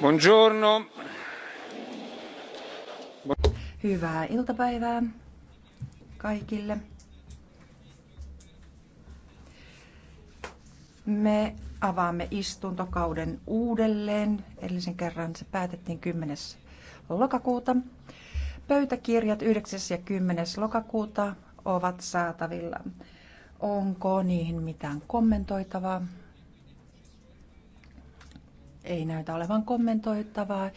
Buongiorno. Hyvää iltapäivää kaikille. Me avaamme istuntokauden uudelleen. Edellisen kerran se päätettiin 10. lokakuuta. Pöytäkirjat 9. ja 10. lokakuuta ovat saatavilla. Onko niihin mitään kommentoitavaa? Ei näytä olevan kommentoitavaa,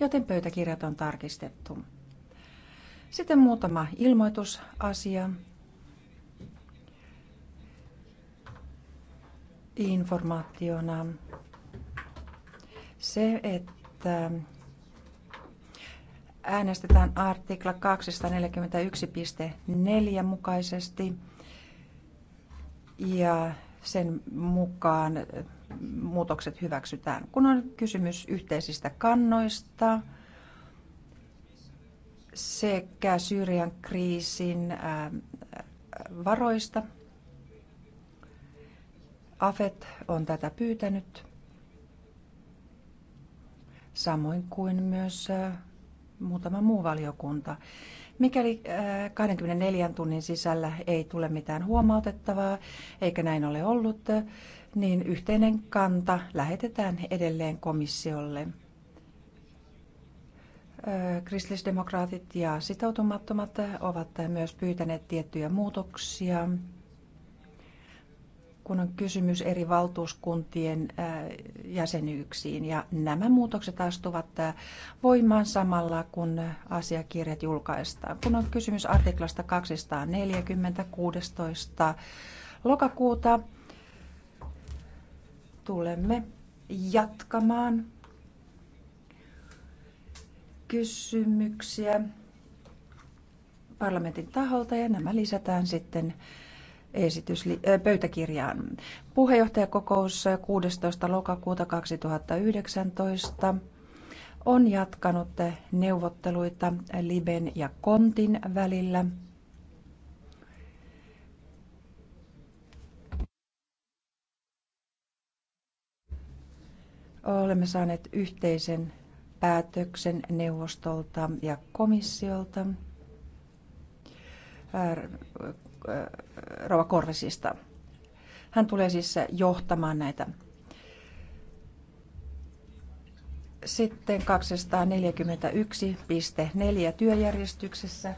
joten pöytäkirjat on tarkistettu. Sitten muutama ilmoitusasia. Informaationa se, että äänestetään artikla 241.4 mukaisesti ja sen mukaan muutokset hyväksytään. Kun on kysymys yhteisistä kannoista sekä Syyrian kriisin äh, varoista, AFET on tätä pyytänyt, samoin kuin myös äh, muutama muu valiokunta. Mikäli 24 äh, tunnin sisällä ei tule mitään huomautettavaa, eikä näin ole ollut, niin yhteinen kanta lähetetään edelleen komissiolle. Kristillisdemokraatit ja sitoutumattomat ovat myös pyytäneet tiettyjä muutoksia, kun on kysymys eri valtuuskuntien jäsenyyksiin. Ja nämä muutokset astuvat voimaan samalla, kun asiakirjat julkaistaan. Kun on kysymys artiklasta 240.16. lokakuuta, tulemme jatkamaan kysymyksiä parlamentin taholta ja nämä lisätään sitten esitys, pöytäkirjaan. Puheenjohtajakokous 16. lokakuuta 2019 on jatkanut neuvotteluita Liben ja Kontin välillä Olemme saaneet yhteisen päätöksen neuvostolta ja komissiolta Rova Korvesista. Hän tulee siis johtamaan näitä. Sitten 241.4 työjärjestyksessä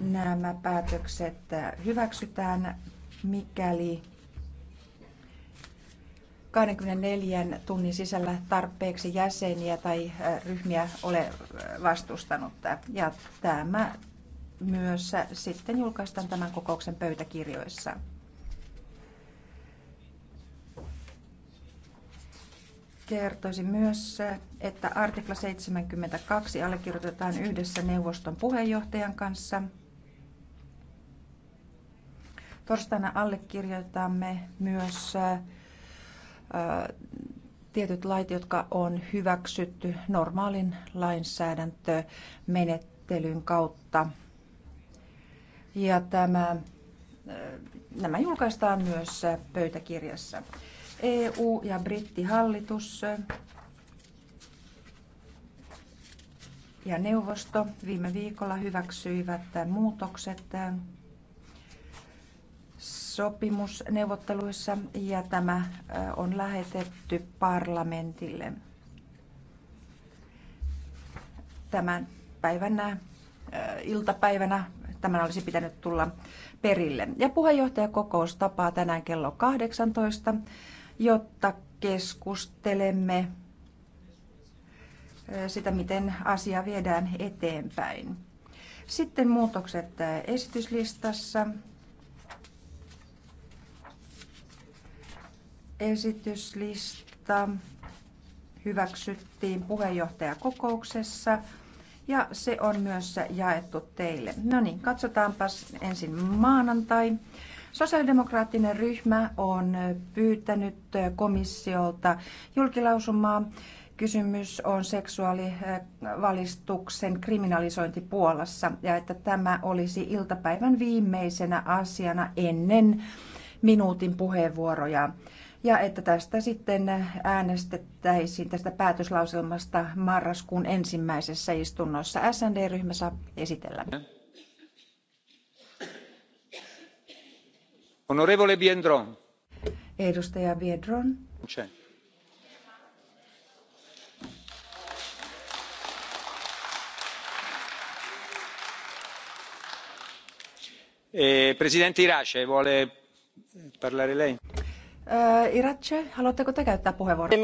nämä päätökset hyväksytään, mikäli 24 tunnin sisällä tarpeeksi jäseniä tai ryhmiä ole vastustanut. Ja tämä myös sitten julkaistaan tämän kokouksen pöytäkirjoissa. Kertoisin myös, että artikla 72 allekirjoitetaan yhdessä neuvoston puheenjohtajan kanssa. Torstaina allekirjoitamme myös tietyt lait, jotka on hyväksytty normaalin lainsäädäntömenettelyn kautta. Ja tämä, nämä julkaistaan myös pöytäkirjassa. EU ja brittihallitus ja neuvosto viime viikolla hyväksyivät muutokset sopimusneuvotteluissa ja tämä on lähetetty parlamentille tämän päivänä iltapäivänä. Tämän olisi pitänyt tulla perille. Ja puheenjohtajakokous tapaa tänään kello 18, jotta keskustelemme sitä, miten asia viedään eteenpäin. Sitten muutokset esityslistassa. esityslista hyväksyttiin puheenjohtajakokouksessa ja se on myös jaettu teille. No niin, katsotaanpas ensin maanantai. Sosiaalidemokraattinen ryhmä on pyytänyt komissiolta julkilausumaa. Kysymys on seksuaalivalistuksen kriminalisointi Puolassa ja että tämä olisi iltapäivän viimeisenä asiana ennen minuutin puheenvuoroja ja että tästä sitten äänestettäisiin tästä päätöslauselmasta marraskuun ensimmäisessä istunnossa. SND-ryhmä saa esitellä. Honorevole Biendron. Edustaja Biendron. Eh, Presidente Irace, vuole parlare lei? Äh, Iratche, haluatteko te käyttää puheenvuoron?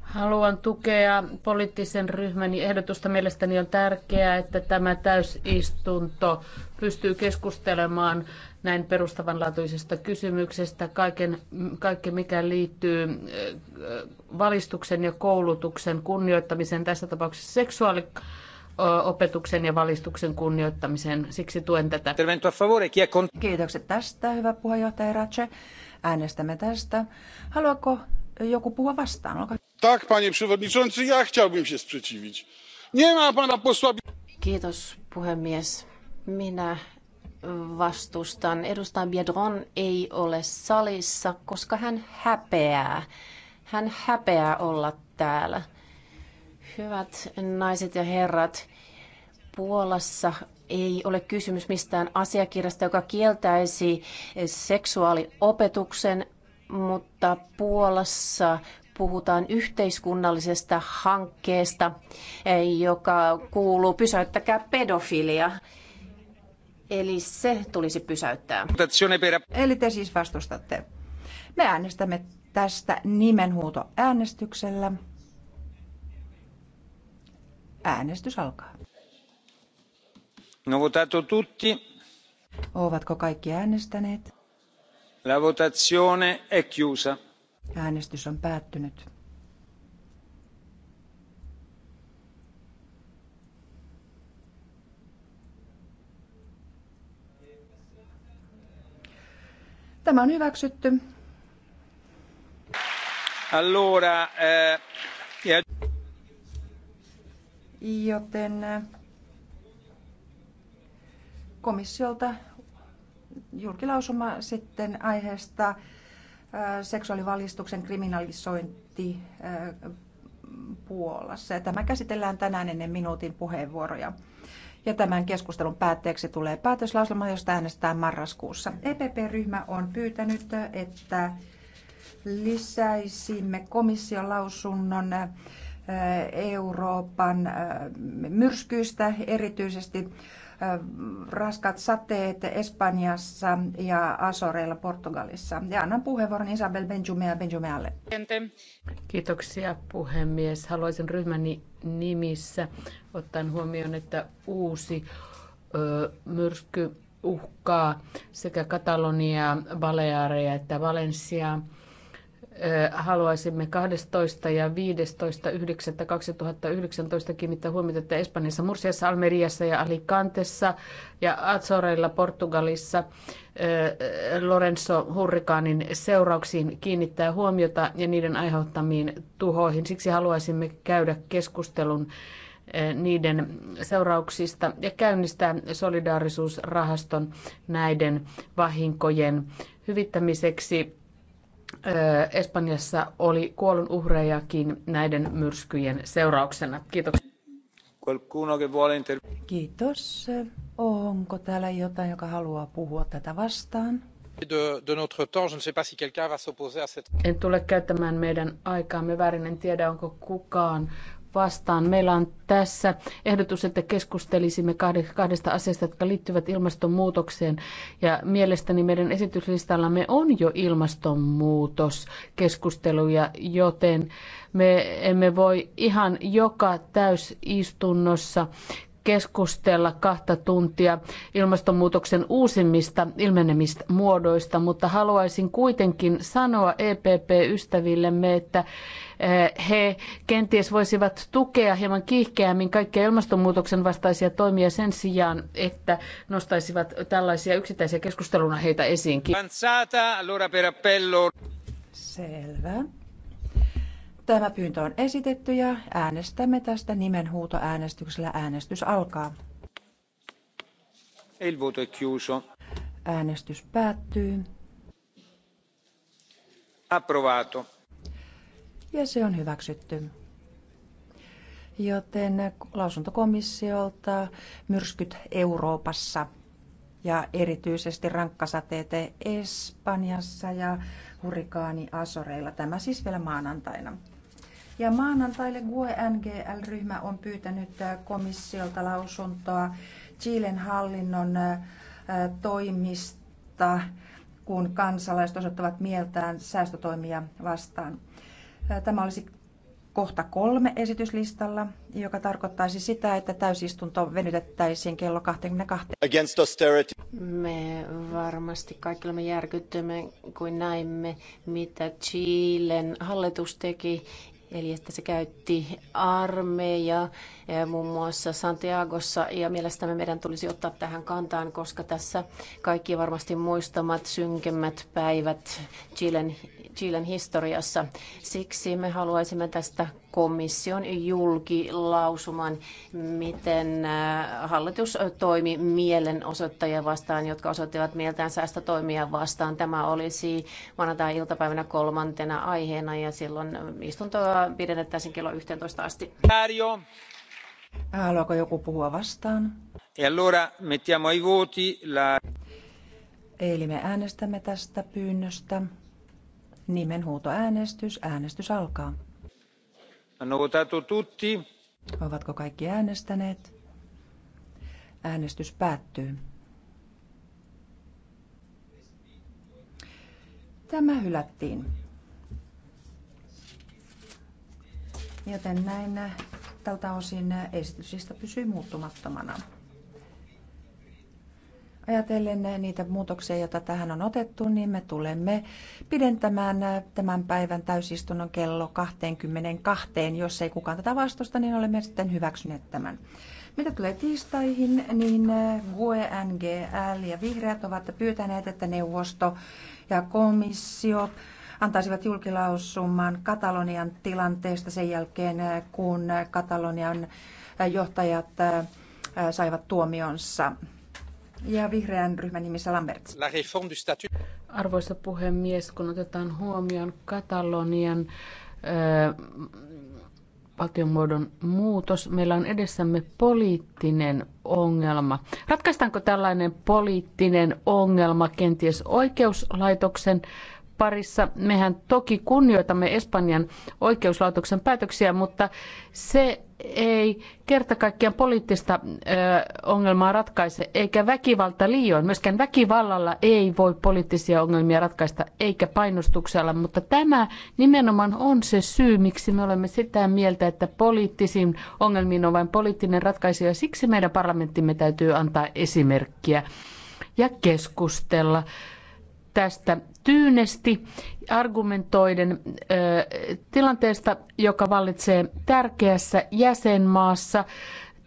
Haluan tukea poliittisen ryhmäni ehdotusta. Mielestäni on tärkeää, että tämä täysistunto pystyy keskustelemaan näin perustavanlaatuisesta kysymyksestä. Kaiken, kaikki, mikä liittyy äh, äh, valistuksen ja koulutuksen kunnioittamiseen, tässä tapauksessa seksuaali opetuksen ja valistuksen kunnioittamisen. Siksi tuen tätä. Kiitokset tästä, hyvä puheenjohtaja Ratche. Äänestämme tästä. Haluaako joku puhua vastaan? Olkaa. Tak, panie przewodniczący, ja chciałbym się sprzeciwić. Nie ma pana posła... Kiitos, puhemies. Minä vastustan. Edustaja Biedron ei ole salissa, koska hän häpeää. Hän häpeää olla täällä. Hyvät naiset ja herrat, Puolassa ei ole kysymys mistään asiakirjasta, joka kieltäisi seksuaaliopetuksen, mutta Puolassa puhutaan yhteiskunnallisesta hankkeesta, joka kuuluu pysäyttäkää pedofilia. Eli se tulisi pysäyttää. Eli te siis vastustatte. Me äänestämme tästä nimenhuutoäänestyksellä. Äänestys alkaa. No votato tutti. Ovatko kaikki äänestäneet? La votazione è chiusa. Äänestys on päättynyt. Tämä on hyväksytty. Allora, eh, ja... E joten komissiolta julkilausuma sitten aiheesta seksuaalivalistuksen kriminalisointi Puolassa. Ja tämä käsitellään tänään ennen minuutin puheenvuoroja. Ja tämän keskustelun päätteeksi tulee päätöslauselma, josta äänestetään marraskuussa. EPP-ryhmä on pyytänyt, että lisäisimme komission lausunnon Euroopan myrskyistä, erityisesti raskat sateet Espanjassa ja Asoreilla Portugalissa. Ja annan puheenvuoron Isabel Benjumea Benjumealle. Kiitoksia puhemies. Haluaisin ryhmäni nimissä ottaen huomioon, että uusi ö, myrsky uhkaa sekä Kataloniaa, Baleareja että Valenciaa haluaisimme 12. ja 15.9.2019 kiinnittää huomiota, että Espanjassa, Mursiassa, Almeriassa ja Alicantessa ja Azoreilla Portugalissa Lorenzo Hurrikaanin seurauksiin kiinnittää huomiota ja niiden aiheuttamiin tuhoihin. Siksi haluaisimme käydä keskustelun niiden seurauksista ja käynnistää solidaarisuusrahaston näiden vahinkojen hyvittämiseksi Espanjassa oli kuolonuhrejakin näiden myrskyjen seurauksena. Kiitoksia. Kiitos. Onko täällä jotain, joka haluaa puhua tätä vastaan? En tule käyttämään meidän aikaamme väärin. En tiedä, onko kukaan vastaan. Meillä on tässä ehdotus, että keskustelisimme kahdesta asiasta, jotka liittyvät ilmastonmuutokseen. Ja mielestäni meidän esityslistallamme on jo ilmastonmuutoskeskusteluja, joten me emme voi ihan joka täysistunnossa keskustella kahta tuntia ilmastonmuutoksen uusimmista ilmenemistä muodoista, mutta haluaisin kuitenkin sanoa EPP-ystävillemme, että Eh, he kenties voisivat tukea hieman kiihkeämmin kaikkia ilmastonmuutoksen vastaisia toimia sen sijaan, että nostaisivat tällaisia yksittäisiä keskusteluna heitä esiinkin. Selvä. Tämä pyyntö on esitetty ja äänestämme tästä nimenhuutoäänestyksellä. Äänestys alkaa. E il voto è chiuso. Äänestys päättyy. Approvato ja se on hyväksytty. Joten lausuntokomissiolta myrskyt Euroopassa ja erityisesti rankkasateet Espanjassa ja hurikaani Asoreilla. Tämä siis vielä maanantaina. Ja maanantaille GUE-NGL-ryhmä on pyytänyt komissiolta lausuntoa Chilen hallinnon toimista, kun kansalaiset osoittavat mieltään säästötoimia vastaan. Tämä olisi kohta kolme esityslistalla, joka tarkoittaisi sitä, että täysistunto venytettäisiin kello 22. Against austerity. Me varmasti kaikki olemme järkyttyneet, kun näimme, mitä Chilen hallitus teki Eli että se käytti armeija eh, muun muassa Santiagossa ja mielestämme meidän tulisi ottaa tähän kantaan, koska tässä kaikki varmasti muistamat synkemmät päivät Chilen, Chilen historiassa. Siksi me haluaisimme tästä komission julkilausuman, miten hallitus toimi mielenosoittajia vastaan, jotka osoittivat mieltään säästötoimia vastaan. Tämä olisi maanantai-iltapäivänä kolmantena aiheena ja silloin istuntoa pidennettäisiin kello 11 asti. Mario. Haluaako joku puhua vastaan? E allora mettiamo ai voti la... Eli me äänestämme tästä pyynnöstä. Nimenhuutoäänestys. Äänestys alkaa. Ovatko kaikki äänestäneet? Äänestys päättyy. Tämä hylättiin. Joten näin tältä osin esityslista pysyy muuttumattomana. Ajatellen niitä muutoksia, joita tähän on otettu, niin me tulemme pidentämään tämän päivän täysistunnon kello 22. Jos ei kukaan tätä vastusta, niin olemme sitten hyväksyneet tämän. Mitä tulee tiistaihin, niin GUE, NGL ja vihreät ovat pyytäneet, että neuvosto ja komissio antaisivat julkilausumman Katalonian tilanteesta sen jälkeen, kun Katalonian johtajat äh, saivat tuomionsa. Ja vihreän ryhmän nimissä Lamberts. Arvoisa puhemies, kun otetaan huomioon Katalonian ö, valtionmuodon muutos, meillä on edessämme poliittinen ongelma. Ratkaistaanko tällainen poliittinen ongelma kenties oikeuslaitoksen parissa. Mehän toki kunnioitamme Espanjan oikeuslaitoksen päätöksiä, mutta se ei kerta kaikkiaan poliittista ö, ongelmaa ratkaise, eikä väkivalta liioin. Myöskään väkivallalla ei voi poliittisia ongelmia ratkaista, eikä painostuksella, mutta tämä nimenomaan on se syy, miksi me olemme sitä mieltä, että poliittisiin ongelmiin on vain poliittinen ratkaisu, ja siksi meidän parlamenttimme täytyy antaa esimerkkiä ja keskustella tästä tyynesti argumentoiden tilanteesta, joka vallitsee tärkeässä jäsenmaassa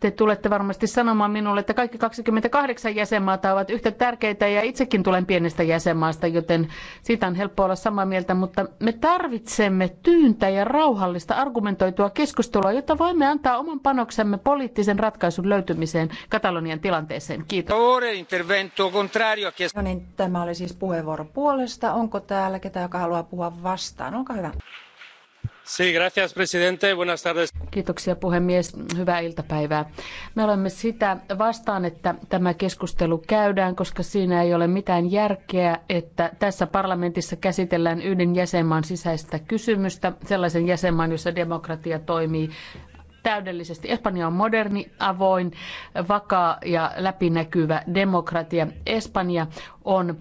te tulette varmasti sanomaan minulle, että kaikki 28 jäsenmaata ovat yhtä tärkeitä ja itsekin tulen pienestä jäsenmaasta, joten siitä on helppo olla samaa mieltä, mutta me tarvitsemme tyyntä ja rauhallista argumentoitua keskustelua, jotta voimme antaa oman panoksemme poliittisen ratkaisun löytymiseen Katalonian tilanteeseen. Kiitos. No niin, tämä oli siis puheenvuoro puolesta. Onko täällä ketään, joka haluaa puhua vastaan? Olkaa hyvä. Kiitoksia puhemies. Hyvää iltapäivää. Me olemme sitä vastaan, että tämä keskustelu käydään, koska siinä ei ole mitään järkeä, että tässä parlamentissa käsitellään yhden jäsenmaan sisäistä kysymystä, sellaisen jäsenmaan, jossa demokratia toimii täydellisesti. Espanja on moderni, avoin, vakaa ja läpinäkyvä demokratia. Espanja on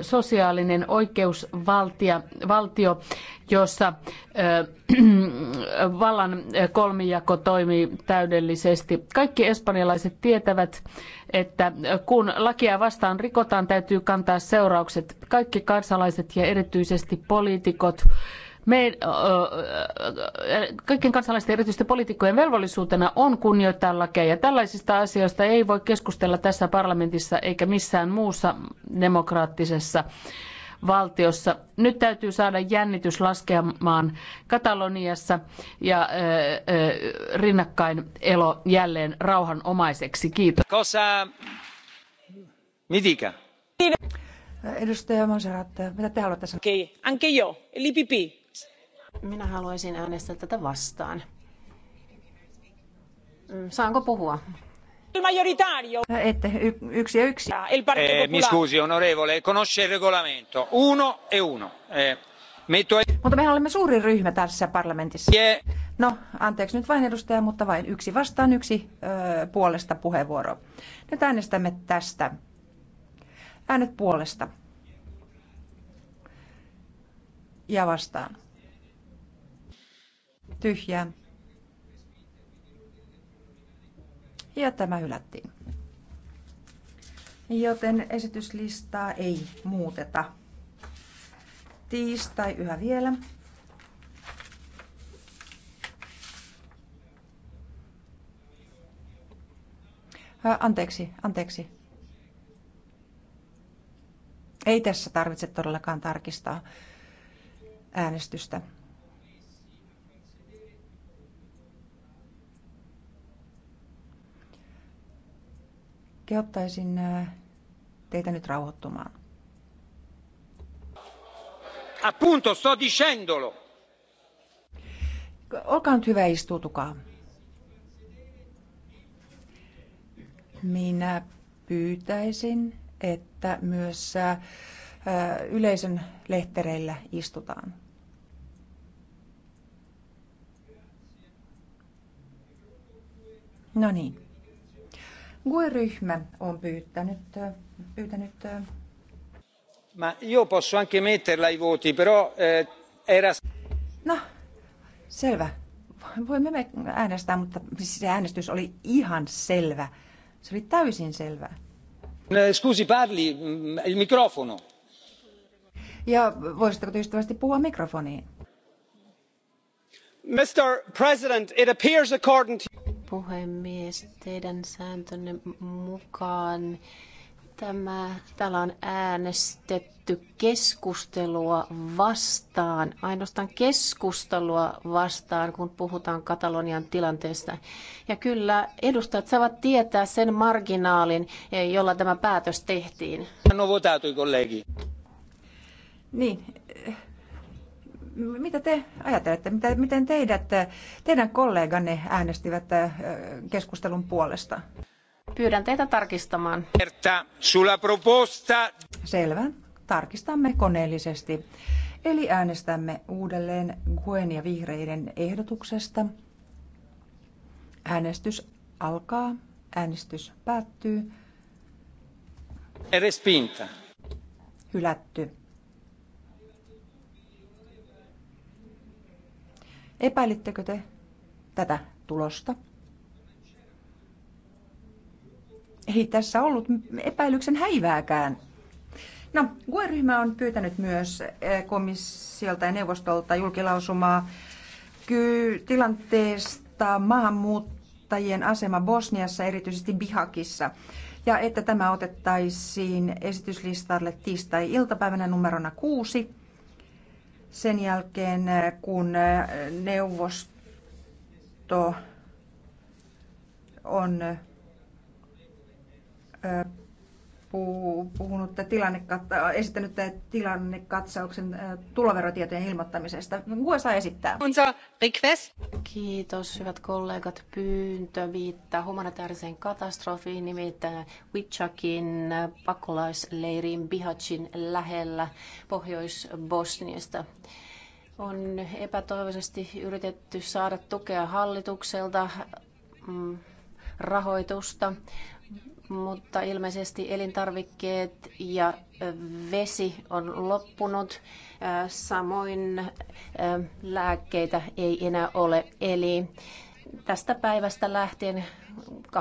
sosiaalinen oikeusvaltio, jossa vallan kolmijako toimii täydellisesti. Kaikki espanjalaiset tietävät, että kun lakia vastaan rikotaan, täytyy kantaa seuraukset. Kaikki kansalaiset ja erityisesti poliitikot me, kaikkien kansalaisten, erityisesti poliitikkojen velvollisuutena on kunnioittaa lakeja. Ja tällaisista asioista ei voi keskustella tässä parlamentissa eikä missään muussa demokraattisessa valtiossa. Nyt täytyy saada jännitys laskemaan Kataloniassa ja rinnakkain elo jälleen rauhanomaiseksi. Kiitos. Kosa? Mitikä? Edustaja Monserrat, mitä te haluatte sanoa? Okei, okay. anche io, l'IPP minä haluaisin äänestää tätä vastaan. Mm, saanko puhua? Majoritario. Ette, y- yksi ja yksi. Eh, eh mi scusi, onorevole, conosce il regolamento. Uno e uno. Eh, metto... Mutta mehän olemme suuri ryhmä tässä parlamentissa. Yeah. No, anteeksi nyt vain edustaja, mutta vain yksi vastaan, yksi ö, puolesta puheenvuoro. Nyt äänestämme tästä. Äänet puolesta. Ja vastaan tyhjää. Ja tämä hylättiin. Joten esityslistaa ei muuteta. Tiistai yhä vielä. Anteeksi, anteeksi. Ei tässä tarvitse todellakaan tarkistaa äänestystä. kehottaisin äh, teitä nyt rauhoittumaan. Appunto, sto dicendolo. Olkaa nyt hyvä, istuutukaa. Minä pyytäisin, että myös äh, yleisön lehtereillä istutaan. No niin. GUE-ryhmä on pyytänyt, pyytänyt Ma io posso anche metterla i voti, però eh, era... No, selvä. Voimme me äänestää, mutta siis se äänestys oli ihan selvä. Se oli täysin selvä. Eh, scusi, parli, mm, il microfono. Ja voisitteko tyystävästi puhua mikrofoniin? Mr. President, it appears according to puhemies. Teidän sääntönne mukaan tämä, täällä on äänestetty keskustelua vastaan, ainoastaan keskustelua vastaan, kun puhutaan Katalonian tilanteesta. Ja kyllä edustajat saavat tietää sen marginaalin, e, jolla tämä päätös tehtiin. No votato, kollegi. Niin, mitä te ajattelette, mitä, miten teidät, teidän kolleganne äänestivät äh, keskustelun puolesta? Pyydän teitä tarkistamaan. Sulla proposta. Selvä. Tarkistamme koneellisesti. Eli äänestämme uudelleen Guen ja vihreiden ehdotuksesta. Äänestys alkaa. Äänestys päättyy. Respinta. Hylätty. Epäilittekö te tätä tulosta? Ei tässä ollut epäilyksen häivääkään. No, GUE-ryhmä on pyytänyt myös eh, komissiolta ja neuvostolta julkilausumaa tilanteesta maahanmuuttajien asema Bosniassa, erityisesti Bihakissa, ja että tämä otettaisiin esityslistalle tiistai-iltapäivänä numerona kuusi – sen jälkeen, eh, kun eh, neuvosto on eh, puhunut tilannekat- esittänyt tilannekatsauksen äh, tuloverotietojen ilmoittamisesta. USA esittää. Kiitos, hyvät kollegat. Pyyntö viittaa humanitaariseen katastrofiin, nimittäin Wichakin pakolaisleirin Bihacin lähellä Pohjois-Bosniasta on epätoivoisesti yritetty saada tukea hallitukselta, mm, rahoitusta mutta ilmeisesti elintarvikkeet ja vesi on loppunut. Samoin lääkkeitä ei enää ole. Eli tästä päivästä lähtien 2000-2500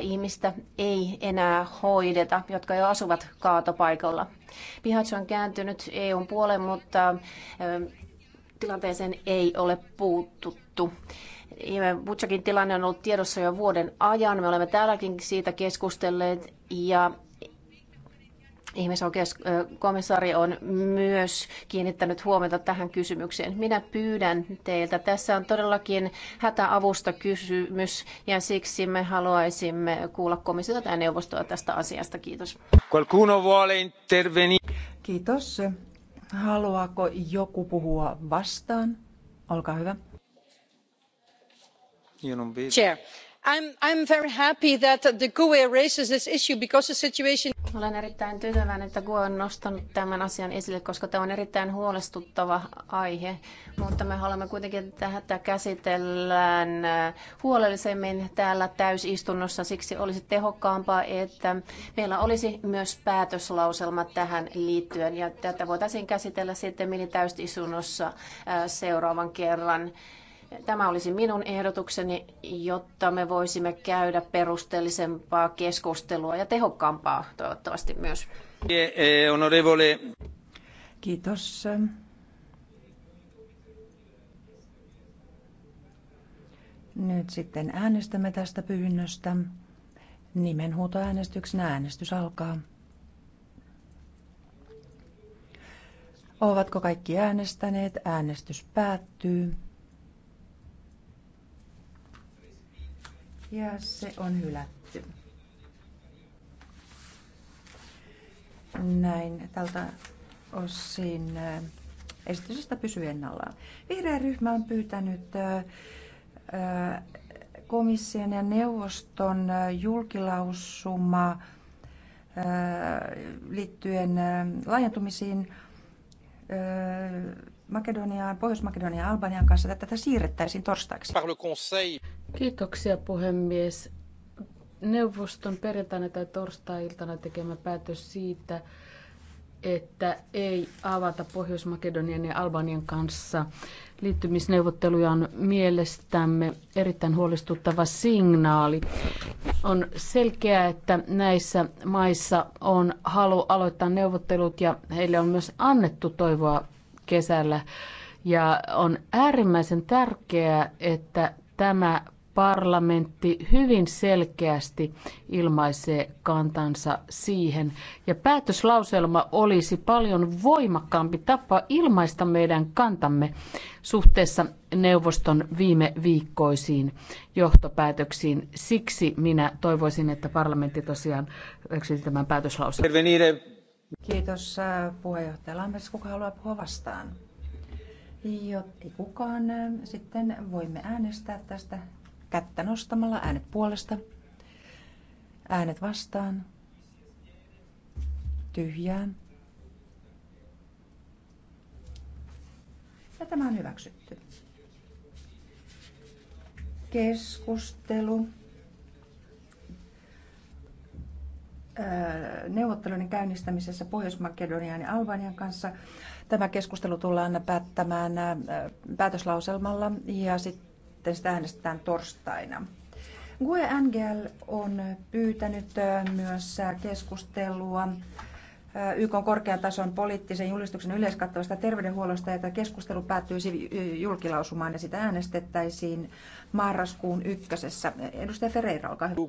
ihmistä ei enää hoideta, jotka jo asuvat kaatopaikalla. Pihats on kääntynyt EUn puoleen, mutta tilanteeseen ei ole puututtu. Butchakin tilanne on ollut tiedossa jo vuoden ajan. Me olemme täälläkin siitä keskustelleet ja ihmisoikeuskomissaari on myös kiinnittänyt huomiota tähän kysymykseen. Minä pyydän teiltä. Tässä on todellakin hätäavusta kysymys ja siksi me haluaisimme kuulla komissiota tai neuvostoa tästä asiasta. Kiitos. Kiitos. Haluaako joku puhua vastaan? Olkaa hyvä madam president e olen erittäin tyytyväinen että gue on nostanut tämän asian esille koska tämä on erittäin huolestuttava aihe mutta me haluamme kuitenkin tätä käsitellä äh, huolellisemmin täällä täysistunnossa. siksi olisi tehokkaampaa että meillä olisi myös päätöslauselma tähän liittyen ja tätä voitaisiin käsitellä sitten täysistunnossa äh, seuraavan kerran. Tämä olisi minun ehdotukseni, jotta me voisimme käydä perusteellisempaa keskustelua ja tehokkaampaa toivottavasti myös. Kiitos. Nyt sitten äänestämme tästä pyynnöstä. Nimenhuutoäänestyksenä äänestys alkaa. Ovatko kaikki äänestäneet? Äänestys päättyy. Ja se on hylätty. Näin tältä osin äh, esityksestä pysyy ennallaan. Vihreä ryhmä on pyytänyt äh, äh, komission ja neuvoston julkilausuma liittyen laajentumisiin Makedoniaan, Pohjois-Makedoniaan ja Albanian kanssa, että tätä siirrettäisiin torstaiksi. Kiitoksia puhemies. Neuvoston perjantaina tai torstai-iltana tekemä päätös siitä, että ei avata Pohjois-Makedonian ja Albanian kanssa liittymisneuvotteluja on mielestämme erittäin huolestuttava signaali. On selkeää, että näissä maissa on halu aloittaa neuvottelut ja heille on myös annettu toivoa kesällä. Ja on äärimmäisen tärkeää, että tämä parlamentti hyvin selkeästi ilmaisee kantansa siihen. Ja päätöslauselma olisi paljon voimakkaampi tapa ilmaista meidän kantamme suhteessa neuvoston viime viikkoisiin johtopäätöksiin. Siksi minä toivoisin, että parlamentti tosiaan hyväksyisi tämän päätöslauselman. Kiitos äh, puheenjohtaja Lammers. Kuka haluaa puhua vastaan? Jotti kukaan. Sitten voimme äänestää tästä kättä nostamalla äänet puolesta. Äänet vastaan. Tyhjää. Ja tämä on hyväksytty. Keskustelu. Öö, neuvotteluiden käynnistämisessä Pohjois-Makedonian ja Albanian kanssa. Tämä keskustelu tullaan päättämään öö, päätöslauselmalla ja sitten sitten sitä äänestetään torstaina. GUE Angel on pyytänyt myös keskustelua YK korkean tason poliittisen julistuksen yleiskattavasta terveydenhuollosta, tämä keskustelu päättyisi julkilausumaan ja sitä äänestettäisiin marraskuun ykkösessä. Edustaja Ferreira, olkaa hyvä.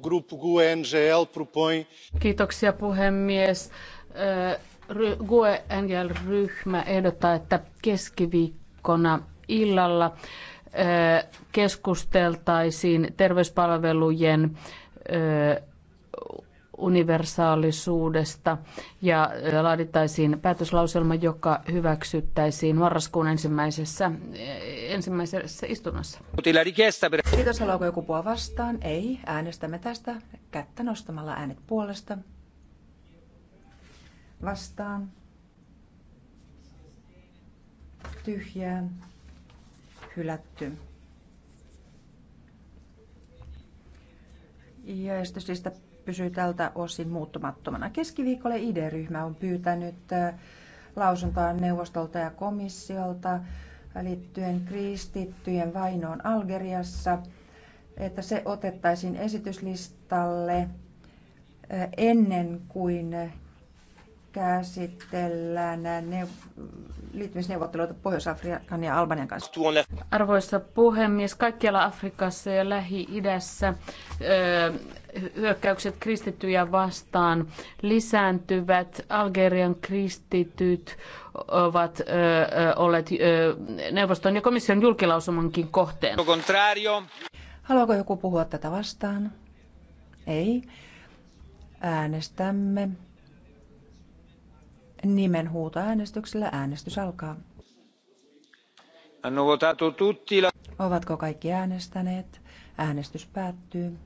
Kiitoksia puhemies. GUE NGL-ryhmä ehdottaa, että keskiviikkona illalla keskusteltaisiin terveyspalvelujen universaalisuudesta ja laadittaisiin päätöslauselma, joka hyväksyttäisiin marraskuun ensimmäisessä, ensimmäisessä istunnossa. Kiitos. Haluaako joku puhua vastaan? Ei. Äänestämme tästä kättä nostamalla äänet puolesta. Vastaan. Tyhjään hylätty. Järjestyslista pysyy tältä osin muuttumattomana. Keskiviikolle ID-ryhmä on pyytänyt äh, lausuntoa neuvostolta ja komissiolta liittyen kristittyjen vainoon Algeriassa, että se otettaisiin esityslistalle äh, ennen kuin käsitellään neuv- liittymisneuvotteluita Pohjois-Afrikan ja Albanian kanssa. Arvoisa puhemies, kaikkialla Afrikassa ja Lähi-idässä hyökkäykset kristittyjä vastaan lisääntyvät. Algerian kristityt ovat öö, olleet öö, neuvoston ja komission julkilausumankin kohteena. Haluaako joku puhua tätä vastaan? Ei. Äänestämme Nimenhuutoäänestyksellä äänestys alkaa. Hanno votato tutti la... Ovatko kaikki äänestäneet? Äänestys päättyy.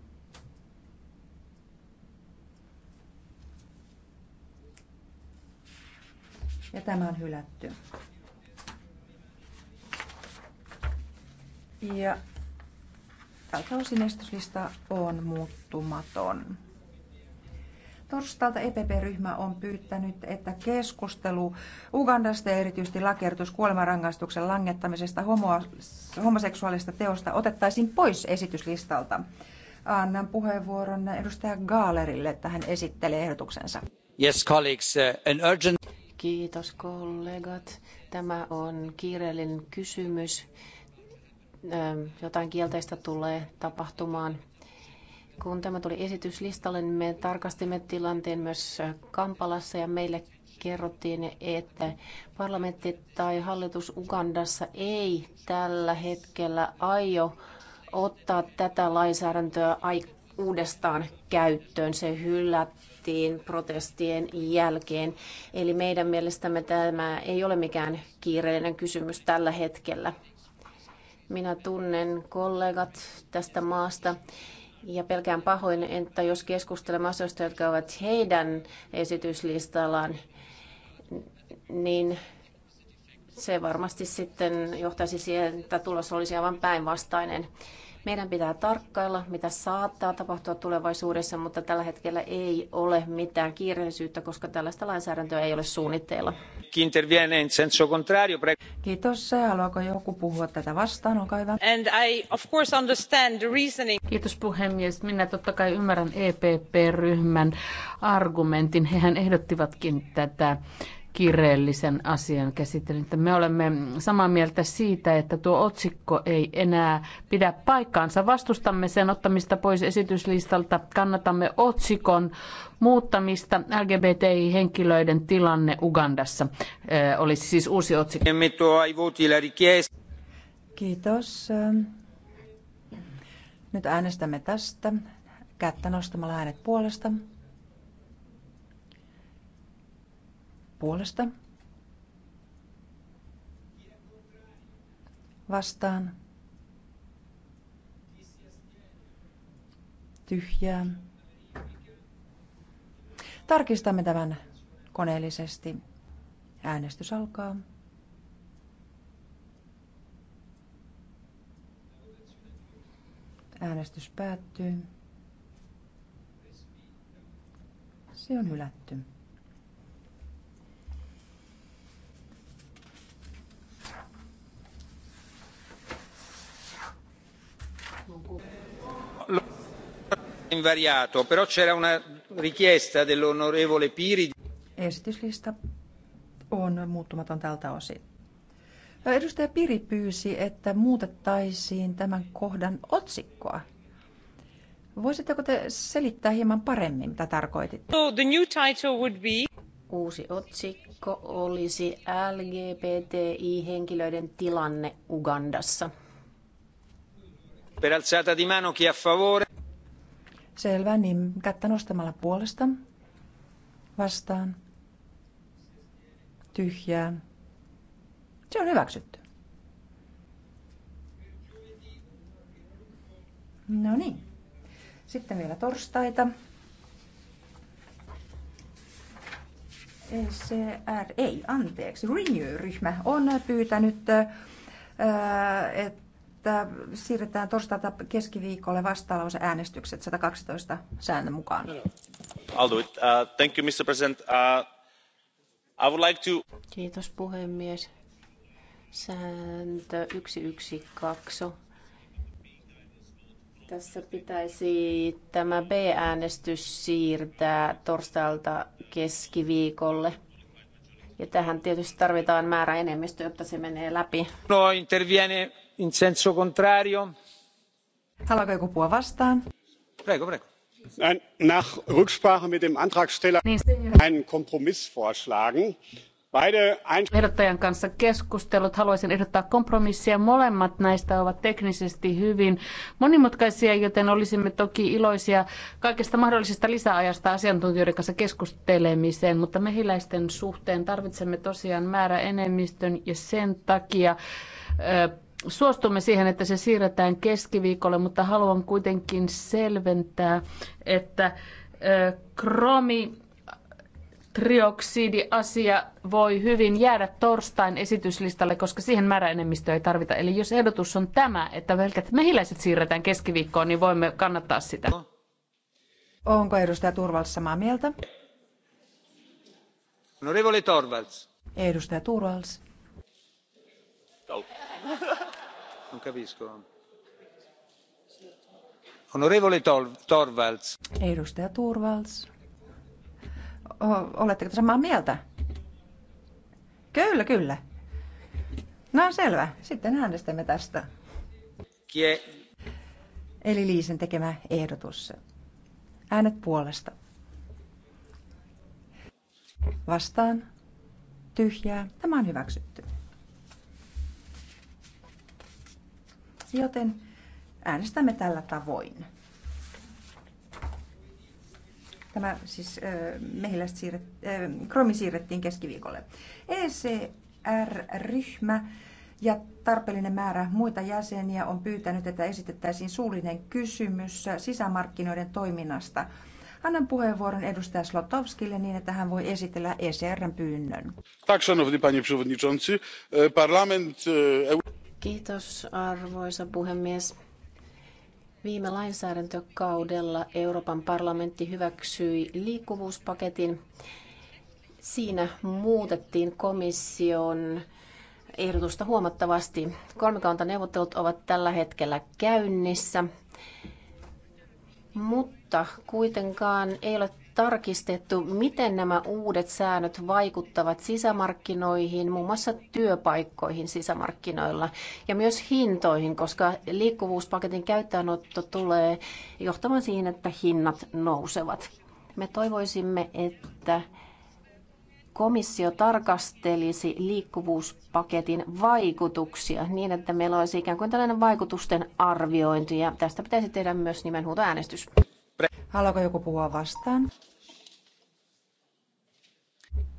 Ja tämä on hylätty. Ja tältä osin on muuttumaton. Torstalta EPP-ryhmä on pyytänyt, että keskustelu Ugandasta ja erityisesti lakertus kuolemanrangaistuksen langettamisesta homo- homoseksuaalista teosta otettaisiin pois esityslistalta. Annan puheenvuoron edustaja Gaalerille, että hän esittelee ehdotuksensa. Yes, colleagues, uh, an urgent... Kiitos kollegat. Tämä on kiireellinen kysymys. Jotain kielteistä tulee tapahtumaan kun tämä tuli esityslistalle, niin me tarkastimme tilanteen myös Kampalassa ja meille kerrottiin, että parlamentti tai hallitus Ugandassa ei tällä hetkellä aio ottaa tätä lainsäädäntöä uudestaan käyttöön. Se hylättiin protestien jälkeen. Eli meidän mielestämme tämä ei ole mikään kiireellinen kysymys tällä hetkellä. Minä tunnen kollegat tästä maasta ja pelkään pahoin, että jos keskustelemme asioista, jotka ovat heidän esityslistallaan, niin se varmasti sitten johtaisi siihen, että tulos olisi aivan päinvastainen. Meidän pitää tarkkailla, mitä saattaa tapahtua tulevaisuudessa, mutta tällä hetkellä ei ole mitään kiireellisyyttä, koska tällaista lainsäädäntöä ei ole suunnitteilla. Kiitos. Haluaako joku puhua tätä vastaan? Olkaa hyvä. And I, of course, understand the reasoning. Kiitos puhemies. Minä totta kai ymmärrän EPP-ryhmän argumentin. Hehän ehdottivatkin tätä kiireellisen asian käsittelyn. Me olemme samaa mieltä siitä, että tuo otsikko ei enää pidä paikkaansa. Vastustamme sen ottamista pois esityslistalta. Kannatamme otsikon muuttamista LGBTI-henkilöiden tilanne Ugandassa. olisi siis uusi otsikko. Kiitos. Nyt äänestämme tästä. Kättä nostamalla äänet puolesta. puolesta. Vastaan. Tyhjää. Tarkistamme tämän koneellisesti. Äänestys alkaa. Äänestys päättyy. Se on hylätty. invariato, però c'era una richiesta dell'onorevole Piri. Esityslista on muuttumaton tältä osin. Edustaja Piri pyysi, että muutettaisiin tämän kohdan otsikkoa. Voisitteko te selittää hieman paremmin, mitä tarkoititte? So the new title would be... Uusi otsikko olisi LGBTI-henkilöiden tilanne Ugandassa. Per alzata di mano chi a favore. Selvä, niin kättä nostamalla puolesta. Vastaan. Tyhjää. Se on hyväksytty. No niin. Sitten vielä torstaita. ECR, ei anteeksi, Renew-ryhmä on pyytänyt, että että siirretään torstaita keskiviikolle äänestykset 112 säännön mukaan. I'll do it. Uh, thank you, Mr. President. Uh, I would like to... Kiitos puhemies. Sääntö 112. Tässä pitäisi tämä B-äänestys siirtää torstailta keskiviikolle. Ja tähän tietysti tarvitaan määrä enemmistö, jotta se menee läpi. No, interviene in senso contrario? nach Rücksprache mit dem Antragsteller niin. einen Kompromiss vorschlagen. Beide Ehdottajan kanssa keskustellut Haluaisin ehdottaa kompromissia. Molemmat näistä ovat teknisesti hyvin monimutkaisia, joten olisimme toki iloisia kaikesta mahdollisesta lisäajasta asiantuntijoiden kanssa keskustelemiseen, mutta mehiläisten suhteen tarvitsemme tosiaan määrä enemmistön ja sen takia ö, suostumme siihen, että se siirretään keskiviikolle, mutta haluan kuitenkin selventää, että kromi trioksidiasia voi hyvin jäädä torstain esityslistalle, koska siihen määräenemmistöä ei tarvita. Eli jos ehdotus on tämä, että pelkät mehiläiset siirretään keskiviikkoon, niin voimme kannattaa sitä. Onko edustaja Turvalds samaa mieltä? Honorevole Torvalds. Edustaja Turvalds edustaja Torvalds. Oletteko te samaa mieltä? Kyllä, kyllä. No selvä. Sitten äänestämme tästä. Kie. Eli Liisen tekemä ehdotus. Äänet puolesta. Vastaan. Tyhjää. Tämä on hyväksytty. joten äänestämme tällä tavoin. Tämä siis äh, siirret, äh, kromi siirrettiin keskiviikolle. ECR-ryhmä ja tarpeellinen määrä muita jäseniä on pyytänyt, että esitettäisiin suullinen kysymys sisämarkkinoiden toiminnasta. Annan puheenvuoron edustaja Slotowskille niin, että hän voi esitellä ECRn pyynnön. Tak, szanowny panie przewodniczący. E, parlament... E, Kiitos arvoisa puhemies. Viime lainsäädäntökaudella Euroopan parlamentti hyväksyi liikkuvuuspaketin. Siinä muutettiin komission ehdotusta huomattavasti. Kolmikantaneuvottelut ovat tällä hetkellä käynnissä, mutta kuitenkaan ei ole tarkistettu, miten nämä uudet säännöt vaikuttavat sisämarkkinoihin, muun muassa työpaikkoihin sisämarkkinoilla ja myös hintoihin, koska liikkuvuuspaketin käyttöönotto tulee johtamaan siihen, että hinnat nousevat. Me toivoisimme, että komissio tarkastelisi liikkuvuuspaketin vaikutuksia niin, että meillä olisi ikään kuin tällainen vaikutusten arviointi ja tästä pitäisi tehdä myös nimenhuutoäänestys. äänestys. Haluaako joku puhua vastaan?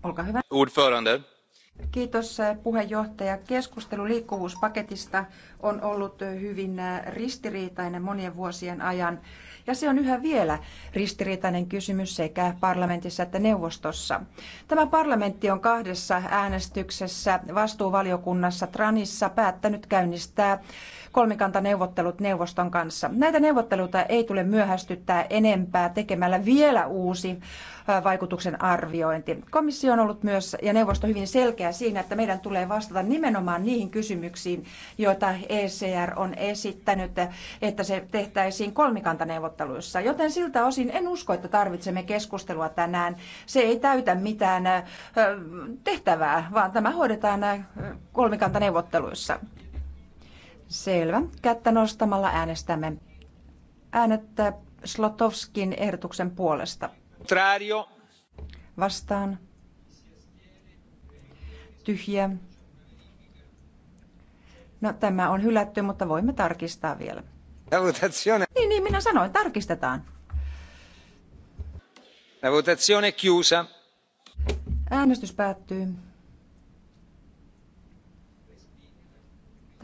Olkaa hyvä. Uudförande. Kiitos eh, puheenjohtaja. Keskustelu liikkuvuuspaketista on ollut eh, hyvin eh, ristiriitainen monien vuosien ajan. Ja se on yhä vielä ristiriitainen kysymys sekä parlamentissa että neuvostossa. Tämä parlamentti on kahdessa äänestyksessä vastuuvaliokunnassa Tranissa päättänyt käynnistää kolmikantaneuvottelut neuvoston kanssa. Näitä neuvotteluita ei tule myöhästyttää enempää tekemällä vielä uusi vaikutuksen arviointi. Komissio on ollut myös ja neuvosto hyvin selkeä siinä, että meidän tulee vastata nimenomaan niihin kysymyksiin, joita ECR on esittänyt, että se tehtäisiin kolmikantaneuvotteluissa. Joten siltä osin en usko, että tarvitsemme keskustelua tänään. Se ei täytä mitään tehtävää, vaan tämä hoidetaan kolmikantaneuvotteluissa. Selvä. Kättä nostamalla äänestämme. Äänettä äh, Slotowskin ehdotuksen puolesta. Trario. Vastaan. Tyhjä. No tämä on hylätty, mutta voimme tarkistaa vielä. votazione. Niin, niin, minä sanoin, tarkistetaan. La votazione chiusa. Äänestys päättyy.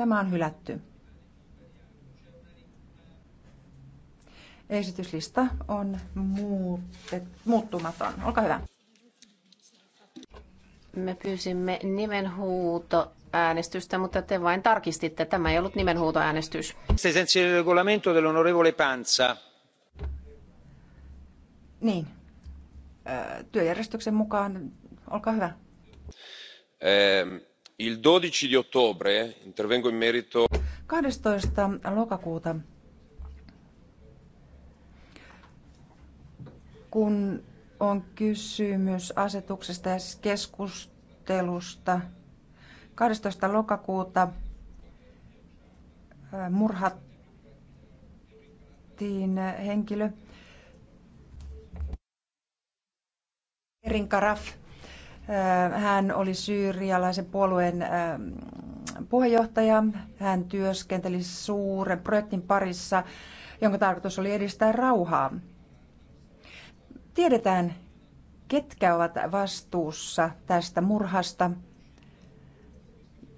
Tämä on hylätty. Esityslista on muutet, muuttumaton. Olkaa hyvä. Me pyysimme nimenhuuto äänestystä, mutta te vain tarkistitte. Tämä ei ollut nimenhuutoäänestys. Sensi regolamento dell'onorevole Panza. Niin. Työjärjestyksen mukaan, olkaa hyvä. Ähm kahdestoista lokakuuta kun on kysymys asetuksesta ja siis keskustelusta 12. lokakuuta murhattiin henkilö Erin Karaf hän oli syyrialaisen puolueen puheenjohtaja. Hän työskenteli suuren projektin parissa, jonka tarkoitus oli edistää rauhaa. Tiedetään, ketkä ovat vastuussa tästä murhasta.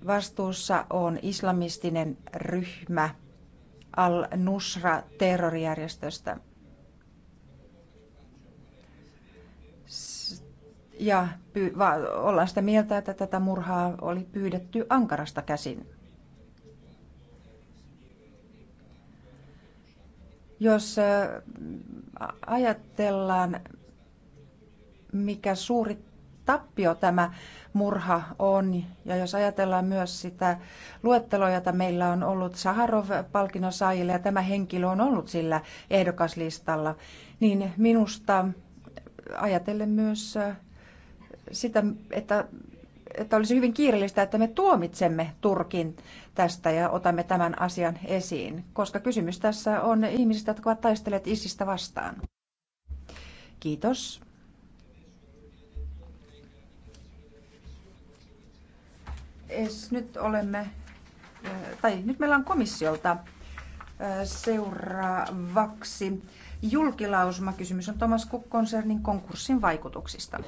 Vastuussa on islamistinen ryhmä Al-Nusra terrorijärjestöstä – ja py- va- ollaan sitä mieltä, että tätä murhaa oli pyydetty Ankarasta käsin. Jos ajatellaan, mikä suuri tappio tämä murha on, ja jos ajatellaan myös sitä luetteloa, jota meillä on ollut Saharov-palkinnon saajille, ja tämä henkilö on ollut sillä ehdokaslistalla, niin minusta ajatellen myös sitä, että, että olisi hyvin kiireellistä, että me tuomitsemme Turkin tästä ja otamme tämän asian esiin, koska kysymys tässä on ihmisistä, jotka ovat taistelleet isistä vastaan. Kiitos. Es, nyt olemme, äh, tai nyt meillä on komissiolta äh, seuraavaksi julkilausuma. Kysymys on Thomas Cook-konsernin konkurssin vaikutuksista.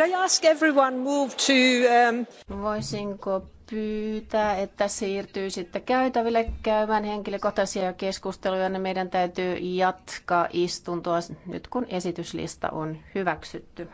Could I ask everyone move to, um... Voisinko pyytää, että siirtyy sitten käytäville käymään henkilökohtaisia keskusteluja, niin meidän täytyy jatkaa istuntoa nyt kun esityslista on hyväksytty.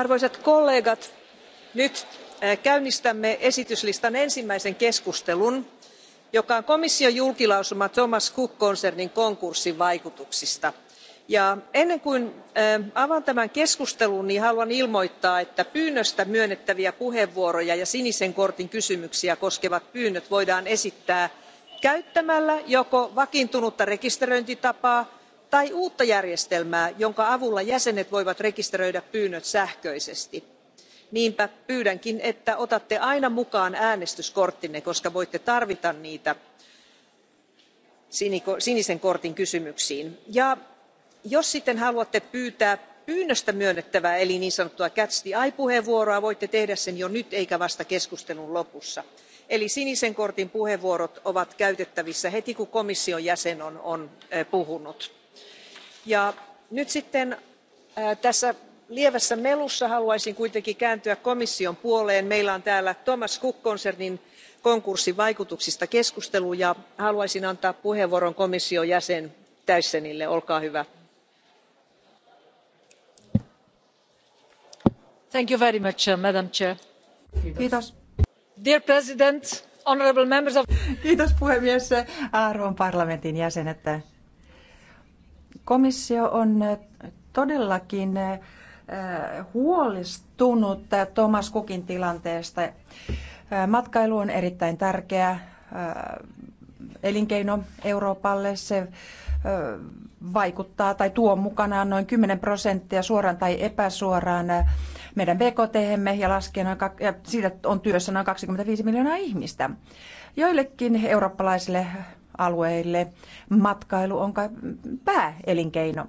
arvoisat kollegat nyt äh, käynnistämme esityslistan ensimmäisen keskustelun joka on komission julkilausuma thomas cook konsernin konkurssin vaikutuksista. Ja ennen kuin äh, avaan tämän keskustelun niin haluan ilmoittaa että pyynnöstä myönnettäviä puheenvuoroja ja sinisen kortin kysymyksiä koskevat pyynnöt voidaan esittää käyttämällä joko vakiintunutta rekisteröintitapaa tai uutta järjestelmää jonka avulla jäsenet voivat rekisteröidä pyynnöt sähköisesti. niinpä pyydänkin että otatte aina mukaan äänestyskorttinne koska voitte tarvita niitä sinisen kortin kysymyksiin. ja jos sitten haluatte pyytää pyynnöstä myönnettävää eli niin sanottua catch the eye puheenvuoroa voitte tehdä sen jo nyt eikä vasta keskustelun lopussa. eli sinisen kortin puheenvuorot ovat käytettävissä heti kun komission jäsen on eh, puhunut ja nyt sitten tässä lievässä melussa haluaisin kuitenkin kääntyä komission puoleen. meillä on täällä thomas cook konsernin konkurssin vaikutuksista keskustelu ja haluaisin antaa puheenvuoron komission jäsen thyssenille olkaa hyvä. Uh, arvoisa puhemies arvon parlamentin jäsenet Komissio on eh, todellakin eh, huolestunut eh, Thomas Cookin tilanteesta. Matkailu on erittäin tärkeä elinkeino Euroopalle. Se vaikuttaa tai tuo mukanaan noin 10 prosenttia suoraan tai epäsuoraan meidän bkt ja laskee noin, ja siitä on työssä noin 25 miljoonaa ihmistä. Joillekin eurooppalaisille alueille. Matkailu on pääelinkeino.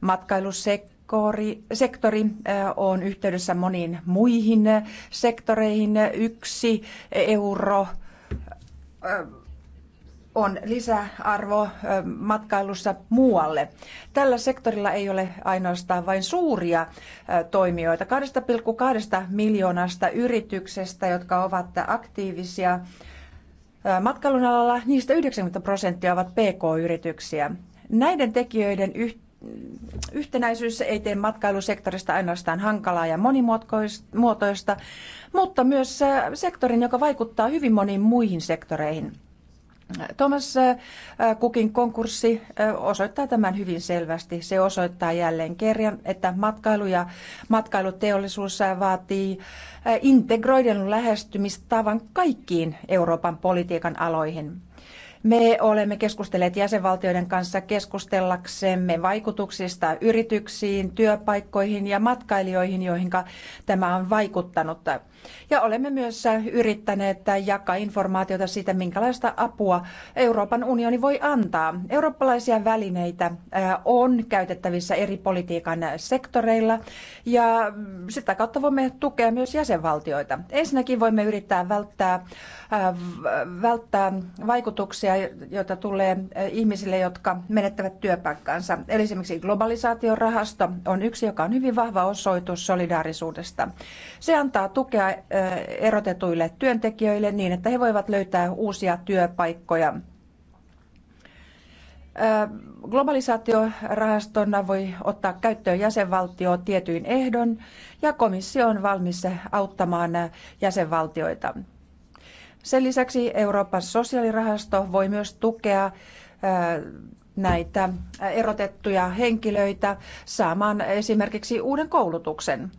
Matkailusektori sektori äh, on yhteydessä moniin muihin äh, sektoreihin. Yksi euro äh, on lisäarvo matkailussa muualle. Tällä sektorilla ei ole ainoastaan vain suuria toimijoita. 2,2 miljoonasta yrityksestä, jotka ovat aktiivisia matkailun alalla niistä 90 prosenttia ovat PK-yrityksiä. Näiden tekijöiden yhtenäisyys ei tee matkailusektorista ainoastaan hankalaa ja monimuotoista, mutta myös sektorin, joka vaikuttaa hyvin moniin muihin sektoreihin. Thomas äh, Cookin konkurssi äh, osoittaa tämän hyvin selvästi. Se osoittaa jälleen kerran, että matkailu ja matkailuteollisuus vaatii äh, integroiden lähestymistavan kaikkiin Euroopan politiikan aloihin. Me olemme keskustelleet jäsenvaltioiden kanssa keskustellaksemme vaikutuksista yrityksiin, työpaikkoihin ja matkailijoihin, joihin tämä on vaikuttanut. Ja olemme myös yrittäneet jakaa informaatiota siitä, minkälaista apua Euroopan unioni voi antaa. Eurooppalaisia välineitä äh, on käytettävissä eri politiikan sektoreilla ja sitä kautta voimme tukea myös jäsenvaltioita. Ensinnäkin voimme yrittää välttää, äh, välttää vaikutuksia, joita tulee äh, ihmisille, jotka menettävät työpaikkansa. Eli esimerkiksi globalisaatiorahasto on yksi, joka on hyvin vahva osoitus solidaarisuudesta. Se antaa tukea erotetuille työntekijöille niin, että he voivat löytää uusia työpaikkoja. Globalisaatiorahastona voi ottaa käyttöön jäsenvaltio tietyin ehdon ja komissio on valmis auttamaan jäsenvaltioita. Sen lisäksi Euroopan sosiaalirahasto voi myös tukea näitä erotettuja henkilöitä saamaan esimerkiksi uuden koulutuksen.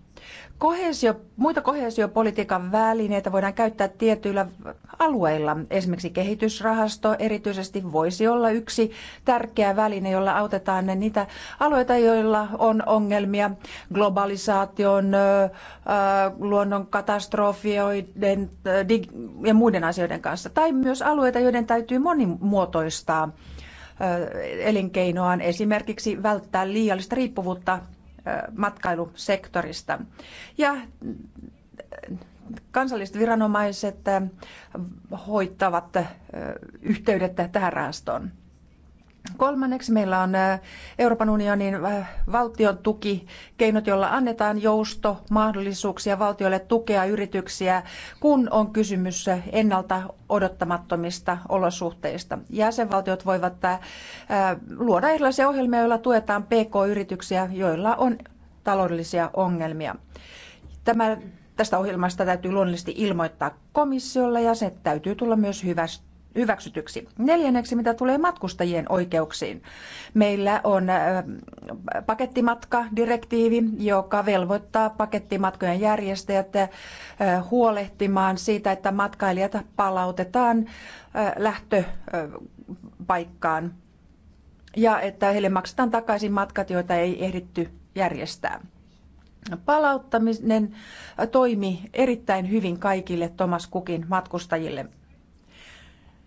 Kohesio, muita kohesiopolitiikan välineitä voidaan käyttää tietyillä alueilla. Esimerkiksi kehitysrahasto erityisesti voisi olla yksi tärkeä väline, jolla autetaan ne niitä alueita, joilla on ongelmia globalisaation, luonnon katastrofioiden ja muiden asioiden kanssa. Tai myös alueita, joiden täytyy monimuotoistaa elinkeinoaan, esimerkiksi välttää liiallista riippuvuutta matkailusektorista. Ja kansalliset viranomaiset hoitavat yhteydet tähän rahastoon. Kolmanneksi meillä on äh, Euroopan unionin äh, valtion tuki keinot, joilla annetaan jousto mahdollisuuksia valtioille tukea yrityksiä, kun on kysymys äh, ennalta odottamattomista olosuhteista. Jäsenvaltiot voivat luoda erilaisia ohjelmia, joilla tuetaan PK-yrityksiä, joilla on taloudellisia ongelmia. Tämä, tästä ohjelmasta täytyy luonnollisesti ilmoittaa komissiolle ja se täytyy tulla myös hyvästä hyväksytyksi. Neljänneksi, mitä tulee matkustajien oikeuksiin. Meillä on pakettimatkadirektiivi, joka velvoittaa pakettimatkojen järjestäjät huolehtimaan siitä, että matkailijat palautetaan lähtöpaikkaan ja että heille maksetaan takaisin matkat, joita ei ehditty järjestää. Palauttaminen toimi erittäin hyvin kaikille Thomas Cookin matkustajille –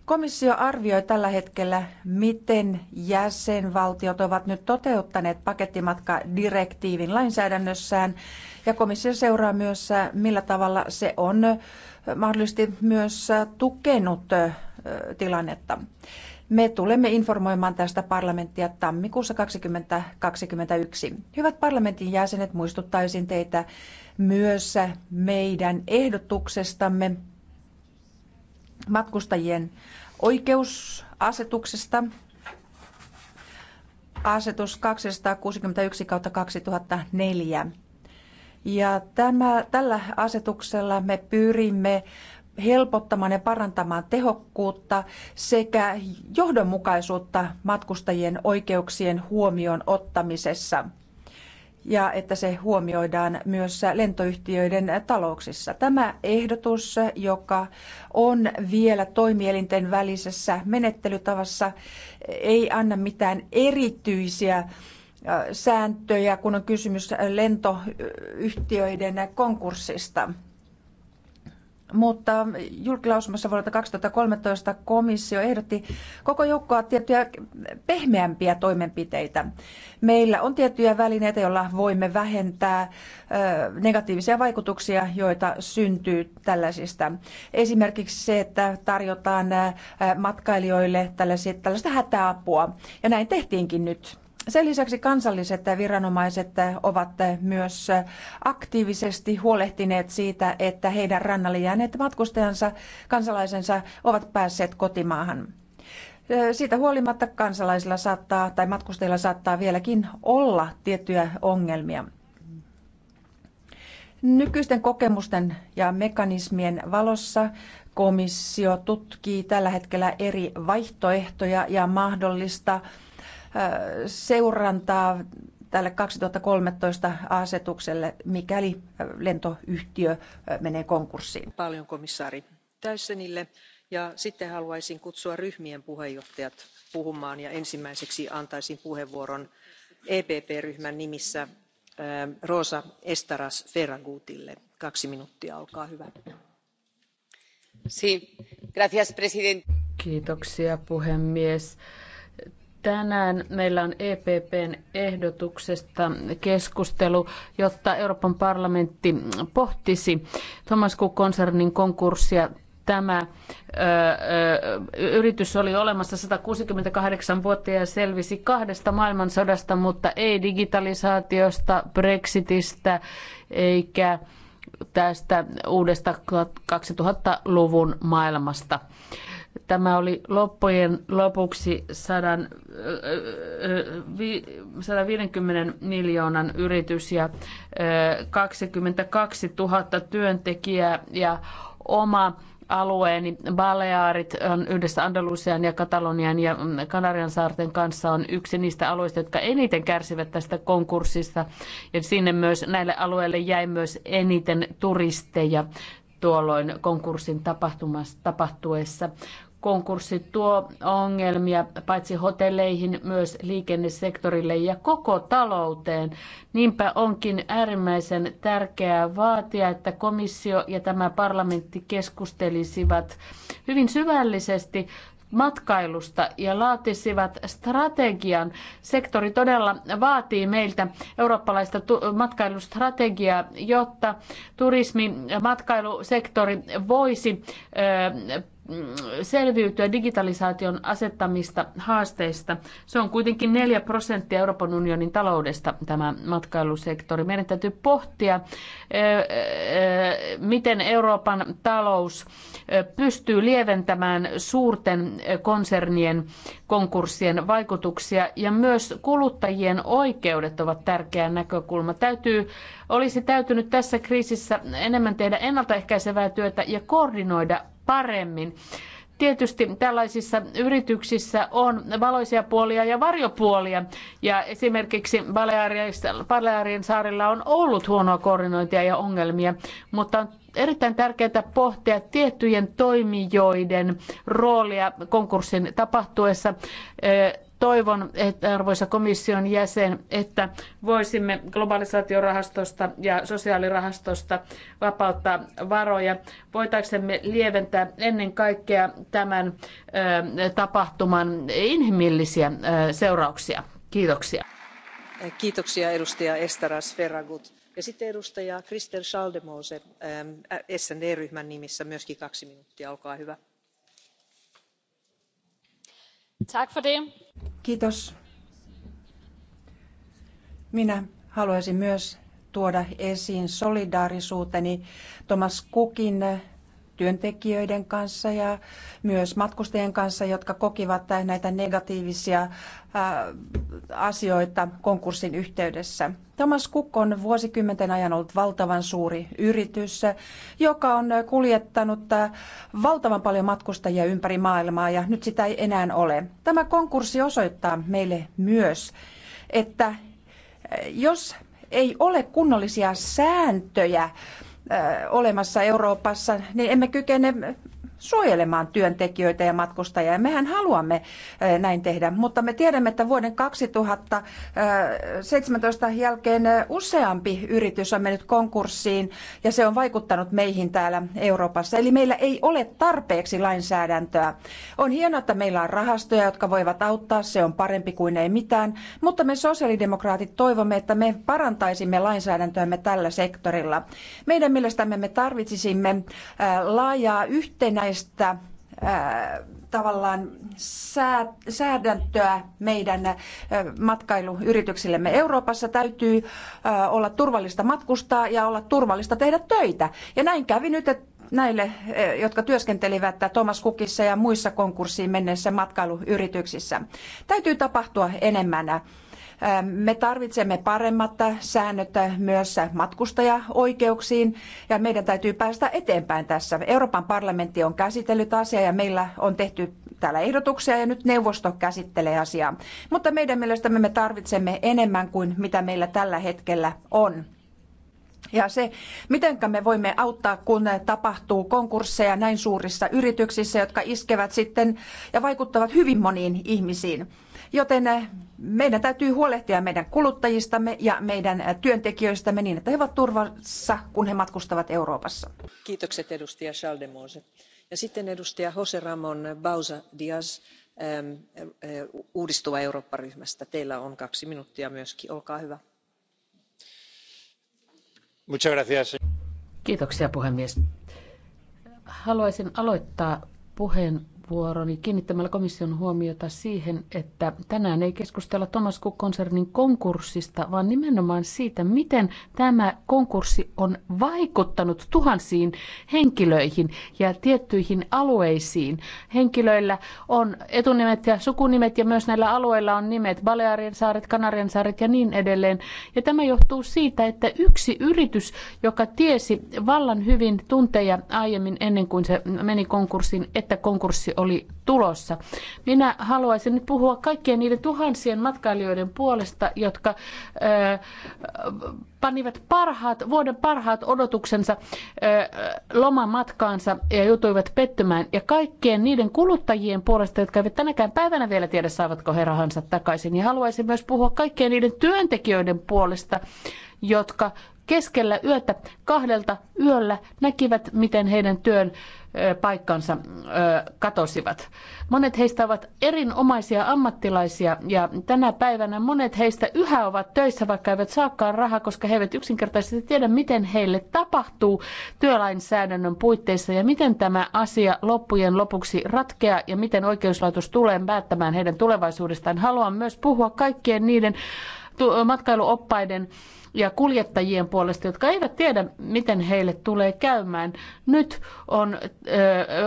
Komissio arvioi tällä hetkellä, miten jäsenvaltiot ovat nyt toteuttaneet pakettimatkadirektiivin lainsäädännössään, ja komissio seuraa myös, millä tavalla se on mahdollisesti myös tukenut tilannetta. Me tulemme informoimaan tästä parlamenttia tammikuussa 2021. Hyvät parlamentin jäsenet, muistuttaisin teitä myös meidän ehdotuksestamme matkustajien oikeusasetuksesta. Asetus 261 2004. Ja tämä, tällä asetuksella me pyrimme helpottamaan ja parantamaan tehokkuutta sekä johdonmukaisuutta matkustajien oikeuksien huomioon ottamisessa ja että se huomioidaan myös lentoyhtiöiden talouksissa. Tämä ehdotus, joka on vielä toimielinten välisessä menettelytavassa, ei anna mitään erityisiä sääntöjä, kun on kysymys lentoyhtiöiden konkurssista. Mutta julkilausumassa vuodelta 2013 komissio ehdotti koko joukkoa tiettyjä pehmeämpiä toimenpiteitä. Meillä on tiettyjä välineitä, joilla voimme vähentää negatiivisia vaikutuksia, joita syntyy tällaisista. Esimerkiksi se, että tarjotaan matkailijoille tällaista hätäapua. Ja näin tehtiinkin nyt. Sen lisäksi kansalliset viranomaiset ovat myös aktiivisesti huolehtineet siitä, että heidän rannalle jääneet matkustajansa, kansalaisensa ovat päässeet kotimaahan. Siitä huolimatta kansalaisilla saattaa tai matkustajilla saattaa vieläkin olla tiettyjä ongelmia. Nykyisten kokemusten ja mekanismien valossa komissio tutkii tällä hetkellä eri vaihtoehtoja ja mahdollista seurantaa tälle 2013 asetukselle, mikäli lentoyhtiö menee konkurssiin. Paljon komissaari Täyssenille. Ja sitten haluaisin kutsua ryhmien puheenjohtajat puhumaan ja ensimmäiseksi antaisin puheenvuoron epp ryhmän nimissä rosa estaras ferragutille. kaksi minuuttia olkaa hyvä. Kiitoksia puhemies Tänään meillä on EPPn ehdotuksesta keskustelu, jotta Euroopan parlamentti pohtisi Thomas Cook-konsernin konkurssia tämä ö, ö, yritys oli olemassa 168 vuotta ja selvisi kahdesta maailmansodasta, mutta ei digitalisaatiosta, Brexitistä eikä tästä uudesta 2000-luvun maailmasta. Tämä oli loppujen lopuksi 100, 150 miljoonan yritys ja 22 000 työntekijää ja oma alueeni Balearit on yhdessä Andalusian ja Katalonian ja Kanarian saarten kanssa on yksi niistä alueista, jotka eniten kärsivät tästä konkurssista. Ja sinne myös näille alueille jäi myös eniten turisteja tuolloin konkurssin tapahtuessa konkurssi tuo ongelmia paitsi hotelleihin, myös liikennesektorille ja koko talouteen. Niinpä onkin äärimmäisen tärkeää vaatia, että komissio ja tämä parlamentti keskustelisivat hyvin syvällisesti matkailusta ja laatisivat strategian. Sektori todella vaatii meiltä eurooppalaista matkailustrategiaa, jotta turismi- ja matkailusektori voisi selviytyä digitalisaation asettamista haasteista. Se on kuitenkin 4 prosenttia Euroopan unionin taloudesta tämä matkailusektori. Meidän täytyy pohtia, miten Euroopan talous pystyy lieventämään suurten konsernien konkurssien vaikutuksia ja myös kuluttajien oikeudet ovat tärkeä näkökulma. Täytyy, olisi täytynyt tässä kriisissä enemmän tehdä ennaltaehkäisevää työtä ja koordinoida paremmin. Tietysti tällaisissa yrityksissä on valoisia puolia ja varjopuolia, ja esimerkiksi Balearien saarilla on ollut huonoa koordinointia ja ongelmia, mutta on erittäin tärkeää pohtia tiettyjen toimijoiden roolia konkurssin tapahtuessa toivon, että arvoisa komission jäsen, että voisimme globalisaatiorahastosta ja sosiaalirahastosta vapauttaa varoja. Voitaaksemme lieventää ennen kaikkea tämän tapahtuman inhimillisiä seurauksia. Kiitoksia. Kiitoksia edustaja Estaras Ferragut. Ja sitten edustaja Kristel Schaldemose SND-ryhmän nimissä myöskin kaksi minuuttia. Olkaa hyvä. Tack för det Kiitos. Minä haluaisin myös tuoda esiin solidaarisuuteni Thomas Cookin työntekijöiden kanssa ja myös matkustajien kanssa, jotka kokivat näitä negatiivisia äh, asioita konkurssin yhteydessä. Thomas Cook on vuosikymmenten ajan ollut valtavan suuri yritys, joka on kuljettanut äh, valtavan paljon matkustajia ympäri maailmaa ja nyt sitä ei enää ole. Tämä konkurssi osoittaa meille myös, että äh, jos ei ole kunnollisia sääntöjä olemassa Euroopassa, niin emme kykene suojelemaan työntekijöitä ja matkustajia. Ja mehän haluamme näin tehdä, mutta me tiedämme, että vuoden 2017 jälkeen useampi yritys on mennyt konkurssiin ja se on vaikuttanut meihin täällä Euroopassa. Eli meillä ei ole tarpeeksi lainsäädäntöä. On hienoa, että meillä on rahastoja, jotka voivat auttaa, se on parempi kuin ei mitään, mutta me sosiaalidemokraatit toivomme, että me parantaisimme lainsäädäntöämme tällä sektorilla. Meidän mielestämme me tarvitsisimme laajaa yhtenäistä kansainvälistä tavallaan säädäntöä meidän matkailuyrityksillemme. Euroopassa täytyy olla turvallista matkustaa ja olla turvallista tehdä töitä. Ja näin kävi nyt näille, jotka työskentelivät Thomas Cookissa ja muissa konkurssiin menneissä matkailuyrityksissä. Täytyy tapahtua enemmän. Me tarvitsemme paremmat säännöt myös matkustajaoikeuksiin ja meidän täytyy päästä eteenpäin tässä. Euroopan parlamentti on käsitellyt asiaa ja meillä on tehty täällä ehdotuksia ja nyt neuvosto käsittelee asiaa. Mutta meidän mielestämme me tarvitsemme enemmän kuin mitä meillä tällä hetkellä on. Ja se, miten me voimme auttaa, kun tapahtuu konkursseja näin suurissa yrityksissä, jotka iskevät sitten ja vaikuttavat hyvin moniin ihmisiin. Joten eh, meidän täytyy huolehtia meidän kuluttajistamme ja meidän eh, työntekijöistämme niin, että he ovat turvassa, kun he matkustavat Euroopassa. Kiitokset edustaja Schaldemose. Ja sitten edustaja Jose Ramon Bausa Diaz eh, uudistuva eurooppa ryhmästä teillä on kaksi minuuttia myöskin olkaa hyvä. Kiitoksia puhemies. Haluaisin aloittaa puheen puheenvuoroni kiinnittämällä komission huomiota siihen, että tänään ei keskustella Thomas Cook-konsernin konkurssista, vaan nimenomaan siitä, miten tämä konkurssi on vaikuttanut tuhansiin henkilöihin ja tiettyihin alueisiin. Henkilöillä on etunimet ja sukunimet ja myös näillä alueilla on nimet Balearien saaret, Kanarian saaret ja niin edelleen. Ja tämä johtuu siitä, että yksi yritys, joka tiesi vallan hyvin tunteja aiemmin ennen kuin se meni konkurssiin, että konkurssi oli tulossa. Minä haluaisin nyt puhua kaikkien niiden tuhansien matkailijoiden puolesta, jotka ö, panivat parhaat, vuoden parhaat odotuksensa ö, lomamatkaansa ja joutuivat pettymään. Ja kaikkien niiden kuluttajien puolesta, jotka eivät tänäkään päivänä vielä tiedä, saavatko he rahansa takaisin. Ja haluaisin myös puhua kaikkien niiden työntekijöiden puolesta, jotka keskellä yötä kahdelta yöllä näkivät, miten heidän työn paikkansa katosivat. Monet heistä ovat erinomaisia ammattilaisia ja tänä päivänä monet heistä yhä ovat töissä, vaikka eivät saakaan rahaa, koska he eivät yksinkertaisesti tiedä, miten heille tapahtuu työlainsäädännön puitteissa ja miten tämä asia loppujen lopuksi ratkeaa ja miten oikeuslaitos tulee päättämään heidän tulevaisuudestaan. Haluan myös puhua kaikkien niiden matkailuoppaiden ja kuljettajien puolesta, jotka eivät tiedä, miten heille tulee käymään. Nyt on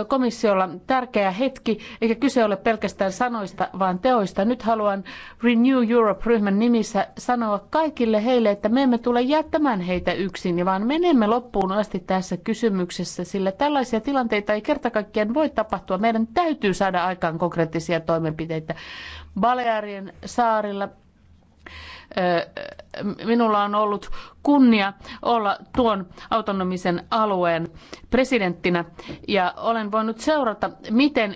komissiolla tärkeä hetki, eikä kyse ole pelkästään sanoista, vaan teoista. Nyt haluan Renew Europe-ryhmän nimissä sanoa kaikille heille, että me emme tule jättämään heitä yksin, vaan menemme loppuun asti tässä kysymyksessä, sillä tällaisia tilanteita ei kertakaikkiaan voi tapahtua. Meidän täytyy saada aikaan konkreettisia toimenpiteitä. Balearien saarilla Minulla on ollut kunnia olla tuon autonomisen alueen presidenttinä ja olen voinut seurata, miten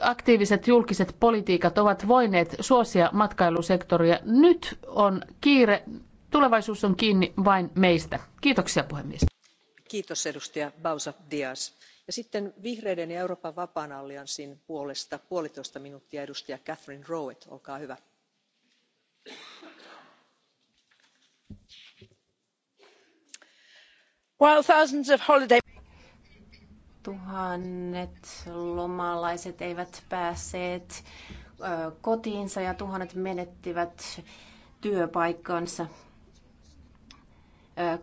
aktiiviset julkiset politiikat ovat voineet suosia matkailusektoria. Nyt on kiire, tulevaisuus on kiinni vain meistä. Kiitoksia puhemies. Kiitos edustaja Bausa Diaz. Ja sitten vihreiden ja Euroopan vapaan allianssin puolesta puolitoista minuuttia edustaja Catherine Rowett, olkaa hyvä While thousands of holiday... Tuhannet lomalaiset eivät päässeet kotiinsa ja tuhannet menettivät työpaikkansa,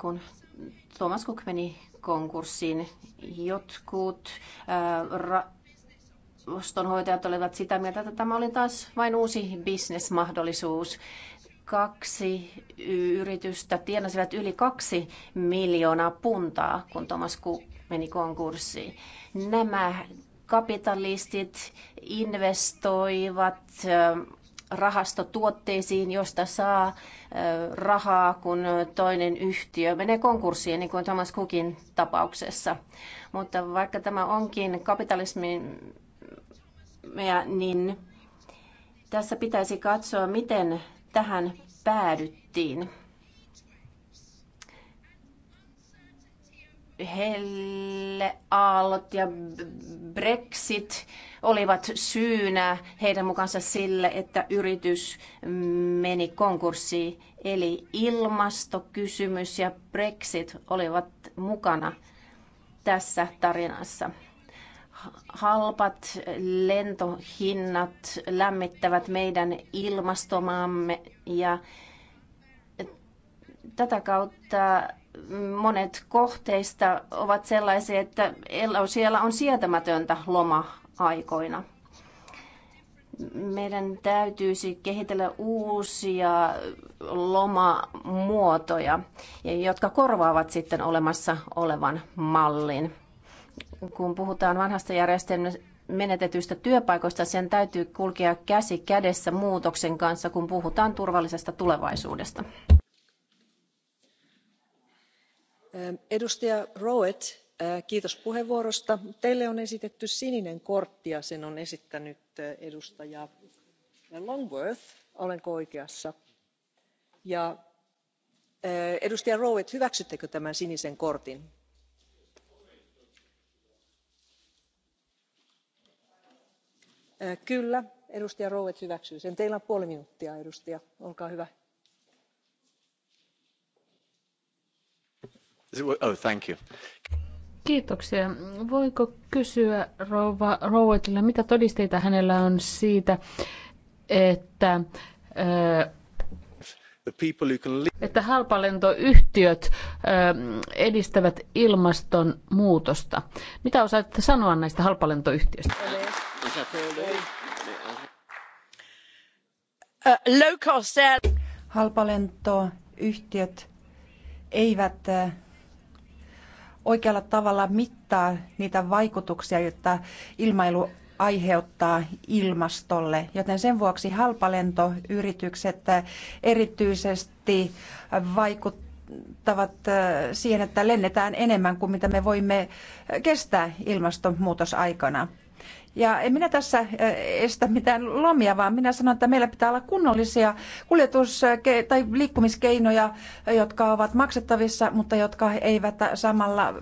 kun Thomas Cook meni konkurssiin. Jotkut ostonhoitajat olivat sitä mieltä, että tämä oli taas vain uusi bisnesmahdollisuus kaksi yritystä tienasivat yli kaksi miljoonaa puntaa, kun Thomas Cook meni konkurssiin. Nämä kapitalistit investoivat äh, rahastotuotteisiin, josta saa äh, rahaa, kun toinen yhtiö menee konkurssiin, niin kuin Thomas Cookin tapauksessa. Mutta vaikka tämä onkin kapitalismin, niin tässä pitäisi katsoa, miten tähän päädyttiin. helleaallot ja Brexit olivat syynä heidän mukansa sille, että yritys meni konkurssiin. Eli ilmastokysymys ja Brexit olivat mukana tässä tarinassa halpat lentohinnat lämmittävät meidän ilmastomaamme ja tätä kautta monet kohteista ovat sellaisia, että siellä on sietämätöntä loma-aikoina. Meidän täytyisi kehitellä uusia lomamuotoja, jotka korvaavat sitten olemassa olevan mallin kun puhutaan vanhasta järjestelmästä, menetetyistä työpaikoista, sen täytyy kulkea käsi kädessä muutoksen kanssa, kun puhutaan turvallisesta tulevaisuudesta. Edustaja Rowett, äh, kiitos puheenvuorosta. Teille on esitetty sininen kortti ja sen on esittänyt äh, edustaja Longworth. Olenko oikeassa? Ja äh, edustaja Rowett, hyväksyttekö tämän sinisen kortin? kyllä edustaja rowett hyväksyy sen. teillä on puoli minuuttia edustaja olkaa hyvä. Oh, thank you. Kiitoksia. Voiko kysyä rouva Rowettilla, mitä todisteita hänellä on siitä, että että halpalentoyhtiöt edistävät ilmastonmuutosta. Mitä osaatte sanoa näistä halpalentoyhtiöistä? Uh, Halpalentoyhtiöt eivät uh, oikealla tavalla mittaa niitä vaikutuksia, joita ilmailu aiheuttaa ilmastolle, joten sen vuoksi halpalentoyritykset uh, erityisesti vaikuttavat siihen, että lennetään enemmän kuin mitä me voimme kestää ilmastonmuutosaikana. Ja en minä tässä äh, estä mitään lomia, vaan minä sanon, että meillä pitää olla kunnollisia kuljetus- tai liikkumiskeinoja, jotka ovat maksettavissa, mutta jotka eivät samalla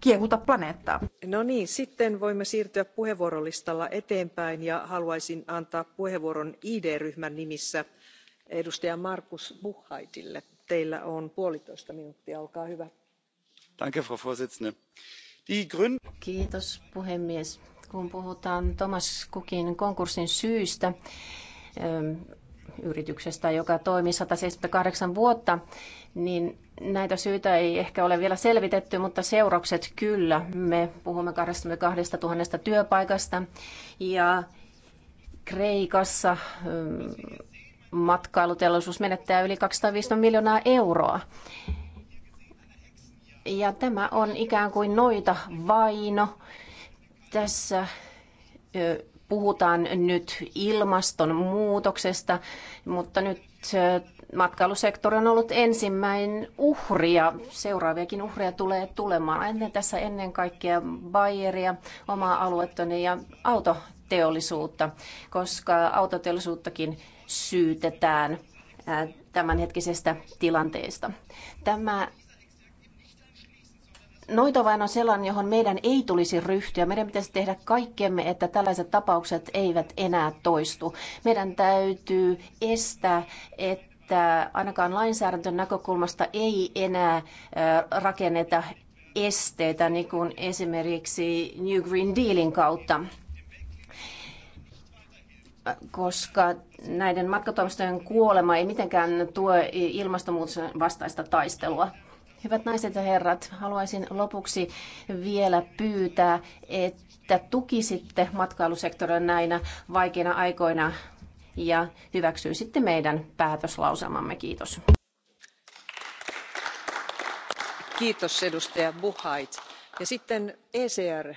kiehuta planeettaa. No niin, sitten voimme siirtyä puheenvuorolistalla eteenpäin ja haluaisin antaa puheenvuoron ID-ryhmän nimissä edustaja Markus Buchheitille. Teillä on puolitoista minuuttia, olkaa hyvä. Danke, Frau Vorsitzende. Die Grün... Kiitos puhemies kun puhutaan Thomas Cookin konkurssin syystä ähm, yrityksestä, joka toimi 178 vuotta, niin näitä syitä ei ehkä ole vielä selvitetty, mutta seuraukset kyllä. Me puhumme 22 000 työpaikasta ja Kreikassa ähm, matkailuteollisuus menettää yli 250 miljoonaa euroa. Ja tämä on ikään kuin noita vaino tässä puhutaan nyt ilmastonmuutoksesta, mutta nyt matkailusektori on ollut ensimmäinen uhri ja seuraaviakin uhreja tulee tulemaan. Ennen tässä ennen kaikkea Bayeria, omaa aluettani ja autoteollisuutta, koska autoteollisuuttakin syytetään tämänhetkisestä tilanteesta. Tämä Noita vain on sellainen, johon meidän ei tulisi ryhtyä. Meidän pitäisi tehdä kaikkemme, että tällaiset tapaukset eivät enää toistu. Meidän täytyy estää, että ainakaan lainsäädäntön näkökulmasta ei enää rakenneta esteitä, niin kuin esimerkiksi New Green Dealin kautta koska näiden matkatoimistojen kuolema ei mitenkään tue ilmastonmuutoksen vastaista taistelua. Hyvät naiset ja herrat, haluaisin lopuksi vielä pyytää, että tukisitte matkailusektorin näinä vaikeina aikoina ja hyväksyisitte meidän päätöslausamamme. Kiitos. Kiitos edustaja Buhait. Ja sitten ECR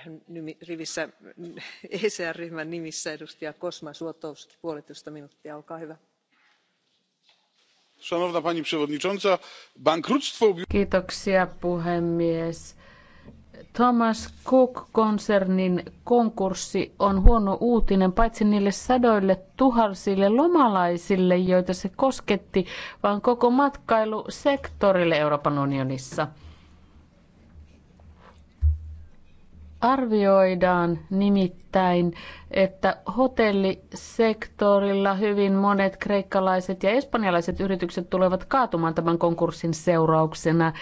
e ryhmän nimissä edustaja Kosma Suotowski, puolitoista minuuttia, olkaa hyvä Kiitoksia puhemies. Thomas Cook-konsernin konkurssi on huono uutinen paitsi niille sadoille tuhansille lomalaisille, joita se kosketti, vaan koko matkailusektorille Euroopan unionissa. Arvioidaan nimittäin, että hotellisektorilla hyvin monet kreikkalaiset ja espanjalaiset yritykset tulevat kaatumaan tämän konkurssin seurauksena.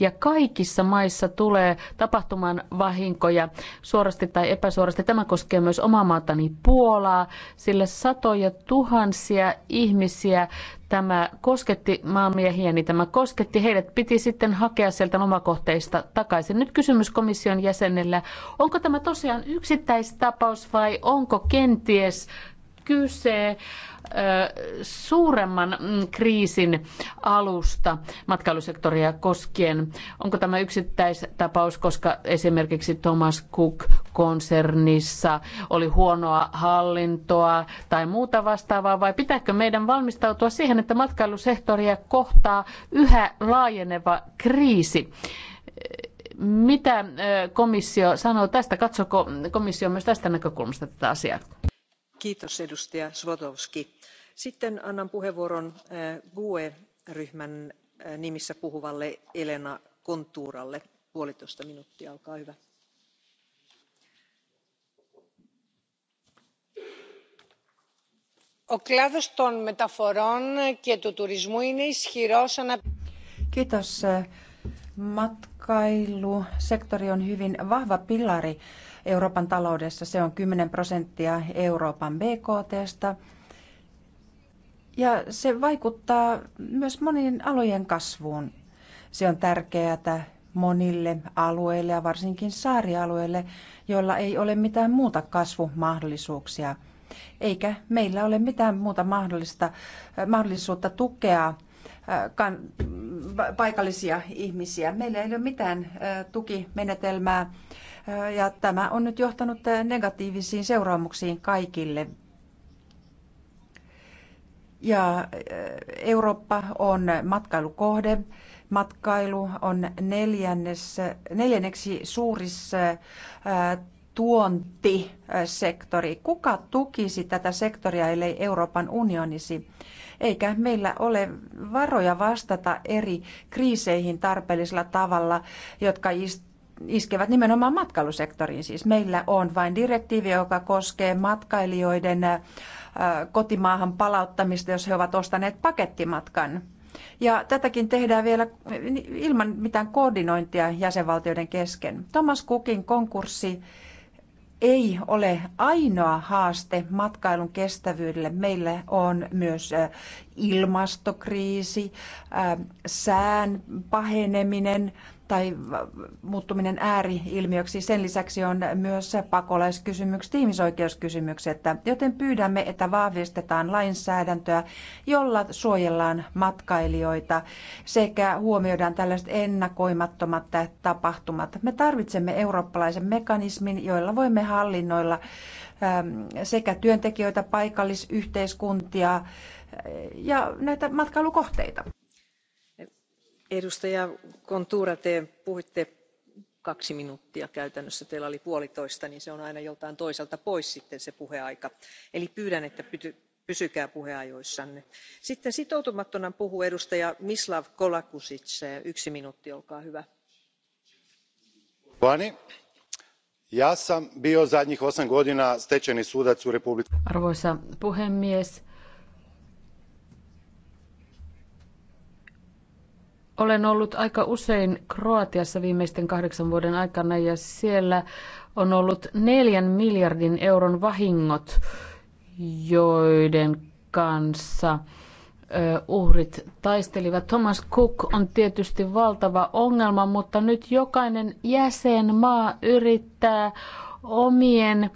Ja kaikissa maissa tulee tapahtumaan vahinkoja suorasti tai epäsuorasti. Tämä koskee myös omaa maatani Puolaa, sillä satoja tuhansia ihmisiä tämä kosketti maamiehiä, niin tämä kosketti. Heidät piti sitten hakea sieltä lomakohteista takaisin. Nyt kysymys komission jäsenellä, onko tämä tosiaan yksittäistapaus vai onko kenties kyse suuremman mm, kriisin alusta matkailusektoria koskien? Onko tämä yksittäistapaus, koska esimerkiksi Thomas Cook-konsernissa oli huonoa hallintoa tai muuta vastaavaa, vai pitääkö meidän valmistautua siihen, että matkailusektoria kohtaa yhä laajeneva kriisi? Mitä komissio sanoo tästä? Katsoko komissio myös tästä näkökulmasta tätä asiaa? arvoisa sitten annan puheenvuoron eh, gue ryhmän eh, nimissä puhuvalle elena conturalle puolitoista minuuttia olkaa hyvä. kiitos matkailusektori on hyvin vahva pilari Euroopan taloudessa. Se on 10 prosenttia Euroopan BKTstä. Ja se vaikuttaa myös monien alojen kasvuun. Se on tärkeää monille alueille ja varsinkin saarialueille, joilla ei ole mitään muuta kasvumahdollisuuksia. Eikä meillä ole mitään muuta mahdollista, mahdollisuutta tukea äh, kan, paikallisia ihmisiä. Meillä ei ole mitään äh, tukimenetelmää ja tämä on nyt johtanut eh, negatiivisiin seuraamuksiin kaikille. Ja eh, Eurooppa on matkailukohde. Matkailu on neljännes, neljänneksi suurissa eh, tuontisektori. Kuka tukisi tätä sektoria, ellei Euroopan unionisi? Eikä meillä ole varoja vastata eri kriiseihin tarpeellisella tavalla, jotka iskevät nimenomaan matkailusektoriin. Siis meillä on vain direktiivi, joka koskee matkailijoiden kotimaahan palauttamista, jos he ovat ostaneet pakettimatkan. Ja tätäkin tehdään vielä ilman mitään koordinointia jäsenvaltioiden kesken. Thomas Cookin konkurssi ei ole ainoa haaste matkailun kestävyydelle. Meillä on myös ilmastokriisi, sään paheneminen – tai muuttuminen ääriilmiöksi. Sen lisäksi on myös pakolaiskysymykset, ihmisoikeuskysymykset, joten pyydämme, että vahvistetaan lainsäädäntöä, jolla suojellaan matkailijoita sekä huomioidaan tällaiset ennakoimattomat tapahtumat. Me tarvitsemme eurooppalaisen mekanismin, joilla voimme hallinnoilla ähm, sekä työntekijöitä, paikallisyhteiskuntia äh, ja näitä matkailukohteita edustaja contura te puhuitte kaksi minuuttia käytännössä teillä oli puolitoista niin se on aina joltain toiselta pois sitten se puheaika eli pyydän että pysykää puheajoissanne. sitten sitoutumattomana puhuu edustaja miroslav kolakuci yksi minuutti olkaa hyvä. arvoisa puhemies Olen ollut aika usein Kroatiassa viimeisten kahdeksan vuoden aikana ja siellä on ollut neljän miljardin euron vahingot, joiden kanssa uhrit taistelivat. Thomas Cook on tietysti valtava ongelma, mutta nyt jokainen jäsenmaa yrittää omien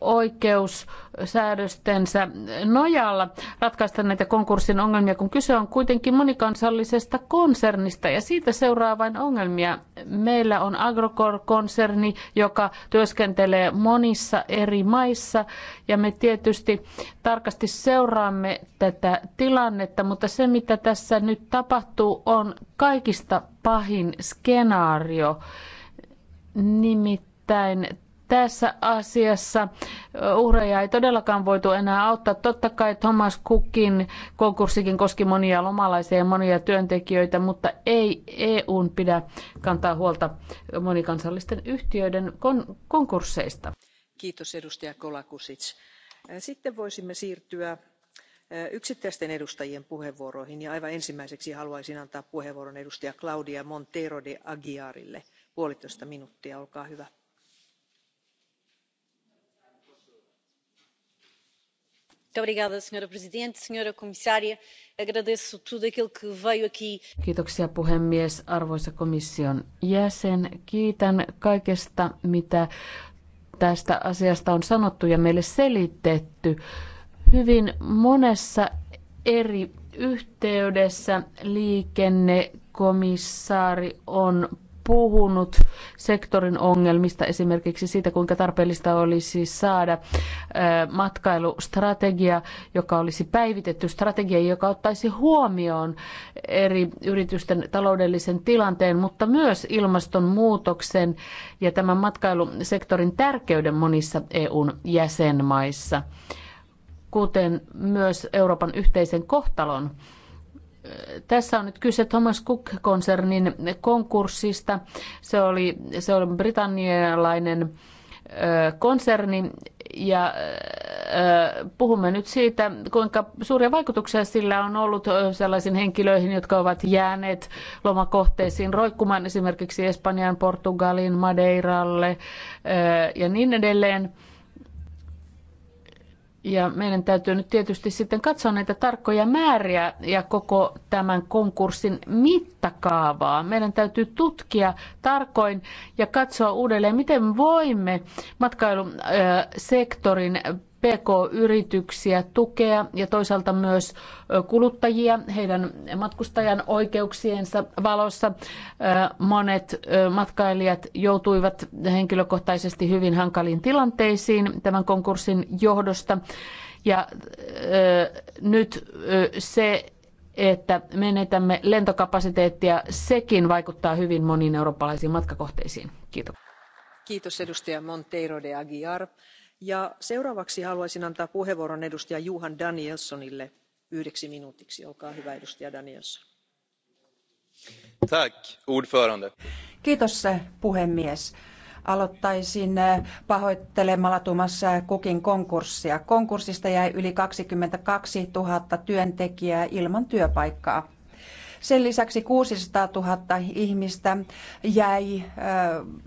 oikeussäädöstensä nojalla ratkaista näitä konkurssin ongelmia, kun kyse on kuitenkin monikansallisesta konsernista ja siitä seuraa vain ongelmia. Meillä on Agrokor-konserni, joka työskentelee monissa eri maissa ja me tietysti tarkasti seuraamme tätä tilannetta, mutta se mitä tässä nyt tapahtuu on kaikista pahin skenaario. Nimittäin tässä asiassa uhreja ei todellakaan voitu enää auttaa. Totta kai Thomas Cookin konkurssikin koski monia lomalaisia ja monia työntekijöitä, mutta ei EUn pidä kantaa huolta monikansallisten yhtiöiden kon- konkursseista. Kiitos edustaja Kolakusic. Sitten voisimme siirtyä eh, yksittäisten edustajien puheenvuoroihin ja aivan ensimmäiseksi haluaisin antaa puheenvuoron edustaja Claudia Montero de Aguiarille. Puolitoista minuuttia, olkaa hyvä Senhora presidente, senhora komissaria, agradeço tudo aquilo que veio aqui. Kiitoksia puhemies, arvoisa komission jäsen. Kiitän kaikesta, mitä tästä asiasta on sanottu ja meille selitetty. Hyvin monessa eri yhteydessä liikennekomissaari on puhunut sektorin ongelmista, esimerkiksi siitä, kuinka tarpeellista olisi saada matkailustrategia, joka olisi päivitetty strategia, joka ottaisi huomioon eri yritysten taloudellisen tilanteen, mutta myös ilmastonmuutoksen ja tämän matkailusektorin tärkeyden monissa EUn jäsenmaissa, kuten myös Euroopan yhteisen kohtalon tässä on nyt kyse Thomas Cook-konsernin konkurssista. Se oli, se oli britannialainen konserni ja puhumme nyt siitä, kuinka suuria vaikutuksia sillä on ollut sellaisiin henkilöihin, jotka ovat jääneet lomakohteisiin roikkumaan esimerkiksi Espanjan, Portugalin, Madeiralle ja niin edelleen. Ja meidän täytyy nyt tietysti sitten katsoa näitä tarkkoja määriä ja koko tämän konkurssin mittakaavaa. Meidän täytyy tutkia tarkoin ja katsoa uudelleen, miten voimme matkailusektorin PK-yrityksiä tukea ja toisaalta myös kuluttajia heidän matkustajan oikeuksiensa valossa. Monet matkailijat joutuivat henkilökohtaisesti hyvin hankaliin tilanteisiin tämän konkurssin johdosta. Ja nyt se, että menetämme lentokapasiteettia, sekin vaikuttaa hyvin moniin eurooppalaisiin matkakohteisiin. Kiitos. Kiitos edustaja Monteiro de Aguiar seuraavaksi haluaisin antaa puheenvuoron edustaja johan danielssonille yhdeksi minuutiksi olkaa hyvä edustaja danielsson. arvoisa eh, puhemies aloittaisin eh, pahoittelemalla Thomas eh, Cookin konkurssia. Konkurssista jäi yli 22 000 työntekijää ilman työpaikkaa. Sen lisäksi 600 000 ihmistä jäi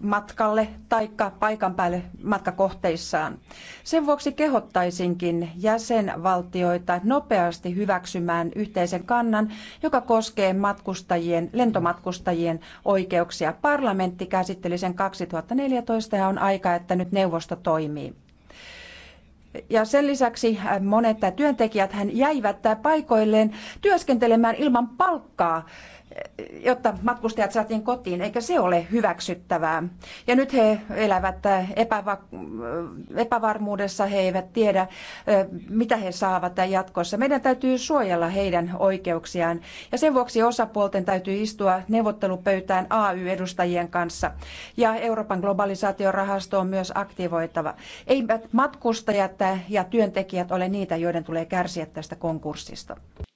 matkalle tai paikan päälle matkakohteissaan. Sen vuoksi kehottaisinkin jäsenvaltioita nopeasti hyväksymään yhteisen kannan, joka koskee matkustajien, lentomatkustajien oikeuksia. Parlamentti käsitteli sen 2014 ja on aika, että nyt neuvosto toimii. Ja sen lisäksi äh, monet työntekijät hän jäivät paikoilleen työskentelemään ilman palkkaa jotta matkustajat saatiin kotiin, eikä se ole hyväksyttävää. Ja nyt he elävät äh, epäva- äh, epävarmuudessa, he eivät tiedä, äh, mitä he saavat jatkossa. Meidän täytyy suojella heidän oikeuksiaan, ja sen vuoksi osapuolten täytyy istua neuvottelupöytään AY-edustajien kanssa. Ja Euroopan globalisaatiorahasto on myös aktivoitava. Eivät matkustajat ja työntekijät ole niitä, joiden tulee kärsiä tästä konkurssista.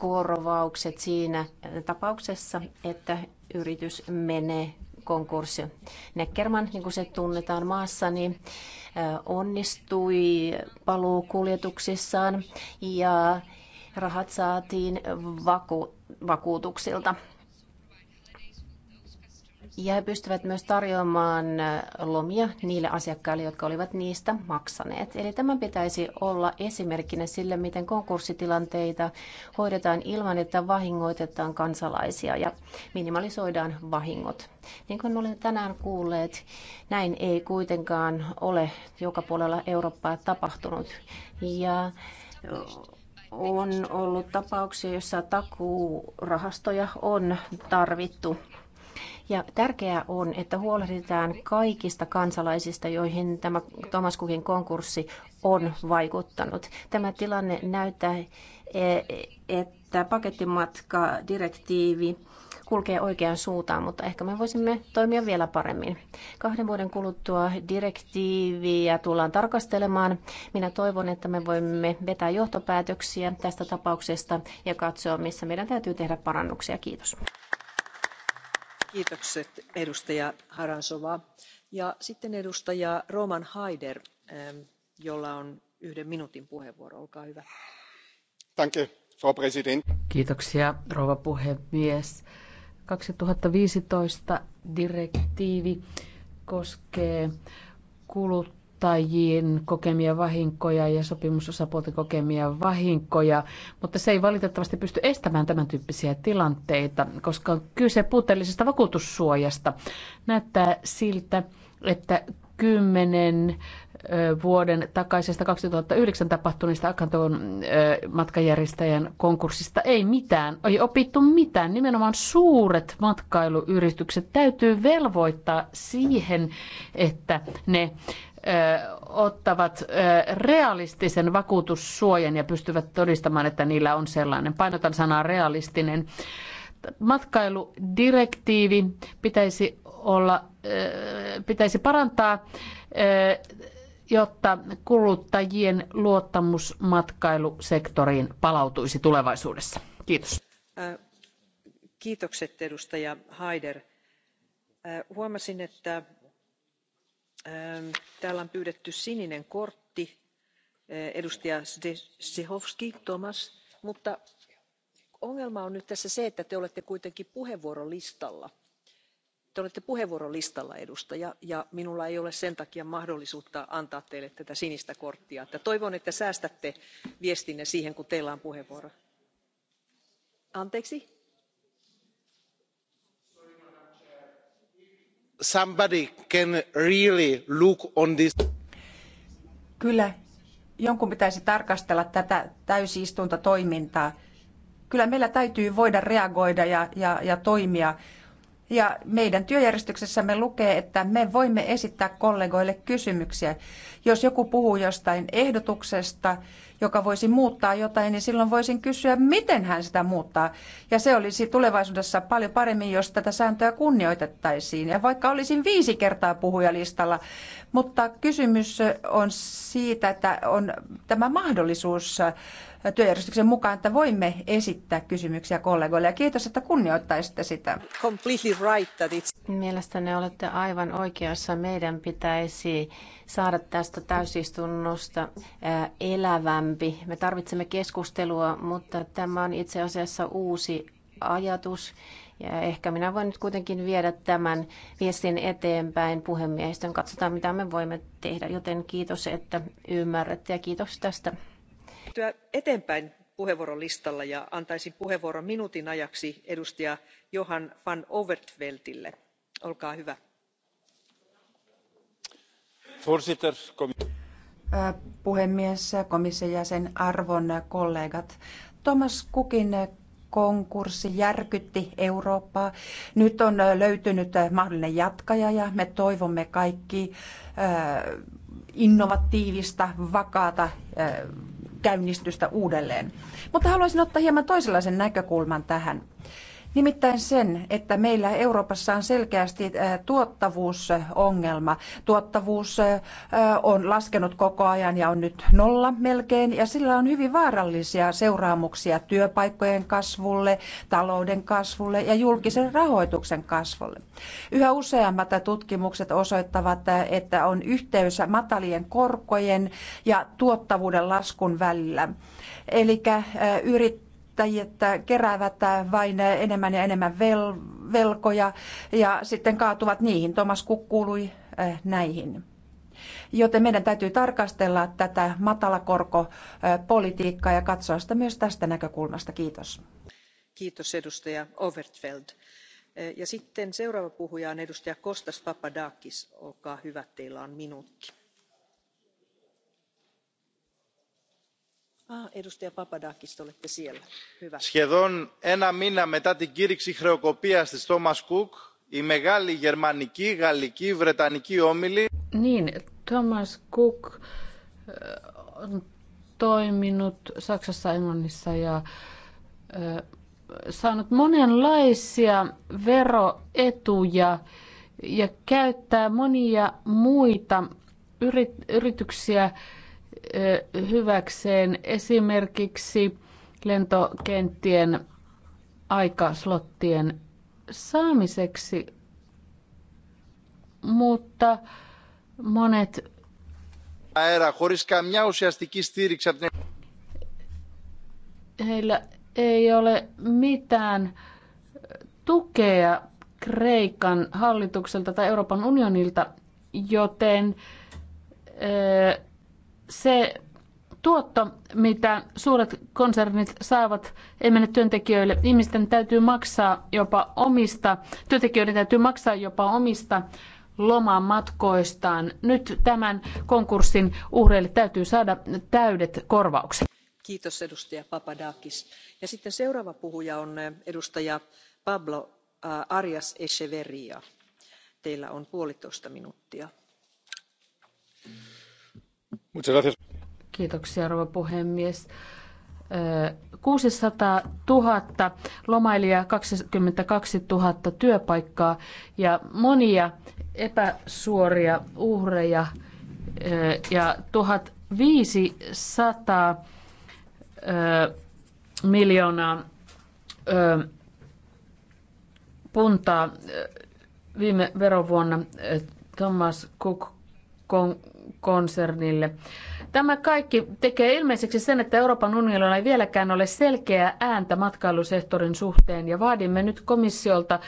korvaukset siinä tapauksessa, että yritys menee konkurssi. Neckerman, niin kuin se tunnetaan maassa, niin onnistui paluukuljetuksissaan ja rahat saatiin vaku- vakuutuksilta ja he pystyvät myös tarjoamaan lomia niille asiakkaille, jotka olivat niistä maksaneet. Eli tämä pitäisi olla esimerkkinä sille, miten konkurssitilanteita hoidetaan ilman, että vahingoitetaan kansalaisia ja minimalisoidaan vahingot. Niin kuin olemme tänään kuulleet, näin ei kuitenkaan ole joka puolella Eurooppaa tapahtunut. Ja on ollut tapauksia, joissa takuurahastoja on tarvittu ja tärkeää on, että huolehditaan kaikista kansalaisista, joihin tämä Thomas Cookin konkurssi on vaikuttanut. Tämä tilanne näyttää, e, että pakettimatkadirektiivi kulkee oikeaan suuntaan, mutta ehkä me voisimme toimia vielä paremmin. Kahden vuoden kuluttua direktiiviä tullaan tarkastelemaan. Minä toivon, että me voimme vetää johtopäätöksiä tästä tapauksesta ja katsoa, missä meidän täytyy tehdä parannuksia. Kiitos kiitokset edustaja harantsovaa ja sitten edustaja roman Haider, ähm, jolla on yhden minuutin puheenvuoro olkaa hyvä. Kiitoksia rouva puhemies. 2015 direktiivi koskee kulut kuluttajien kokemia vahinkoja ja sopimusosapuolten kokemia vahinkoja, mutta se ei valitettavasti pysty estämään tämän tyyppisiä tilanteita, koska on kyse puutteellisesta vakuutussuojasta. Näyttää siltä, että kymmenen vuoden takaisesta 2009 tapahtuneesta Akantoon matkajärjestäjän konkurssista ei mitään, ei opittu mitään. Nimenomaan suuret matkailuyritykset täytyy velvoittaa siihen, että ne ottavat realistisen vakuutussuojan ja pystyvät todistamaan, että niillä on sellainen. Painotan sanaa realistinen. Matkailudirektiivi pitäisi, olla, pitäisi parantaa, jotta kuluttajien luottamus matkailusektoriin palautuisi tulevaisuudessa. Kiitos. Kiitokset edustaja Haider. Huomasin, että Ähm, täällä on pyydetty sininen kortti äh, edustaja zdechovsk thomas mutta ongelma on nyt tässä se että te olette kuitenkin puheenvuorolistalla te olette puheenvuorolistalla edustaja ja minulla ei ole sen takia mahdollisuutta antaa teille tätä sinistä korttia. toivon että säästätte viestinne siihen kun teillä on puheenvuoro. anteeksi? somebody can really look on this. Kyllä jonkun pitäisi tarkastella tätä täysistuntotoimintaa. Kyllä meillä täytyy voida reagoida ja, ja, ja toimia. Ja meidän työjärjestyksessämme lukee, että me voimme esittää kollegoille kysymyksiä. Jos joku puhuu jostain ehdotuksesta, joka voisi muuttaa jotain, niin silloin voisin kysyä, miten hän sitä muuttaa. Ja se olisi tulevaisuudessa paljon paremmin, jos tätä sääntöä kunnioitettaisiin. Ja vaikka olisin viisi kertaa puhujalistalla, mutta kysymys on siitä, että on tämä mahdollisuus työjärjestyksen mukaan, että voimme esittää kysymyksiä kollegoille. Ja kiitos, että kunnioittaisitte sitä. Mielestäni olette aivan oikeassa. Meidän pitäisi saada tästä täysistunnosta elävä laajempi. Me tarvitsemme keskustelua, mutta tämä on itse asiassa uusi ajatus. Ja ehkä minä voin nyt kuitenkin viedä tämän viestin eteenpäin puhemiehistön. Katsotaan, mitä me voimme tehdä, joten kiitos, että ymmärrätte ja kiitos tästä. Eteenpäin puheenvuorolistalla ja antaisin puheenvuoron minuutin ajaksi edustaja Johan van Overtveltille. Olkaa hyvä. Voorzitter, puhemies, komission jäsen, arvon kollegat. Thomas Kukin konkurssi järkytti Eurooppaa. Nyt on löytynyt mahdollinen jatkaja ja me toivomme kaikki innovatiivista, vakaata käynnistystä uudelleen. Mutta haluaisin ottaa hieman toisenlaisen näkökulman tähän. Nimittäin sen, että meillä Euroopassa on selkeästi äh, tuottavuusongelma. Tuottavuus äh, on laskenut koko ajan ja on nyt nolla melkein, ja sillä on hyvin vaarallisia seuraamuksia työpaikkojen kasvulle, talouden kasvulle ja julkisen rahoituksen kasvulle. Yhä useammat tutkimukset osoittavat, äh, että on yhteys matalien korkojen ja tuottavuuden laskun välillä. Eli yrittäjät yrittäjät keräävät vain enemmän ja enemmän vel- velkoja ja sitten kaatuvat niihin. Thomas Cook kuului eh, näihin. Joten meidän täytyy tarkastella tätä matalakorkopolitiikkaa ja katsoa sitä myös tästä näkökulmasta. Kiitos. Kiitos edustaja Overtfeld. Eh, ja sitten seuraava puhuja on edustaja Kostas Papadakis. Olkaa hyvä, teillä on minuutti Ah, σχεδόν ένα μήνα μετά την κήρυξη χρεοκοπίας της thomas cook οι μεγάλοι γερμανικοί γαλλικοί βρετανικοί όμιλοι. niin thomas cook on toiminut saksassa englannissa ja saanut monenlaisia veroetuja ja käyttää monia muita yrityksiä hyväkseen esimerkiksi lentokenttien aikaslottien saamiseksi, mutta monet Heillä ei ole mitään tukea Kreikan hallitukselta tai Euroopan unionilta, joten se tuotto, mitä suuret konsernit saavat, ei mene työntekijöille. Ihmisten täytyy maksaa jopa omista, työntekijöiden täytyy maksaa jopa omista matkoistaan Nyt tämän konkurssin uhreille täytyy saada täydet korvaukset. Kiitos edustaja Papadakis. Ja sitten seuraava puhuja on eh, edustaja Pablo eh, Arias Echeverria. Teillä on puolitoista minuuttia. Mm Kiitoksia, rouva puhemies. 600 000 lomailija, 22 000 työpaikkaa ja monia epäsuoria uhreja ja 1500 miljoonaa puntaa viime verovuonna Thomas Cook konsernille. Tämä kaikki tekee ilmeiseksi sen, että Euroopan unionilla ei vieläkään ole selkeää ääntä matkailusektorin suhteen ja vaadimme nyt komissiolta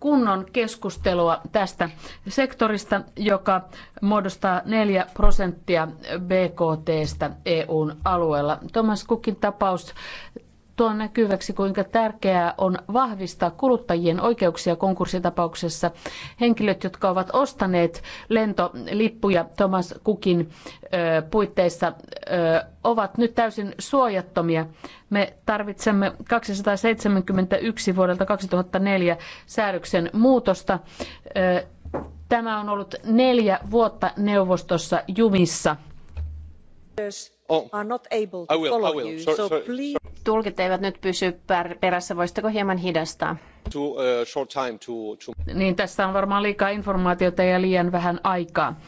kunnon keskustelua tästä sektorista, joka muodostaa 4 prosenttia BKTstä EUn alueella. Thomas Cookin tapaus tuo näkyväksi, kuinka tärkeää on vahvistaa kuluttajien oikeuksia konkurssitapauksessa. Henkilöt, jotka ovat ostaneet lentolippuja Thomas Cookin puitteissa, ovat nyt täysin suojattomia. Me tarvitsemme 271 vuodelta 2004 säädöksen muutosta. Tämä on ollut neljä vuotta neuvostossa jumissa. Tulkit eivät nyt pysy perässä. Voisitteko hieman hidastaa? Uh, niin, tässä on varmaan liikaa informaatiota ja liian vähän aikaa.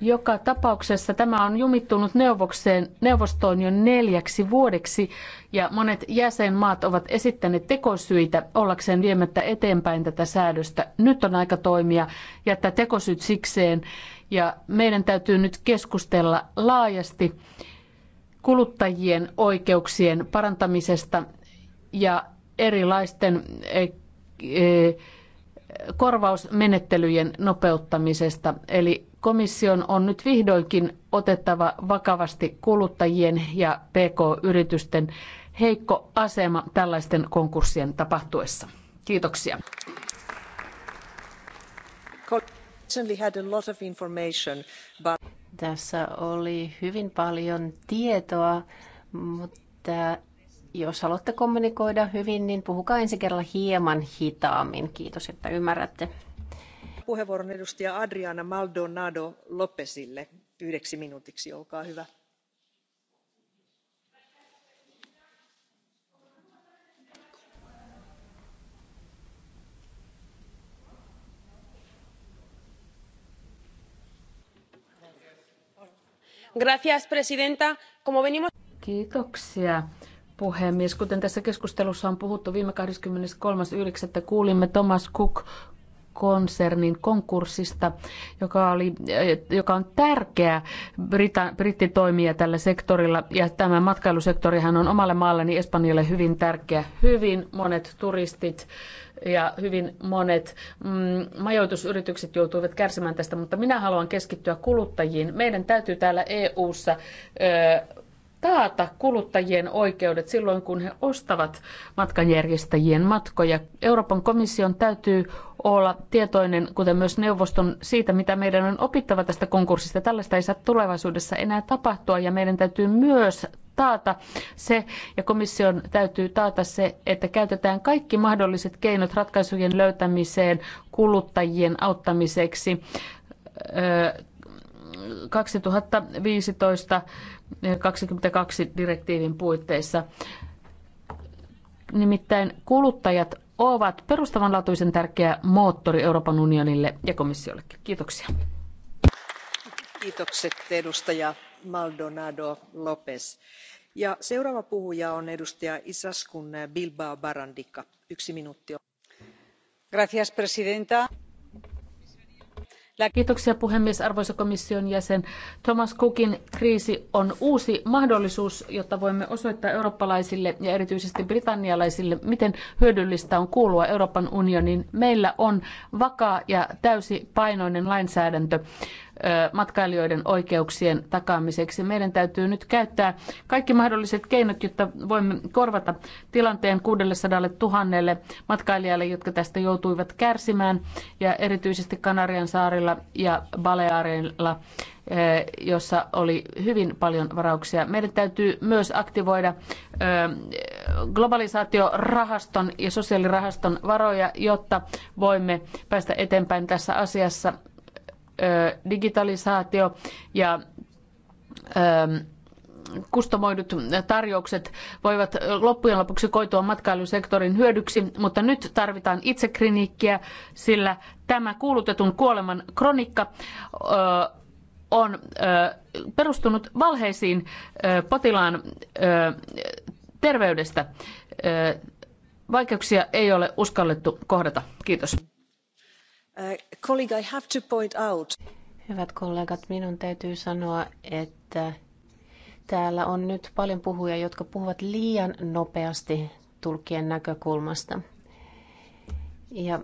Joka tapauksessa tämä on jumittunut neuvokseen, neuvostoon jo neljäksi vuodeksi ja monet jäsenmaat ovat esittäneet tekosyitä ollakseen viemättä eteenpäin tätä säädöstä. Nyt on aika toimia, jättää tekosyyt sikseen ja meidän täytyy nyt keskustella laajasti kuluttajien oikeuksien parantamisesta ja erilaisten e, e, korvausmenettelyjen nopeuttamisesta. Eli komission on nyt vihdoinkin otettava vakavasti kuluttajien ja pk-yritysten heikko asema tällaisten konkurssien tapahtuessa. Kiitoksia. Tässä oli hyvin paljon tietoa, mutta jos haluatte kommunikoida hyvin, niin puhukaa ensi kerralla hieman hitaammin. Kiitos, että ymmärrätte. Puheenvuoron edustaja Adriana Maldonado Lopesille yhdeksi minuutiksi, olkaa hyvä Kiitoksia puhemies. Kuten tässä keskustelussa on puhuttu viime 23.9. kuulimme Thomas Cook konsernin konkurssista, joka, oli, eh, joka on tärkeä Brita, brittitoimija tällä sektorilla. Ja tämä matkailusektorihan on omalle maalleni Espanjalle hyvin tärkeä. Hyvin monet turistit ja hyvin monet mm, majoitusyritykset joutuivat kärsimään tästä, mutta minä haluan keskittyä kuluttajiin. Meidän täytyy täällä EU-ssa ö, taata kuluttajien oikeudet silloin, kun he ostavat matkanjärjestäjien matkoja. Euroopan komission täytyy olla tietoinen, kuten myös neuvoston, siitä, mitä meidän on opittava tästä konkurssista. Tällaista ei saa tulevaisuudessa enää tapahtua ja meidän täytyy myös taata se, ja komission täytyy taata se, että käytetään kaikki mahdolliset keinot ratkaisujen löytämiseen kuluttajien auttamiseksi 2015-22 direktiivin puitteissa. Nimittäin kuluttajat ovat perustavanlaatuisen tärkeä moottori Euroopan unionille ja komissiollekin. Kiitoksia. Kiitokset edustaja Maldonado Lopez. Ja seuraava puhuja on edustaja Isaskun Bilbao Barandika. Yksi minuutti. Gracias, presidenta Kiitoksia puhemies, arvoisa komission jäsen. Thomas Cookin kriisi on uusi mahdollisuus, jotta voimme osoittaa eurooppalaisille ja erityisesti britannialaisille, miten hyödyllistä on kuulua Euroopan unioniin. Meillä on vakaa ja täysipainoinen lainsäädäntö matkailijoiden oikeuksien takaamiseksi. Meidän täytyy nyt käyttää kaikki mahdolliset keinot, jotta voimme korvata tilanteen 600 000 matkailijalle, jotka tästä joutuivat kärsimään, ja erityisesti Kanarian saarilla ja Balearilla, jossa oli hyvin paljon varauksia. Meidän täytyy myös aktivoida globalisaatiorahaston ja sosiaalirahaston varoja, jotta voimme päästä eteenpäin tässä asiassa digitalisaatio ja kustomoidut tarjoukset voivat loppujen lopuksi koitua matkailusektorin hyödyksi, mutta nyt tarvitaan itsekriniikkiä, sillä tämä kuulutetun kuoleman kronikka on perustunut valheisiin potilaan terveydestä. Vaikeuksia ei ole uskallettu kohdata. Kiitos. Uh, Hyvät kollegat, minun täytyy sanoa, että täällä on nyt paljon puhuja, jotka puhuvat liian nopeasti tulkien näkökulmasta. Ja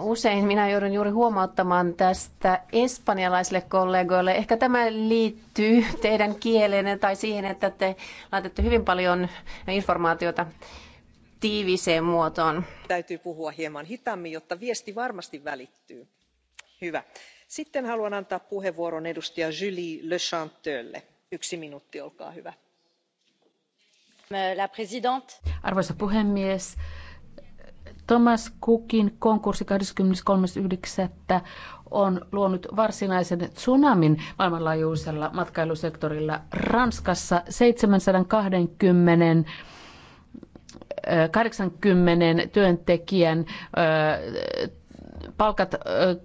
usein minä joudun juuri huomauttamaan tästä espanjalaisille kollegoille. Ehkä tämä liittyy teidän kielenne tai siihen, että te laitatte hyvin paljon informaatiota tiiviiseen muotoon. Täytyy puhua hieman hitaammin, jotta viesti varmasti välittyy. Hyvä. Sitten haluan antaa puheenvuoron edustaja Julie Le Chanteurlle. Yksi minuutti, olkaa hyvä. Arvoisa puhemies, Thomas Cookin konkurssi yhdeksättä on luonut varsinaisen tsunamin maailmanlaajuisella matkailusektorilla Ranskassa 720 80 työntekijän palkat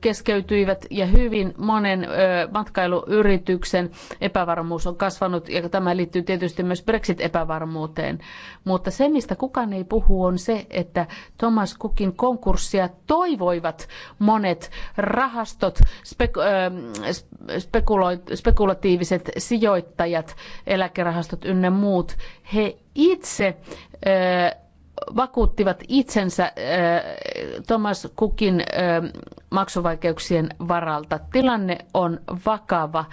keskeytyivät ja hyvin monen matkailuyrityksen epävarmuus on kasvanut ja tämä liittyy tietysti myös Brexit-epävarmuuteen. Mutta se, mistä kukaan ei puhu, on se, että Thomas Cookin konkurssia toivoivat monet rahastot, spekulatiiviset sijoittajat, eläkerahastot ynnä muut. He itse vakuuttivat itsensä äh, Thomas Cookin äh, maksuvaikeuksien varalta. Tilanne on vakava,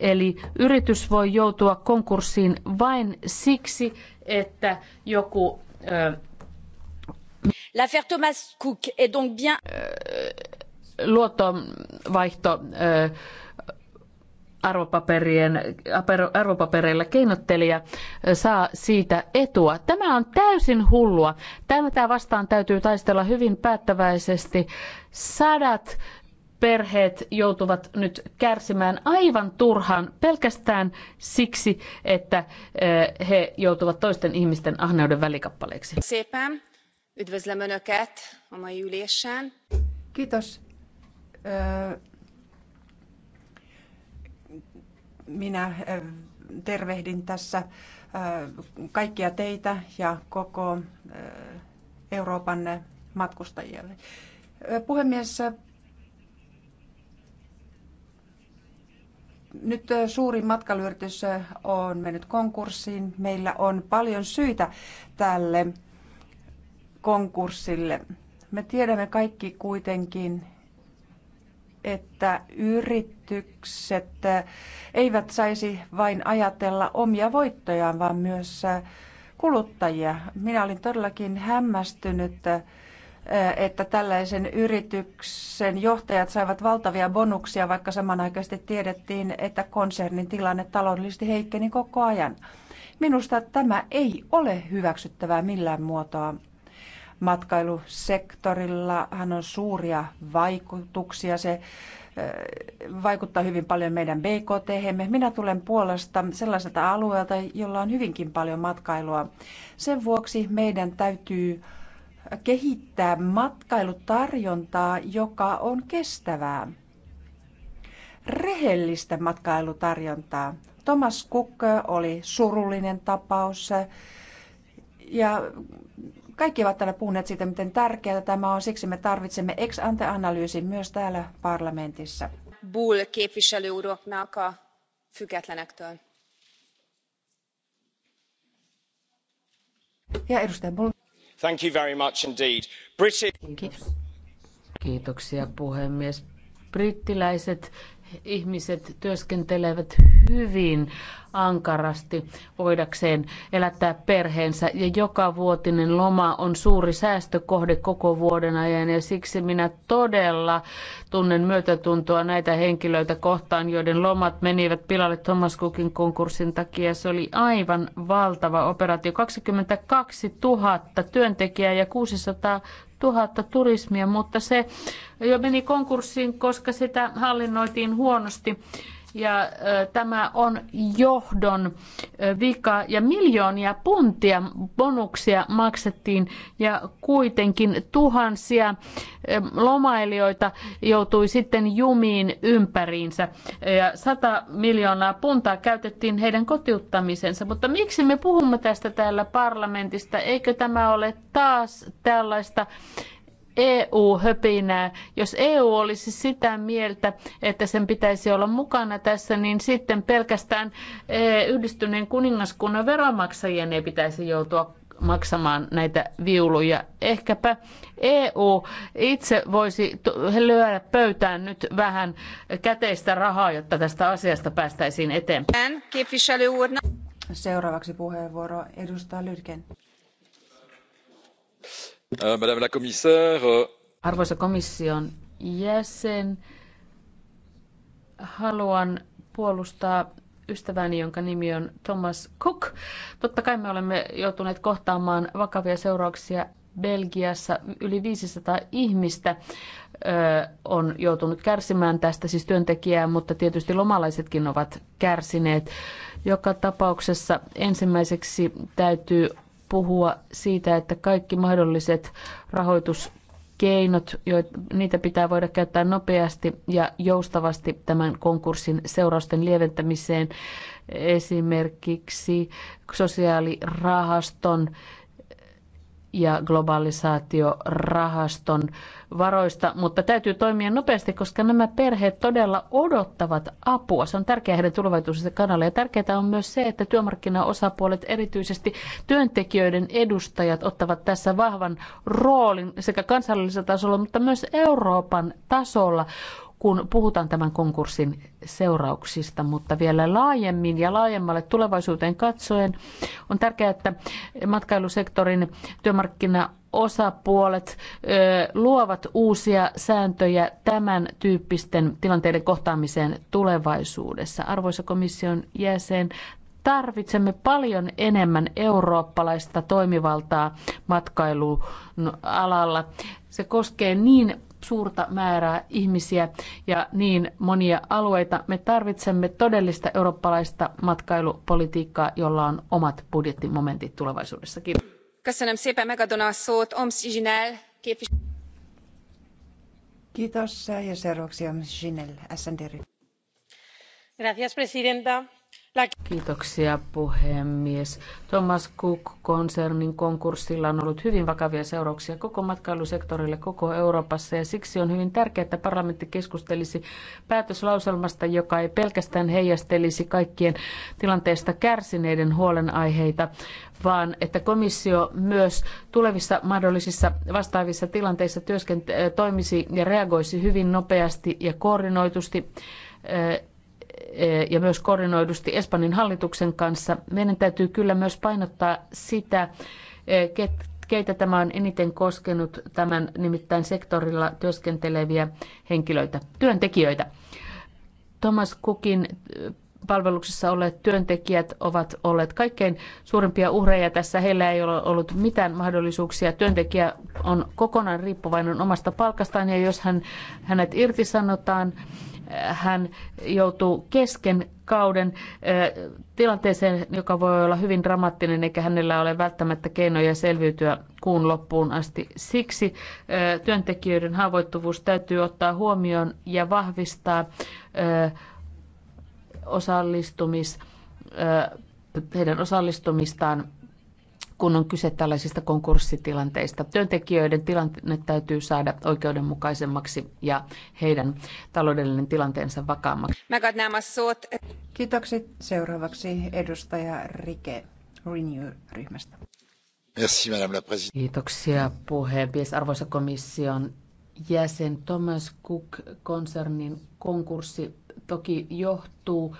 eli yritys voi joutua konkurssiin vain siksi, että joku äh, L'affaire Thomas Cook est donc bien luottovaihto arvopaperien, arvopapereilla keinottelija saa siitä etua. Tämä on täysin hullua. Tätä vastaan täytyy taistella hyvin päättäväisesti. Sadat perheet joutuvat nyt kärsimään aivan turhaan pelkästään siksi, että he joutuvat toisten ihmisten ahneuden välikappaleiksi. Kiitos minä tervehdin tässä kaikkia teitä ja koko Euroopan matkustajia. Puhemies, nyt suurin matkailuyritys on mennyt konkurssiin. Meillä on paljon syitä tälle konkurssille. Me tiedämme kaikki kuitenkin, että yritykset eivät saisi vain ajatella omia voittojaan, vaan myös kuluttajia. Minä olin todellakin hämmästynyt, että tällaisen yrityksen johtajat saivat valtavia bonuksia, vaikka samanaikaisesti tiedettiin, että konsernin tilanne taloudellisesti heikkeni koko ajan. Minusta tämä ei ole hyväksyttävää millään muotoa. Matkailusektorilla hän on suuria vaikutuksia. Se eh, vaikuttaa hyvin paljon meidän BKT. -hemme. Minä tulen Puolasta sellaiselta alueelta, jolla on hyvinkin paljon matkailua. Sen vuoksi meidän täytyy kehittää matkailutarjontaa, joka on kestävää. Rehellistä matkailutarjontaa. Thomas Cook oli surullinen tapaus ja kaikki ovat täällä puhuneet siitä, miten tärkeää tämä on. Siksi me tarvitsemme ex ante analyysin myös täällä parlamentissa. Bull a függetlenektől. Ja edustaja Bull. Thank you very much indeed. British... Kiitoksia puhemies. Brittiläiset ihmiset työskentelevät hyvin ankarasti voidakseen elättää perheensä ja joka vuotinen loma on suuri säästökohde koko vuoden ajan ja siksi minä todella tunnen myötätuntoa näitä henkilöitä kohtaan, joiden lomat menivät pilalle Thomas Cookin konkurssin takia. Se oli aivan valtava operaatio. 22 000 työntekijää ja 600 tuhatta turismia, mutta se jo meni konkurssiin, koska sitä hallinnoitiin huonosti ja tämä on johdon vika ja miljoonia puntia bonuksia maksettiin ja kuitenkin tuhansia lomailijoita joutui sitten jumiin ympäriinsä ja 100 miljoonaa puntaa käytettiin heidän kotiuttamisensa. Mutta miksi me puhumme tästä täällä parlamentista? Eikö tämä ole taas tällaista EU-höpinää. Jos EU olisi sitä mieltä, että sen pitäisi olla mukana tässä, niin sitten pelkästään e, yhdistyneen kuningaskunnan veronmaksajien ei pitäisi joutua maksamaan näitä viuluja. Ehkäpä EU itse voisi lyödä pöytään nyt vähän käteistä rahaa, jotta tästä asiasta päästäisiin eteenpäin. Seuraavaksi puheenvuoro edustaja Euh, Madame la commissaire. Euh, Arvoisa komission jäsen, haluan puolustaa ystäväni, jonka nimi on Thomas Cook. Totta kai me olemme joutuneet kohtaamaan vakavia seurauksia Belgiassa. Yli 500 ihmistä ö, on joutunut kärsimään tästä, siis työntekijää, mutta tietysti lomalaisetkin ovat kärsineet. Joka tapauksessa ensimmäiseksi täytyy puhua siitä, että kaikki mahdolliset rahoitus keinot, joita, niitä pitää voida käyttää nopeasti ja joustavasti tämän konkurssin seurausten lieventämiseen. Esimerkiksi sosiaalirahaston ja globalisaatiorahaston varoista, mutta täytyy toimia nopeasti, koska nämä perheet todella odottavat apua. Se on tärkeää heidän tulevaisuudessa kanalle ja tärkeää on myös se, että työmarkkinaosapuolet, erityisesti työntekijöiden edustajat, ottavat tässä vahvan roolin sekä kansallisella tasolla, mutta myös Euroopan tasolla kun puhutaan tämän konkurssin seurauksista, mutta vielä laajemmin ja laajemmalle tulevaisuuteen katsoen on tärkeää, että matkailusektorin työmarkkina osapuolet luovat uusia sääntöjä tämän tyyppisten tilanteiden kohtaamiseen tulevaisuudessa. Arvoisa komission jäsen, tarvitsemme paljon enemmän eurooppalaista toimivaltaa matkailualalla. alalla. Se koskee niin suurta määrää ihmisiä ja niin monia alueita. Me tarvitsemme todellista eurooppalaista matkailupolitiikkaa, jolla on omat budjettimomentit tulevaisuudessakin. Kiitos ja seuraavaksi on Ginelle, SND. Gracias, presidenta Kiitoksia puhemies. Thomas Cook-konsernin konkurssilla on ollut hyvin vakavia seurauksia koko matkailusektorille koko Euroopassa ja siksi on hyvin tärkeää, että parlamentti keskustelisi päätöslauselmasta, joka ei pelkästään heijastelisi kaikkien tilanteesta kärsineiden huolenaiheita, vaan että komissio myös tulevissa mahdollisissa vastaavissa tilanteissa työskent- toimisi ja reagoisi hyvin nopeasti ja koordinoitusti Eh, ja myös koordinoidusti Espanjan hallituksen kanssa. Meidän täytyy kyllä myös painottaa sitä, eh, keitä tämä on eniten koskenut, tämän nimittäin sektorilla työskenteleviä henkilöitä, työntekijöitä. Thomas Cookin eh, palveluksessa olleet työntekijät ovat olleet kaikkein suurimpia uhreja tässä. Heillä ei ole ollut mitään mahdollisuuksia. Työntekijä on kokonaan riippuvainen omasta palkastaan ja jos hän, hänet irtisanotaan, äh, hän joutuu kesken kauden äh, tilanteeseen, joka voi olla hyvin dramaattinen, eikä hänellä ole välttämättä keinoja selviytyä kuun loppuun asti. Siksi äh, työntekijöiden haavoittuvuus täytyy ottaa huomioon ja vahvistaa osallistumis, heidän osallistumistaan kun on kyse tällaisista konkurssitilanteista. Työntekijöiden tilanne täytyy saada oikeudenmukaisemmaksi ja heidän taloudellinen tilanteensa vakaammaksi. Kiitokset. Seuraavaksi edustaja Rike Renew-ryhmästä. Merci, madame la Kiitoksia puhemies. Arvoisa komission jäsen Thomas Cook-konsernin konkurssi toki johtuu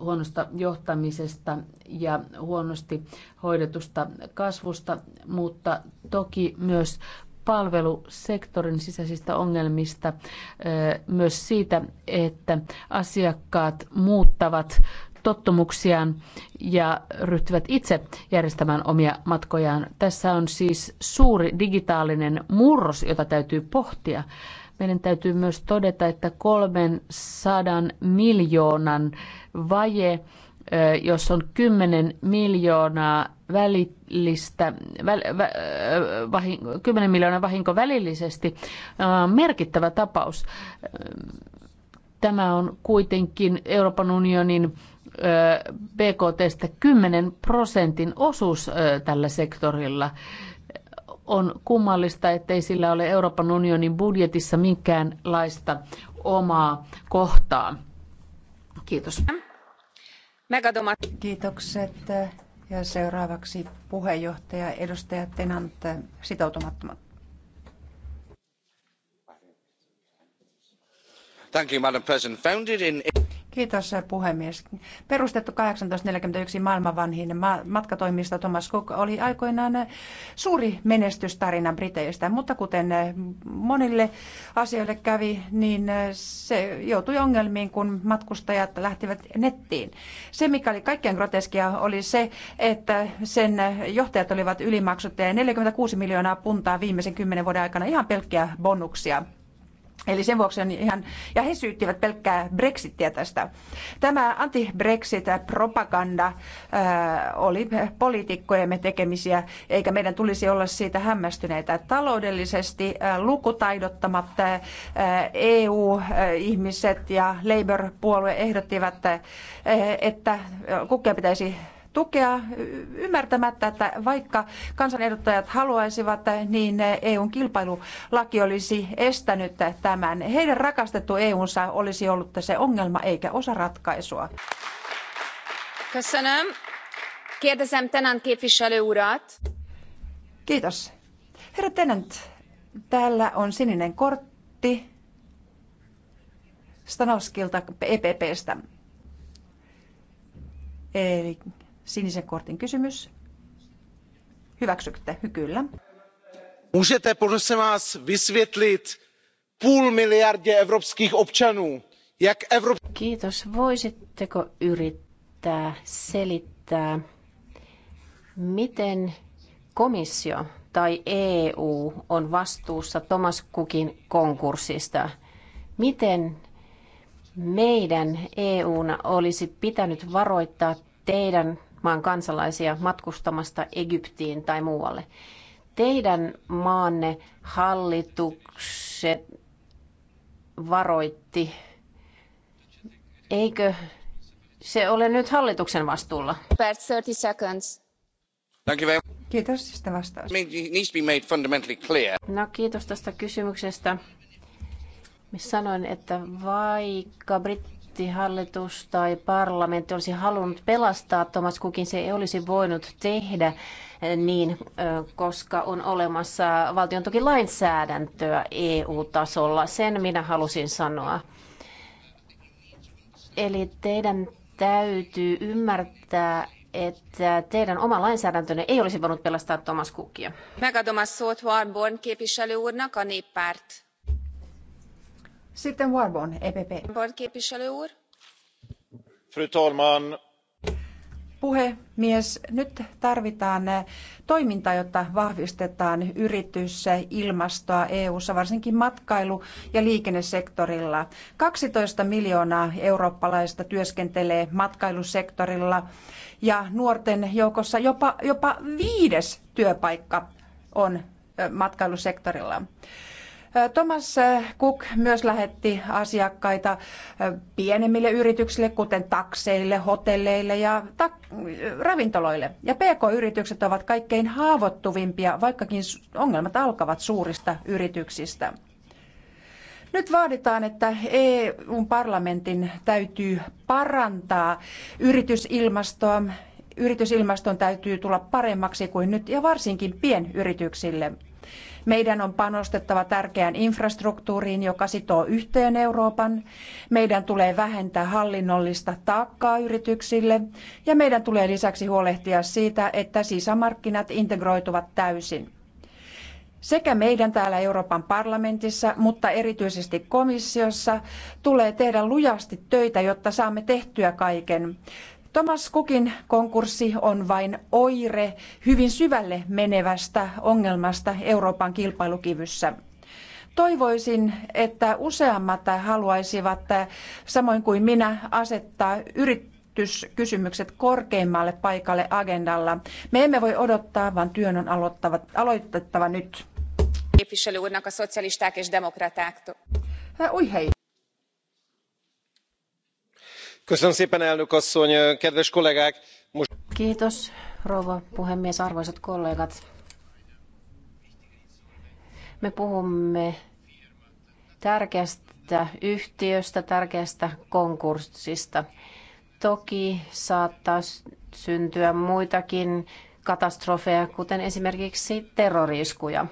huonosta johtamisesta ja huonosti hoidetusta kasvusta, mutta toki myös palvelusektorin sisäisistä ongelmista, myös siitä, että asiakkaat muuttavat tottumuksiaan ja ryhtyvät itse järjestämään omia matkojaan. Tässä on siis suuri digitaalinen murros, jota täytyy pohtia. Meidän täytyy myös todeta, että 300 miljoonan vaje, jos on 10 miljoonaa välillistä, väl, vä, vahin, 10 miljoonaa vahinko välillisesti, merkittävä tapaus. Tämä on kuitenkin Euroopan unionin BKTstä 10 prosentin osuus tällä sektorilla. On kummallista, ettei sillä ole Euroopan unionin budjetissa minkäänlaista omaa kohtaa. Kiitos. Kiitokset. Ja seuraavaksi puheenjohtaja edustaja Tenant sitoutumattomat. Thank you, Madam President. Founded in... Kiitos eh, puhemies. Perustettu 1841 maailman vanhin matkatoimisto Thomas Cook oli aikoinaan eh, suuri menestystarina Briteistä, mutta kuten eh, monille asioille kävi, niin se joutui ongelmiin, kun matkustajat lähtivät nettiin. Se, mikä oli kaikkein groteskia, oli se, että sen johtajat olivat ylimaksuttuja 46 miljoonaa puntaa viimeisen kymmenen vuoden aikana ihan pelkkiä bonuksia. Eli sen vuoksi on ihan, ja he syyttivät pelkkää brexittiä tästä. Tämä anti-brexit-propaganda äh, oli poliitikkojemme tekemisiä, eikä meidän tulisi olla siitä hämmästyneitä. Taloudellisesti ää, äh, lukutaidottomat äh, EU-ihmiset ja Labour-puolue ehdottivat, äh, että kukkia pitäisi tukea ymmärtämättä, että vaikka kansanedustajat haluaisivat, niin EUn kilpailulaki olisi estänyt tämän. Heidän rakastettu EUnsa olisi ollut se ongelma eikä osa ratkaisua. Kiitos. Herra Tenant, täällä on sininen kortti Stanovskilta EPPstä. Eli Sinisen kortin kysymys. Hyväksytte? Kyllä. Můžete prosím vás vysvětlit půl miliardě evropských občanů, jak Evrop... Kiitos. Voisitteko yrittää selittää, miten komissio tai EU on vastuussa Thomas Cookin konkurssista? Miten meidän EUna olisi pitänyt varoittaa teidän maan kansalaisia matkustamasta Egyptiin tai muualle. Teidän maanne hallitukset varoitti. Eikö se ole nyt hallituksen vastuulla? 30 seconds. Kiitos tästä vastauksesta. No kiitos tästä kysymyksestä. Me sanoin, että vaikka Brit- Presidentti, hallitus tai parlamentti olisi halunnut pelastaa Thomas Cookin, se ei olisi voinut tehdä niin, koska on olemassa valtion toki lainsäädäntöä EU-tasolla. Sen minä halusin sanoa. Eli teidän täytyy ymmärtää, että teidän oma lainsäädäntönne ei olisi voinut pelastaa Thomas Cookia. Megadom a szót Warborn képviselő sitten Warbon, EPP. Fru talman. Puhemies, nyt tarvitaan toimintaa, jotta vahvistetaan yritys ilmastoa EU-ssa, varsinkin matkailu- ja liikennesektorilla. kaksitoista miljoonaa eurooppalaista työskentelee matkailusektorilla ja nuorten joukossa jopa, jopa viides työpaikka on matkailusektorilla. Thomas Cook myös lähetti asiakkaita pienemmille yrityksille, kuten takseille, hotelleille ja ravintoloille. Ja PK-yritykset ovat kaikkein haavoittuvimpia, vaikkakin ongelmat alkavat suurista yrityksistä. Nyt vaaditaan, että EU-parlamentin täytyy parantaa yritysilmastoa. Yritysilmaston täytyy tulla paremmaksi kuin nyt ja varsinkin pienyrityksille. Meidän on panostettava tärkeään infrastruktuuriin, joka sitoo yhteen Euroopan. Meidän tulee vähentää hallinnollista taakkaa yrityksille ja meidän tulee lisäksi huolehtia siitä, että sisämarkkinat integroituvat täysin sekä meidän täällä Euroopan parlamentissa, mutta erityisesti komissiossa tulee tehdä lujasti töitä, jotta saamme tehtyä kaiken. Thomas Cookin konkurssi on vain oire hyvin syvälle menevästä ongelmasta Euroopan kilpailukyvyssä. Toivoisin, että useammat haluaisivat, samoin kuin minä, asettaa yrityskysymykset korkeimmalle paikalle agendalla. Me emme voi odottaa, vaan työn on aloittava, aloitettava nyt. Ui hei. Kiitos, puhemies, arvoisat kollegat. Me puhumme tärkeästä yhtiöstä, tärkeästä konkurssista. Toki saattaa syntyä muitakin katastrofeja, kuten esimerkiksi iskuja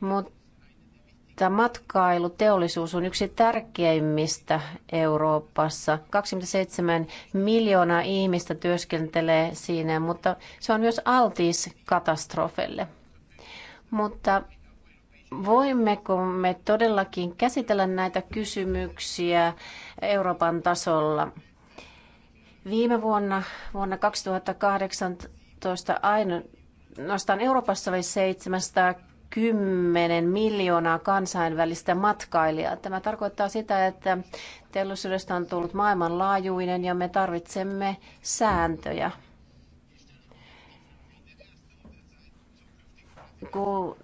Mutta Tämä matkailuteollisuus on yksi tärkeimmistä Euroopassa. 27 miljoonaa ihmistä työskentelee siinä, mutta se on myös altis katastrofelle. Mutta voimmeko me todellakin käsitellä näitä kysymyksiä Euroopan tasolla? Viime vuonna, vuonna 2018, ainoastaan Euroopassa oli 700 10 miljoonaa kansainvälistä matkailijaa. Tämä tarkoittaa sitä, että teollisuudesta on tullut maailmanlaajuinen ja me tarvitsemme sääntöjä. Kun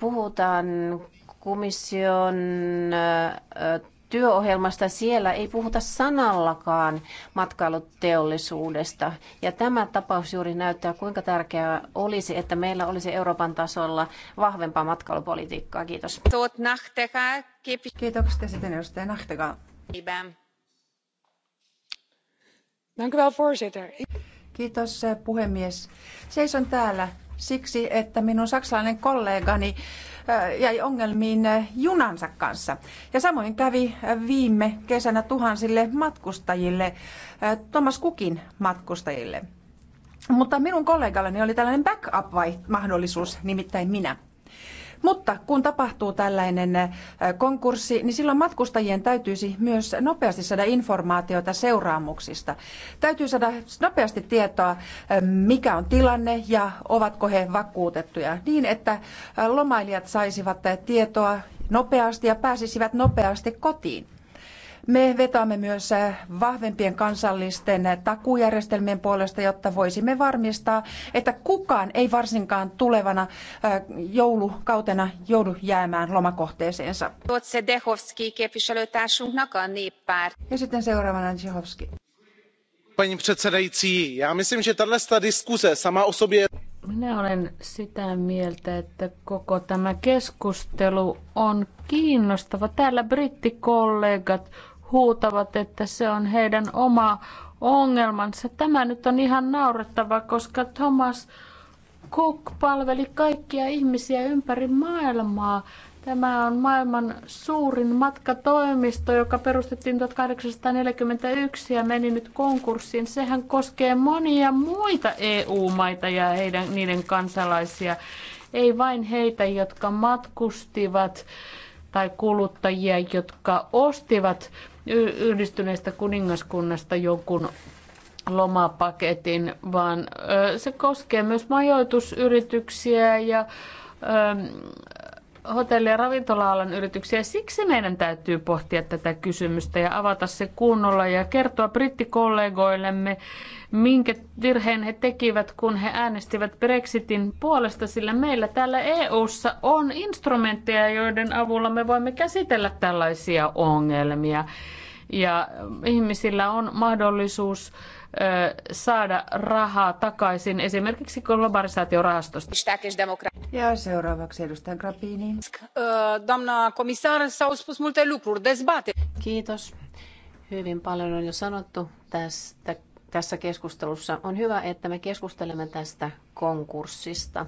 puhutaan komission työohjelmasta siellä ei puhuta sanallakaan matkailuteollisuudesta. Ja tämä tapaus juuri näyttää, kuinka tärkeää olisi, että meillä olisi Euroopan tasolla vahvempaa matkailupolitiikkaa. Kiitos. Kiitokset ja sitten edustaja Nachtega. Kiitos eh, puhemies. Seison täällä siksi, että minun saksalainen kollegani jäi ongelmiin junansa kanssa. Ja samoin kävi viime kesänä tuhansille matkustajille, Thomas Kukin matkustajille. Mutta minun kollegallani oli tällainen backup-mahdollisuus, nimittäin minä. Mutta kun tapahtuu tällainen äh, konkurssi, niin silloin matkustajien täytyisi myös nopeasti saada informaatiota seuraamuksista. Täytyy saada nopeasti tietoa, äh, mikä on tilanne ja ovatko he vakuutettuja, niin että äh, lomailijat saisivat tietoa nopeasti ja pääsisivät nopeasti kotiin. Me vetämme myös vahvempien kansallisten takujärjestelmien puolesta, jotta voisimme varmistaa, että kukaan ei varsinkaan tulevana joulukautena joudu jäämään lomakohteeseensa. Ja sitten seuraavana Dziechowski. Paní předsedající, já myslím, že tato diskuse sama o sobě... Minä olen sitä mieltä, että koko tämä keskustelu on kiinnostava. Täällä brittikollegat huutavat, että se on heidän oma ongelmansa. Tämä nyt on ihan naurettava, koska Thomas Cook palveli kaikkia ihmisiä ympäri maailmaa. Tämä on maailman suurin matkatoimisto, joka perustettiin 1841 ja meni nyt konkurssiin. Sehän koskee monia muita EU-maita ja heidän, niiden kansalaisia, ei vain heitä, jotka matkustivat tai kuluttajia, jotka ostivat yhdistyneestä kuningaskunnasta jonkun lomapaketin, vaan se koskee myös majoitusyrityksiä ja hotelli- ja ravintola-alan yrityksiä. Siksi meidän täytyy pohtia tätä kysymystä ja avata se kunnolla ja kertoa brittikollegoillemme, minkä virheen he tekivät, kun he äänestivät Brexitin puolesta, sillä meillä täällä EU:ssa on instrumentteja, joiden avulla me voimme käsitellä tällaisia ongelmia. Ja ihmisillä on mahdollisuus saada rahaa takaisin esimerkiksi globalisaatiorahastosta. Ja seuraavaksi edustaja Grappini. Damna komissar, s-au spus multe lucruri, dezbate. Kiitos. Hyvin paljon on jo sanottu tästä, tässä keskustelussa. On hyvä, että me keskustelemme tästä konkurssista.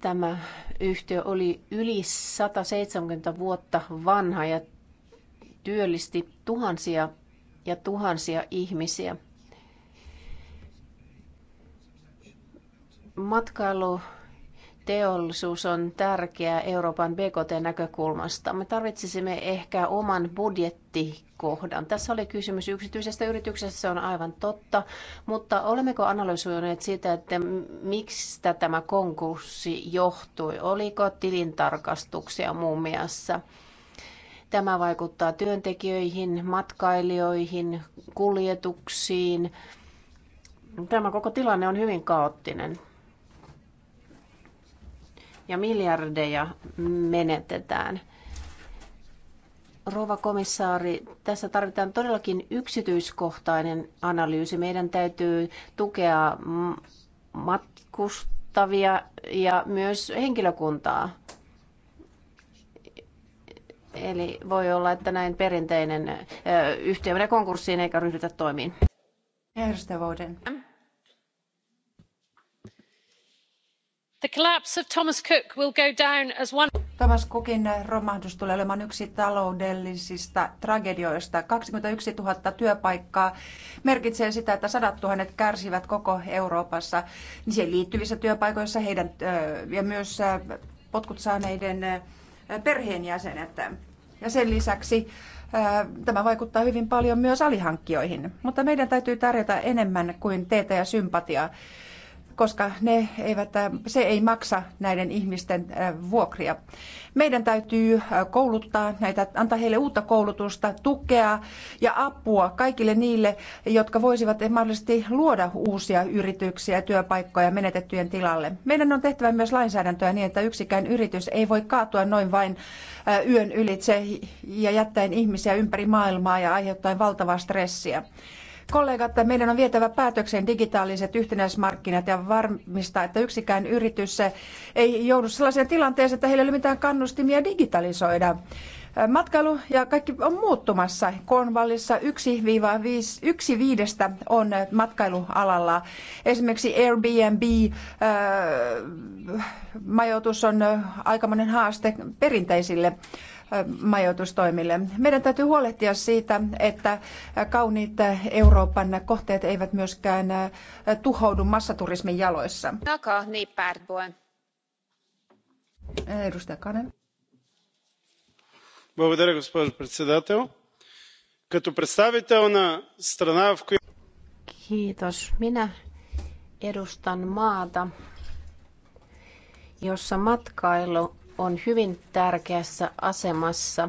Tämä yhtiö oli yli 170 vuotta vanha ja työllisti tuhansia ja tuhansia ihmisiä. Matkailuteollisuus on tärkeä Euroopan BKT-näkökulmasta. Me tarvitsisimme ehkä oman budjettikohdan. Tässä oli kysymys yksityisestä yrityksestä, se on aivan totta, mutta olemmeko analysoineet sitä, että miksi tämä konkurssi johtui? Oliko tilintarkastuksia muun muassa? Tämä vaikuttaa työntekijöihin, matkailijoihin, kuljetuksiin. Tämä koko tilanne on hyvin kaoottinen. Ja miljardeja menetetään. Rouva komissaari, tässä tarvitaan todellakin yksityiskohtainen analyysi. Meidän täytyy tukea matkustavia ja myös henkilökuntaa. Eli voi olla, että näin perinteinen yhtiö menee konkurssiin eikä ryhdytä toimiin. The collapse of Thomas Cook will go down as one... Thomas Cookin romahdus tulee olemaan yksi taloudellisista tragedioista. 21 000 työpaikkaa merkitsee sitä, että sadat tuhannet kärsivät koko Euroopassa. Niin siihen liittyvissä työpaikoissa heidän ja myös potkut saaneiden Äh, perheenjäsenet. Ja sen lisäksi äh, tämä vaikuttaa hyvin paljon myös alihankkijoihin. Mutta meidän täytyy tarjota enemmän kuin teetä ja sympatiaa koska ne eivät, äh, se ei maksa näiden ihmisten äh, vuokria. Meidän täytyy äh, kouluttaa näitä, antaa heille uutta koulutusta, tukea ja apua kaikille niille, jotka voisivat mahdollisesti luoda uusia yrityksiä ja työpaikkoja menetettyjen tilalle. Meidän on tehtävä myös lainsäädäntöä niin, että yksikään yritys ei voi kaatua noin vain yön ylitse ja jättäen ihmisiä ympäri maailmaa ja aiheuttaen valtavaa stressiä. Kollegat, meidän on vietävä päätökseen digitaaliset yhtenäismarkkinat ja varmistaa, että yksikään yritys ei joudu sellaiseen tilanteeseen, että heillä ei ole mitään kannustimia digitalisoida. Matkailu ja kaikki on muuttumassa. Cornwallissa yksi yksi viidestä on matkailualalla. Esimerkiksi Airbnb äh, majoitus on aikamoinen haaste perinteisille majoitustoimille. Meidän täytyy huolehtia siitä, että kauniit Euroopan kohteet eivät myöskään tuhoudu massaturismin jaloissa. Naka, niin Edustaja Kanen. Благодаря, госпожо председател. Като представител на страна, в която... Kiitos. Minä edustan maata, jossa matkailu on hyvin tärkeässä asemassa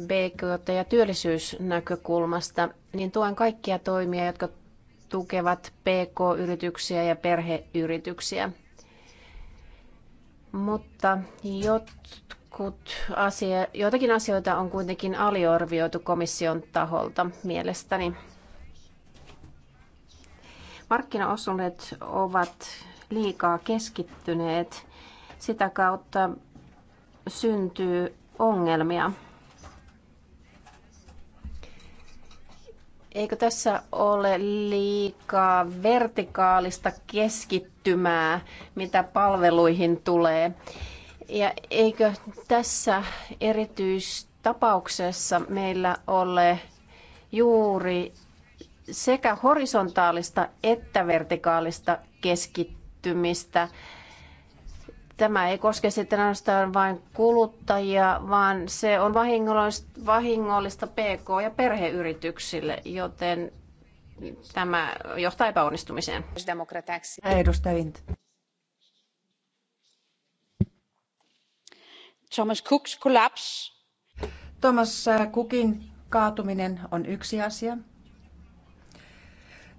BKT- ja työllisyysnäkökulmasta, niin tuen kaikkia toimia, jotka tukevat PK-yrityksiä ja perheyrityksiä. Mutta jotkut asia, joitakin asioita on kuitenkin aliarvioitu komission taholta mielestäni. Markkinaosuudet ovat liikaa keskittyneet sitä kautta syntyy ongelmia. Eikö tässä ole liikaa vertikaalista keskittymää, mitä palveluihin tulee? Ja eikö tässä erityistapauksessa meillä ole juuri sekä horisontaalista että vertikaalista keskittymistä? Tämä ei koske sitten ainoastaan vain kuluttajia, vaan se on vahingollista, vahingollista pk- ja perheyrityksille, joten tämä johtaa epäonnistumiseen. Edustaja Vint. Thomas Cooks collapse. Thomas Cookin kaatuminen on yksi asia.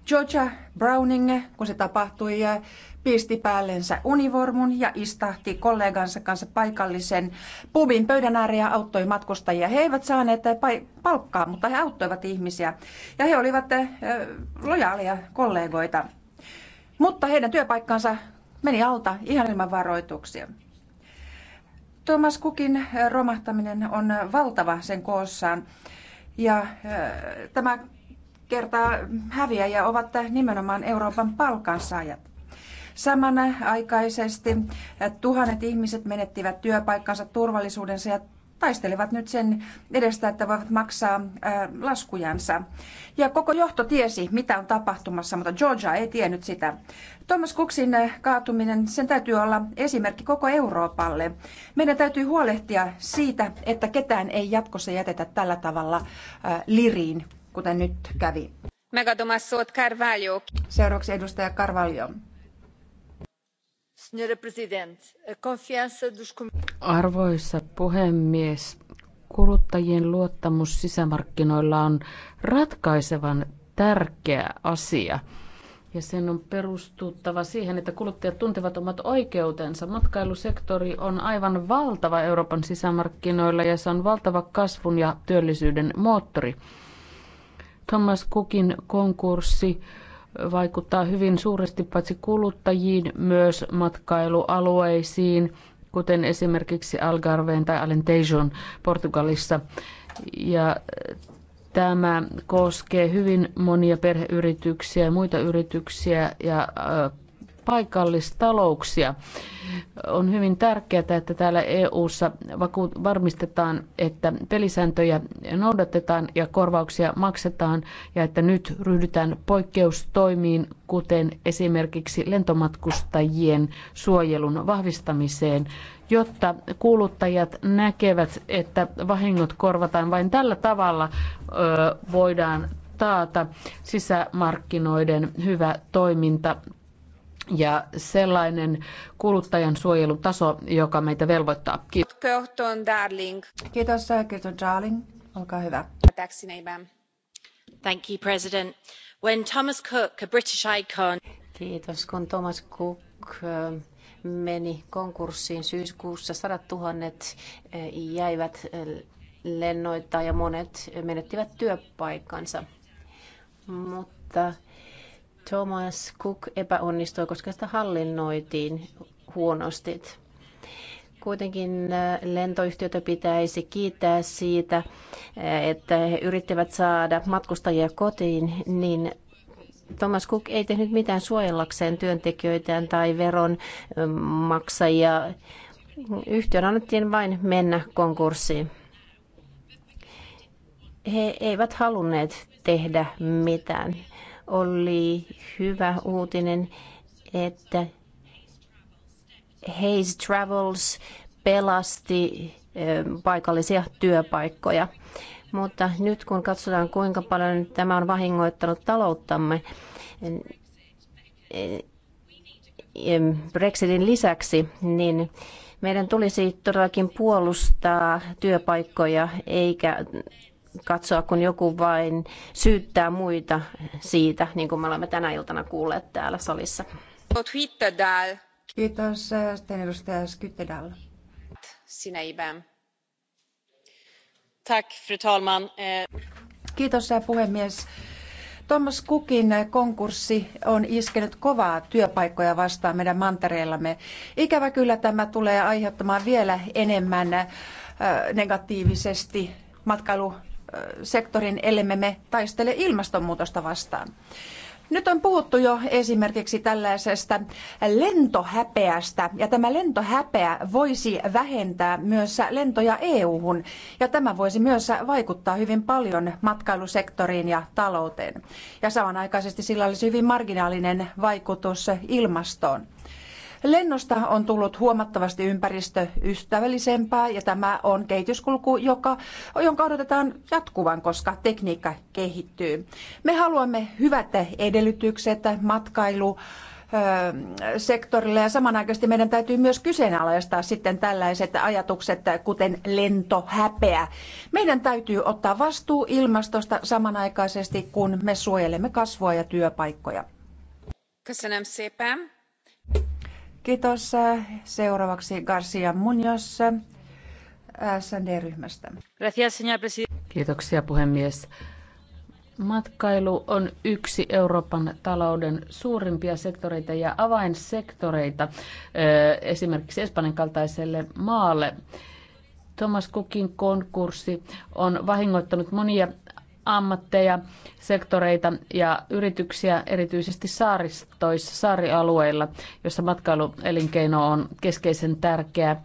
Georgia Browning, kun se tapahtui, eh, pisti päällensä univormun ja istahti kollegansa kanssa paikallisen pubin pöydän ääreen ja auttoi matkustajia. He eivät saaneet eh, palkkaa, mutta he auttoivat ihmisiä ja he olivat eh, lojaalia kollegoita. Mutta heidän työpaikkansa meni alta ihan ilman varoituksia. Thomas Cookin romahtaminen on valtava sen koossaan. Ja tämä kertaa häviäjä ovat nimenomaan Euroopan palkansaajat. Samanaikaisesti tuhannet ihmiset menettivät työpaikkansa, turvallisuudensa ja taistelevat nyt sen edestä, että voivat maksaa äh, laskujansa. Ja koko johto tiesi, mitä on tapahtumassa, mutta Georgia ei tiennyt sitä. Thomas Cooksin kaatuminen, sen täytyy olla esimerkki koko Euroopalle. Meidän täytyy huolehtia siitä, että ketään ei jatkossa jätetä tällä tavalla äh, liriin kuten nyt kävi. Seuraavaksi edustaja Carvalho. Arvoisa puhemies, kuluttajien luottamus sisämarkkinoilla on ratkaisevan tärkeä asia. Ja sen on perustuttava siihen, että kuluttajat tuntevat omat oikeutensa. Matkailusektori on aivan valtava Euroopan sisämarkkinoilla ja se on valtava kasvun ja työllisyyden moottori. Thomas Cookin konkurssi vaikuttaa hyvin suuresti paitsi kuluttajiin, myös matkailualueisiin, kuten esimerkiksi Algarveen tai Alentejon Portugalissa. Ja tämä koskee hyvin monia perheyrityksiä ja muita yrityksiä ja paikallistalouksia. On hyvin tärkeää, että täällä EU:ssa varmistetaan, että pelisääntöjä noudatetaan ja korvauksia maksetaan ja että nyt ryhdytään poikkeustoimiin, kuten esimerkiksi lentomatkustajien suojelun vahvistamiseen, jotta kuluttajat näkevät, että vahingot korvataan vain tällä tavalla voidaan taata sisämarkkinoiden hyvä toiminta ja sellainen kuluttajan suojelutaso, joka meitä velvoittaa. Kiitos. Darling. Kiitos, Curtin Darling. Olkaa hyvä. Thank you, President. When Thomas Cook, a British icon... Kiitos, kun Thomas Cook eh, meni konkurssiin syyskuussa, sadat tuhannet eh, jäivät eh, lennoittaa ja monet menettivät työpaikkansa. Mutta Thomas Cook epäonnistui, koska sitä hallinnoitiin huonosti. Kuitenkin äh, lentoyhtiötä pitäisi kiittää siitä, äh, että he yrittivät saada matkustajia kotiin, niin Thomas Cook ei tehnyt mitään suojellakseen työntekijöitään tai veronmaksajia. Ähm, Yhtiön annettiin vain mennä konkurssiin. He eivät halunneet tehdä mitään oli hyvä uutinen, että Hayes Travels pelasti paikallisia työpaikkoja. Mutta nyt kun katsotaan, kuinka paljon tämä on vahingoittanut talouttamme, Brexitin lisäksi, niin meidän tulisi todellakin puolustaa työpaikkoja eikä katsoa, kun joku vain syyttää muita siitä, niin kuin me olemme tänä iltana kuulleet täällä salissa. Kiitos, sitten edustaja Skyttedal. Sinäivän. Tack, fru talman. Eh, Kiitos, puhemies. Thomas Cookin konkurssi on iskenyt kovaa työpaikkoja vastaan meidän mantereellamme. Ikävä kyllä tämä tulee aiheuttamaan vielä enemmän negatiivisesti matkailu sektorin, ellemme me taistele ilmastonmuutosta vastaan. Nyt on puhuttu jo esimerkiksi tällaisesta lentohäpeästä, ja tämä lentohäpeä voisi vähentää myös lentoja EU-hun, ja tämä voisi myös vaikuttaa hyvin paljon matkailusektoriin ja talouteen. Ja samanaikaisesti sillä olisi hyvin marginaalinen vaikutus ilmastoon. Lennosta on tullut huomattavasti ympäristöystävällisempää ja tämä on kehityskulku, joka, jonka odotetaan jatkuvan, koska tekniikka kehittyy. Me haluamme hyvät edellytykset matkailu sektorilla ja samanaikaisesti meidän täytyy myös kyseenalaistaa sitten tällaiset ajatukset, kuten lentohäpeä. Meidän täytyy ottaa vastuu ilmastosta samanaikaisesti, kun me suojelemme kasvua ja työpaikkoja. Köszönöm szépen. Kiitos. Seuraavaksi Garcia Munoz SND-ryhmästä. Kiitoksia puhemies. Matkailu on yksi Euroopan talouden suurimpia sektoreita ja avainsektoreita eh, esimerkiksi Espanjan kaltaiselle maalle. Thomas Cookin konkurssi on vahingoittanut monia ammatteja, sektoreita ja yrityksiä erityisesti saaristoissa, saarialueilla, jossa matkailuelinkeino on keskeisen tärkeä.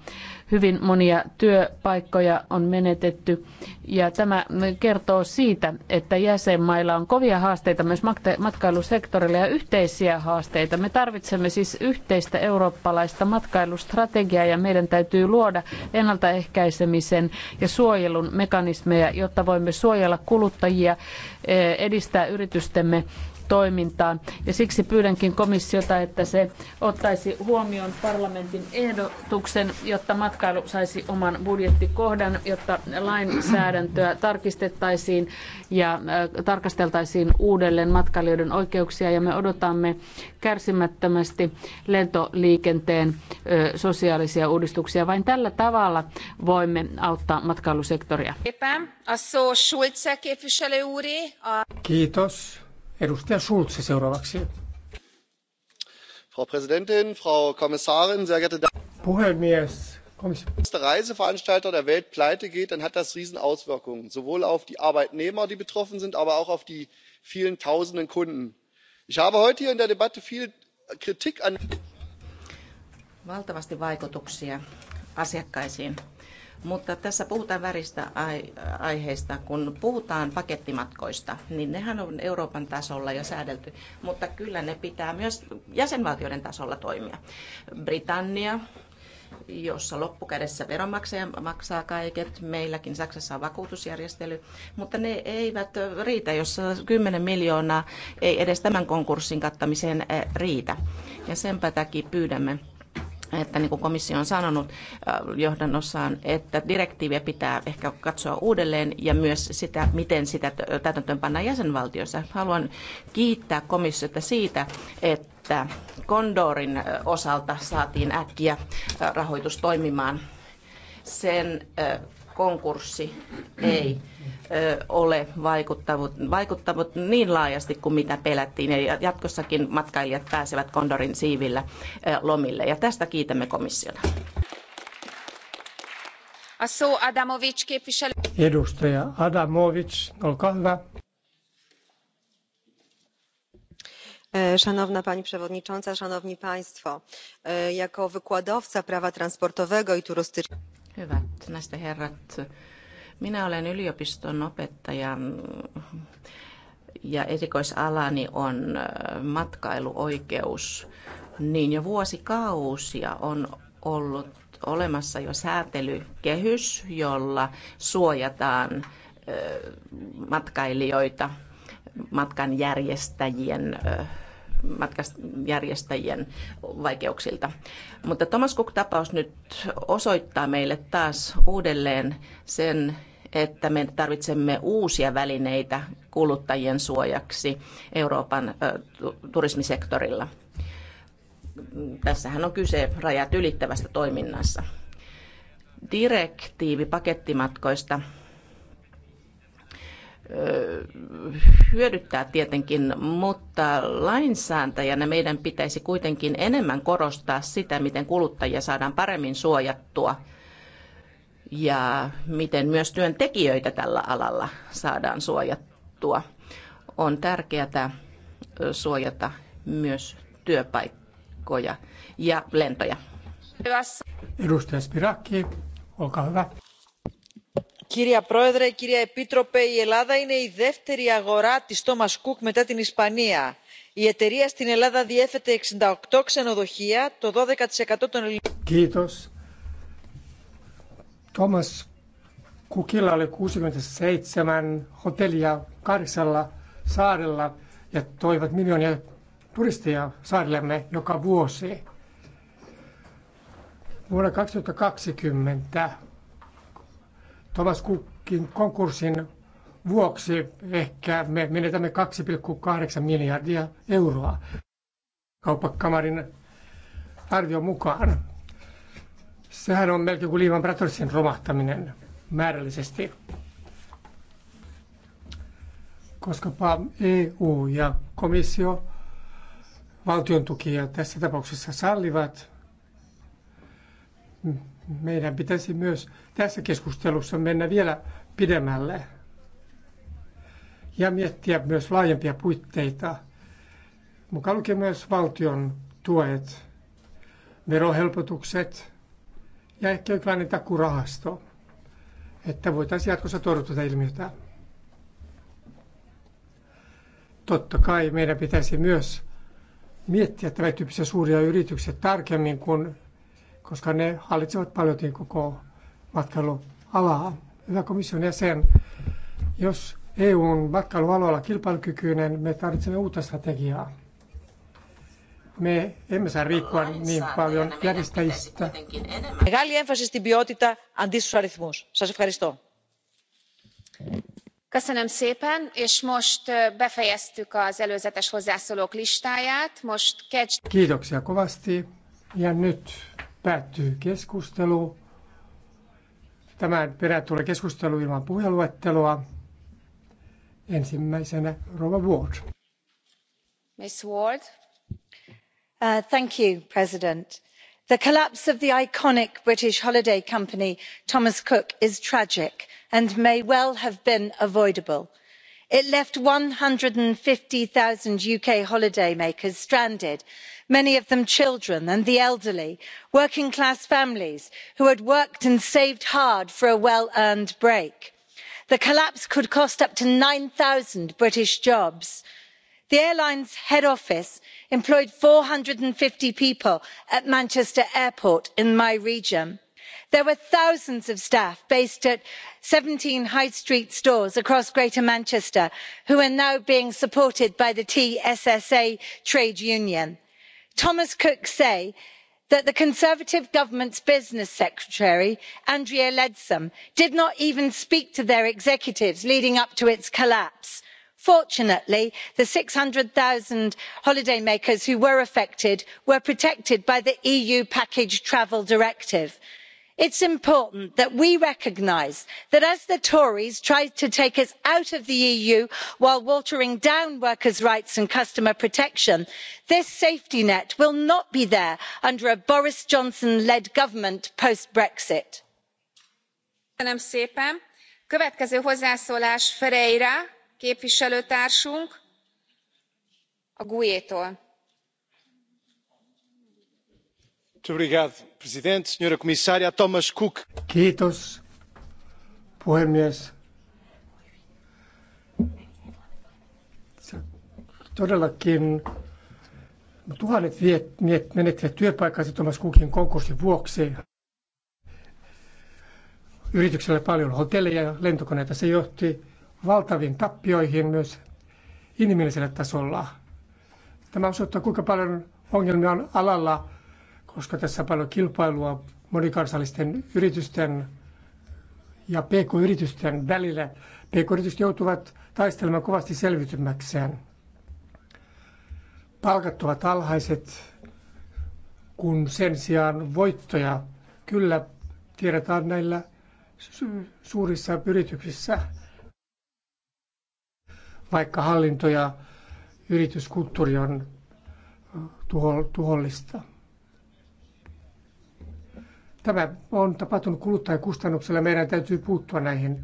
Hyvin monia työpaikkoja on menetetty ja tämä kertoo siitä, että jäsenmailla on kovia haasteita myös matkailusektorilla ja yhteisiä haasteita. Me tarvitsemme siis yhteistä eurooppalaista matkailustrategiaa ja meidän täytyy luoda ennaltaehkäisemisen ja suojelun mekanismeja, jotta voimme suojella kuluttajia, eh, edistää yritystemme toimintaan. Ja siksi pyydänkin komissiota, että se ottaisi huomioon parlamentin ehdotuksen, jotta matkailu saisi oman budjettikohdan, jotta lainsäädäntöä tarkistettaisiin ja tarkasteltaisiin uudelleen matkailijoiden oikeuksia. Ja me odotamme kärsimättömästi lentoliikenteen sosiaalisia uudistuksia. Vain tällä tavalla voimme auttaa matkailusektoria. Kiitos. Frau Präsidentin, Frau Kommissarin, sehr geehrte Damen und herren! Wenn der größte Reiseveranstalter der Welt pleitegeht dann hat das Riesenauswirkungen, sowohl auf die Arbeitnehmer, die betroffen sind, aber auch auf die vielen tausenden Kunden. Ich habe heute hier in der Debatte viel Kritik an. Valtavasti vaikutuksia asiakkaisiin mutta tässä puhutaan väristä aiheista. Kun puhutaan pakettimatkoista, niin nehän on Euroopan tasolla jo säädelty, mutta kyllä ne pitää myös jäsenvaltioiden tasolla toimia. Britannia, jossa loppukädessä veronmaksaja maksaa kaiket. Meilläkin Saksassa on vakuutusjärjestely, mutta ne eivät riitä, jos 10 miljoonaa ei edes tämän konkurssin kattamiseen eh, riitä. Ja senpä takia pyydämme että niin kuin komissio on sanonut äh, johdannossaan, että direktiiviä pitää ehkä katsoa uudelleen ja myös sitä, miten sitä täytäntöön pannaan jäsenvaltioissa. Haluan kiittää komissiota siitä, että Kondorin äh, osalta saatiin äkkiä äh, rahoitus toimimaan. Sen konkurssi ei ole vaikuttanut, vaikuttanut niin laajasti kuin mitä pelättiin. Ja jatkossakin matkailijat pääsevät Kondorin siivillä lomille. Ja tästä kiitämme komissiota. Edustaja Adamovic, olkaa hyvä. E, szanowna pani przewodnicząca szanowni państwo! E, jako wykładowca prawa transportowego i turystycznego Hyvät näistä herrat. Minä olen yliopiston opettaja ja erikoisalani on matkailuoikeus. Niin jo vuosikausia on ollut olemassa jo säätelykehys, jolla suojataan matkailijoita matkan järjestäjien matkajärjestäjien vaikeuksilta. Mutta Thomas Cook-tapaus nyt osoittaa meille taas uudelleen sen, että me tarvitsemme uusia välineitä kuluttajien suojaksi Euroopan turismisektorilla. Tässähän on kyse rajat ylittävästä toiminnassa. Direktiivi pakettimatkoista hyödyttää tietenkin, mutta lainsääntäjänä meidän pitäisi kuitenkin enemmän korostaa sitä, miten kuluttajia saadaan paremmin suojattua ja miten myös työntekijöitä tällä alalla saadaan suojattua. On tärkeää suojata myös työpaikkoja ja lentoja. Edustaja Spirakki, olkaa hyvä κυρία πρόεδρε κυρία επίτροπε η ελλάδα είναι η δεύτερη αγορά της thomas cook μετά την ισπανία. η εταιρεία στην ελλάδα διέθετε εξήντα οκτώ ξενοδοχεία το δώδεκα των ελληνικών. Kiitos. Thomas Cookilla oli 67 hotellia kahdeksalla saarella ja toivat miljoonia turisteja saarillemme joka vuosi. Vuonna 2020 Thomas Cookin konkurssin vuoksi ehkä me menetämme 2,8 miljardia euroa kauppakamarin arvion mukaan. Sehän on melkein kuin Lehman Brothersin romahtaminen määrällisesti. Koska EU ja komissio valtion tukia tässä tapauksessa sallivat, meidän pitäisi myös tässä keskustelussa mennä vielä pidemmälle ja miettiä myös laajempia puitteita, mukaan lukien myös valtion tuet, verohelpotukset ja ehkä jonkinlainen takurahasto, että voitaisiin jatkossa torjua tätä ilmiötä. Totta kai meidän pitäisi myös miettiä tämän tyyppisiä suuria yrityksiä tarkemmin, kun koska ne hallitsevat paljon koko matkailualaa. Hyvä komission jäsen, jos EU on matkailualalla kilpailukykyinen, me tarvitsemme uutta strategiaa. Me emme saa riippua niin paljon järjestäjistä. Megali έμφαση στην ποιότητα αντί στους αριθμούς. Köszönöm szépen, és most befejeztük az előzetes hozzászólók listáját. Most Kiitoksia kovasti. Ja nyt Päättyy keskustelu. Tämä perä tulee keskustelu ilman puheluettelua. Ensimmäisenä Rova Ward. Miss Ward. Uh, thank you, President. The collapse of the iconic British holiday company Thomas Cook is tragic and may well have been avoidable it left one hundred and fifty zero uk holidaymakers stranded many of them children and the elderly working class families who had worked and saved hard for a well earned break. the collapse could cost up to nine zero british jobs. the airline's head office employed four hundred and fifty people at manchester airport in my region there were thousands of staff based at seventeen high street stores across greater manchester who are now being supported by the tssa trade union. thomas cook say that the conservative government's business secretary andrea leadsom did not even speak to their executives leading up to its collapse. fortunately the six hundred zero holidaymakers who were affected were protected by the eu package travel directive it's important that we recognise that as the tories try to take us out of the eu while watering down workers' rights and customer protection this safety net will not be there under a boris johnson led government post brexit. Kiitos, puhemies. Todellakin tuhannet viet, menettivät työpaikkansa Thomas Cookin konkurssin vuoksi. Yrityksellä paljon hotelleja ja lentokoneita. Se johti valtaviin tappioihin myös inhimillisellä tasolla. Tämä osoittaa, kuinka paljon ongelmia on alalla koska tässä on paljon kilpailua monikansallisten yritysten ja pk-yritysten välillä. Pk-yritykset joutuvat taistelemaan kovasti selvitymäkseen. Palkat ovat alhaiset, kun sen sijaan voittoja kyllä tiedetään näillä suurissa yrityksissä, vaikka hallinto ja yrityskulttuuri on tuho- tuhollista. Tämä on tapahtunut kuluttajakustannuksella. Meidän täytyy puuttua näihin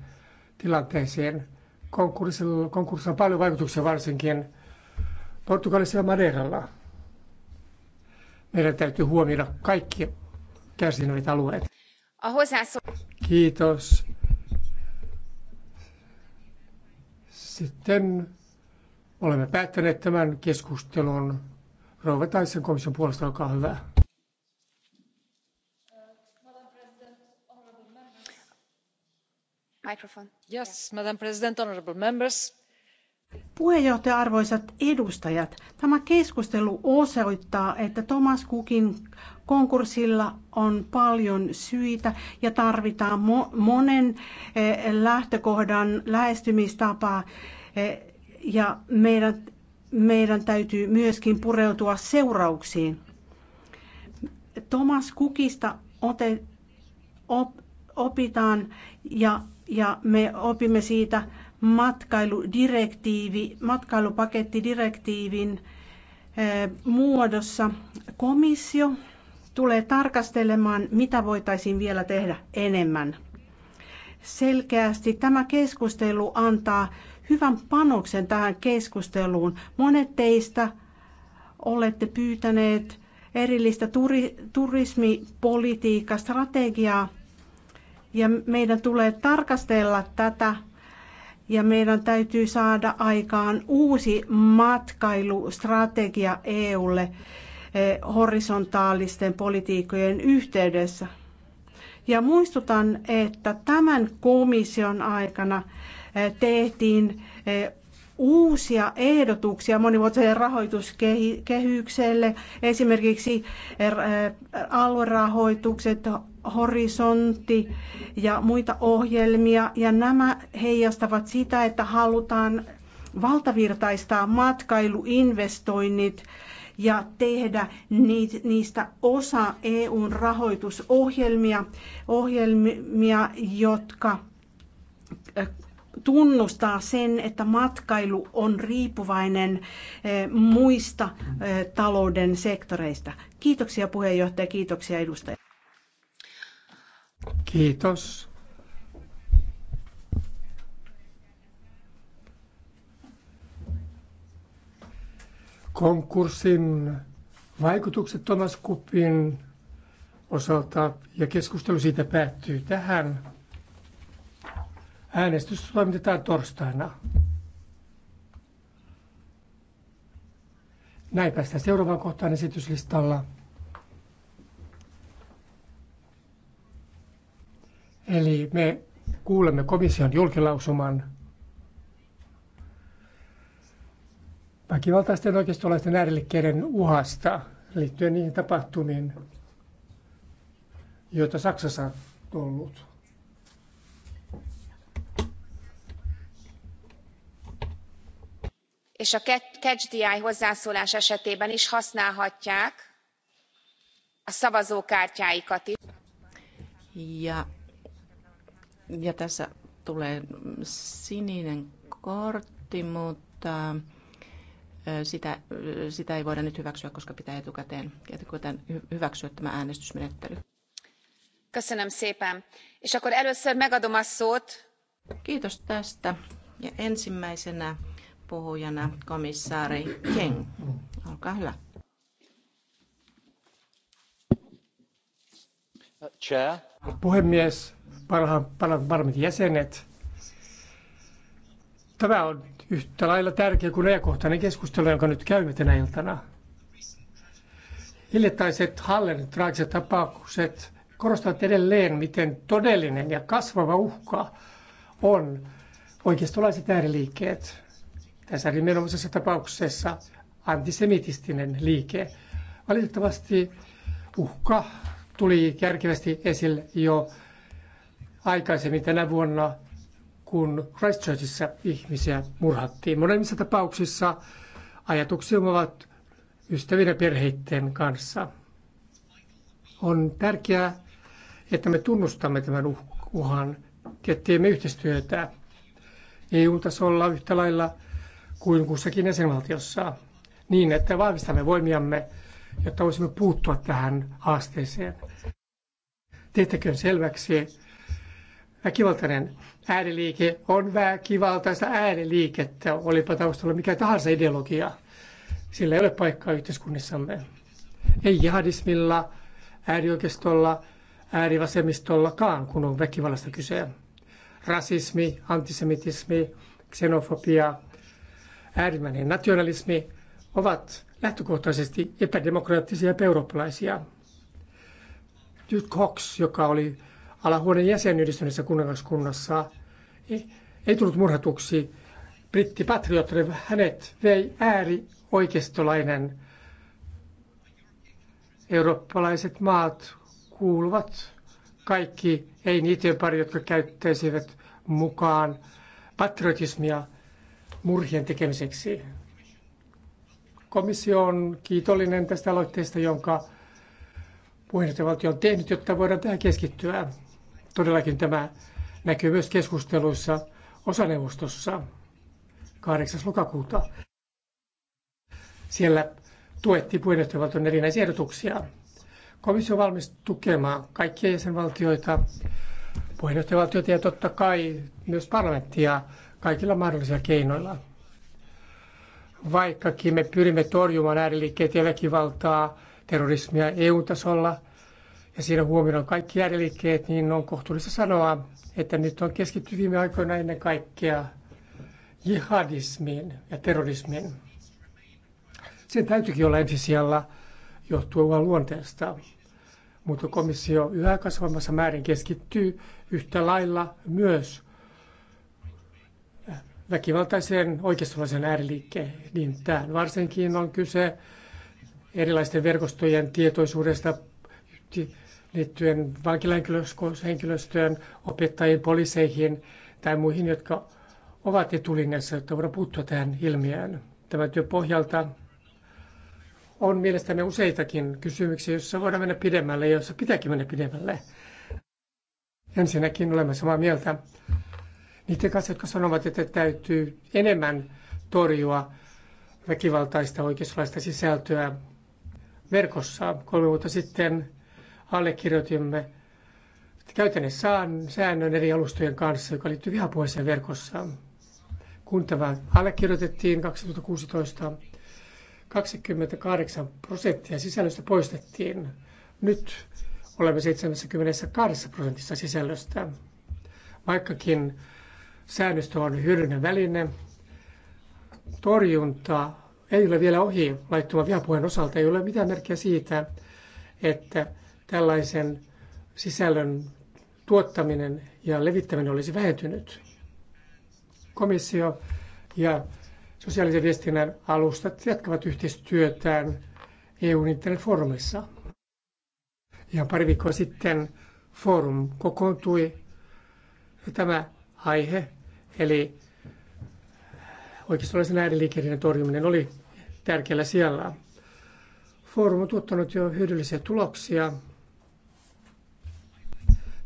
tilanteisiin. Konkurssilla, konkurssilla on paljon vaikutuksia varsinkin Portugalissa ja Madeiralla. Meidän täytyy huomioida kaikki kärsineet alueet. Kiitos. Sitten olemme päättäneet tämän keskustelun. Rouva Taisen komission puolesta, olkaa hyvä. puheenjohtaja arvoisat edustajat tämä keskustelu osoittaa että thomas cookin konkurssilla on paljon syitä ja tarvitaan monen eh, lähtökohdan lähestymistapaa eh, ja meidän, meidän täytyy myöskin pureutua seurauksiin. Thomas Cookista ote, op, opitaan ja ja me opimme siitä matkailudirektiivi, matkailupakettidirektiivin eh, muodossa. Komissio tulee tarkastelemaan, mitä voitaisiin vielä tehdä enemmän. Selkeästi tämä keskustelu antaa hyvän panoksen tähän keskusteluun. Monet teistä olette pyytäneet erillistä turismipolitiikkaa, strategiaa ja meidän tulee tarkastella tätä ja meidän täytyy saada aikaan uusi matkailustrategia EUlle eh, horisontaalisten politiikkojen yhteydessä. Ja muistutan, että tämän komission aikana eh, tehtiin eh, uusia ehdotuksia monivuotiselle rahoituskehykselle, esimerkiksi aluerahoitukset, horisontti ja muita ohjelmia, ja nämä heijastavat sitä, että halutaan valtavirtaistaa matkailuinvestoinnit ja tehdä niistä osa EUn rahoitusohjelmia, ohjelmia, jotka tunnustaa sen, että matkailu on riippuvainen muista talouden sektoreista. Kiitoksia puheenjohtaja, kiitoksia edustaja. Kiitos. Konkurssin vaikutukset Thomas Kupin osalta ja keskustelu siitä päättyy tähän. Äänestys toimitetaan torstaina. Näin päästään seuraavaan kohtaan esityslistalla. Eli me kuulemme komission julkilausuman väkivaltaisten oikeistolaisten ääriliikkeiden uhasta liittyen niihin tapahtumiin, joita Saksassa on ollut. és a catch hozzászólás esetében is használhatják a szavazókártyáikat is. Ja ja tässä tulee sininen kortti, mutta sitä, sitä ei voida nyt hyväksyä, koska pitää etukäteen, etukäteen hyväksyä tämä äänestysmenettely. Köszönöm szépen. És akkor először megadom a szót. Kiitos tästä. Ja ensimmäisenä puhujana komissaari King. Olkaa hyvä. Chair. Puhemies, parlamentin jäsenet. Tämä on yhtä lailla tärkeä kuin ajankohtainen keskustelu, jonka nyt käymme tänä iltana. Hiljattaiset Hallen traagiset tapaukset korostavat edelleen, miten todellinen ja kasvava uhka on oikeistolaiset ääriliikkeet. Tässä nimenomaisessa tapauksessa antisemitistinen liike. Valitettavasti uhka tuli kärkevästi esille jo aikaisemmin tänä vuonna, kun Christchurchissa ihmisiä murhattiin. Molemmissa tapauksissa ajatuksia ovat ystävien ja perheiden kanssa. On tärkeää, että me tunnustamme tämän uhan ja teemme yhteistyötä EU-tasolla yhtä lailla kuin kussakin jäsenvaltiossa niin, että vahvistamme voimiamme, jotta voisimme puuttua tähän haasteeseen. Tehtäköön selväksi, väkivaltainen ääriliike on väkivaltaista ääriliikettä, olipa taustalla mikä tahansa ideologia. Sillä ei ole paikkaa yhteiskunnissamme. Ei jihadismilla, äärioikeistolla, äärivasemmistollakaan, kun on väkivallasta kyse. Rasismi, antisemitismi, xenofobia, äärimmäinen nationalismi ovat lähtökohtaisesti epädemokraattisia ja eurooppalaisia. Jude Cox, joka oli alahuoneen jäsen yhdistyneessä kuningaskunnassa ei, ei tullut murhatuksi britti Patriot, Hänet vei ääri oikeistolainen. Eurooppalaiset maat kuuluvat kaikki, ei niitä pari, jotka käyttäisivät mukaan patriotismia murhien tekemiseksi. Komissio on kiitollinen tästä aloitteesta, jonka puheenjohtajavaltio on tehnyt, jotta voidaan tähän keskittyä todellakin tämä näkyy myös keskusteluissa osaneuvostossa 8. lokakuuta. Siellä tuettiin puheenjohtajavaltion erinäisiä ehdotuksia. Komissio on valmis tukemaan kaikkia jäsenvaltioita, puheenjohtajavaltioita ja totta kai myös parlamenttia kaikilla mahdollisilla keinoilla. Vaikkakin me pyrimme torjumaan ääriliikkeitä ja väkivaltaa, terrorismia EU-tasolla – ja siinä huomioidaan kaikki ääriliikkeet, niin on kohtuullista sanoa, että nyt on keskitty viime aikoina ennen kaikkea jihadismiin ja terrorismiin. Sen täytyykin olla ensisijalla johtuen vain luonteesta, mutta komissio yhä kasvamassa määrin keskittyy yhtä lailla myös väkivaltaiseen oikeistolaisen ääriliikkeeltään. Varsinkin on kyse erilaisten verkostojen tietoisuudesta liittyen vankilahenkilöstöön, opettajiin, poliiseihin tai muihin, jotka ovat etulinjassa, jotta voidaan puuttua tähän ilmiöön. Tämän työn pohjalta on mielestäni useitakin kysymyksiä, joissa voidaan mennä pidemmälle ja joissa pitääkin mennä pidemmälle. Ensinnäkin olemme samaa mieltä niiden kanssa, jotka sanovat, että täytyy enemmän torjua väkivaltaista oikeuslaista sisältöä verkossa. Kolme vuotta sitten allekirjoitimme käytännön säännön eri alustojen kanssa, joka liittyy vihapuheeseen verkossa. Kun tämä allekirjoitettiin 2016, 28 prosenttia sisällöstä poistettiin. Nyt olemme 72 prosentissa sisällöstä. Vaikkakin säännöstö on hyödyllinen väline, torjunta ei ole vielä ohi laittoman vihapuheen osalta. Ei ole mitään merkkiä siitä, että tällaisen sisällön tuottaminen ja levittäminen olisi vähentynyt. Komissio ja sosiaalisen viestinnän alustat jatkavat yhteistyötään EUn internetfoorumissa. Ja pari viikkoa sitten foorum kokoontui ja tämä aihe, eli oikeistolaisen ääriliikkeiden torjuminen oli tärkeällä siellä. Foorum on tuottanut jo hyödyllisiä tuloksia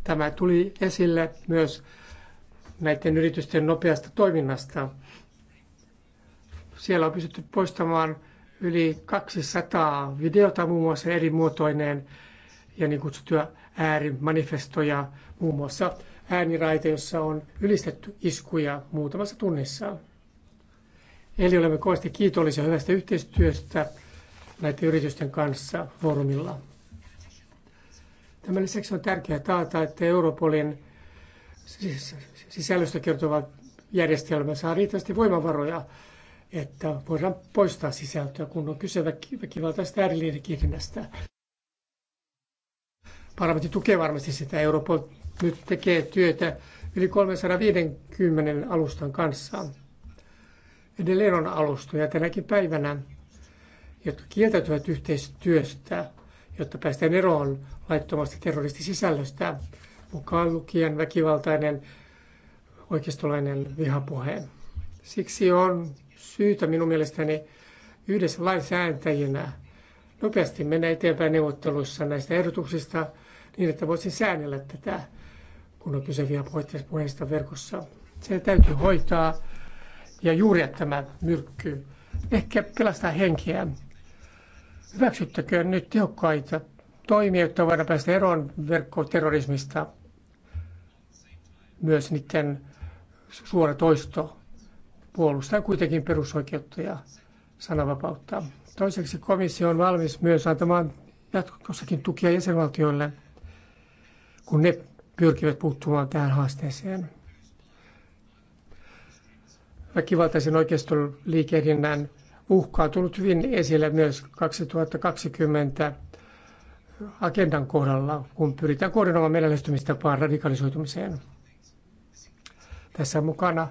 Tämä tuli esille myös näiden yritysten nopeasta toiminnasta. Siellä on pystytty poistamaan yli 200 videota muun muassa eri muotoineen ja niin kutsuttuja äärimanifestoja, muun muassa ääniraite, jossa on ylistetty iskuja muutamassa tunnissa. Eli olemme kovasti kiitollisia hyvästä yhteistyöstä näiden yritysten kanssa foorumilla. Tämän lisäksi on tärkeää taata, että Europolin sisällöstä kertova järjestelmä saa riittävästi voimavaroja, että voidaan poistaa sisältöä, kun on kyse väkivaltaista ääriliikehdinnästä. Parlamentti tukee varmasti sitä. Europol nyt tekee työtä yli 350 alustan kanssa. Edelleen on alustoja tänäkin päivänä, jotka kieltäytyvät yhteistyöstä jotta päästään eroon laittomasta terroristisisällöstä, mukaan lukien väkivaltainen oikeistolainen vihapuhe. Siksi on syytä minun mielestäni yhdessä lainsääntäjinä nopeasti mennä eteenpäin neuvotteluissa näistä ehdotuksista niin, että voisin säännellä tätä, kun on kyse vihapuheista verkossa. Se täytyy hoitaa ja juuria tämä myrkky. Ehkä pelastaa henkeä. Hyväksyttäkö nyt tehokkaita toimia, jotta voidaan päästä eroon verkkoterrorismista, myös niiden suora toisto puolustaa kuitenkin perusoikeutta ja sananvapautta. Toiseksi komissio on valmis myös antamaan jatkossakin tukia jäsenvaltioille, kun ne pyrkivät puuttumaan tähän haasteeseen. Väkivaltaisen liikehdinnän uhka on tullut hyvin esille myös 2020 agendan kohdalla, kun pyritään koordinoimaan meidän lähestymistapaan radikalisoitumiseen. Tässä on mukana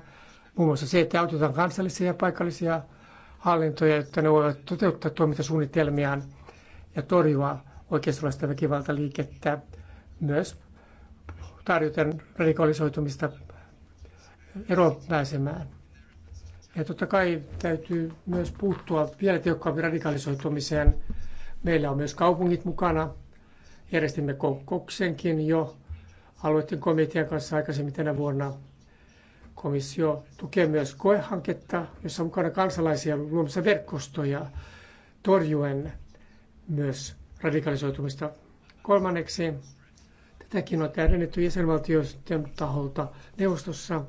muun muassa se, että autetaan kansallisia ja paikallisia hallintoja, jotta ne voivat toteuttaa toimintasuunnitelmiaan ja torjua oikeistolaista väkivaltaliikettä myös tarjoten radikalisoitumista eroon pääsemään. Ja totta kai täytyy myös puuttua vielä tehokkaampi radikalisoitumiseen. Meillä on myös kaupungit mukana. Järjestimme kokouksenkin jo alueiden komitean kanssa aikaisemmin tänä vuonna. Komissio tukee myös koehanketta, jossa on mukana kansalaisia luomassa verkostoja torjuen myös radikalisoitumista. Kolmanneksi, tätäkin on täydennetty jäsenvaltioiden taholta neuvostossa,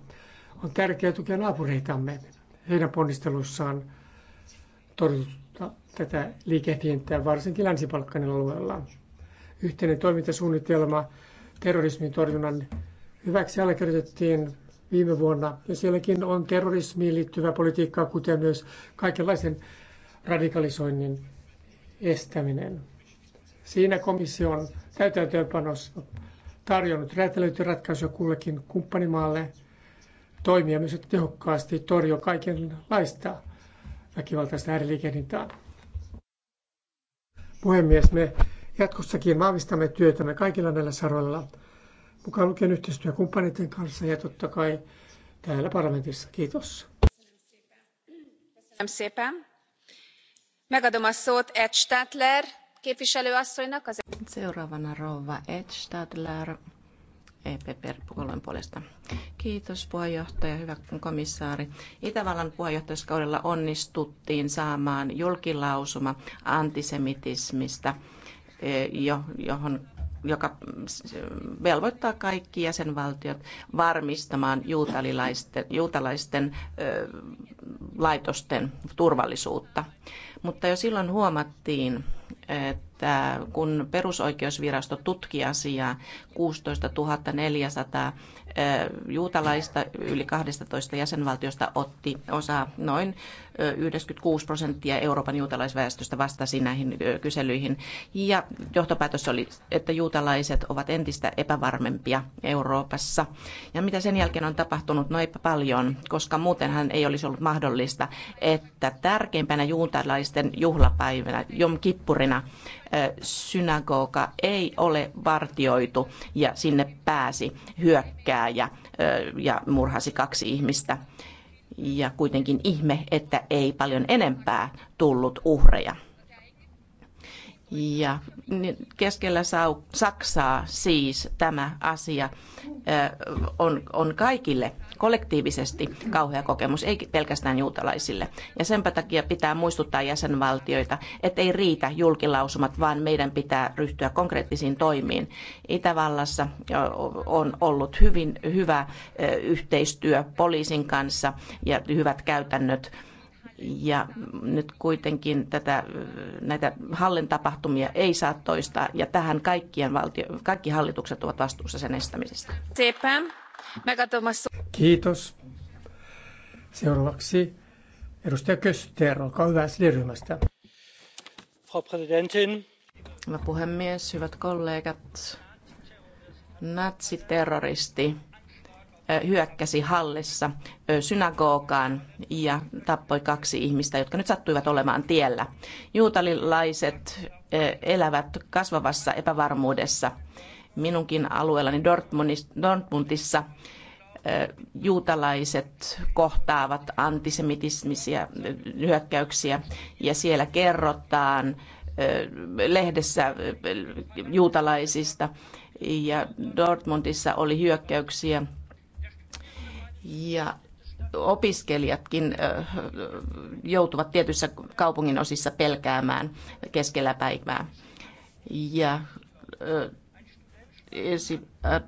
on tärkeää tukea naapureitamme – heidän ponnistelussaan torjuttaa tätä liikehdintää, varsinkin länsi alueella. Yhteinen toimintasuunnitelma terrorismin torjunnan hyväksi allekirjoitettiin viime vuonna. Ja sielläkin on terrorismiin liittyvää politiikkaa, kuten myös kaikenlaisen radikalisoinnin estäminen. Siinä komissio on täytäntöönpanossa tarjonnut räätälöityä ratkaisuja kullekin kumppanimaalle – toimia myös tehokkaasti torjua kaikenlaista väkivaltaista ääriliikehdintää. Puhemies, me jatkossakin vahvistamme työtämme kaikilla näillä saroilla, mukaan lukien yhteistyökumppaneiden kanssa ja totta kai täällä parlamentissa. Kiitos. Seuraavana rouva Edstadler, EPP-puolueen puolesta. Kiitos puheenjohtaja, hyvä komissaari. Itävallan puheenjohtajuuskaudella onnistuttiin saamaan julkilausuma antisemitismistä, eh, johon joka velvoittaa kaikki jäsenvaltiot varmistamaan juutalaisten, juutalaisten ö, laitosten turvallisuutta. Mutta jo silloin huomattiin, että kun perusoikeusvirasto tutki asiaa, 16 400 juutalaista yli 12 jäsenvaltiosta otti osaa. Noin 96 prosenttia Euroopan juutalaisväestöstä vastasi näihin kyselyihin. Ja johtopäätös oli, että juutalaiset ovat entistä epävarmempia Euroopassa. Ja mitä sen jälkeen on tapahtunut? No eipä paljon, koska muutenhan ei olisi ollut mahdollista, että tärkeimpänä juutalaisten juhlapäivänä, Jom Kippurina, synagoga ei ole vartioitu ja sinne pääsi hyökkääjä ja murhasi kaksi ihmistä. Ja kuitenkin ihme, että ei paljon enempää tullut uhreja. Ja niin keskellä Saksaa siis tämä asia on, on kaikille kollektiivisesti kauhea kokemus, ei pelkästään juutalaisille. Ja senpä takia pitää muistuttaa jäsenvaltioita, että ei riitä julkilausumat, vaan meidän pitää ryhtyä konkreettisiin toimiin. Itävallassa on ollut hyvin hyvä yhteistyö poliisin kanssa ja hyvät käytännöt ja nyt kuitenkin tätä, näitä hallin tapahtumia ei saa toistaa, ja tähän kaikkien valtio, kaikki hallitukset ovat vastuussa sen estämisestä. Sepä. Kiitos. Seuraavaksi edustaja Köster, olkaa hyvä SD-ryhmästä. Frau Präsidentin. Hyvä puhemies, hyvät kollegat. Natsiterroristi hyökkäsi hallissa synagogaan ja tappoi kaksi ihmistä, jotka nyt sattuivat olemaan tiellä. Juutalilaiset elävät kasvavassa epävarmuudessa minunkin alueellani Dortmundissa juutalaiset kohtaavat antisemitismisiä hyökkäyksiä ja siellä kerrotaan lehdessä juutalaisista ja Dortmundissa oli hyökkäyksiä ja opiskelijatkin joutuvat tietyissä kaupungin osissa pelkäämään keskellä päivää. Ja esi, äh,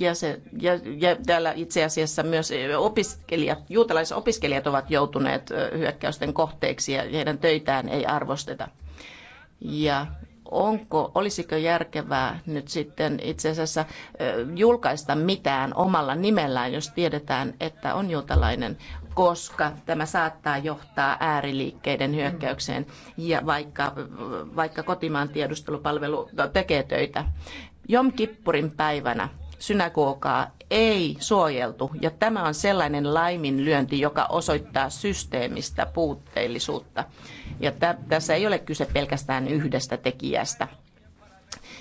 jäsen, ja, ja täällä itse asiassa myös äh, opiskelijat, juutalaisopiskelijat ovat joutuneet äh, hyökkäysten kohteeksi ja heidän töitään ei arvosteta. Ja onko, olisiko järkevää nyt sitten itse asiassa äh, julkaista mitään omalla nimellään, jos tiedetään, että on juutalainen, koska tämä saattaa johtaa ääriliikkeiden hyökkäykseen, ja vaikka, vaikka kotimaan tiedustelupalvelu tekee töitä. Jom Kippurin päivänä synagogaa ei suojeltu ja tämä on sellainen laiminlyönti, joka osoittaa systeemistä puutteellisuutta. Ja tässä ei ole kyse pelkästään yhdestä tekijästä.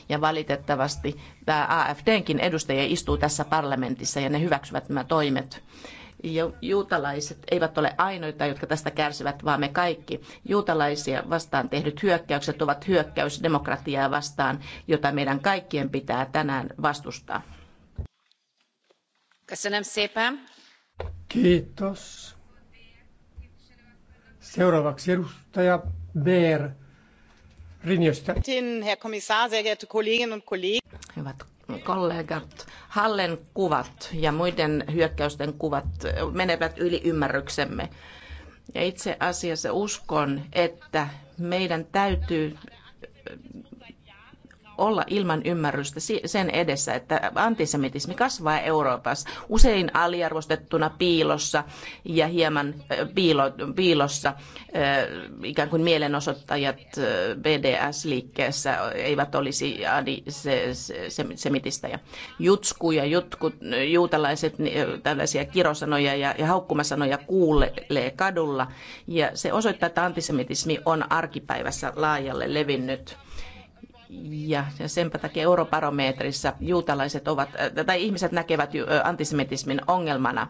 Ja valitettavasti tämä AFDnkin edustajia istuu tässä parlamentissa ja ne hyväksyvät nämä toimet juutalaiset eivät ole ainoita, jotka tästä kärsivät, vaan me kaikki. Juutalaisia vastaan tehdyt hyökkäykset ovat hyökkäys demokratiaa vastaan, jota meidän kaikkien pitää tänään vastustaa. Kiitos. Seuraavaksi edustaja Beer Rinjöstä. Hyvät kollegat, Hallen kuvat ja muiden hyökkäysten kuvat menevät yli ymmärryksemme. Ja itse asiassa uskon, että meidän täytyy olla ilman ymmärrystä sen edessä, että antisemitismi kasvaa Euroopassa usein aliarvostettuna piilossa ja hieman piilo, piilossa ikään kuin mielenosoittajat BDS-liikkeessä eivät olisi antisemitistä. Jutsku ja jutkut, juutalaiset tällaisia kirosanoja ja, ja haukkumasanoja kuulee kadulla ja se osoittaa, että antisemitismi on arkipäivässä laajalle levinnyt ja, ja senpä takia europarometrissa juutalaiset ovat, äh, tai ihmiset näkevät äh, antisemitismin ongelmana.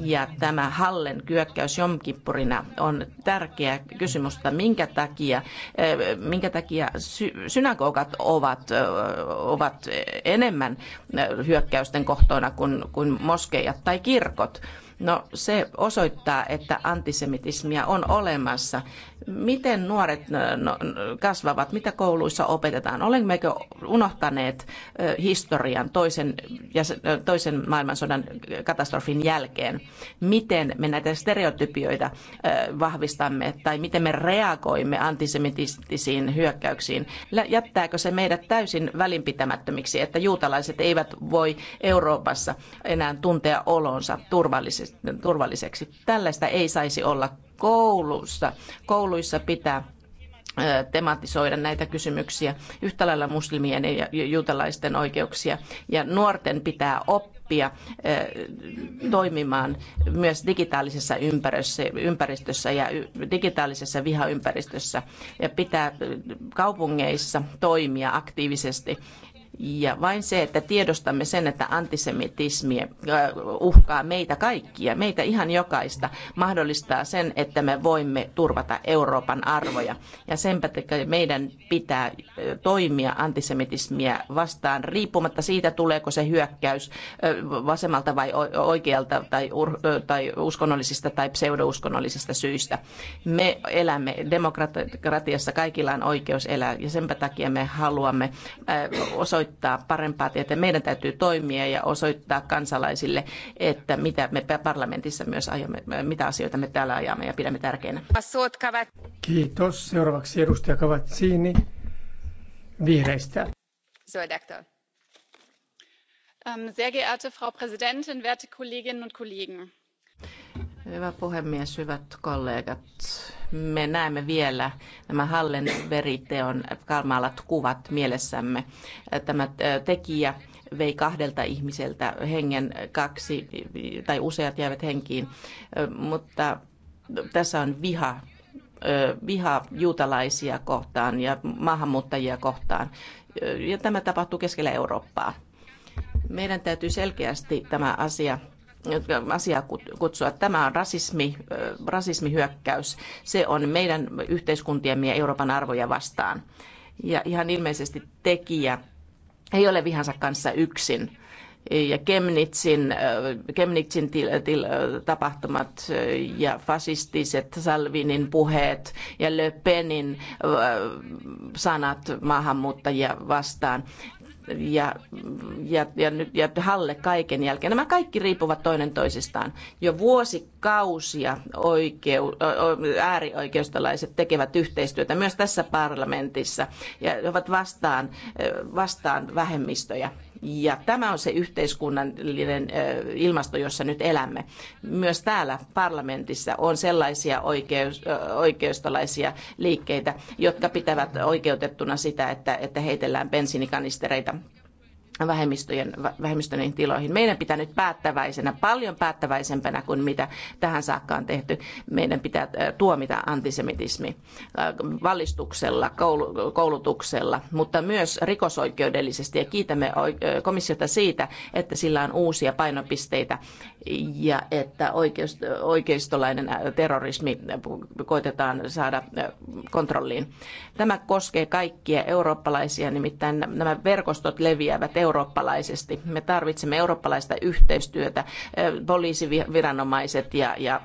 Ja tämä Hallen kyökkäys Jomkippurina on tärkeä kysymys, että minkä takia, äh, minkä takia sy- synagogat ovat, ovat enemmän hyökkäysten kohtoina kuin, kuin moskeijat tai kirkot. No se osoittaa, että antisemitismia on olemassa. Miten nuoret no, no, kasvavat, mitä kouluissa opetetaan? Olemmeko unohtaneet historian toisen, toisen maailmansodan katastrofin jälkeen? Miten me näitä stereotypioita vahvistamme tai miten me reagoimme antisemitistisiin hyökkäyksiin? Jättääkö se meidät täysin välinpitämättömiksi, että juutalaiset eivät voi Euroopassa enää tuntea olonsa turvallisesti? turvalliseksi. Tällaista ei saisi olla koulussa. Kouluissa pitää tematisoida näitä kysymyksiä, yhtä lailla muslimien ja juutalaisten oikeuksia. Ja nuorten pitää oppia toimimaan myös digitaalisessa ympäristössä ja digitaalisessa vihaympäristössä. Ja pitää kaupungeissa toimia aktiivisesti ja vain se, että tiedostamme sen, että antisemitismi äh, uhkaa meitä kaikkia, meitä ihan jokaista, mahdollistaa sen, että me voimme turvata Euroopan arvoja. Ja senpä meidän pitää äh, toimia antisemitismiä vastaan, riippumatta siitä, tuleeko se hyökkäys äh, vasemmalta vai oikealta tai, tai uskonnollisista tai pseudouskonnollisista syistä. Me elämme demokratiassa, kaikilla on oikeus elää ja senpä takia me haluamme osoittaa, osoittaa parempaa tietä. Meidän täytyy toimia ja osoittaa kansalaisille, että mitä me parlamentissa myös ajamme, mitä asioita me täällä ajamme ja pidämme tärkeänä. Kiitos. Seuraavaksi edustaja Kavatsiini vihreistä. Ähm, sehr geehrte Frau Präsidentin, werte Kolleginnen und Kollegen! Hyvä puhemies, hyvät kollegat. Me näemme vielä nämä veriteon kalmaalat kuvat mielessämme. Tämä tekijä vei kahdelta ihmiseltä hengen kaksi tai useat jäivät henkiin, mutta tässä on viha viha juutalaisia kohtaan ja maahanmuuttajia kohtaan. Ja tämä tapahtuu keskellä Eurooppaa. Meidän täytyy selkeästi tämä asia asiaa kutsua. Tämä on rasismi, rasismihyökkäys. Se on meidän yhteiskuntiemme ja Euroopan arvoja vastaan. Ja ihan ilmeisesti tekijä ei ole vihansa kanssa yksin ja Kemnitsin, Kemnitsin til, til, tapahtumat ja fasistiset Salvinin puheet ja Le Penin sanat maahanmuuttajia vastaan ja, ja, ja, nyt, ja Halle kaiken jälkeen. Nämä kaikki riippuvat toinen toisistaan. Jo vuosikausia oikeu, äärioikeistolaiset tekevät yhteistyötä myös tässä parlamentissa ja ovat vastaan, vastaan vähemmistöjä ja tämä on se yhteiskunnallinen ilmasto, jossa nyt elämme. Myös täällä parlamentissa on sellaisia oikeus, oikeistolaisia liikkeitä, jotka pitävät oikeutettuna sitä, että, että heitellään bensiinikanistereita vähemmistöjen, vähemmistöjen tiloihin. Meidän pitää nyt päättäväisenä, paljon päättäväisempänä kuin mitä tähän saakka on tehty. Meidän pitää tuomita antisemitismi valistuksella, koulutuksella, mutta myös rikosoikeudellisesti. Ja kiitämme komissiota siitä, että sillä on uusia painopisteitä ja että oikeistolainen äh, terrorismi koitetaan saada äh, kontrolliin. Tämä koskee kaikkia eurooppalaisia, nimittäin nämä verkostot leviävät eurooppalaisesti. Me tarvitsemme eurooppalaista yhteistyötä, äh, poliisiviranomaiset ja, ja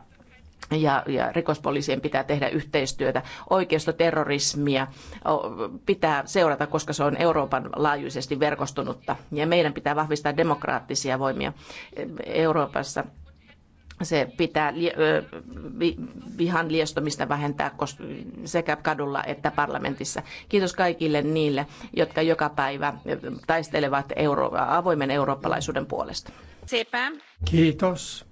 ja, ja rikospoliisien pitää tehdä yhteistyötä. Oikeistoterrorismia pitää seurata, koska se on Euroopan laajuisesti verkostunutta. Ja meidän pitää vahvistaa demokraattisia voimia Euroopassa se pitää vihan liestomista vähentää sekä kadulla että parlamentissa. Kiitos kaikille niille, jotka joka päivä taistelevat euro- avoimen eurooppalaisuuden puolesta. Kiitos.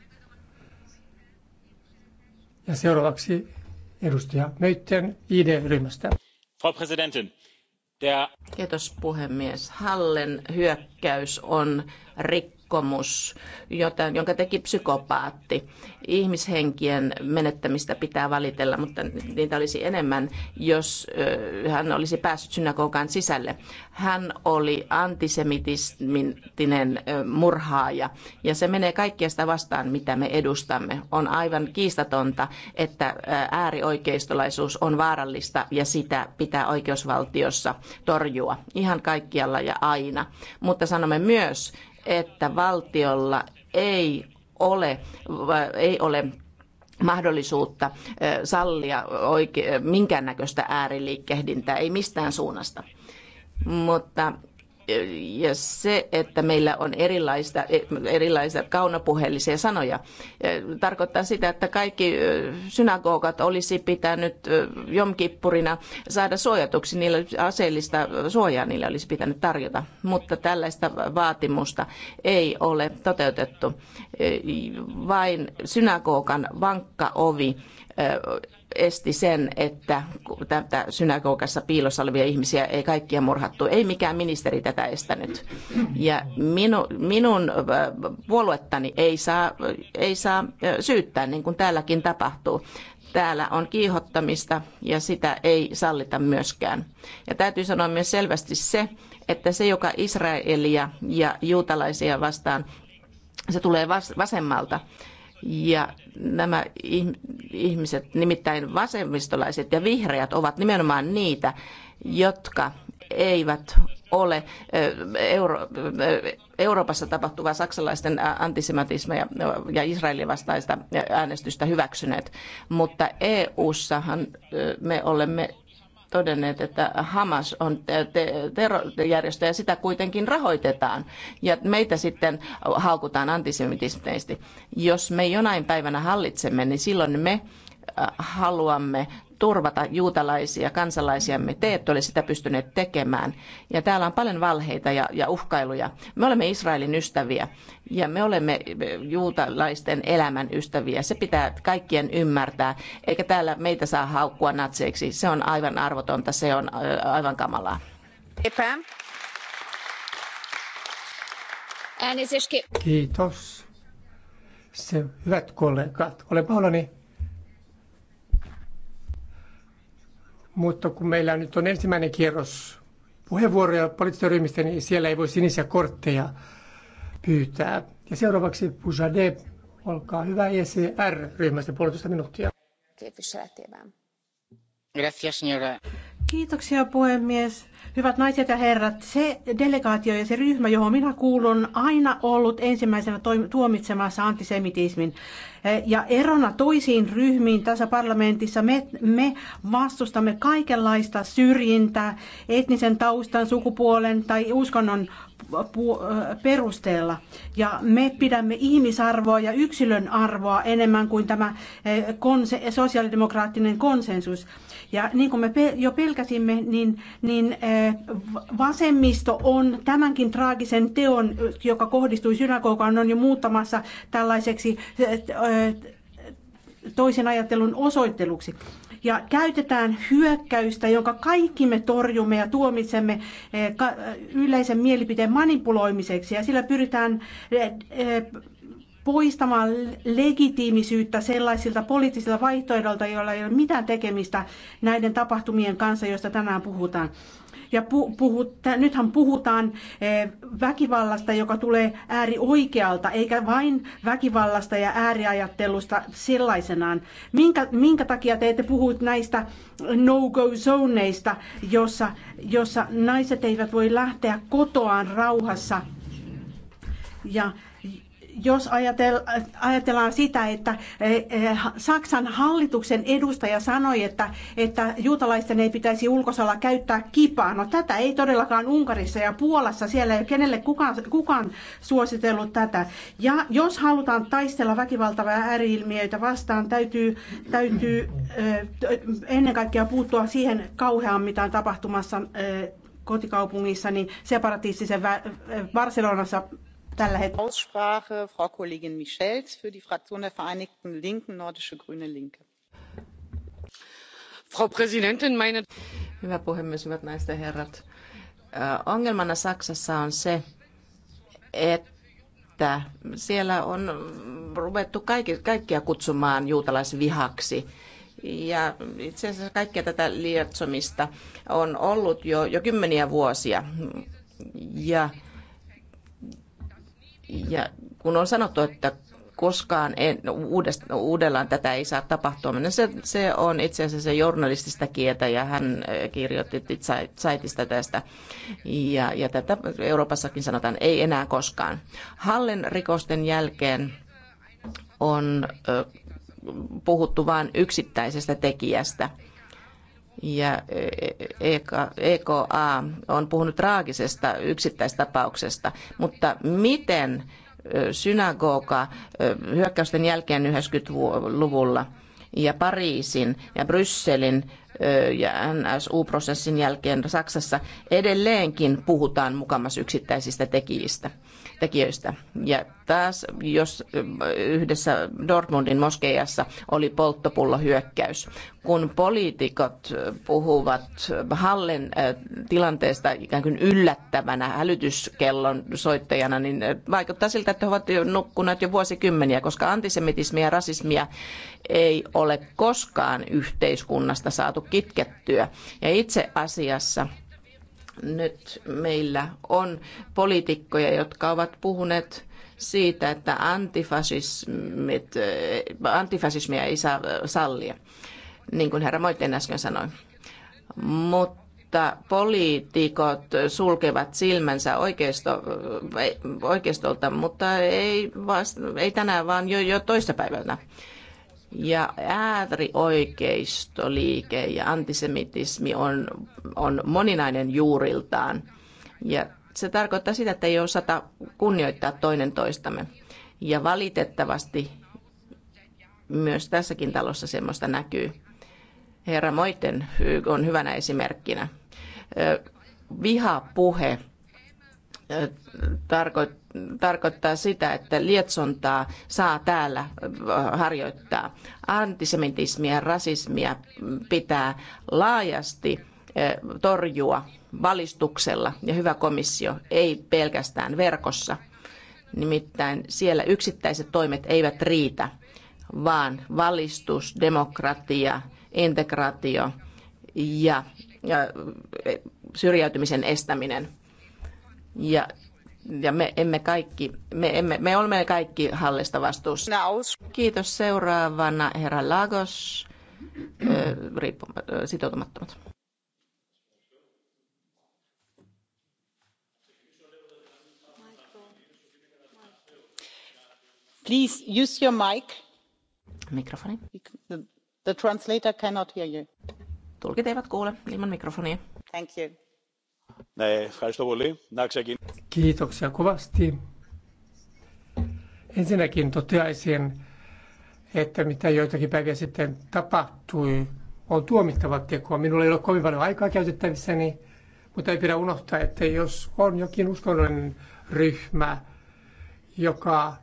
Ja seuraavaksi edustaja Möytten ID-ryhmästä. Frau Präsidentin. Der... Kiitos puhemies. Hallen hyökkäys on rikki uskomus, jota, jonka teki psykopaatti. Ihmishenkien menettämistä pitää valitella, mutta niitä olisi enemmän, jos hän olisi päässyt synagogaan sisälle. Hän oli antisemitistinen murhaaja ja se menee kaikkia sitä vastaan, mitä me edustamme. On aivan kiistatonta, että äärioikeistolaisuus on vaarallista ja sitä pitää oikeusvaltiossa torjua ihan kaikkialla ja aina. Mutta sanomme myös, että valtiolla ei ole, ei ole mahdollisuutta sallia oikein, minkäännäköistä ääriliikehdintää, ei mistään suunnasta. Mutta ja se, että meillä on erilaista, erilaisia kaunopuheellisia sanoja, e, tarkoittaa sitä, että kaikki e, synagogat olisi pitänyt e, jomkippurina saada suojatuksi, niillä aseellista suojaa niillä olisi pitänyt tarjota, mutta tällaista vaatimusta ei ole toteutettu. Vain synagogan vankka ovi esti sen, että tätä synagogassa piilossa olevia ihmisiä ei kaikkia murhattu. Ei mikään ministeri tätä estänyt. Ja minu, minun puoluettani ei saa, ei saa syyttää, niin kuin täälläkin tapahtuu. Täällä on kiihottamista ja sitä ei sallita myöskään. Ja täytyy sanoa myös selvästi se, että se, joka Israelia ja juutalaisia vastaan, se tulee vasemmalta ja nämä ihmiset, nimittäin vasemmistolaiset ja vihreät, ovat nimenomaan niitä, jotka eivät ole Euro- Euroopassa tapahtuvaa saksalaisten antisemitismia ja Israelin vastaista äänestystä hyväksyneet. Mutta EU-ssahan me olemme todenneet, että Hamas on terrorijärjestö ja sitä kuitenkin rahoitetaan. Ja meitä sitten haukutaan antisemitisteisesti. Jos me jonain päivänä hallitsemme, niin silloin me äh, haluamme turvata juutalaisia kansalaisiamme. Te ette ole sitä pystyneet tekemään. Ja täällä on paljon valheita ja, ja uhkailuja. Me olemme Israelin ystäviä ja me olemme juutalaisten elämän ystäviä. Se pitää kaikkien ymmärtää. Eikä täällä meitä saa haukkua natseiksi. Se on aivan arvotonta, se on aivan kamalaa. Kiitos. Se, hyvät kollegat, olen pahoillani Mutta kun meillä nyt on ensimmäinen kierros puheenvuoroja poliittisista ryhmistä, niin siellä ei voi sinisiä kortteja pyytää. Ja seuraavaksi Pujade, olkaa hyvä, ECR-ryhmästä puolitoista minuuttia. Kiitos, Kiitoksia puhemies. Hyvät naiset ja herrat, se delegaatio ja se ryhmä, johon minä kuulun, aina ollut ensimmäisenä tuomitsemassa antisemitismin. Eh, ja erona toisiin ryhmiin tässä parlamentissa me, me vastustamme kaikenlaista syrjintää etnisen taustan, sukupuolen tai uskonnon eh, perusteella. Ja me pidämme ihmisarvoa ja yksilön arvoa enemmän kuin tämä eh, konse, sosiaalidemokraattinen konsensus. Ja niin kuin me jo pelkäsimme, niin, niin Eh, vasemmisto on tämänkin traagisen teon, joka kohdistui synagogaan, on jo muuttamassa tällaiseksi eh, toisen ajattelun osoitteluksi. Ja käytetään hyökkäystä, jonka kaikki me torjumme ja tuomitsemme eh, yleisen mielipiteen manipuloimiseksi. Ja sillä pyritään poistamaan legitiimisyyttä sellaisilta poliittisilta vaihtoehdoilta, joilla ei ole mitään tekemistä näiden tapahtumien kanssa, joista tänään puhutaan. Ja pu, puhut, nythän puhutaan eh, väkivallasta, joka tulee äärioikealta, eikä vain väkivallasta ja ääriajattelusta sellaisenaan. Minkä, minkä takia te ette puhu näistä no-go-zoneista, jossa, jossa naiset eivät voi lähteä kotoaan rauhassa? Ja jos ajatellaan sitä, että e, e, Saksan hallituksen edustaja sanoi, että, että juutalaisten ei pitäisi ulkosalla käyttää kipaa. No tätä ei todellakaan Unkarissa ja Puolassa, siellä ei ole kenelle kukaan, kukaan suositellut tätä. Ja jos halutaan taistella väkivaltavia ääriilmiöitä vastaan, täytyy, täytyy e, ennen kaikkea puuttua siihen kauheaan, mitä on tapahtumassa kotikaupungissa, niin separatistisen Barcelonassa tällä hetkellä. Aussprache, Frau Präsidentin, Hyvä puhemies, hyvät naiset ja herrat. Ongelmana Saksassa on se, että että siellä on ruvettu kaikki, kaikkia kutsumaan juutalaisvihaksi. Ja itse asiassa kaikkea tätä lietsomista on ollut jo, jo kymmeniä vuosia. Ja ja kun on sanottu, että koskaan en, uudest, uudellaan tätä ei saa tapahtua. Niin se, se on itse asiassa se journalistista kieltä ja hän eh, kirjoitti saitista tästä. Ja, ja tätä Euroopassakin sanotaan ei enää koskaan. Hallen rikosten jälkeen on ö, eh, puhuttu vain yksittäisestä tekijästä – ja EKA e, e on puhunut traagisesta yksittäistapauksesta, mutta miten e, synagoga hyökkäysten jälkeen 90-luvulla ja Pariisin ja Brysselin ja NSU-prosessin jälkeen Saksassa edelleenkin puhutaan mukamas yksittäisistä tekijistä tekijöistä. Ja taas, jos yhdessä Dortmundin moskeijassa oli polttopullohyökkäys, kun poliitikot puhuvat Hallen tilanteesta ikään kuin yllättävänä hälytyskellon soittajana, niin vaikuttaa siltä, että he ovat jo nukkuneet jo vuosikymmeniä, koska antisemitismiä ja rasismia ei ole koskaan yhteiskunnasta saatu kitkettyä. Ja itse asiassa nyt meillä on poliitikkoja, jotka ovat puhuneet siitä, että antifasismia ei saa sallia, niin kuin herra Moitteen äsken sanoi. Mutta poliitikot sulkevat silmänsä oikeisto, oikeistolta, mutta ei, vasta, ei tänään, vaan jo, jo toista päivänä ja äärioikeistoliike ja antisemitismi on, on moninainen juuriltaan. Ja se tarkoittaa sitä, että ei osata kunnioittaa toinen toistamme. Ja valitettavasti myös tässäkin talossa semmoista näkyy. Herra Moiten on hyvänä esimerkkinä. Vihapuhe tarkoittaa tarkoittaa sitä, että lietsontaa saa täällä äh, harjoittaa. Antisemitismiä ja rasismia pitää laajasti äh, torjua valistuksella ja hyvä komissio, ei pelkästään verkossa. Nimittäin siellä yksittäiset toimet eivät riitä, vaan valistus, demokratia, integraatio ja äh, syrjäytymisen estäminen. Ja ja me emme kaikki, me, emme, me olemme kaikki hallista vastuussa. Kiitos seuraavana herra Lagos, sitoutumattomat. Please use your mic. Mikrofoni. The translator cannot hear you. Tulkit eivät kuule ilman mikrofonia. Thank you Kiitoksia kovasti. Ensinnäkin toteaisin, että mitä joitakin päiviä sitten tapahtui, on tuomittava teko. Minulla ei ole kovin paljon aikaa käytettävissäni, mutta ei pidä unohtaa, että jos on jokin uskonnollinen ryhmä, joka,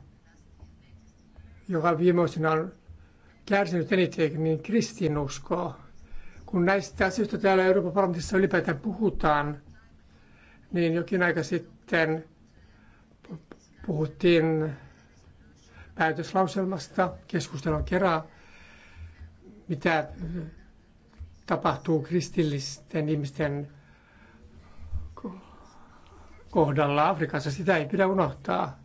joka viime vuosina on kärsinyt eniten, niin kristinuskoa. Kun näistä asioista täällä Euroopan parlamentissa ylipäätään puhutaan, niin jokin aika sitten puhuttiin päätöslauselmasta keskustelun kerran, mitä tapahtuu kristillisten ihmisten kohdalla Afrikassa. Sitä ei pidä unohtaa.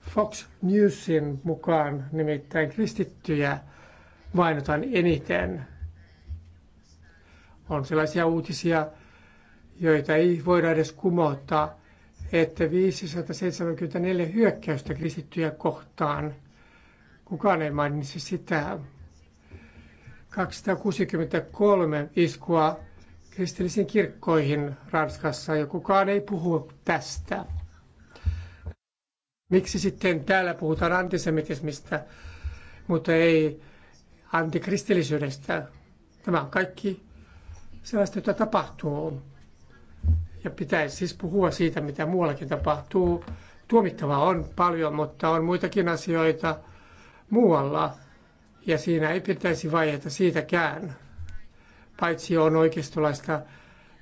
Fox Newsin mukaan nimittäin kristittyjä mainotaan eniten. On sellaisia uutisia, joita ei voida edes kumottaa, että 574 hyökkäystä kristittyjä kohtaan. Kukaan ei mainitsi sitä. 263 iskua kristillisiin kirkkoihin Ranskassa ja kukaan ei puhu tästä. Miksi sitten täällä puhutaan antisemitismistä, mutta ei antikristillisyydestä? Tämä on kaikki sellaista, jota tapahtuu. Ja pitäisi siis puhua siitä, mitä muuallakin tapahtuu. Tuomittavaa on paljon, mutta on muitakin asioita muualla. Ja siinä ei pitäisi vaieta siitäkään. Paitsi on oikeistolaista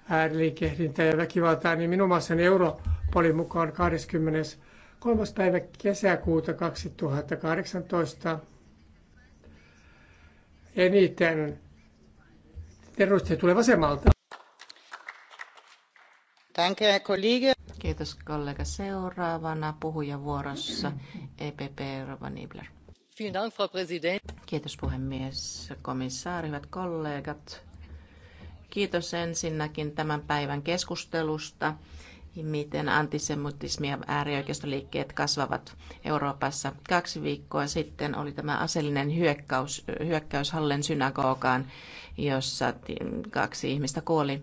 ääriliikehdintää ja väkivaltaa, niin minun maassani Europolin mukaan 23. päivä kesäkuuta 2018 eniten terroristit tulee vasemmalta. Kiitos kollega. Seuraavana puhujavuorossa EPP Rova Nibler. Kiitos puhemies, komissaari, hyvät kollegat. Kiitos ensinnäkin tämän päivän keskustelusta, miten antisemitismi ja äärioikeistoliikkeet kasvavat Euroopassa. Kaksi viikkoa sitten oli tämä aseellinen hyökkäys, hyökkäys Hallen synagogaan, jossa kaksi ihmistä kuoli.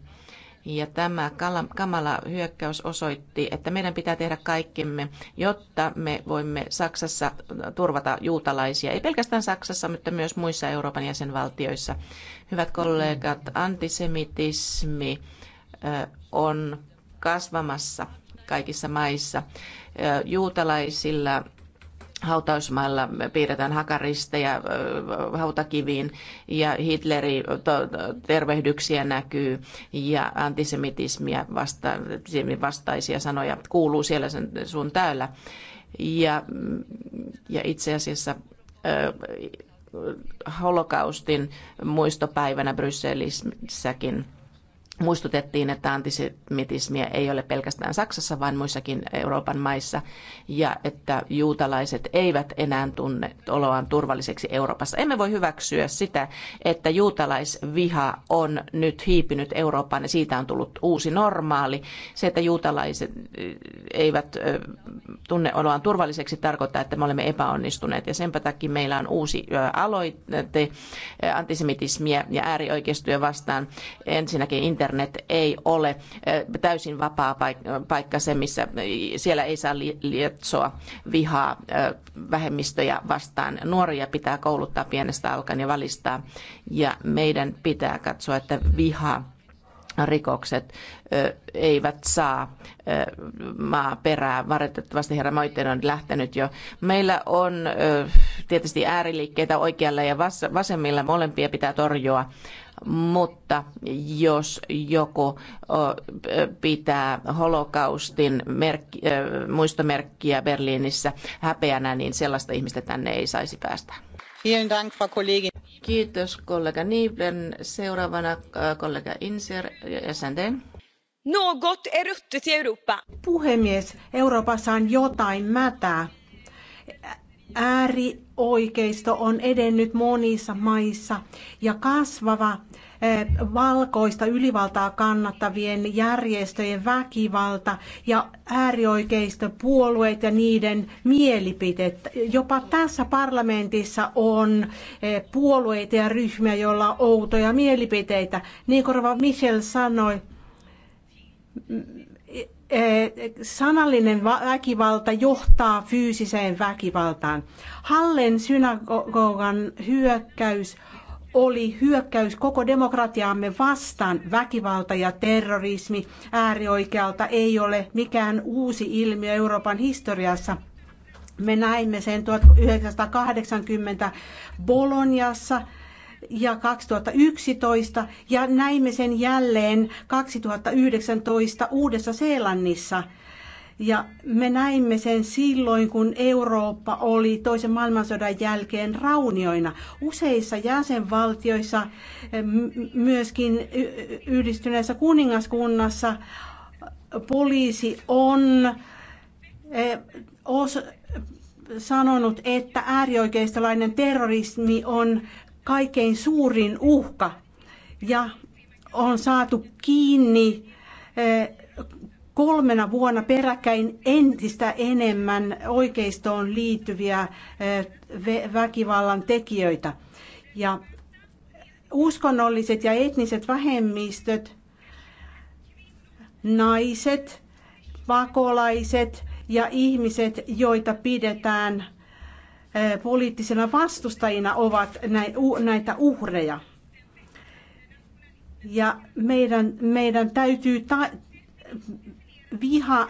Ja tämä kamala hyökkäys osoitti, että meidän pitää tehdä kaikkemme, jotta me voimme Saksassa turvata juutalaisia. Ei pelkästään Saksassa, mutta myös muissa Euroopan jäsenvaltioissa. Hyvät kollegat, antisemitismi on kasvamassa kaikissa maissa. Juutalaisilla hautausmailla piirretään hakaristeja, hautakiviin ja Hitlerin tervehdyksiä näkyy ja antisemitismiä vasta, vastaisia sanoja kuuluu siellä sen, sun täällä. Ja, ja itse asiassa holokaustin muistopäivänä Brysselissäkin muistutettiin, että antisemitismiä ei ole pelkästään Saksassa, vaan muissakin Euroopan maissa, ja että juutalaiset eivät enää tunne oloaan turvalliseksi Euroopassa. Emme voi hyväksyä sitä, että juutalaisviha on nyt hiipinyt Eurooppaan, ja siitä on tullut uusi normaali. Se, että juutalaiset eh, eivät eh, tunne oloaan turvalliseksi, tarkoittaa, että me olemme epäonnistuneet, ja senpä takia meillä on uusi eh, aloite antisemitismiä ja äärioikeistoja vastaan ensinnäkin internet internet ei ole täysin vapaa paikka se, missä siellä ei saa lietsoa vihaa vähemmistöjä vastaan. Nuoria pitää kouluttaa pienestä alkaen ja valistaa ja meidän pitää katsoa, että viha rikokset eivät saa maaperää. Varoitettavasti herra Moitteen on lähtenyt jo. Meillä on tietysti ääriliikkeitä oikealla ja vasemmilla. Molempia pitää torjua, mutta jos joku pitää holokaustin merkki, muistomerkkiä Berliinissä häpeänä, niin sellaista ihmistä tänne ei saisi päästä. Kiitos kollega Niiblen. Seuraavana kollega Inser ja SND. Något är ruttet i Europa. Puhemies, Euroopassa on jotain mätää äärioikeisto on edennyt monissa maissa ja kasvava eh, valkoista ylivaltaa kannattavien järjestöjen väkivalta ja äärioikeistopuolueet ja niiden mielipiteet. Jopa tässä parlamentissa on eh, puolueita ja ryhmiä, joilla on outoja mielipiteitä. Niin kuin Michel sanoi, Eh, sanallinen väkivalta johtaa fyysiseen väkivaltaan. Hallen synagogan hyökkäys oli hyökkäys koko demokratiaamme vastaan. Väkivalta ja terrorismi äärioikealta ei ole mikään uusi ilmiö Euroopan historiassa. Me näimme sen 1980 Boloniassa ja 2011 ja näimme sen jälleen 2019 Uudessa Seelannissa. Ja me näimme sen silloin, kun Eurooppa oli toisen maailmansodan jälkeen raunioina. Useissa jäsenvaltioissa, myöskin yhdistyneessä kuningaskunnassa, poliisi on e, sanonut, että äärioikeistolainen terrorismi on kaikkein suurin uhka ja on saatu kiinni eh, kolmena vuonna peräkkäin entistä enemmän oikeistoon liittyviä eh, väkivallan tekijöitä. Ja uskonnolliset ja etniset vähemmistöt, naiset, pakolaiset ja ihmiset, joita pidetään poliittisina vastustajina ovat näitä uhreja. Ja meidän, meidän täytyy ta- viha,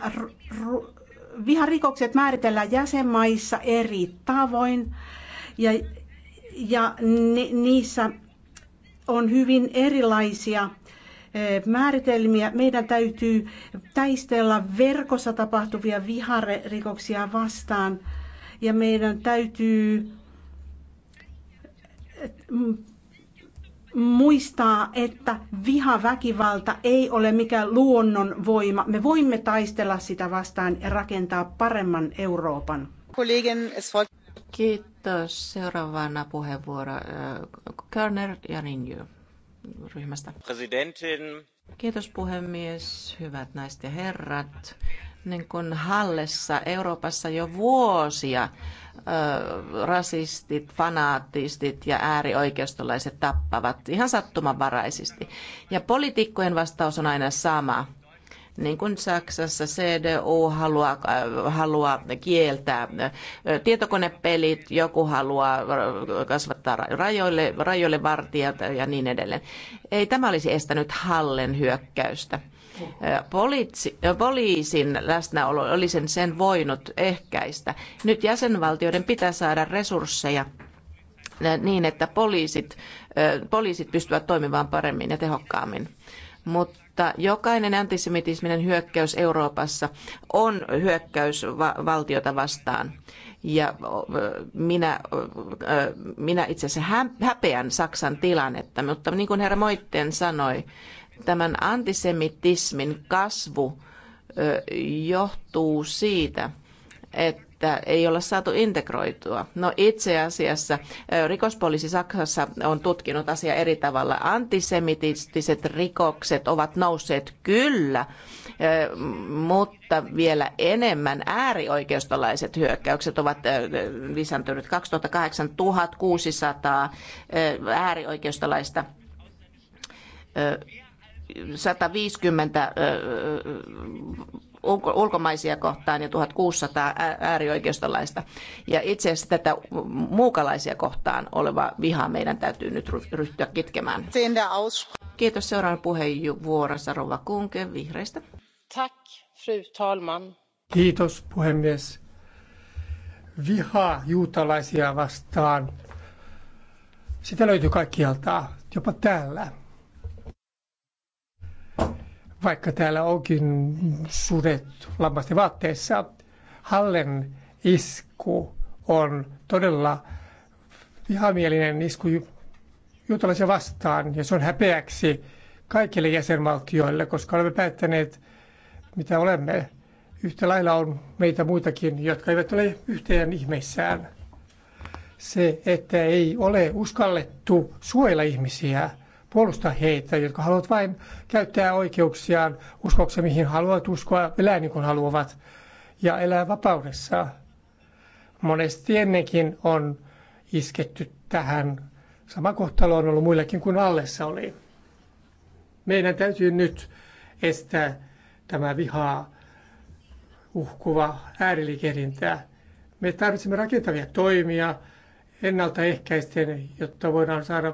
ru, viharikokset määritellä jäsenmaissa eri tavoin ja, ja ni, niissä on hyvin erilaisia määritelmiä. Meidän täytyy taistella verkossa tapahtuvia viharikoksia vastaan – ja meidän täytyy mm, muistaa, että viha, väkivalta ei ole mikään voima. Me voimme taistella sitä vastaan ja rakentaa paremman Euroopan. Kiitos. Seuraavana puheenvuoro äh, Körner ja Rinju ryhmästä. Presidentin. Kiitos puhemies, hyvät naiset ja herrat niin kuin Hallessa Euroopassa jo vuosia rasistit, fanaattistit ja äärioikeistolaiset tappavat ihan sattumanvaraisesti. Ja poliitikkojen vastaus on aina sama. Niin kuin Saksassa CDU haluaa, haluaa kieltää tietokonepelit, joku haluaa kasvattaa rajoille, rajoille vartijat ja niin edelleen. Ei tämä olisi estänyt Hallen hyökkäystä. Poliitsi, poliisin läsnäolo oli sen, sen voinut ehkäistä. Nyt jäsenvaltioiden pitää saada resursseja niin, että poliisit, poliisit pystyvät toimimaan paremmin ja tehokkaammin. Mutta jokainen antisemitisminen hyökkäys Euroopassa on hyökkäys valtiota vastaan. Ja minä, minä itse asiassa häpeän Saksan tilannetta, mutta niin kuin herra Moitten sanoi, Tämän antisemitismin kasvu johtuu siitä, että ei olla saatu integroitua. No itse asiassa rikospoliisi Saksassa on tutkinut asiaa eri tavalla. Antisemitistiset rikokset ovat nousseet kyllä, mutta vielä enemmän äärioikeistolaiset hyökkäykset ovat lisääntyneet. 2008 1600 äärioikeistolaista 150 ulkomaisia kohtaan ja 1600 äärioikeistolaista. Ja itse asiassa tätä muukalaisia kohtaan oleva viha meidän täytyy nyt ryhtyä kitkemään. Kiitos seuraavan puheenvuorossa Rova Kunke vihreistä. Tack, fru talman. Kiitos puhemies. Viha juutalaisia vastaan. Sitä löytyy kaikkialta, jopa täällä. Vaikka täällä onkin sudet lammasten vaatteissa, Hallen isku on todella vihamielinen isku juutalaisia vastaan ja se on häpeäksi kaikille jäsenvaltioille, koska olemme päättäneet, mitä olemme. Yhtä lailla on meitä muitakin, jotka eivät ole yhteen ihmeissään. Se, että ei ole uskallettu suojella ihmisiä, puolustaa heitä, jotka haluavat vain käyttää oikeuksiaan, uskoakseen mihin haluavat uskoa, elää niin kuin haluavat ja elää vapaudessa. Monesti ennenkin on isketty tähän. Sama kohtalo on ollut muillakin kuin allessa oli. Meidän täytyy nyt estää tämä vihaa uhkuva ääriliikehdintää. Me tarvitsemme rakentavia toimia ennaltaehkäisten, jotta voidaan saada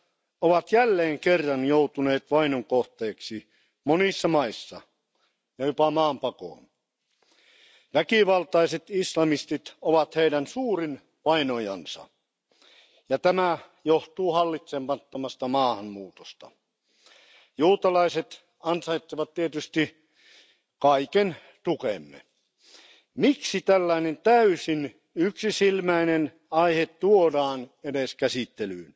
ovat jälleen kerran joutuneet vainon kohteeksi monissa maissa ja jopa maanpakoon. väkivaltaiset islamistit ovat heidän suurin vainojansa ja tämä johtuu hallitsemattomasta maahanmuutosta. juutalaiset ansaitsevat tietysti kaiken tukemme. miksi tällainen täysin yksisilmäinen aihe tuodaan edes käsittelyyn?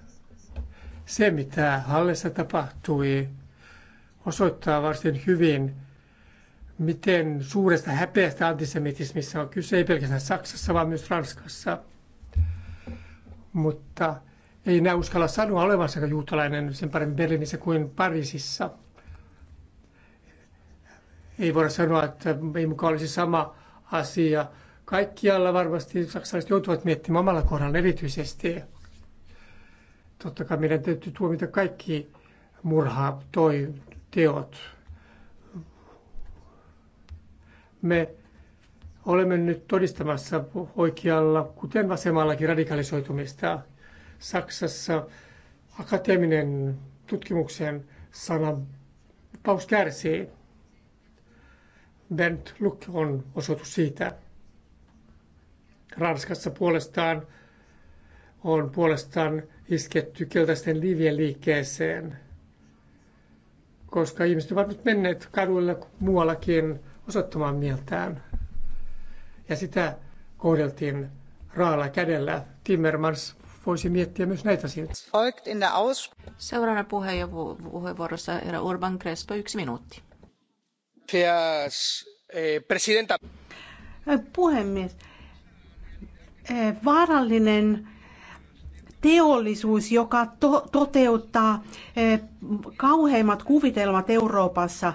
Se, mitä Hallessa tapahtui, osoittaa varsin hyvin, miten suuresta häpeästä antisemitismissa on kyse, ei pelkästään Saksassa, vaan myös Ranskassa. Mutta ei enää uskalla sanoa olevansa juutalainen sen paremmin Berliinissä kuin Pariisissa. Ei voida sanoa, että ei mukaan olisi sama asia. Kaikkialla varmasti saksalaiset joutuvat miettimään omalla kohdalla erityisesti. Totta kai meidän täytyy tuomita kaikki murha toi teot. Me olemme nyt todistamassa oikealla, kuten vasemmallakin, radikalisoitumista. Saksassa akateeminen tutkimuksen sana paus kärsii. Bent Luck on osoitus siitä. Ranskassa puolestaan on puolestaan isketty keltaisten liivien liikkeeseen, koska ihmiset ovat nyt menneet kaduille muuallakin osoittamaan mieltään. Ja sitä kohdeltiin raalla kädellä. Timmermans voisi miettiä myös näitä siltä. Seuraavana puheenvuorossa herra Urban Crespo, yksi minuutti. Eh, Puhemies, eh, vaarallinen teollisuus, joka to- toteuttaa eh, kauheimmat kuvitelmat Euroopassa.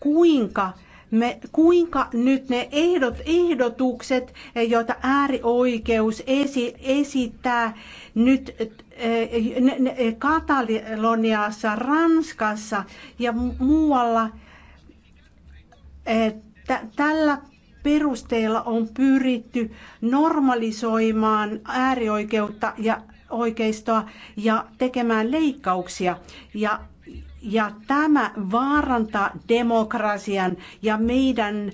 Kuinka me, kuinka nyt ne ehdot, ehdotukset, eh, joita äärioikeus esi, esittää nyt eh, ne, ne, Kataloniassa, Ranskassa ja muualla, tällä perusteella on pyritty normalisoimaan äärioikeutta ja oikeistoa ja tekemään leikkauksia. Ja ja tämä vaarantaa demokratian ja meidän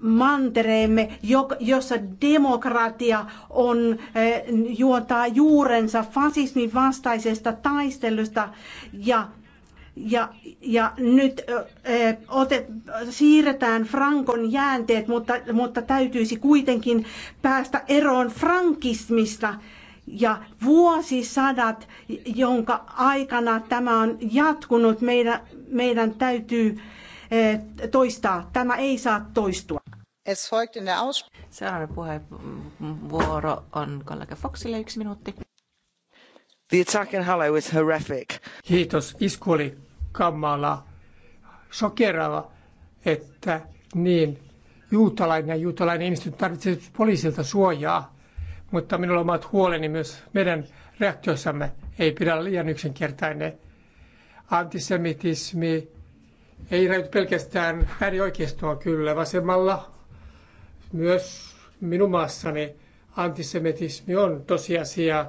mantereemme, jossa demokratia on, eh, juontaa juurensa fasismin vastaisesta taistelusta ja ja, ja nyt äh, eh, eh, otet, siirretään Frankon jäänteet, mutta, mutta täytyisi kuitenkin päästä eroon frankismista ja vuosisadat, jonka aikana tämä on jatkunut, meidän, meidän täytyy eh, toistaa. Tämä ei saa toistua. Es folgt in der Aus- Seuraava puheenvuoro on kollega Foxille yksi minuutti. The attack in Halle is horrific. Kiitos. Isku oli kamala, sokerava, että niin juutalainen ja juutalainen ihmiset tarvitsevat poliisilta suojaa mutta minulla on omat huoleni myös meidän reaktioissamme. Ei pidä liian yksinkertainen. Antisemitismi ei rajoitu pelkästään äärioikeistoa kyllä vasemmalla. Myös minun maassani antisemitismi on tosiasia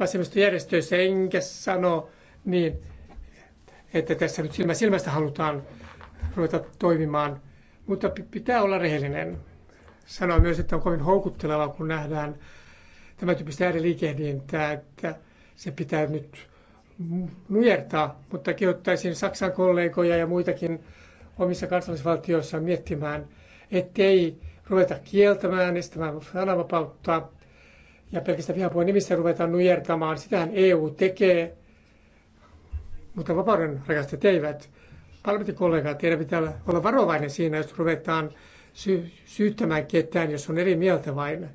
vasemmistojärjestöissä, enkä sano niin, että tässä nyt silmä silmästä halutaan ruveta toimimaan. Mutta pitää olla rehellinen. Sanoin myös, että on kovin houkuttelevaa, kun nähdään tämä tyyppistä ääriliikehdintää, niin että se pitää nyt nujertaa, mutta kehottaisin Saksan kollegoja ja muitakin omissa kansallisvaltioissaan miettimään, ettei ruveta kieltämään, estämään sananvapautta ja pelkästään vihapuheen nimissä ruveta nujertamaan. Sitähän EU tekee, mutta vapauden rakastajat eivät. Parlamentikollegat, teidän pitää olla varovainen siinä, jos ruvetaan sy- syyttämään ketään, jos on eri mieltä vain.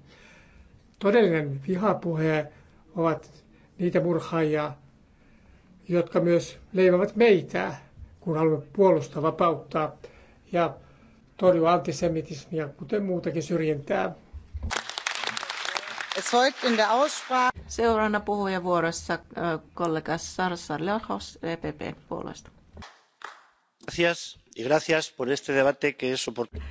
Todellinen vihapuhe ovat niitä murhaajia, jotka myös leivävät meitä, kun haluamme puolustaa vapauttaa ja torjua antisemitismia, kuten muutakin syrjintää. Seuraavana puhujavuorossa äh, kollega Sarsar Lerhos, EPP puolesta. Gracias y gracias por este debate que es oportuno.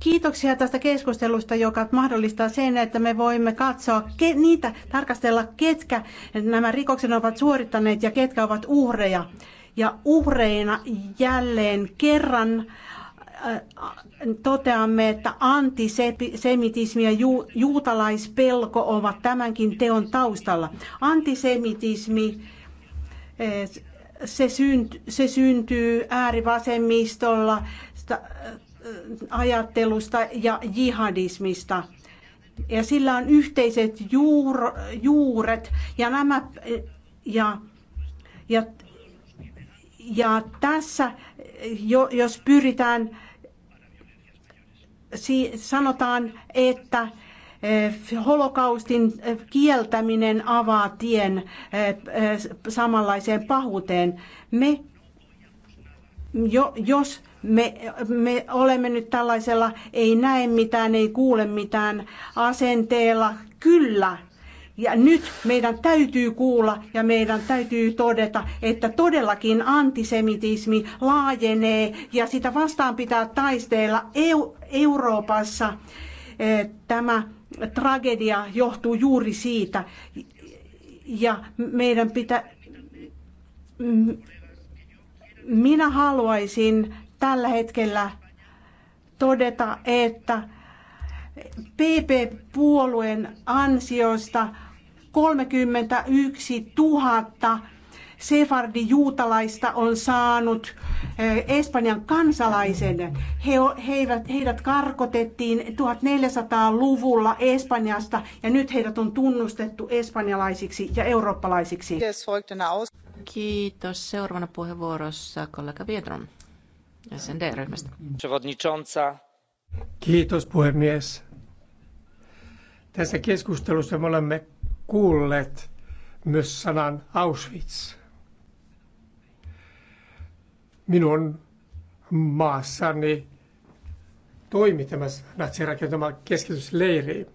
Kiitoksia tästä keskustelusta, joka mahdollistaa sen, että me voimme katsoa niitä, tarkastella ketkä nämä rikoksen ovat suorittaneet ja ketkä ovat uhreja. Ja uhreina jälleen kerran äh, toteamme, että antisemitismi ja ju- juutalaispelko ovat tämänkin teon taustalla. Antisemitismi äh, se, synt, se syntyy äärivasemmistolla, ajattelusta ja jihadismista. Ja sillä on yhteiset juur, juuret ja nämä ja, ja, ja tässä, jo, jos pyritään, si, sanotaan, että eh, holokaustin kieltäminen avaa tien eh, eh, samanlaiseen pahuuteen. Me, jo, jos me, me olemme nyt tällaisella ei näe mitään, ei kuule mitään asenteella. Kyllä, ja nyt meidän täytyy kuulla ja meidän täytyy todeta, että todellakin antisemitismi laajenee ja sitä vastaan pitää taisteella Euroopassa. Eh, tämä tragedia johtuu juuri siitä ja meidän pitää... Minä haluaisin tällä hetkellä todeta, että PP-puolueen ansiosta 31 000 sefardi-juutalaista on saanut eh, Espanjan kansalaisen. He, heivät, heidät karkotettiin 1400-luvulla Espanjasta ja nyt heidät on tunnustettu espanjalaisiksi ja eurooppalaisiksi. Kiitos. Seuraavana puheenvuorossa kollega Viedron arvoisa Kiitos puhemies. Tässä keskustelussa me olemme kuulleet myös sanan Auschwitz. Minun maassani toimi tämä natsirakentama keskitysleiri.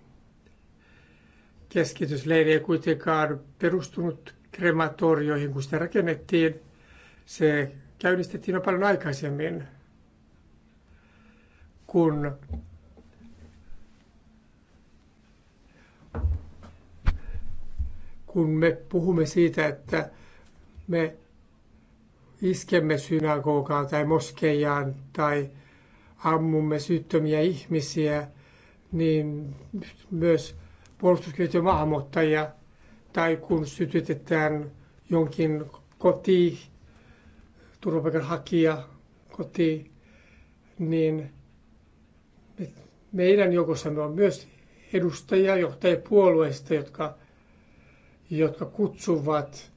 Keskitysleiri ei kuitenkaan perustunut krematorioihin, kun sitä rakennettiin. Se käynnistettiin jo paljon aikaisemmin, kun kun me puhumme siitä, että me iskemme synagogaan tai moskejaan tai ammumme syyttömiä ihmisiä, niin myös puolustuskyvytön maahanmuuttajia tai kun sytytetään jonkin kotiin turvapaikanhakija kotiin, niin meidän joukossamme on myös edustajia, johtajia puolueista, jotka, jotka kutsuvat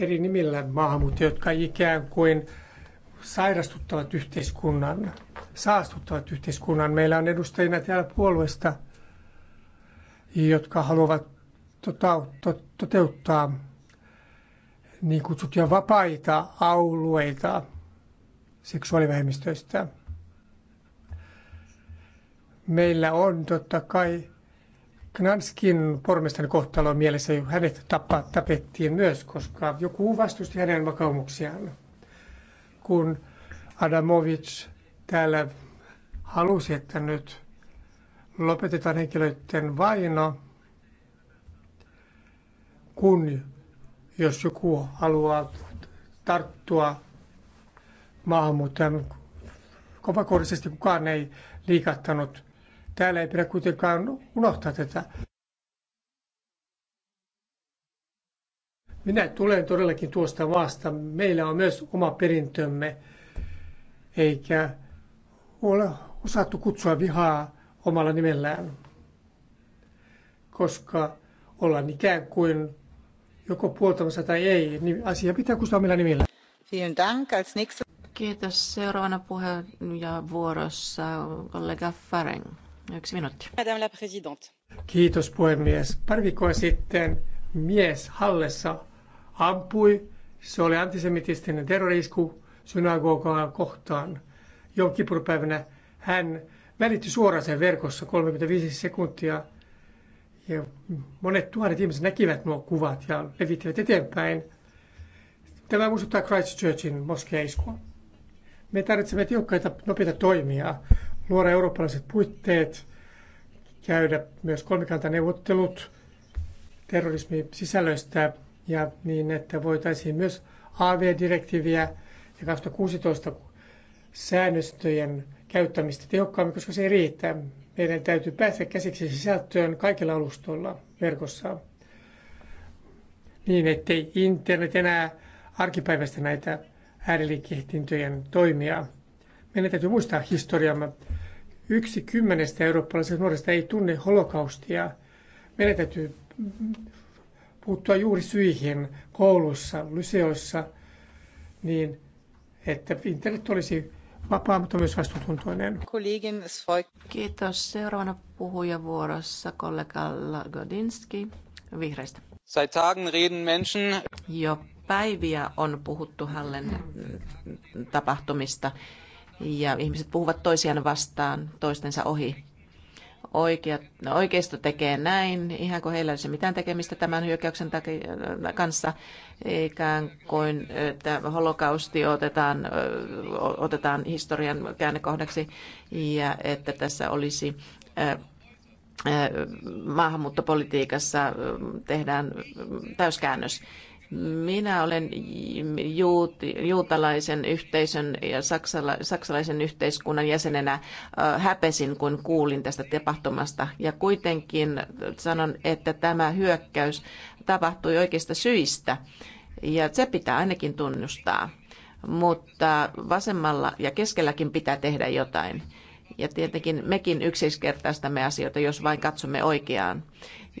eri nimillä maahanmuuttajia, jotka ikään kuin sairastuttavat yhteiskunnan, saastuttavat yhteiskunnan. Meillä on edustajina täällä puolueista, jotka haluavat tota, toteuttaa niin kutsuttuja vapaita alueita seksuaalivähemmistöistä. Meillä on totta kai Knanskin pormestarin kohtalo mielessä, hänet tapa, tapettiin myös, koska joku vastusti hänen vakaumuksiaan. Kun Adamovic täällä halusi, että nyt lopetetaan henkilöiden vaino, kun jos joku haluaa tarttua maahanmuuttajan kovakorisesti, kukaan ei liikattanut Täällä ei pidä kuitenkaan unohtaa tätä. Minä tulen todellakin tuosta maasta. Meillä on myös oma perintömme, eikä ole osattu kutsua vihaa omalla nimellään, koska ollaan ikään kuin joko puoltavansa tai ei, niin asia pitää kutsua millä nimillä. Kiitos. Seuraavana puheenja vuorossa kollega Fareng. Yksi minuutti. Madame la présidente. Kiitos puhemies. Pari viikkoa sitten mies Hallessa ampui. Se oli antisemitistinen terrorisku synagogaa kohtaan. Jonkipurpäivänä hän välitti suoraan sen verkossa 35 sekuntia ja monet tuhannet ihmiset näkivät nuo kuvat ja levittivät eteenpäin. Tämä muistuttaa Christchurchin moskeiskua. Me tarvitsemme tiukkaita, nopeita toimia, luoda eurooppalaiset puitteet, käydä myös kolmikantaneuvottelut terrorismin sisällöistä ja niin, että voitaisiin myös AV-direktiiviä ja 2016 säännöstöjen käyttämistä tehokkaammin, koska se ei riitä. Meidän täytyy päästä käsiksi sisältöön kaikilla alustoilla verkossa niin, ettei internet enää arkipäivästä näitä ääriliikehtintöjen toimia. Meidän täytyy muistaa historiamme. Yksi kymmenestä eurooppalaisesta nuoresta ei tunne holokaustia. Meidän täytyy puuttua juuri syihin koulussa, lyseoissa, niin että internet olisi vapaa, mutta myös vastuuntuntoinen. Kiitos. Seuraavana puhujavuorossa kollega Lagodinski vihreistä. Seit Tagen reden Menschen. Jo päiviä on puhuttu Hallen tapahtumista ja ihmiset puhuvat toisiaan vastaan toistensa ohi oikeat, no, oikeisto tekee näin, ihan kuin heillä olisi mitään tekemistä tämän hyökkäyksen äh, kanssa, ikään kuin että holokausti otetaan, otetaan historian käännekohdaksi ja että tässä olisi maahanmuuttopolitiikassa tehdään täyskäännös. Minä olen juutalaisen yhteisön ja saksala, saksalaisen yhteiskunnan jäsenenä häpesin, kun kuulin tästä tapahtumasta. Ja kuitenkin sanon, että tämä hyökkäys tapahtui oikeista syistä. Ja se pitää ainakin tunnustaa. Mutta vasemmalla ja keskelläkin pitää tehdä jotain. Ja tietenkin mekin yksinkertaistamme asioita, jos vain katsomme oikeaan.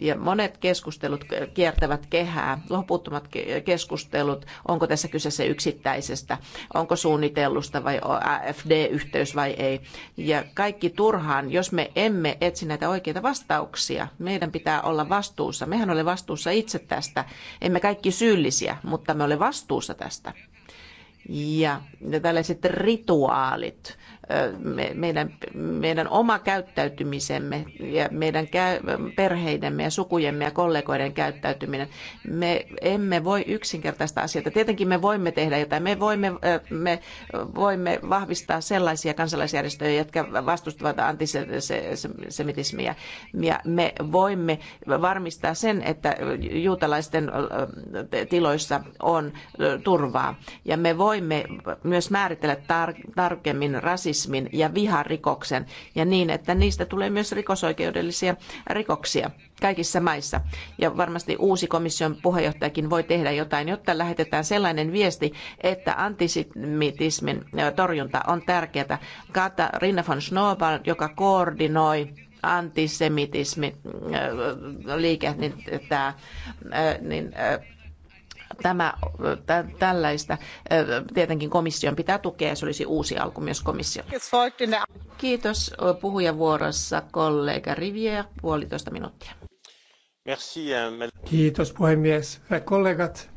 Ja monet keskustelut kiertävät kehää, loputtomat keskustelut, onko tässä kyseessä yksittäisestä, onko suunnitellusta vai AFD-yhteys vai ei. Ja kaikki turhaan, jos me emme etsi näitä oikeita vastauksia, meidän pitää olla vastuussa. Mehän olemme vastuussa itse tästä, emme kaikki syyllisiä, mutta me olemme vastuussa tästä. Ja tällaiset rituaalit, meidän, meidän oma käyttäytymisemme ja meidän perheidemme ja sukujemme ja kollegoiden käyttäytyminen. Me emme voi yksinkertaista asioita. Tietenkin me voimme tehdä jotain. Me voimme, me voimme vahvistaa sellaisia kansalaisjärjestöjä, jotka vastustavat antisemitismiä. Ja me voimme varmistaa sen, että juutalaisten tiloissa on turvaa. Ja me voimme myös määritellä tar- tarkemmin rasismia rasismin ja viharikoksen ja niin, että niistä tulee myös rikosoikeudellisia rikoksia kaikissa maissa. Ja varmasti uusi komission puheenjohtajakin voi tehdä jotain, jotta lähetetään sellainen viesti, että antisemitismin torjunta on tärkeää. Kata Rinna von Schnoobal, joka koordinoi antisemitismi äh, liike, niin, tämä, äh, niin äh, tämä, tä, tällaista tietenkin komission pitää tukea. Se olisi uusi alku myös komissiolle. Kiitos puhujavuorossa kollega Rivier, puolitoista minuuttia. Euh, Kiitos puhemies. Hyvät kollegat,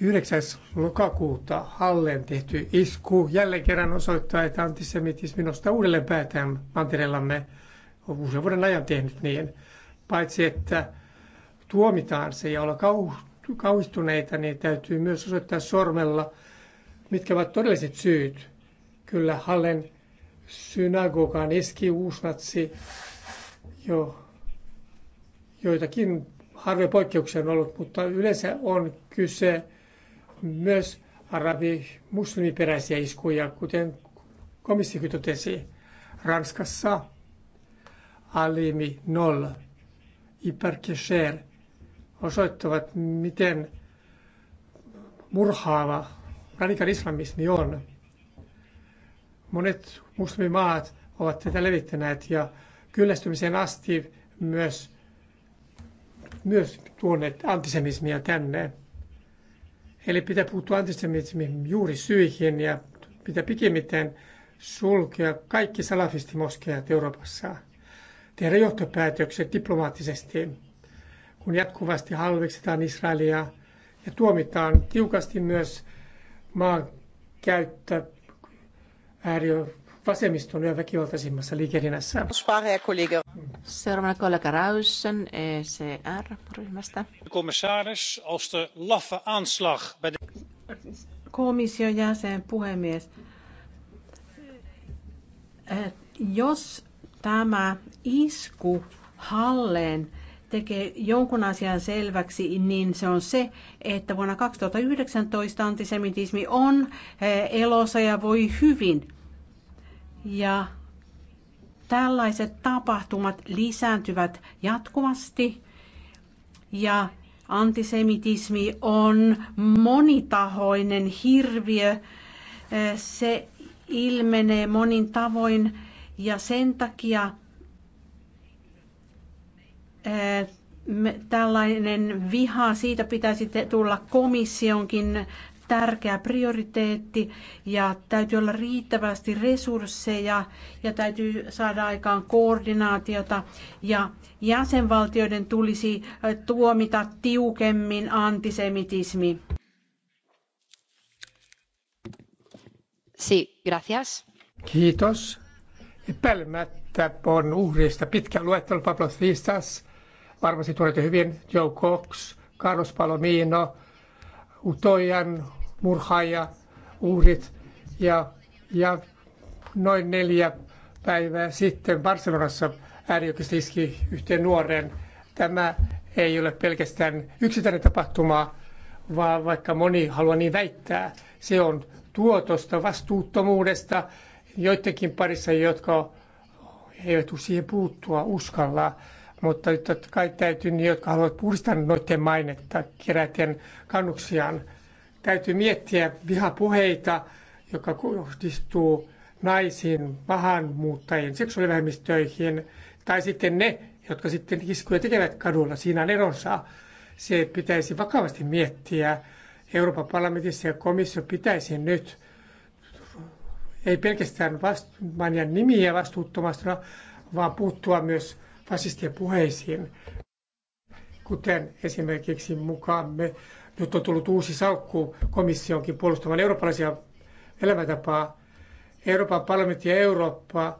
9. lokakuuta Halleen tehty isku jälleen kerran osoittaa, että antisemitismi nostaa uudelleen päätään mantereellamme. usean vuoden ajan tehnyt niin. Paitsi, että tuomitaan se ja olla kauhistuneita, niin täytyy myös osoittaa sormella, mitkä ovat todelliset syyt. Kyllä Hallen synagogaan iski uusnatsi jo joitakin harvoja poikkeuksia on ollut, mutta yleensä on kyse myös arabi muslimiperäisiä iskuja, kuten komissiokin totesi Ranskassa, Alimi 0 Iperkesher osoittavat, miten murhaava radikaali islamismi on. Monet muslimimaat ovat tätä levittäneet ja kyllästymiseen asti myös, myös tuoneet antisemismia tänne. Eli pitää puuttua antisemitismin juuri syihin ja pitää pikimmiten sulkea kaikki salafistimoskeat Euroopassa. Tehdä johtopäätökset diplomaattisesti kun jatkuvasti halveksitaan Israelia ja tuomitaan tiukasti myös maan käyttö ääriö vasemmiston ja väkivaltaisimmassa liikehdinnässä. Seuraavana kollega Raussen ECR-ryhmästä. Commissaris, als de laffe aanslag Komission jäsen puhemies. Eh, jos tämä isku Halleen tekee jonkun asian selväksi, niin se on se, että vuonna 2019 antisemitismi on eh, elossa ja voi hyvin. Ja tällaiset tapahtumat lisääntyvät jatkuvasti ja antisemitismi on monitahoinen hirviö. Eh, se ilmenee monin tavoin ja sen takia tällainen viha, siitä pitäisi tulla komissionkin tärkeä prioriteetti ja täytyy olla riittävästi resursseja ja täytyy saada aikaan koordinaatiota ja jäsenvaltioiden tulisi tuomita tiukemmin antisemitismi. Sí, gracias. Kiitos. Pelmättä on uhrista pitkä luettelo Pablo Fistas varmasti tunnette hyvin Joe Cox, Carlos Palomino, Utojan Murhaja, uhrit ja, ja noin neljä päivää sitten Barcelonassa äärioikeus iski yhteen nuoren. Tämä ei ole pelkästään yksittäinen tapahtuma, vaan vaikka moni haluaa niin väittää, se on tuotosta, vastuuttomuudesta joidenkin parissa, jotka eivät siihen puuttua uskalla mutta totta kai täytyy ne, jotka haluavat puristaa noiden mainetta kerätien kannuksiaan, täytyy miettiä vihapuheita, joka kohdistuu naisiin, maahanmuuttajien, seksuaalivähemmistöihin, tai sitten ne, jotka sitten iskuja tekevät kadulla. Siinä on eronsa. Se pitäisi vakavasti miettiä. Euroopan parlamentissa ja komissio pitäisi nyt ei pelkästään vastu- nimiä vastuuttomasti, vaan puuttua myös fasistien puheisiin, kuten esimerkiksi mukaamme nyt on tullut uusi salkku komissionkin puolustamaan eurooppalaisia elämäntapaa. Euroopan parlamentti ja Eurooppa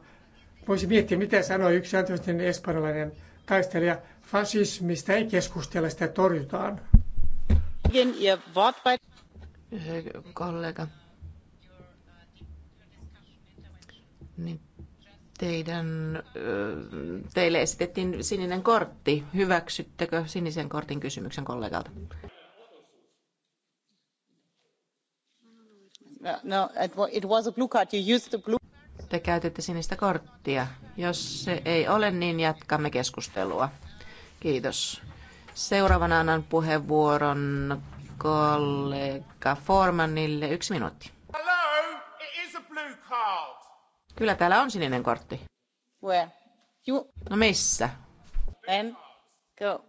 voisi miettiä, mitä sanoi yksi antamisten espanjalainen taistelija. Fasismista ei keskustella, sitä torjutaan. Kollega. Niin Teidän, teille esitettiin sininen kortti. Hyväksyttekö sinisen kortin kysymyksen kollegalta? No, no it was a blue card. You used the blue... Te käytätte sinistä korttia. Jos se ei ole, niin jatkamme keskustelua. Kiitos. Seuraavana annan puheenvuoron kollega Formanille. Yksi minuutti. Hello, it is a blue card. Kyllä täällä on sininen kortti. Where? You... No missä? And go.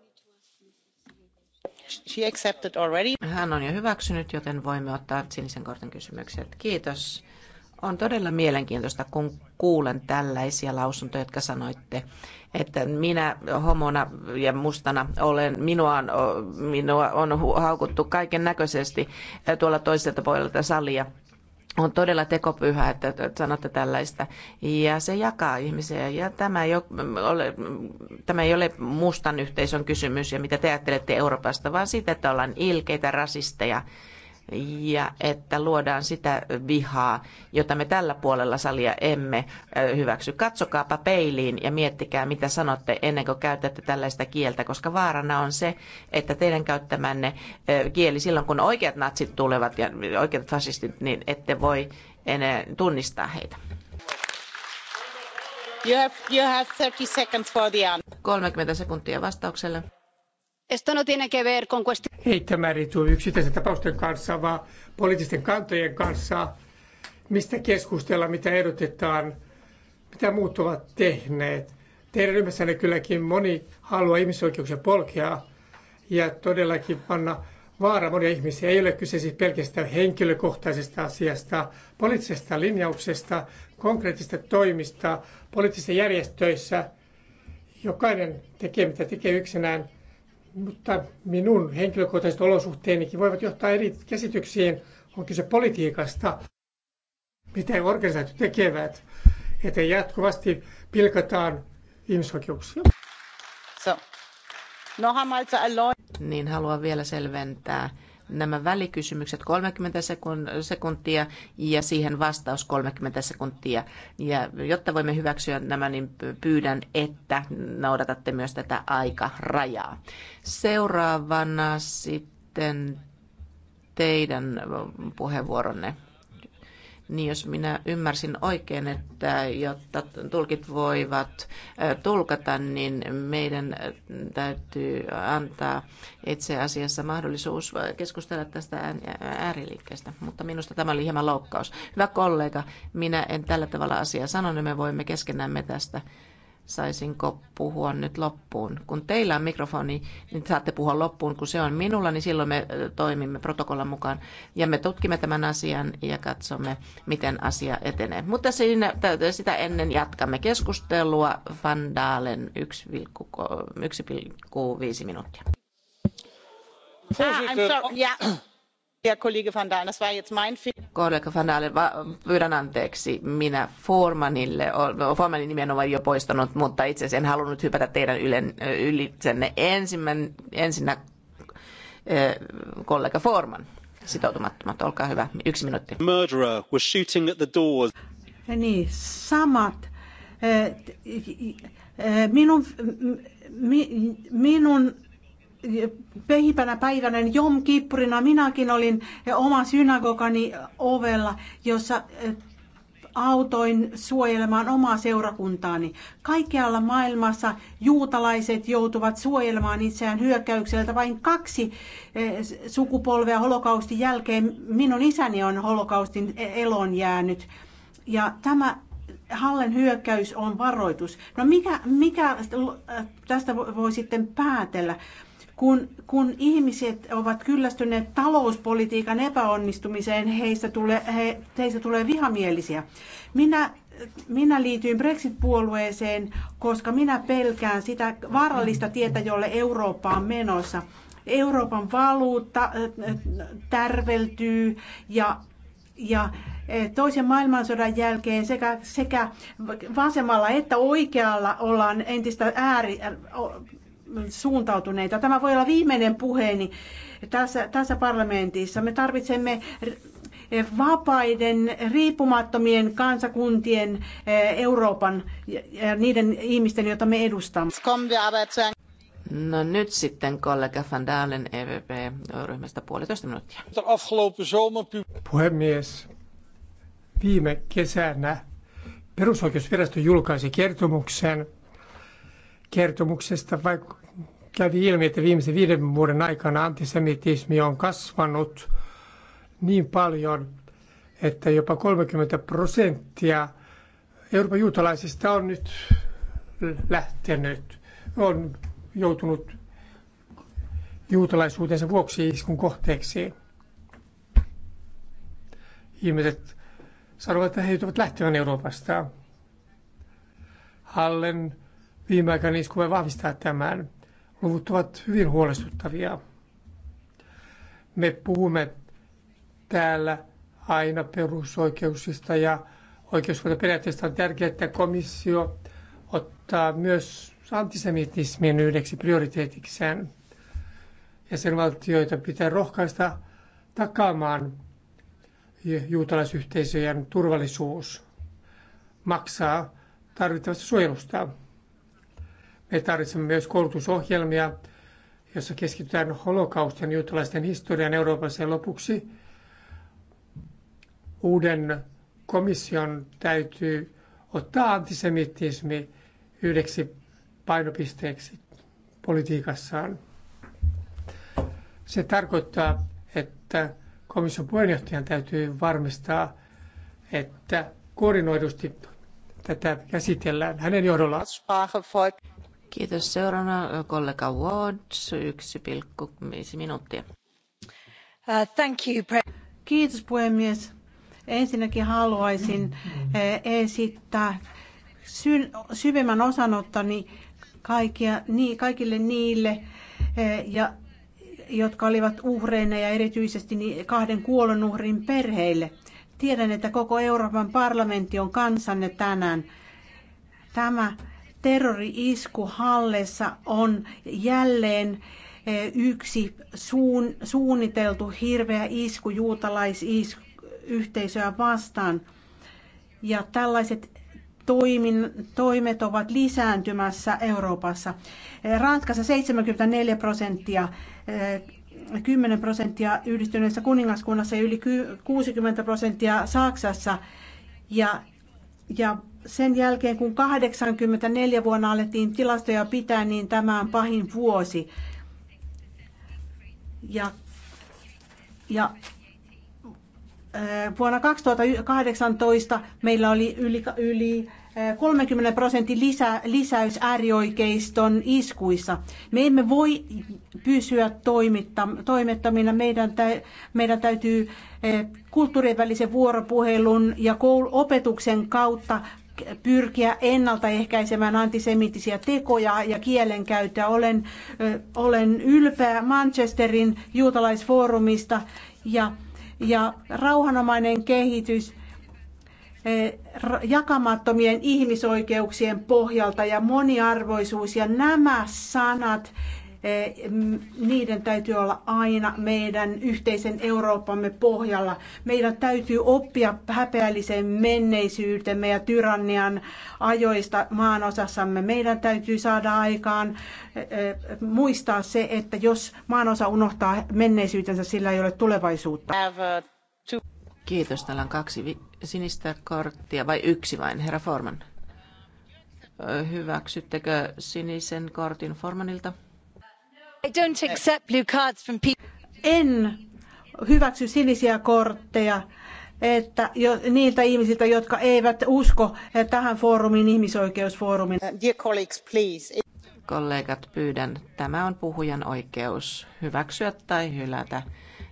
She accepted already. Hän on jo hyväksynyt, joten voimme ottaa sinisen kortin kysymykset. Kiitos. On todella mielenkiintoista, kun kuulen tällaisia lausuntoja, jotka sanoitte, että minä homona ja mustana olen, minua on, minua on haukuttu kaiken näköisesti tuolla toiselta puolelta salia on todella tekopyhä, että sanotte tällaista. Ja se jakaa ihmisiä. Ja tämä ei ole, tämä ei ole mustan yhteisön kysymys ja mitä te ajattelette Euroopasta, vaan siitä, että ollaan ilkeitä rasisteja ja että luodaan sitä vihaa, jota me tällä puolella salia emme hyväksy. Katsokaapa peiliin ja miettikää, mitä sanotte ennen kuin käytätte tällaista kieltä, koska vaarana on se, että teidän käyttämänne kieli silloin, kun oikeat natsit tulevat ja oikeat fasistit, niin ette voi enää tunnistaa heitä. You have, you have 30, seconds for the 30 sekuntia vastaukselle. Esto no tiene que ver con Ei tämä riitu yksittäisten tapausten kanssa, vaan poliittisten kantojen kanssa, mistä keskustellaan, mitä ehdotetaan, mitä muut ovat tehneet. Teidän ryhmässänne kylläkin moni haluaa ihmisoikeuksia polkea ja todellakin panna vaara monia ihmisiä. Ei ole kyse siis pelkästään henkilökohtaisesta asiasta, poliittisesta linjauksesta, konkreettisista toimista, poliittisissa järjestöissä. Jokainen tekee mitä tekee yksinään mutta minun henkilökohtaiset olosuhteenikin voivat johtaa eri käsityksiin. On kyse politiikasta, mitä organisaatiot tekevät, että jatkuvasti pilkataan ihmisoikeuksia. So. No, niin haluan vielä selventää nämä välikysymykset 30 sekuntia ja siihen vastaus 30 sekuntia. Ja jotta voimme hyväksyä nämä, niin pyydän, että noudatatte myös tätä aikarajaa. Seuraavana sitten teidän puheenvuoronne. Niin jos minä ymmärsin oikein, että jotta tulkit voivat tulkata, niin meidän täytyy antaa itse asiassa mahdollisuus keskustella tästä ääriliikkeestä. Mutta minusta tämä oli hieman loukkaus. Hyvä kollega, minä en tällä tavalla asiaa niin me voimme keskenämme tästä saisinko puhua nyt loppuun. Kun teillä on mikrofoni, niin saatte puhua loppuun. Kun se on minulla, niin silloin me toimimme protokollan mukaan ja me tutkimme tämän asian ja katsomme, miten asia etenee. Mutta siinä, sitä ennen jatkamme keskustelua Van Dalen 1,5 minuuttia. Ah, I'm sorry. Yeah kollega van Dalen, das war jetzt Kollega van pyydän anteeksi. Minä Formanille, Formanin nimen olen jo poistanut, mutta itse asiassa en halunnut hypätä teidän ylen, ylitsenne. Ensimmän, ensinnä kollega Forman, sitoutumattomat, olkaa hyvä, yksi minuutti. Murderer was shooting at the doors. Niin, samat. minun, minun pehipänä päivänä Jom Kippurina minäkin olin oma synagogani ovella, jossa eh, autoin suojelemaan omaa seurakuntaani. Kaikkialla maailmassa juutalaiset joutuvat suojelemaan itseään hyökkäykseltä. Vain kaksi eh, sukupolvea holokaustin jälkeen minun isäni on holokaustin e-, elon jäänyt. Ja tämä Hallen hyökkäys on varoitus. No mikä, mikä eh, tästä voi sitten päätellä? Kun, kun ihmiset ovat kyllästyneet talouspolitiikan epäonnistumiseen, heistä, tule, he, heistä tulee vihamielisiä. Minä minä liityin Brexit-puolueeseen, koska minä pelkään sitä vaarallista tietä, jolle Eurooppa on menossa. Euroopan valuutta äh, äh, tärveltyy ja, ja äh, toisen maailmansodan jälkeen sekä, sekä vasemmalla että oikealla ollaan entistä ääri, suuntautuneita. Tämä voi olla viimeinen puheeni tässä, tässä parlamentissa. Me tarvitsemme vapaiden, riippumattomien kansakuntien eh, Euroopan ja niiden ihmisten, joita me edustamme. No nyt sitten kollega Van Dalen EVP-ryhmästä puolitoista minuuttia. Puhemies, viime kesänä perusoikeusvirasto julkaisi kertomuksen – kertomuksesta kävi ilmi, että viimeisen viiden vuoden aikana antisemitismi on kasvanut niin paljon, että jopa 30 prosenttia Euroopan juutalaisista on nyt lähtenyt, on joutunut juutalaisuutensa vuoksi iskun kohteeksi. Ihmiset sanovat, että he joutuvat lähtemään Euroopasta. Hallen Viimeaikainen isku voi vahvistaa tämän. Luvut ovat hyvin huolestuttavia. Me puhumme täällä aina perusoikeuksista ja oikeusvaltioperiaatteesta on tärkeää, että komissio ottaa myös antisemitismin yhdeksi prioriteetikseen. Jäsenvaltioita pitää rohkaista takaamaan juutalaisyhteisöjen turvallisuus maksaa tarvittavasta suojelusta. Me tarvitsemme myös koulutusohjelmia, jossa keskitytään holokaustin juutalaisten historian Euroopassa ja lopuksi uuden komission täytyy ottaa antisemitismi yhdeksi painopisteeksi politiikassaan. Se tarkoittaa, että komission puheenjohtajan täytyy varmistaa, että koordinoidusti tätä käsitellään hänen johdollaan. Kiitos. Seuraavana kollega Ward, 1,5 minuuttia. Uh, thank you. Kiitos puhemies. Ensinnäkin haluaisin esittää sy- syvemmän osanottani ni- kaikille niille, ja, jotka olivat uhreina ja erityisesti kahden kuolonuhrin perheille. Tiedän, että koko Euroopan parlamentti on kansanne tänään. Tämä Terrori-isku Hallessa on jälleen eh, yksi suun, suunniteltu hirveä isku juutalaisyhteisöä vastaan. Ja tällaiset toimin, toimet ovat lisääntymässä Euroopassa. Eh, Ranskassa 74 prosenttia, 10 eh, prosenttia yhdistyneessä kuningaskunnassa ja yli 60 prosenttia Saksassa. Ja, ja sen jälkeen, kun 84 vuonna alettiin tilastoja pitää, niin tämä on pahin vuosi. Ja, ja äh, vuonna 2018 meillä oli yli, yli 30 äh, prosentin lisä, lisäys äärioikeiston iskuissa. Me emme voi pysyä toimettomina. Meidän, tä, meidän täytyy äh, kulttuurien välisen vuoropuhelun ja koulu, opetuksen kautta pyrkiä ennaltaehkäisemään antisemitisiä tekoja ja kielenkäyttöä. Olen, olen ylpeä Manchesterin juutalaisfoorumista ja, ja rauhanomainen kehitys jakamattomien ihmisoikeuksien pohjalta ja moniarvoisuus ja nämä sanat Eh, niiden täytyy olla aina meidän yhteisen Eurooppamme pohjalla. Meidän täytyy oppia häpeälliseen menneisyytemme ja tyrannian ajoista maanosassamme. Meidän täytyy saada aikaan eh, eh, muistaa se, että jos maanosa unohtaa menneisyytensä, sillä ei ole tulevaisuutta. Kiitos. Täällä on kaksi sinistä korttia vai yksi vain, herra Forman? Hyväksyttekö sinisen kortin Formanilta? En hyväksy sinisiä kortteja että jo, niiltä ihmisiltä, jotka eivät usko eh, tähän foorumiin, ihmisoikeusfoorumiin. Uh, dear colleagues, please. Kollegat, pyydän. Tämä on puhujan oikeus hyväksyä tai hylätä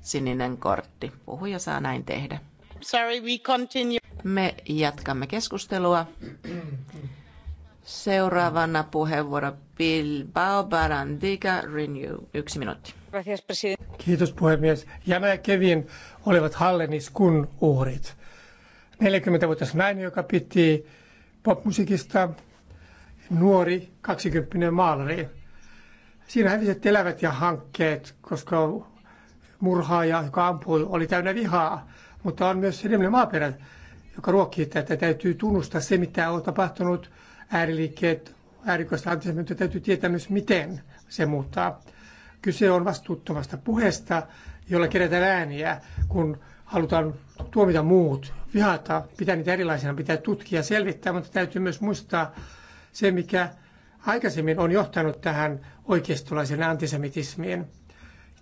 sininen kortti. Puhuja saa näin tehdä. Sorry, we continue. Me jatkamme keskustelua. Seuraavana puheenvuoro Bilbao Barandiga Renew. Yksi minuutti. Kiitos puhemies. Jämä ja Kevin olivat Hallenis-kun uhrit. 40-vuotias nainen, joka piti popmusiikista, nuori, 20 maalari. Siinä häviset elävät ja hankkeet, koska murhaaja, joka ampui, oli täynnä vihaa, mutta on myös edellinen maaperä, joka ruokkii että Täytyy tunnustaa se, mitä on tapahtunut ääriliikkeet, äärikoista antisemityttä täytyy tietää myös, miten se muuttaa. Kyse on vastuuttomasta puheesta, jolla kerätään ääniä, kun halutaan tuomita muut, vihata, pitää niitä erilaisena, pitää tutkia ja selvittää, mutta täytyy myös muistaa se, mikä aikaisemmin on johtanut tähän oikeistolaisen antisemitismiin.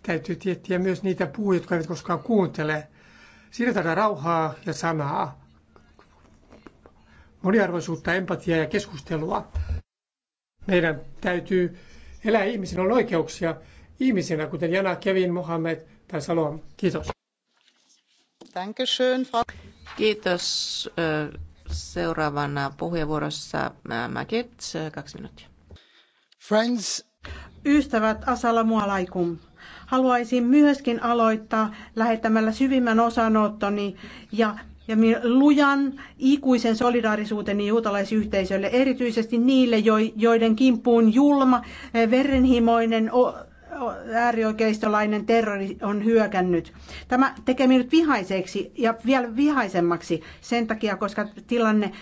Täytyy tietää myös niitä puhujia, jotka eivät koskaan kuuntele. Siirretään rauhaa ja sanaa moniarvoisuutta, empatiaa ja keskustelua. Meidän täytyy elää ihmisen on oikeuksia ihmisinä, kuten Jana Kevin, Mohamed tai Salom. Kiitos. Kiitos. Seuraavana puheenvuorossa Mäkit, kaksi minuuttia. Friends. Ystävät, assalamu alaikum. Haluaisin myöskin aloittaa lähettämällä syvimmän osanottoni ja ja lujan ikuisen solidaarisuuteni juutalaisyhteisölle, erityisesti niille, joiden kimppuun julma, eh, verenhimoinen äärioikeistolainen terrori on hyökännyt. Tämä tekee minut vihaiseksi ja vielä vihaisemmaksi sen takia, koska tilanne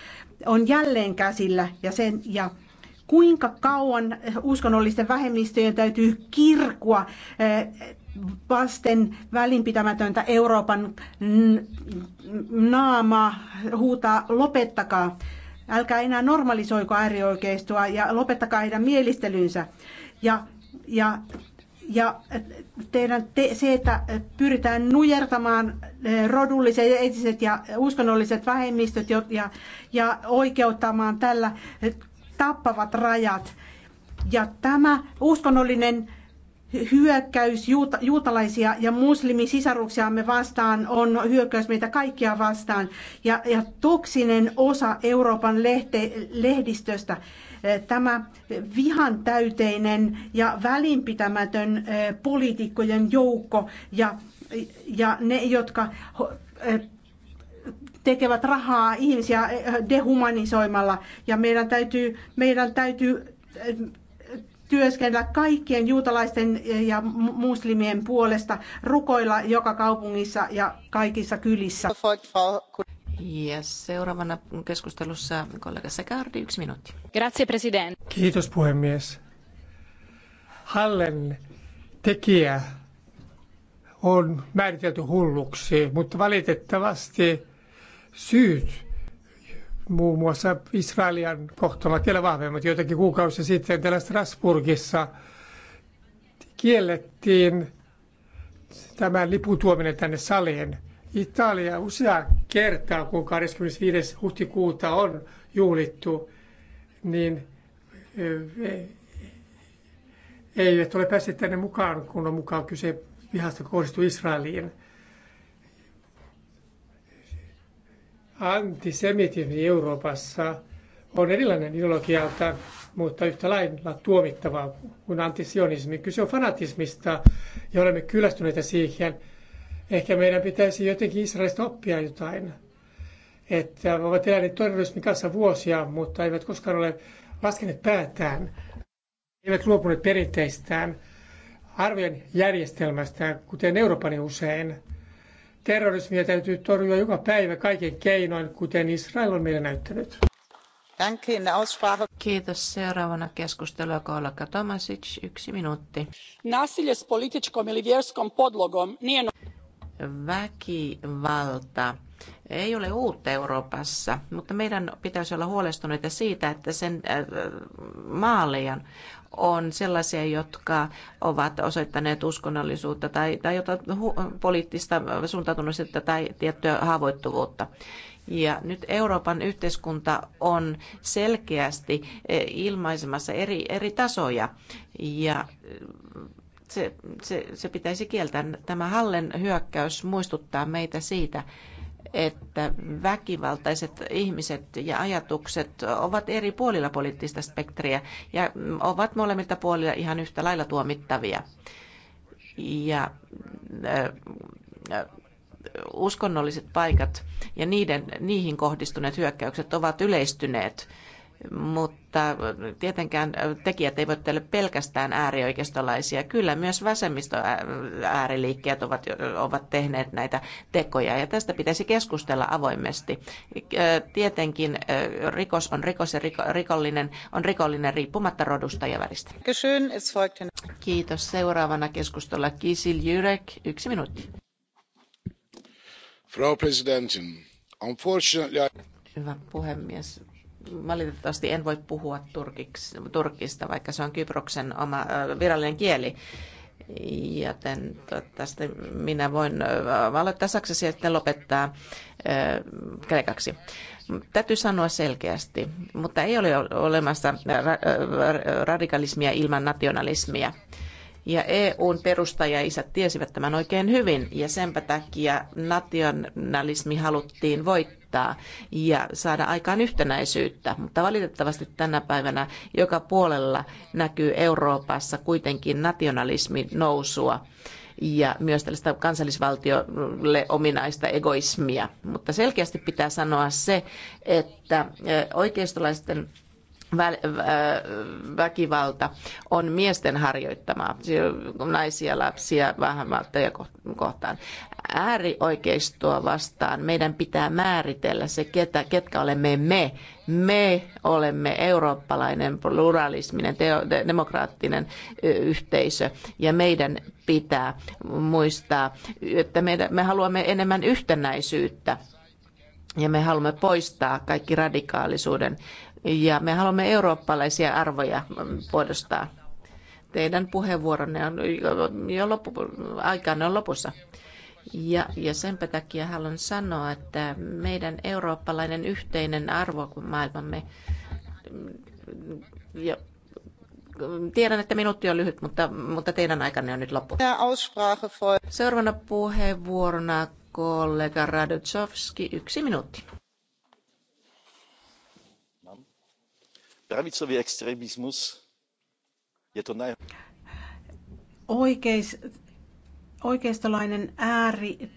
on jälleen käsillä ja, sen, ja kuinka kauan eh, uskonnollisten vähemmistöjen täytyy kirkua eh, vasten välinpitämätöntä Euroopan naama huutaa lopettakaa. Älkää enää normalisoiko äärioikeistoa ja lopettakaa heidän mielistelynsä. Ja, ja, ja teidän te, se, että pyritään nujertamaan eh, rodulliset, etiset ja uskonnolliset vähemmistöt ja, ja oikeuttamaan tällä eh, tappavat rajat. Ja tämä uskonnollinen hyökkäys juuta, juutalaisia ja muslimisisaruksiamme vastaan on hyökkäys meitä kaikkia vastaan ja, ja toksinen osa Euroopan lehte, lehdistöstä. Eh, tämä vihan täyteinen ja välinpitämätön eh, poliitikkojen joukko ja, ja ne, jotka eh, tekevät rahaa ihmisiä dehumanisoimalla ja meidän täytyy, meidän täytyy työskennellä kaikkien juutalaisten ja muslimien puolesta, rukoilla joka kaupungissa ja kaikissa kylissä. Ja seuraavana keskustelussa kollega Sekardi, yksi minuutti. Grazie, president. Kiitos puhemies. Hallen tekijä on määritelty hulluksi, mutta valitettavasti syyt muun muassa Israelian kohtalot vielä vahvemmat. Joitakin kuukausia sitten täällä Strasburgissa kiellettiin tämän lipun tuominen tänne saliin. Italia usea kertaa, kun 25. huhtikuuta on juhlittu, niin ei ole päässyt tänne mukaan, kun on mukaan kyse vihasta kohdistu Israeliin. Antisemitismi Euroopassa on erilainen ideologialta, mutta yhtä lailla tuomittava kuin antisionismi. Kyse on fanatismista ja olemme kyllästyneitä siihen. Ehkä meidän pitäisi jotenkin Israelista oppia jotain. Että ovat eläneet terrorismin kanssa vuosia, mutta eivät koskaan ole laskeneet päätään. Eivät luopuneet perinteistään arvojen järjestelmästä, kuten Euroopan usein. Terrorismia täytyy torjua joka päivä kaiken keinoin, kuten Israel on meille näyttänyt. Kiitos. Seuraavana keskustelua kollega Tomasic, yksi minuutti. Nasilje s političkom ili vjerskom podlogom nije... No- Väkivalta ei ole uutta Euroopassa, mutta meidän pitäisi olla huolestuneita siitä, että sen äh, maaleja on sellaisia, jotka ovat osoittaneet uskonnollisuutta tai, tai jotain poliittista suuntautumista tai tiettyä haavoittuvuutta. Ja nyt Euroopan yhteiskunta on selkeästi e, ilmaisemassa eri, eri tasoja ja se, se, se pitäisi kieltää. Tämä Hallen hyökkäys muistuttaa meitä siitä, että väkivaltaiset ihmiset ja ajatukset ovat eri puolilla poliittista spektriä ja ovat molemmilta puolilla ihan yhtä lailla tuomittavia. Ja äh, äh, uskonnolliset paikat ja niiden, niihin kohdistuneet hyökkäykset ovat yleistyneet mutta tietenkään tekijät eivät ole pelkästään äärioikeistolaisia. Kyllä myös vasemmisto ääriliikkeet ovat, ovat tehneet näitä tekoja ja tästä pitäisi keskustella avoimesti. Tietenkin rikos on rikos ja rikollinen on rikollinen riippumatta rodusta ja väristä. Kiitos. Seuraavana keskustella Kisil Jurek. Yksi minuutti. Frau Präsidentin, unfortunately... Hyvä puhemies valitettavasti en voi puhua turkiks, turkista, vaikka se on Kyproksen oma virallinen kieli. Joten tästä minä voin aloittaa saksaksi ja sitten lopettaa kreikaksi. Täytyy sanoa selkeästi, mutta ei ole olemassa radikalismia ilman nationalismia. Ja EUn perustajaisät tiesivät tämän oikein hyvin, ja senpä takia nationalismi haluttiin voittaa toimintaa ja saada aikaan yhtenäisyyttä. Mutta valitettavasti tänä päivänä joka puolella näkyy Euroopassa kuitenkin nationalismin nousua ja myös tällaista kansallisvaltiolle ominaista egoismia. Mutta selkeästi pitää sanoa se, että oikeistolaisten Äh, väkivalta on miesten harjoittamaa, naisia, lapsia, vähämaltteja kohtaan. Äärioikeistoa vastaan meidän pitää määritellä se, ketä, ketkä olemme me. Me olemme eurooppalainen, pluralisminen, teo, demokraattinen yhteisö ja meidän pitää muistaa, että meidän, me haluamme enemmän yhtenäisyyttä ja me haluamme poistaa kaikki radikaalisuuden ja me haluamme eurooppalaisia arvoja muodostaa. Teidän puheenvuoronne on jo loppu, aikaan on lopussa. Ja, ja sen takia haluan sanoa, että meidän eurooppalainen yhteinen arvo maailmamme, ja tiedän, että minuutti on lyhyt, mutta, mutta teidän aikanne on nyt loppu. Seuraavana puheenvuorona kollega Radutsovski, yksi minuutti. pravicový extrémizmus je to naj... Oikeis, oikeistolainen ääri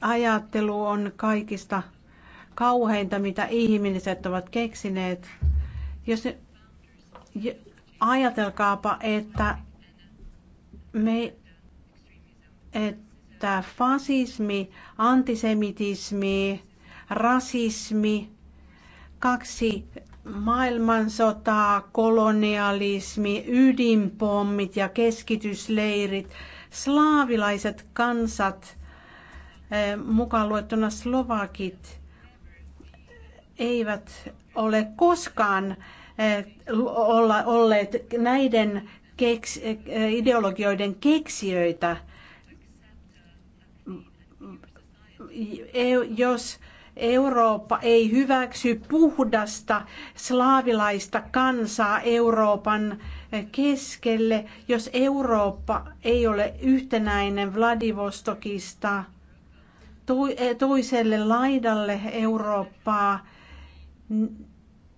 ajattelu on kaikista kauheinta, mitä ihmiset ovat keksineet. Jos ajatelkaapa, että, me, että fasismi, antisemitismi, rasismi Kaksi maailmansotaa, kolonialismi, ydinpommit ja keskitysleirit, slaavilaiset kansat, eh, mukaan luettuna slovakit, eivät ole koskaan eh, olleet näiden keks, eh, ideologioiden keksijöitä. E-, jos Eurooppa ei hyväksy puhdasta slaavilaista kansaa Euroopan keskelle, jos Eurooppa ei ole yhtenäinen Vladivostokista toiselle laidalle Eurooppaa,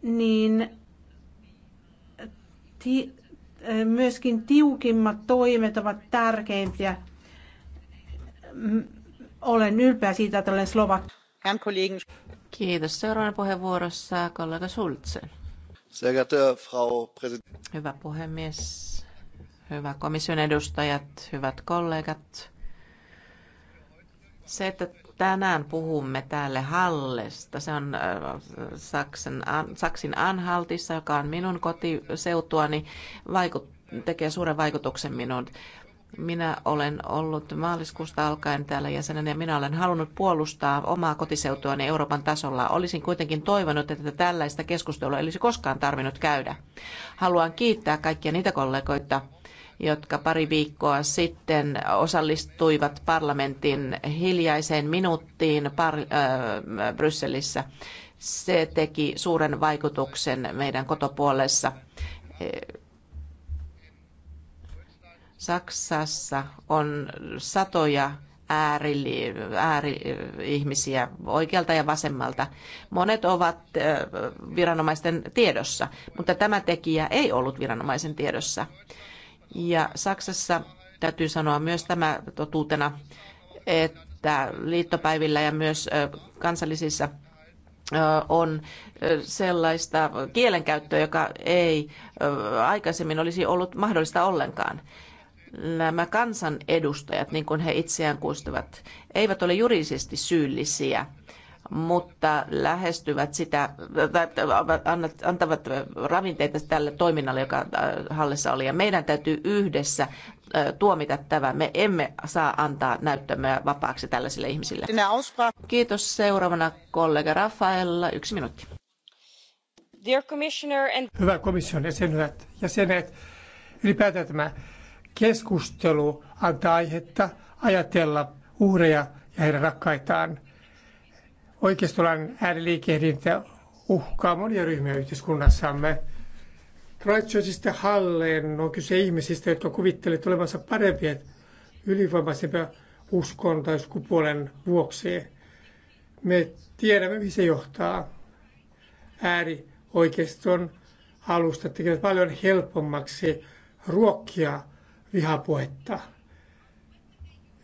niin ti, myöskin tiukimmat toimet ovat tärkeimpiä. Olen ylpeä siitä, että olen Slovak. Kiitos. Seuraavan puheenvuorossa kollega Schulze. Hyvä puhemies, hyvä komission edustajat, hyvät kollegat. Se, että tänään puhumme täällä Hallesta, se on äh, Saksan, Saksin Anhaltissa, joka on minun kotiseutuani, vaikuttaa tekee suuren vaikutuksen minuun. Minä olen ollut maaliskuusta alkaen täällä jäsenenä ja minä olen halunnut puolustaa omaa kotiseutuani Euroopan tasolla. Olisin kuitenkin toivonut, että tällaista keskustelua ei olisi koskaan tarvinnut käydä. Haluan kiittää kaikkia niitä kollegoita, jotka pari viikkoa sitten osallistuivat parlamentin hiljaiseen minuuttiin äh, Brysselissä. Se teki suuren vaikutuksen meidän kotopuolessa Saksassa on satoja ääri, ääri-ihmisiä oikealta ja vasemmalta. Monet ovat viranomaisten tiedossa, mutta tämä tekijä ei ollut viranomaisen tiedossa. Ja Saksassa täytyy sanoa myös tämä totuutena, että liittopäivillä ja myös kansallisissa on sellaista kielenkäyttöä, joka ei aikaisemmin olisi ollut mahdollista ollenkaan nämä kansanedustajat, niin kuin he itseään kuistuvat, eivät ole juridisesti syyllisiä, mutta lähestyvät sitä, tai antavat ravinteita tälle toiminnalle, joka äh, hallissa oli. Ja meidän täytyy yhdessä äh, tuomita tämä. Me emme saa antaa näyttämöä vapaaksi tällaisille ihmisille. Kiitos. Seuraavana kollega Rafaella. Yksi minuutti. Hyvä komission jäsenet, jäsenet, ylipäätään tämä Keskustelu antaa aihetta ajatella uhreja ja heidän rakkaitaan. Oikeistolan ääriliikehdintä uhkaa monia ryhmiä yhteiskunnassamme. Kreutzersista Halleen on kyse ihmisistä, jotka kuvittelevat olevansa parempia ylivoimaisempia uskon tai sukupuolen vuoksi. Me tiedämme, mihin se johtaa. Äärioikeiston alusta tekevät paljon helpommaksi ruokkia vihapuetta.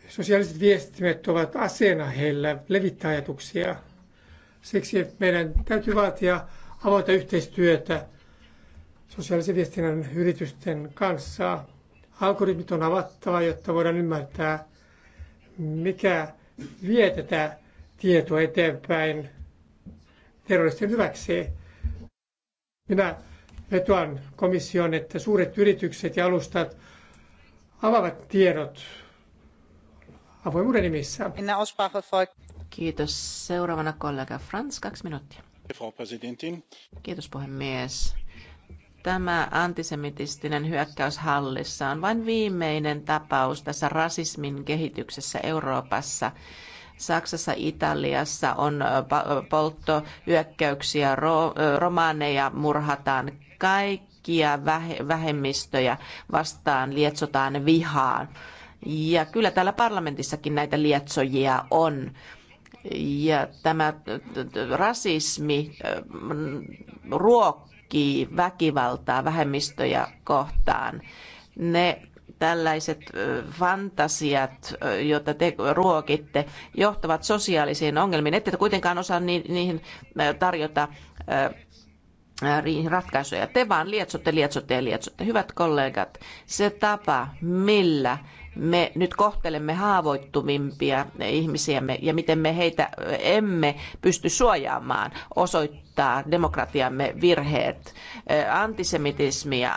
Sosiaaliset viestimet ovat aseena heillä levittää ajatuksia. Siksi meidän täytyy vaatia avointa yhteistyötä sosiaalisen viestinnän yritysten kanssa. Algoritmit on avattava, jotta voidaan ymmärtää, mikä vie tätä tietoa eteenpäin terroristien hyväksi. Minä vetoan komission, että suuret yritykset ja alustat avaavat tiedot avoimuuden nimissä. Kiitos. Seuraavana kollega Frans, kaksi minuuttia. Kiitos puhemies. Tämä antisemitistinen hyökkäys hallissa on vain viimeinen tapaus tässä rasismin kehityksessä Euroopassa. Saksassa, Italiassa on polttohyökkäyksiä, romaaneja murhataan. Kaikki kaikkia vähemmistöjä vastaan lietsotaan vihaa. Ja kyllä täällä parlamentissakin näitä lietsojia on. Ja tämä rasismi ruokkii väkivaltaa vähemmistöjä kohtaan. Ne tällaiset fantasiat, joita te ruokitte, johtavat sosiaalisiin ongelmiin. Ette kuitenkaan osaa niihin tarjota ratkaisuja. Te vaan lietsotte, lietsotte ja lietsotte. Hyvät kollegat, se tapa, millä me nyt kohtelemme haavoittuvimpia ihmisiämme ja miten me heitä emme pysty suojaamaan, osoittaa demokratiamme virheet. Antisemitismi ja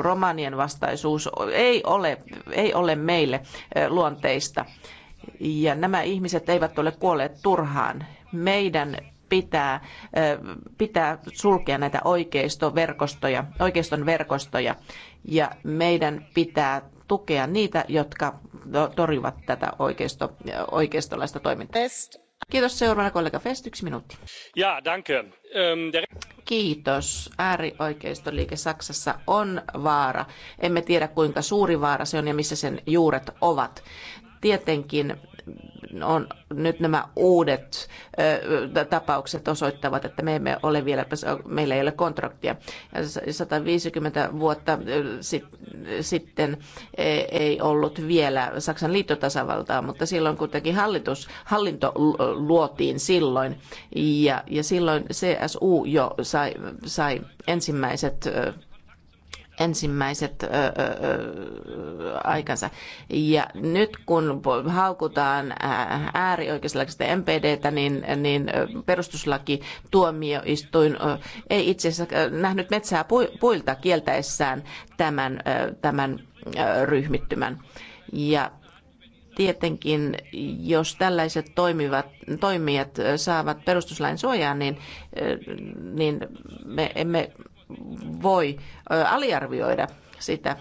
romanien vastaisuus ei ole, ei ole meille luonteista. Ja nämä ihmiset eivät ole kuolleet turhaan. Meidän pitää, pitää sulkea näitä oikeistoverkostoja, oikeiston verkostoja ja meidän pitää tukea niitä, jotka torjuvat tätä oikeisto, oikeistolaista toimintaa. Kiitos seuraavana kollega Fest, yksi minuutti. Ja, danke. Ähm, Kiitos. Äärioikeistoliike Saksassa on vaara. Emme tiedä kuinka suuri vaara se on ja missä sen juuret ovat. Tietenkin on nyt nämä uudet tapaukset osoittavat, että me emme ole vielä, meillä ei ole kontraktia. 150 vuotta sitten e, ei ollut vielä Saksan liittotasavaltaa, mutta silloin kuitenkin hallitus, hallinto luotiin silloin ja, ja silloin CSU jo sai, sai ensimmäiset ensimmäiset ö, ö, aikansa. Ja nyt kun haukutaan äärioikeistolaisesta MPDtä, niin, niin perustuslaki tuomioistuin ei itse asiassa nähnyt metsää puilta kieltäessään tämän, tämän ryhmittymän. Ja tietenkin, jos tällaiset toimivat, toimijat saavat perustuslain suojaa, niin, niin me emme voi aliarvioida sitä.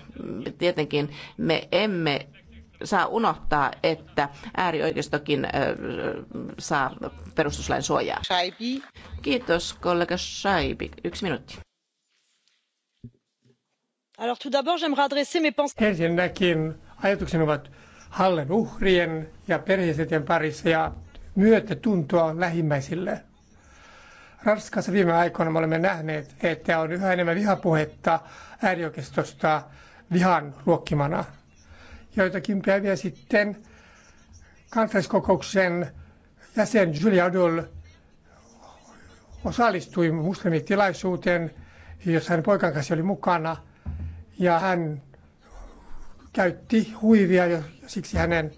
Tietenkin me emme saa unohtaa, että äärioikeistokin saa perustuslain suojaa. Shaibi. Kiitos kollega Shaibi. Yksi minuutti. Alors tout d'abord, j'aimerais adresser mes pensées. Ensinnäkin ajatukseni ovat Hallen uhrien ja perheiseten parissa ja myötätuntoa lähimmäisille. Ranskassa viime aikoina me olemme nähneet, että on yhä enemmän vihapuhetta äärioikeistosta vihan ruokkimana. Joitakin päiviä sitten kansalliskokouksen jäsen Julia Adol osallistui muslimitilaisuuteen, jossa hän poikan kanssa oli mukana, ja hän käytti huivia, ja siksi hänen,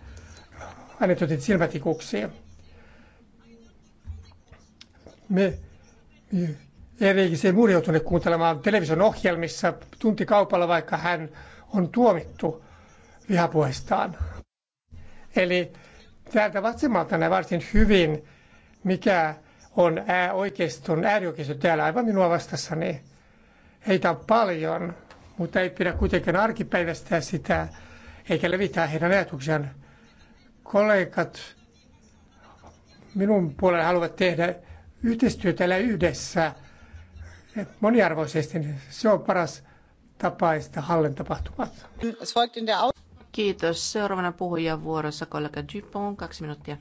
hänet otettiin silmätikuksiin. Me niin. Erikin se muuri joutunut kuuntelemaan television ohjelmissa tuntikaupalla, vaikka hän on tuomittu vihapuheestaan. Eli täältä vasemmalta näin varsin hyvin, mikä on oikeiston äärioikeisto täällä aivan minua vastassani. Heitä on paljon, mutta ei pidä kuitenkaan arkipäivästää sitä, eikä levittää heidän ajatuksiaan. Kollegat minun puolelle haluavat tehdä yhteistyötä yhdessä moniarvoisesti, niin se on paras tapa estää hallin tapahtumat. Kiitos. Seuraavana puhujan vuorossa kollega Dupont, kaksi minuuttia.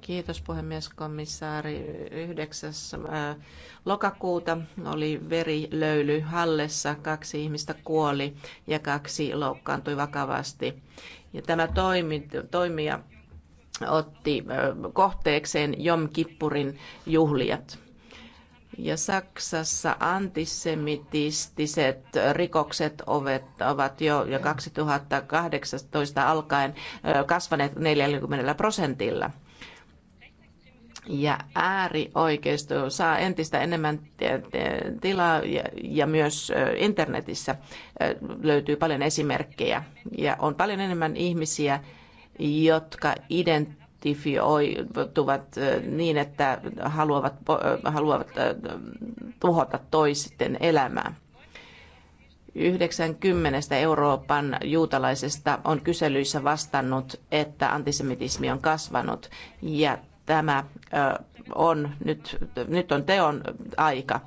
Kiitos puhemies komissaari. 9. Äh, lokakuuta oli verilöyly Hallessa. Kaksi ihmistä kuoli ja kaksi loukkaantui vakavasti. Ja tämä toimi, toimija otti kohteekseen Jom Kippurin juhliat. Ja Saksassa antisemitistiset rikokset ovat jo 2018 alkaen kasvaneet 40 prosentilla. Ja äärioikeisto saa entistä enemmän tilaa ja myös internetissä löytyy paljon esimerkkejä. Ja on paljon enemmän ihmisiä, jotka identifioituvat niin, että haluavat, haluavat tuhota toisten elämää. 90 Euroopan juutalaisesta on kyselyissä vastannut, että antisemitismi on kasvanut ja tämä on nyt, nyt on teon aika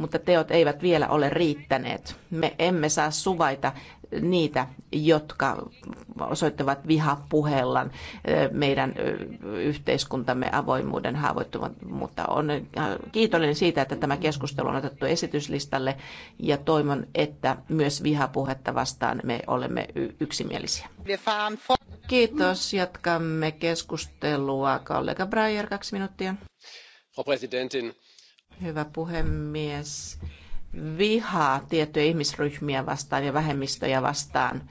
mutta teot eivät vielä ole riittäneet. Me emme saa suvaita niitä, jotka osoittavat vihapuheellaan meidän yhteiskuntamme avoimuuden haavoittuvuutta. on kiitollinen siitä, että tämä keskustelu on otettu esityslistalle ja toivon, että myös vihapuhetta vastaan me olemme yksimielisiä. Kiitos. Jatkamme keskustelua. Kollega Breyer, kaksi minuuttia. Frau Präsidentin, Hyvä puhemies. Vihaa tiettyjä ihmisryhmiä vastaan ja vähemmistöjä vastaan.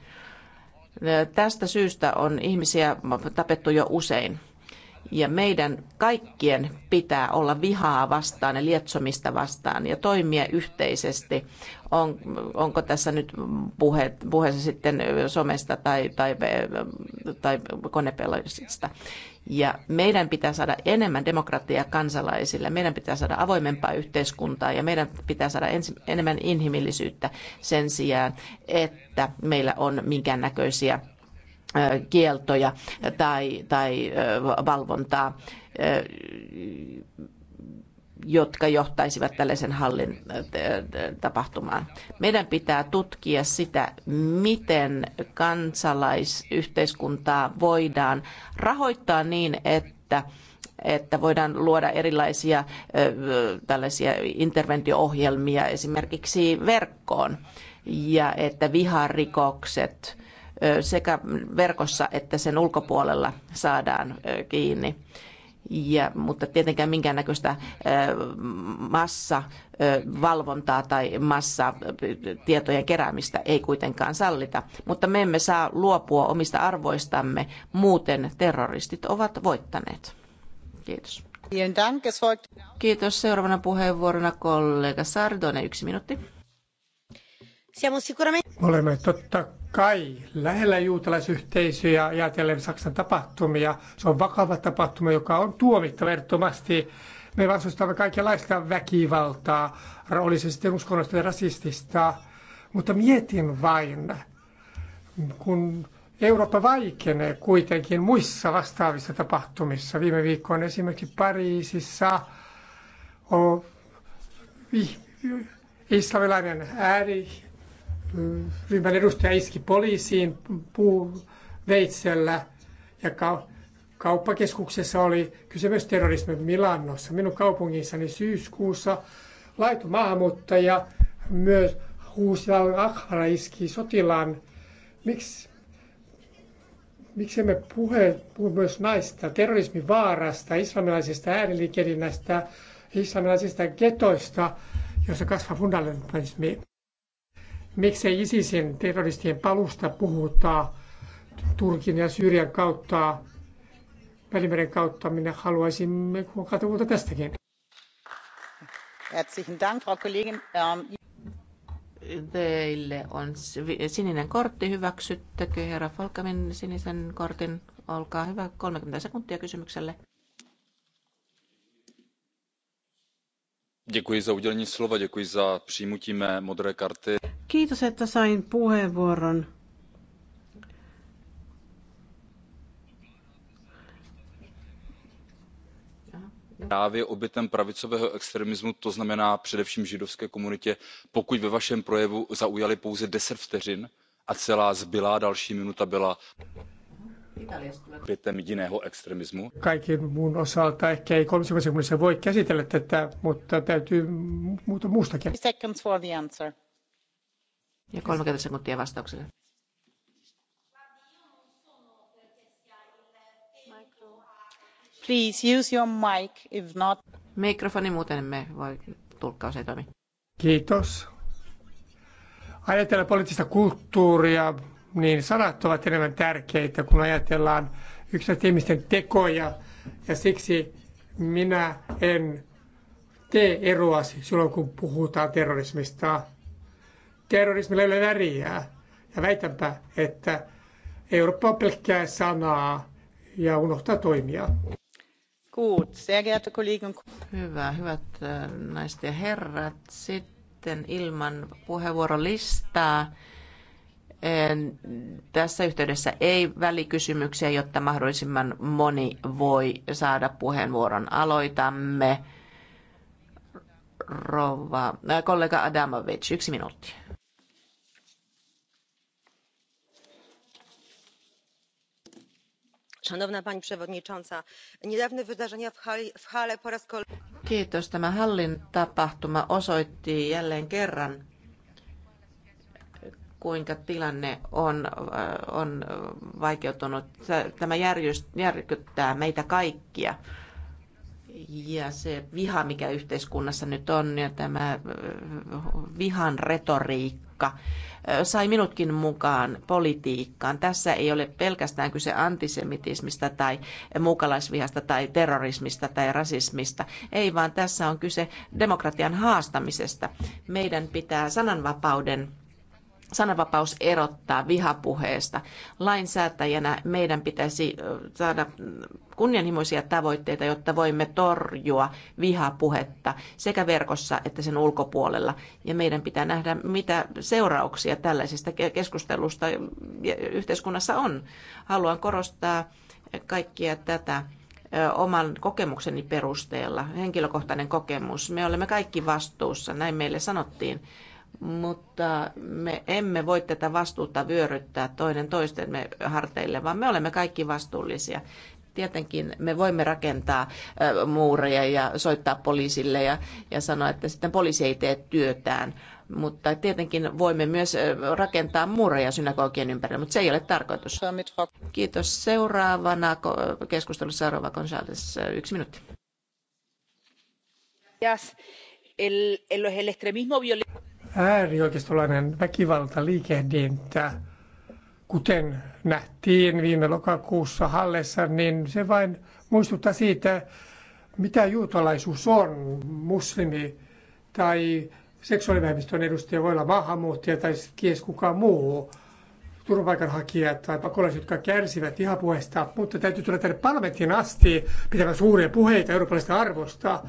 Tästä syystä on ihmisiä tapettu jo usein. Ja meidän kaikkien pitää olla vihaa vastaan ja lietsomista vastaan ja toimia yhteisesti. On, onko tässä nyt puhe, puhe sitten somesta tai, tai, tai konepelaisista. Ja meidän pitää saada enemmän demokratiaa kansalaisille, meidän pitää saada avoimempaa yhteiskuntaa ja meidän pitää saada ensi, enemmän inhimillisyyttä sen sijaan, että meillä on minkäännäköisiä kieltoja tai, tai valvontaa, jotka johtaisivat tällaisen hallin tapahtumaan. Meidän pitää tutkia sitä, miten kansalaisyhteiskuntaa voidaan rahoittaa niin, että että voidaan luoda erilaisia tällaisia interventio-ohjelmia esimerkiksi verkkoon ja että viharikokset sekä verkossa että sen ulkopuolella saadaan kiinni. Ja, mutta tietenkään minkäännäköistä massavalvontaa tai massatietojen keräämistä ei kuitenkaan sallita. Mutta me emme saa luopua omista arvoistamme, muuten terroristit ovat voittaneet. Kiitos. Kiitos. Seuraavana puheenvuorona kollega Sardone, yksi minuutti. Olemme totta kai lähellä juutalaisyhteisöjä ajatellen Saksan tapahtumia. Se on vakava tapahtuma, joka on tuomittava ehdottomasti. Me vastustamme kaikenlaista väkivaltaa, oli se sitten uskonnollista ja rasistista. Mutta mietin vain, kun Eurooppa vaikenee kuitenkin muissa vastaavissa tapahtumissa. Viime viikkoon esimerkiksi Pariisissa on islamilainen ääri ryhmän edustaja iski poliisiin puuveitsellä ja ka- kauppakeskuksessa oli kyse myös terrorismi Milannossa. Minun kaupungissani syyskuussa laitu maahanmuuttaja myös huusi al iski sotilaan. Miksi miksi me puhe, puhu myös naista, terrorismin vaarasta, islamilaisesta ääriliikerinnästä, islamilaisista getoista, joissa kasvaa fundamentalismi miksei ISISin terroristien palusta puhuta Turkin ja Syyrian kautta, Välimeren kautta. Minä haluaisin kuulla tästäkin. Herzlichen Dank, Frau Kollegin. Ähm, Teille on sininen kortti. Hyväksyttekö herra Falkamin sinisen kortin? Olkaa hyvä. 30 sekuntia kysymykselle. Děkuji za udělení slova, děkuji za přijmutí mé modré karty. Kiitos, että sain puheenvuoron. právě obětem pravicového extremismu to znamená především židovské komunitě pokud ve vašem projevu zaujali pouze 10 vteřin a celá zbylá další minuta byla obětem jiného extremismu. Kaikki mun osalta ehkä ei 30 sekunnissa voi käsitellä tätä, mutta täytyy muuta muustakin. Seconds for the answer. Ja 30 sekuntia vastaukselle. Please use your mic if not. Mikrofoni muuten me voi, tulkkaus ei toimi. Kiitos. Ajatellaan poliittista kulttuuria, niin sanat ovat enemmän tärkeitä, kun ajatellaan yksilöt ihmisten tekoja. Ja siksi minä en tee eroa silloin, kun puhutaan terrorismista terrorismilla ei ole väriä. Ja väitänpä, että Eurooppa on pelkkää sanaa ja unohtaa toimia. Gut, sehr geehrte Kollegen. Hyvä, hyvät äh, naiset ja herrat. Sitten ilman puheenvuorolistaa. Tässä yhteydessä ei välikysymyksiä, jotta mahdollisimman moni voi saada puheenvuoron. Aloitamme. Rova, äh, kollega Adamovic, yksi minuutti pani przewodnicząca! niedawne wydarzenia w halle po raz kolejny. kiitos tämä hallin tapahtuma osoitti jälleen kerran kuinka tilanne on, on vaikeutunut. Tämä järjyst, järkyttää meitä kaikkia. Ja se viha, mikä yhteiskunnassa nyt on, ja tämä vihan retoriikka Kreikka sai minutkin mukaan politiikkaan. Tässä ei ole pelkästään kyse antisemitismista tai muukalaisvihasta tai terrorismista tai rasismista. Ei, vaan tässä on kyse demokratian haastamisesta. Meidän pitää sananvapauden sananvapaus erottaa vihapuheesta. Lainsäätäjänä meidän pitäisi saada kunnianhimoisia tavoitteita, jotta voimme torjua vihapuhetta sekä verkossa että sen ulkopuolella. Ja meidän pitää nähdä, mitä seurauksia tällaisesta keskustelusta yhteiskunnassa on. Haluan korostaa kaikkia tätä oman kokemukseni perusteella, henkilökohtainen kokemus. Me olemme kaikki vastuussa, näin meille sanottiin mutta me emme voi tätä vastuuta vyöryttää toinen toistemme harteille, vaan me olemme kaikki vastuullisia. Tietenkin me voimme rakentaa muureja ja soittaa poliisille ja, ja sanoa, että sitten poliisi ei tee työtään, mutta tietenkin voimme myös rakentaa muureja synagogien ympärille, mutta se ei ole tarkoitus. Kiitos. Seuraavana keskustelussa seuraava Gonzales, yksi minuutti. El, el, el extremismo violento äärioikeistolainen väkivalta liikehdintä, kuten nähtiin viime lokakuussa Hallessa, niin se vain muistuttaa siitä, mitä juutalaisuus on, muslimi tai seksuaalivähemmistön edustaja voi olla maahanmuuttaja tai kies siis kukaan muu turvapaikanhakijat tai pakolaiset, jotka kärsivät vihapuheesta, mutta täytyy tulla tänne parlamenttiin asti pitämään suuria puheita eurooppalaisista arvosta,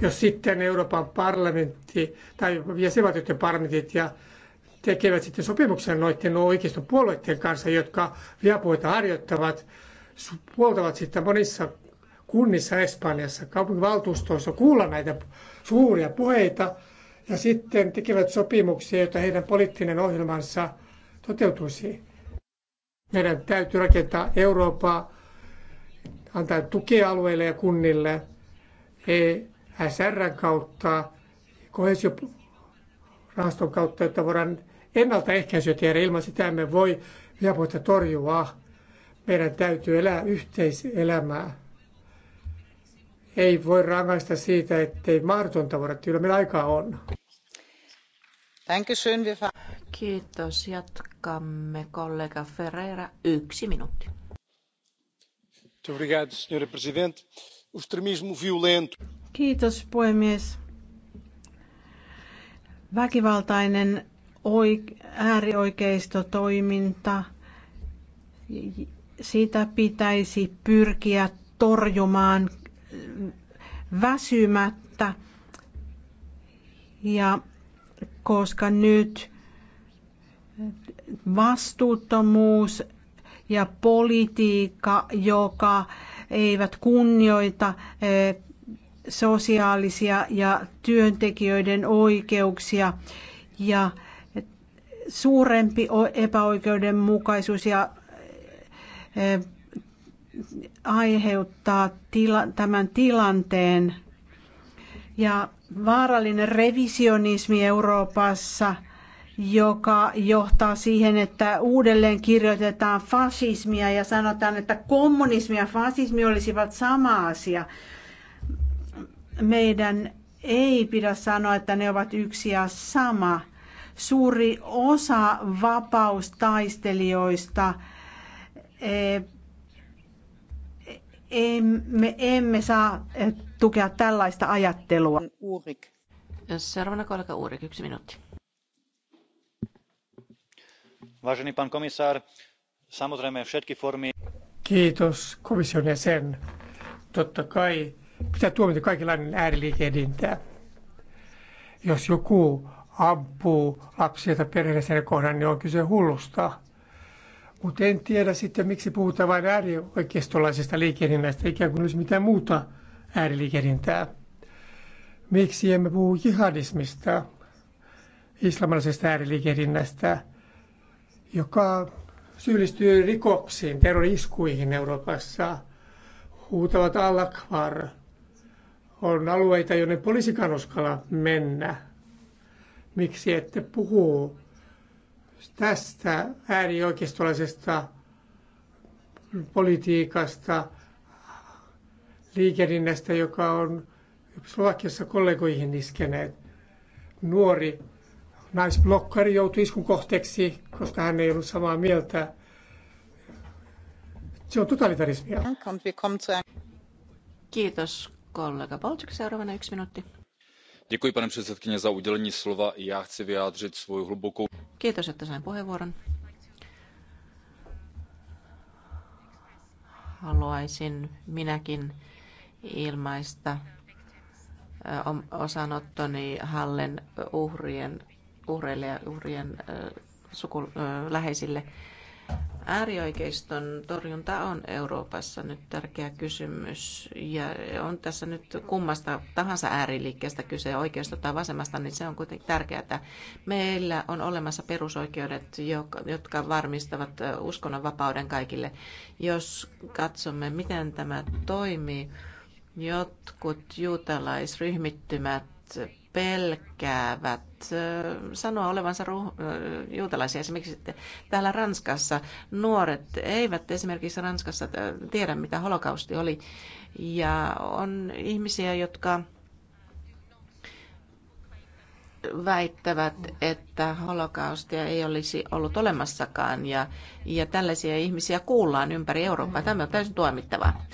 jos sitten Euroopan parlamentti tai jäsenvaltioiden parlamentit ja tekevät sitten sopimuksen noiden oikeiston puolueiden kanssa, jotka vihapuheita harjoittavat, puoltavat sitten monissa kunnissa Espanjassa, kaupunginvaltuustoissa kuulla näitä suuria puheita ja sitten tekevät sopimuksia, joita heidän poliittinen ohjelmansa – toteutuisi. Meidän täytyy rakentaa Eurooppaa, antaa tukea alueille ja kunnille ESRn kautta, kohesiorahaston kautta, että voidaan ennaltaehkäisyä tehdä. Ilman sitä emme voi viapuutta torjua. Meidän täytyy elää yhteiselämää. Ei voi rangaista siitä, ettei mahdotonta voida. Kyllä meillä aikaa on. Kiitos. Jatkamme kollega Ferreira. Yksi minuutti. Kiitos puhemies. Väkivaltainen äärioikeistotoiminta, sitä pitäisi pyrkiä torjumaan väsymättä. Ja koska nyt vastuuttomuus ja politiikka, joka eivät kunnioita eh, sosiaalisia ja työntekijöiden oikeuksia ja suurempi epäoikeudenmukaisuus ja eh, aiheuttaa tila, tämän tilanteen. Ja vaarallinen revisionismi Euroopassa – joka johtaa siihen, että uudelleen kirjoitetaan fasismia ja sanotaan, että kommunismi ja fasismi olisivat sama asia. Meidän ei pidä sanoa, että ne ovat yksi ja sama. Suuri osa vapaustaistelijoista e, me emme saa tukea tällaista ajattelua. Seuraavana kollega Uurik, yksi minuutti Vážený pán komisár, samozrejme všetky formy... Kiitos komission jäsen. Totta kai pitää tuomita kaikenlainen ääriliikehdintää. Jos joku ampuu lapsia tai perheeseen kohdan, niin on kyse hullusta. Mutta en tiedä sitten, miksi puhutaan vain äärioikeistolaisesta liikehdinnästä, ikään kuin olisi mitään muuta ääriliikehdintää. Miksi emme puhu jihadismista, islamilaisesta ääriliikehdinnästä – joka syyllistyy rikoksiin, terroriskuihin Euroopassa, huutavat al On alueita, jonne poliisikaan uskalla mennä. Miksi ette puhu tästä äärioikeistolaisesta politiikasta, liikehdinnästä, joka on Slovakiassa kollegoihin iskeneet? Nuori naisblokkari joutui iskun kohteeksi, koska hän ei ollut samaa mieltä. Se on totalitarismia. Kiitos kollega Polček. Seuraavana yksi minuutti. Děkuji, pane předsedkyně, za udělení slova. Já chci vyjádřit svou hlubokou... Kiitos, että sain puheenvuoron. Haluaisin minäkin ilmaista osanottoni Hallen uhrien uhreille ja uhrien suku, läheisille. Äärioikeiston torjunta on Euroopassa nyt tärkeä kysymys ja on tässä nyt kummasta tahansa ääriliikkeestä kyse oikeasta tai vasemmasta, niin se on kuitenkin tärkeää, että meillä on olemassa perusoikeudet, jotka varmistavat uskonnonvapauden kaikille. Jos katsomme, miten tämä toimii, jotkut juutalaisryhmittymät pelkäävät sanoa olevansa ruuh- juutalaisia. Esimerkiksi täällä Ranskassa nuoret eivät esimerkiksi Ranskassa tiedä, mitä holokausti oli. Ja on ihmisiä, jotka väittävät, että holokaustia ei olisi ollut olemassakaan ja, ja tällaisia ihmisiä kuullaan ympäri Eurooppaa. Tämä on täysin tuomittavaa.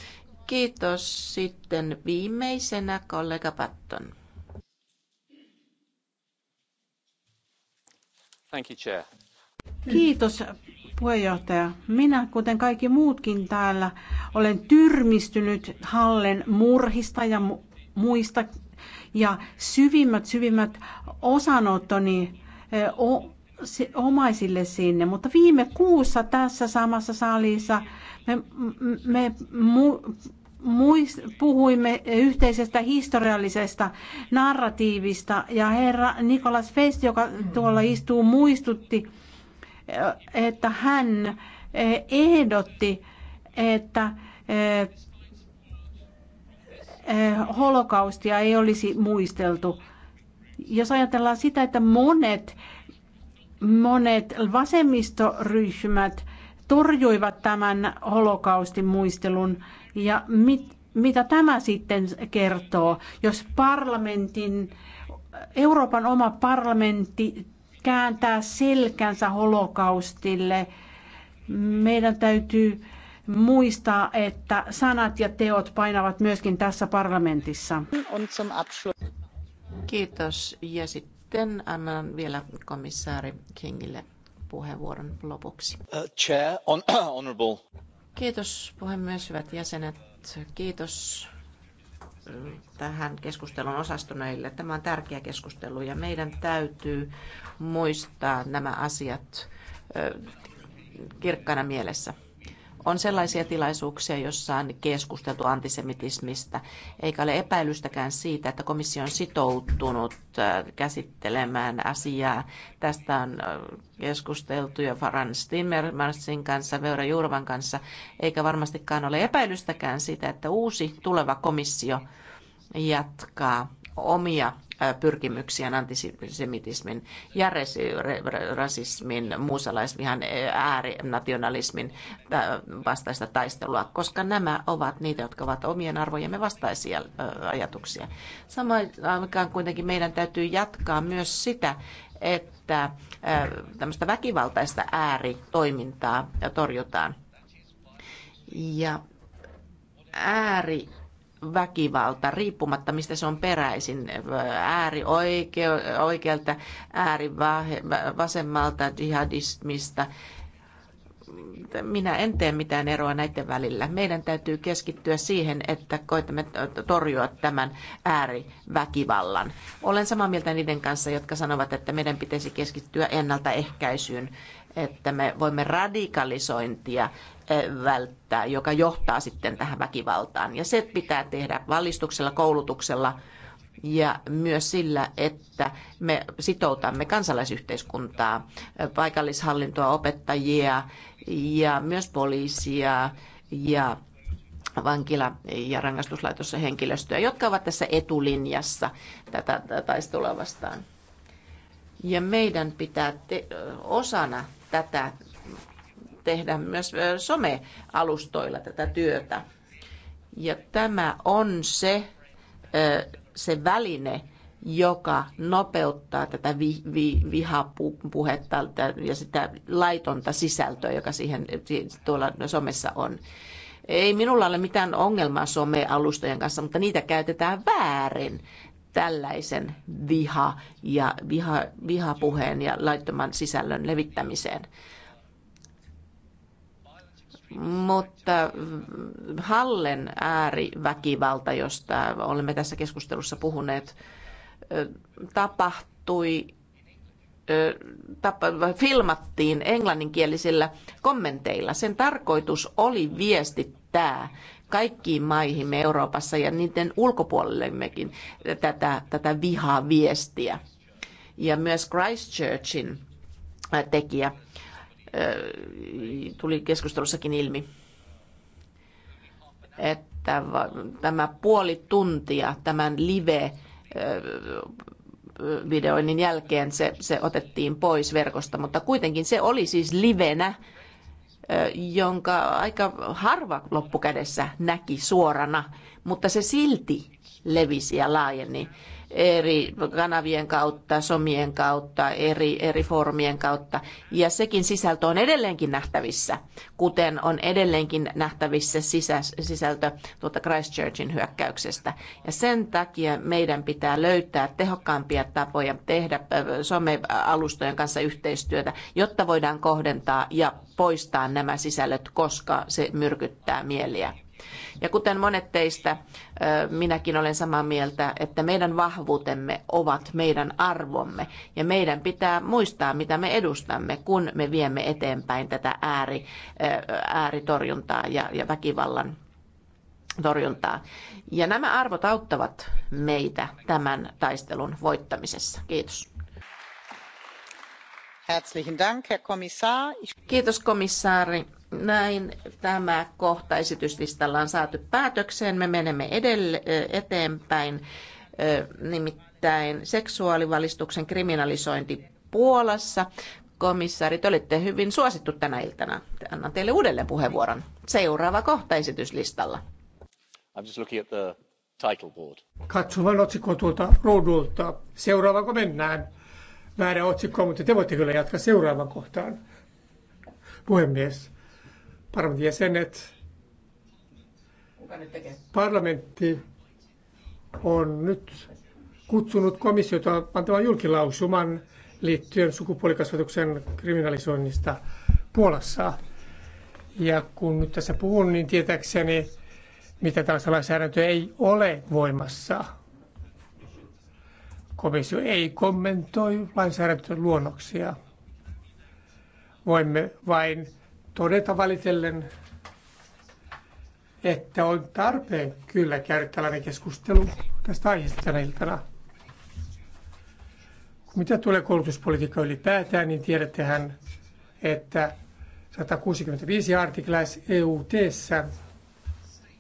Kiitos sitten viimeisenä kollega Patton. Kiitos puheenjohtaja. Minä, kuten kaikki muutkin täällä, olen tyrmistynyt Hallen murhista ja mu- muista. Ja syvimmät, syvimmät osanottoni e, omaisille sinne. Mutta viime kuussa tässä samassa salissa me, me muist, puhuimme yhteisestä historiallisesta narratiivista ja herra Nikolas Feist, joka tuolla istuu, muistutti, eh, että hän eh, ehdotti, että eh, holokaustia ei olisi muisteltu. Jos ajatellaan sitä, että monet, monet vasemmistoryhmät torjuivat tämän holokaustin muistelun, ja mit, mitä tämä sitten kertoo, jos parlamentin, Euroopan oma parlamentti kääntää selkänsä holokaustille? Meidän täytyy muistaa, että sanat ja teot painavat myöskin tässä parlamentissa. Kiitos. Ja sitten annan vielä komissaari Kingille puheenvuoron lopuksi. Uh, chair, on, honorable. Kiitos puhemies, hyvät jäsenet. Kiitos mm, tähän keskustelun osastuneille. Tämä on tärkeä keskustelu ja meidän täytyy muistaa nämä asiat mm, kirkkaana mielessä. On sellaisia tilaisuuksia, joissa on keskusteltu antisemitismistä, eikä ole epäilystäkään siitä, että komissio on sitoutunut äh, käsittelemään asiaa. Tästä on äh, keskusteltu jo Franz Timmermansin kanssa, Veura Jurvan kanssa, eikä varmastikaan ole epäilystäkään siitä, että uusi tuleva komissio jatkaa omia pyrkimyksiä antisemitismin ja rasismin, muusalaisvihan, äärinationalismin vastaista taistelua, koska nämä ovat niitä, jotka ovat omien arvojemme vastaisia ajatuksia. Samaan aikaan kuitenkin meidän täytyy jatkaa myös sitä, että tämmöistä väkivaltaista ääritoimintaa torjutaan. Ja ääri väkivalta, riippumatta mistä se on peräisin, ääri vasemmalta, jihadismista. Minä en tee mitään eroa näiden välillä. Meidän täytyy keskittyä siihen, että koitamme torjua tämän ääriväkivallan. Olen samaa mieltä niiden kanssa, jotka sanovat, että meidän pitäisi keskittyä ennaltaehkäisyyn että me voimme radikalisointia eh, välttää, joka johtaa sitten tähän väkivaltaan. Ja se pitää tehdä valistuksella, koulutuksella ja myös sillä, että me sitoutamme kansalaisyhteiskuntaa, eh, paikallishallintoa, opettajia ja myös poliisia ja vankila- ja rangaistuslaitossa henkilöstöä, jotka ovat tässä etulinjassa tätä taistelua vastaan. Ja meidän pitää te- osana tätä tehdä myös somealustoilla tätä työtä. Ja tämä on se, se väline, joka nopeuttaa tätä vi, vi, vihapuhetta ja sitä laitonta sisältöä, joka siihen tuolla somessa on. Ei minulla ole mitään ongelmaa somealustojen kanssa, mutta niitä käytetään väärin tällaisen viha ja viha, vihapuheen ja laittoman sisällön levittämiseen. Mutta Hallen ääriväkivalta, josta olemme tässä keskustelussa puhuneet, tapahtui, tapa, filmattiin englanninkielisillä kommenteilla. Sen tarkoitus oli viestittää kaikkiin me Euroopassa ja niiden ulkopuolellemmekin tätä, tätä vihaa viestiä. Ja myös Christchurchin äh, tekijä äh, tuli keskustelussakin ilmi, että tämä puoli tuntia tämän live äh, videoinnin jälkeen se, se otettiin pois verkosta, mutta kuitenkin se oli siis livenä jonka aika harva loppukädessä näki suorana, mutta se silti levisi ja laajeni eri kanavien kautta, somien kautta, eri, eri foorumien kautta. Ja sekin sisältö on edelleenkin nähtävissä, kuten on edelleenkin nähtävissä sisältö tuota Christchurchin hyökkäyksestä. Ja sen takia meidän pitää löytää tehokkaampia tapoja tehdä somealustojen kanssa yhteistyötä, jotta voidaan kohdentaa ja poistaa nämä sisällöt, koska se myrkyttää mieliä. Ja kuten monet teistä, minäkin olen samaa mieltä, että meidän vahvuutemme ovat meidän arvomme ja meidän pitää muistaa, mitä me edustamme, kun me viemme eteenpäin tätä ääri, ääritorjuntaa ja, ja väkivallan torjuntaa. Ja nämä arvot auttavat meitä tämän taistelun voittamisessa. Kiitos. Kiitos komissaari. Näin tämä kohta esityslistalla on saatu päätökseen. Me menemme edelle, eteenpäin, nimittäin seksuaalivalistuksen kriminalisointi Puolassa. Komissaari, te olitte hyvin suosittu tänä iltana. Annan teille uudelleen puheenvuoron. Seuraava kohta esityslistalla. I'm just looking at the title board. Katso vain otsikko tuolta ruudulta. Seuraavaanko mennään? Väärä otsikko, mutta te voitte kyllä jatkaa seuraavan kohtaan. Puhemies, parlamentin jäsenet, parlamentti on nyt kutsunut komissiota antamaan julkilausuman liittyen sukupuolikasvatuksen kriminalisoinnista Puolassa. Ja kun nyt tässä puhun, niin tietääkseni, mitä tällaista lainsäädäntöä ei ole voimassa. Komissio ei kommentoi lainsäädäntöluonnoksia. Voimme vain todeta valitellen, että on tarpeen kyllä käydä tällainen keskustelu tästä aiheesta tänä iltana. Mitä tulee koulutuspolitiikkaan ylipäätään, niin tiedättehän, että 165 artiklais EUT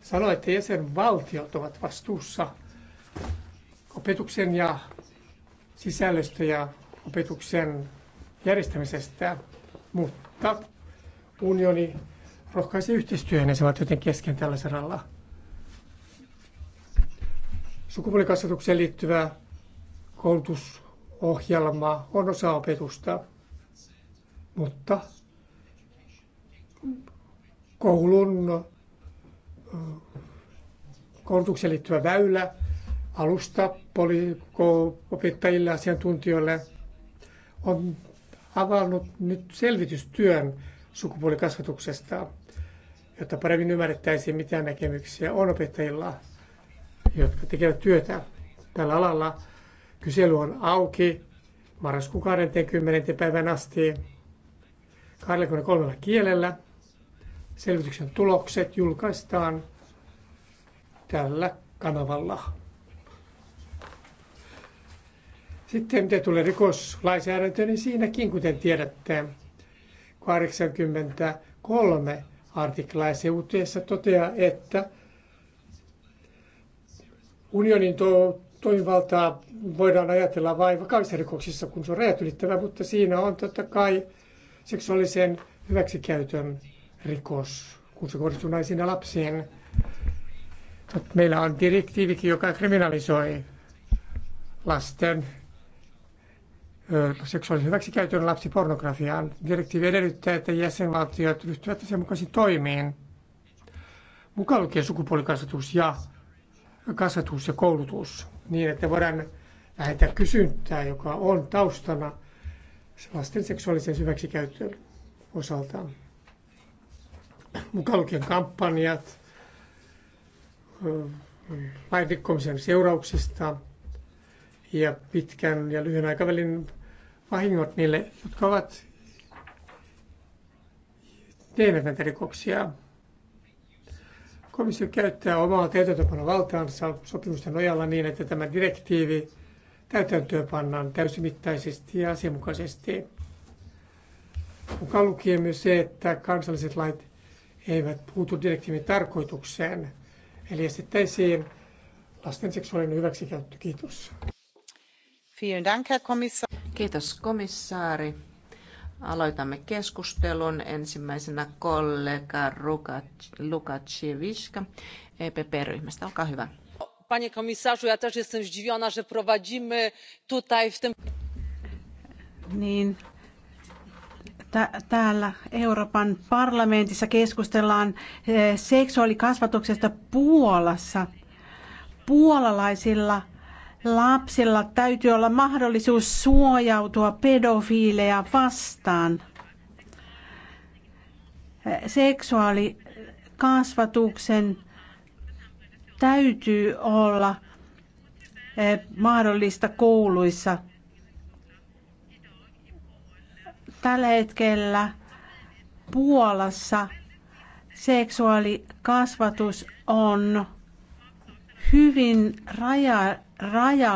sanoo, että jäsenvaltiot ovat vastuussa opetuksen ja sisällöstä ja opetuksen järjestämisestä, mutta unioni rohkaisi yhteistyöhön jäsenvaltioiden kesken tällä saralla. Sukupuolikasvatukseen liittyvä koulutusohjelma on osa opetusta, mutta koulun koulutukseen liittyvä väylä alusta opettajille ja asiantuntijoille on avannut nyt selvitystyön sukupuolikasvatuksesta, jotta paremmin ymmärrettäisiin, mitä näkemyksiä on opettajilla, jotka tekevät työtä tällä alalla. Kysely on auki marraskuun 20. päivän asti 23 kielellä. Selvityksen tulokset julkaistaan tällä kanavalla. Sitten mitä tulee rikoslainsäädäntöön, niin siinäkin, kuten tiedätte, 83 artikla ja se UTS toteaa, että unionin to- toimivaltaa voidaan ajatella vain vakavissa rikoksissa, kun se on rajat ylittävä, mutta siinä on totta kai seksuaalisen hyväksikäytön rikos, kun se kohdistuu naisiin ja lapsiin. Meillä on direktiivikin, joka kriminalisoi lasten seksuaalisen hyväksikäytön lapsipornografiaan. Direktiivi edellyttää, että jäsenvaltiot ryhtyvät sen mukaisiin toimiin, mukaan lukien sukupuolikasvatus ja kasvatus ja koulutus, niin että voidaan vähentää kysyntää, joka on taustana lasten seksuaalisen hyväksikäytön osalta. Mukaan lukien kampanjat, lain seurauksista, ja pitkän ja lyhyen aikavälin vahingot niille, jotka ovat tehneet näitä rikoksia. Komissio käyttää omaa täytäntöönpanovaltaansa sopimusten nojalla niin, että tämä direktiivi täytäntöön pannaan täysimittaisesti ja asianmukaisesti. Mukaan lukien myös se, että kansalliset lait eivät puutu direktiivin tarkoitukseen, eli estettäisiin lasten seksuaalinen hyväksikäyttö. Kiitos. Kiitos komissaari. Aloitamme keskustelun. Ensimmäisenä kollega Lukaciewiczka EPP-ryhmästä. Olkaa hyvä. Panie komisarzu, ja też jestem zdziwiona, że prowadzimy tutaj w tym... Niin, täällä Euroopan parlamentissa keskustellaan eh, seksuaalikasvatuksesta Puolassa. Puolalaisilla Lapsilla täytyy olla mahdollisuus suojautua pedofiileja vastaan. Seksuaalikasvatuksen täytyy olla eh, mahdollista kouluissa. Tällä hetkellä Puolassa seksuaalikasvatus on hyvin raja, raja,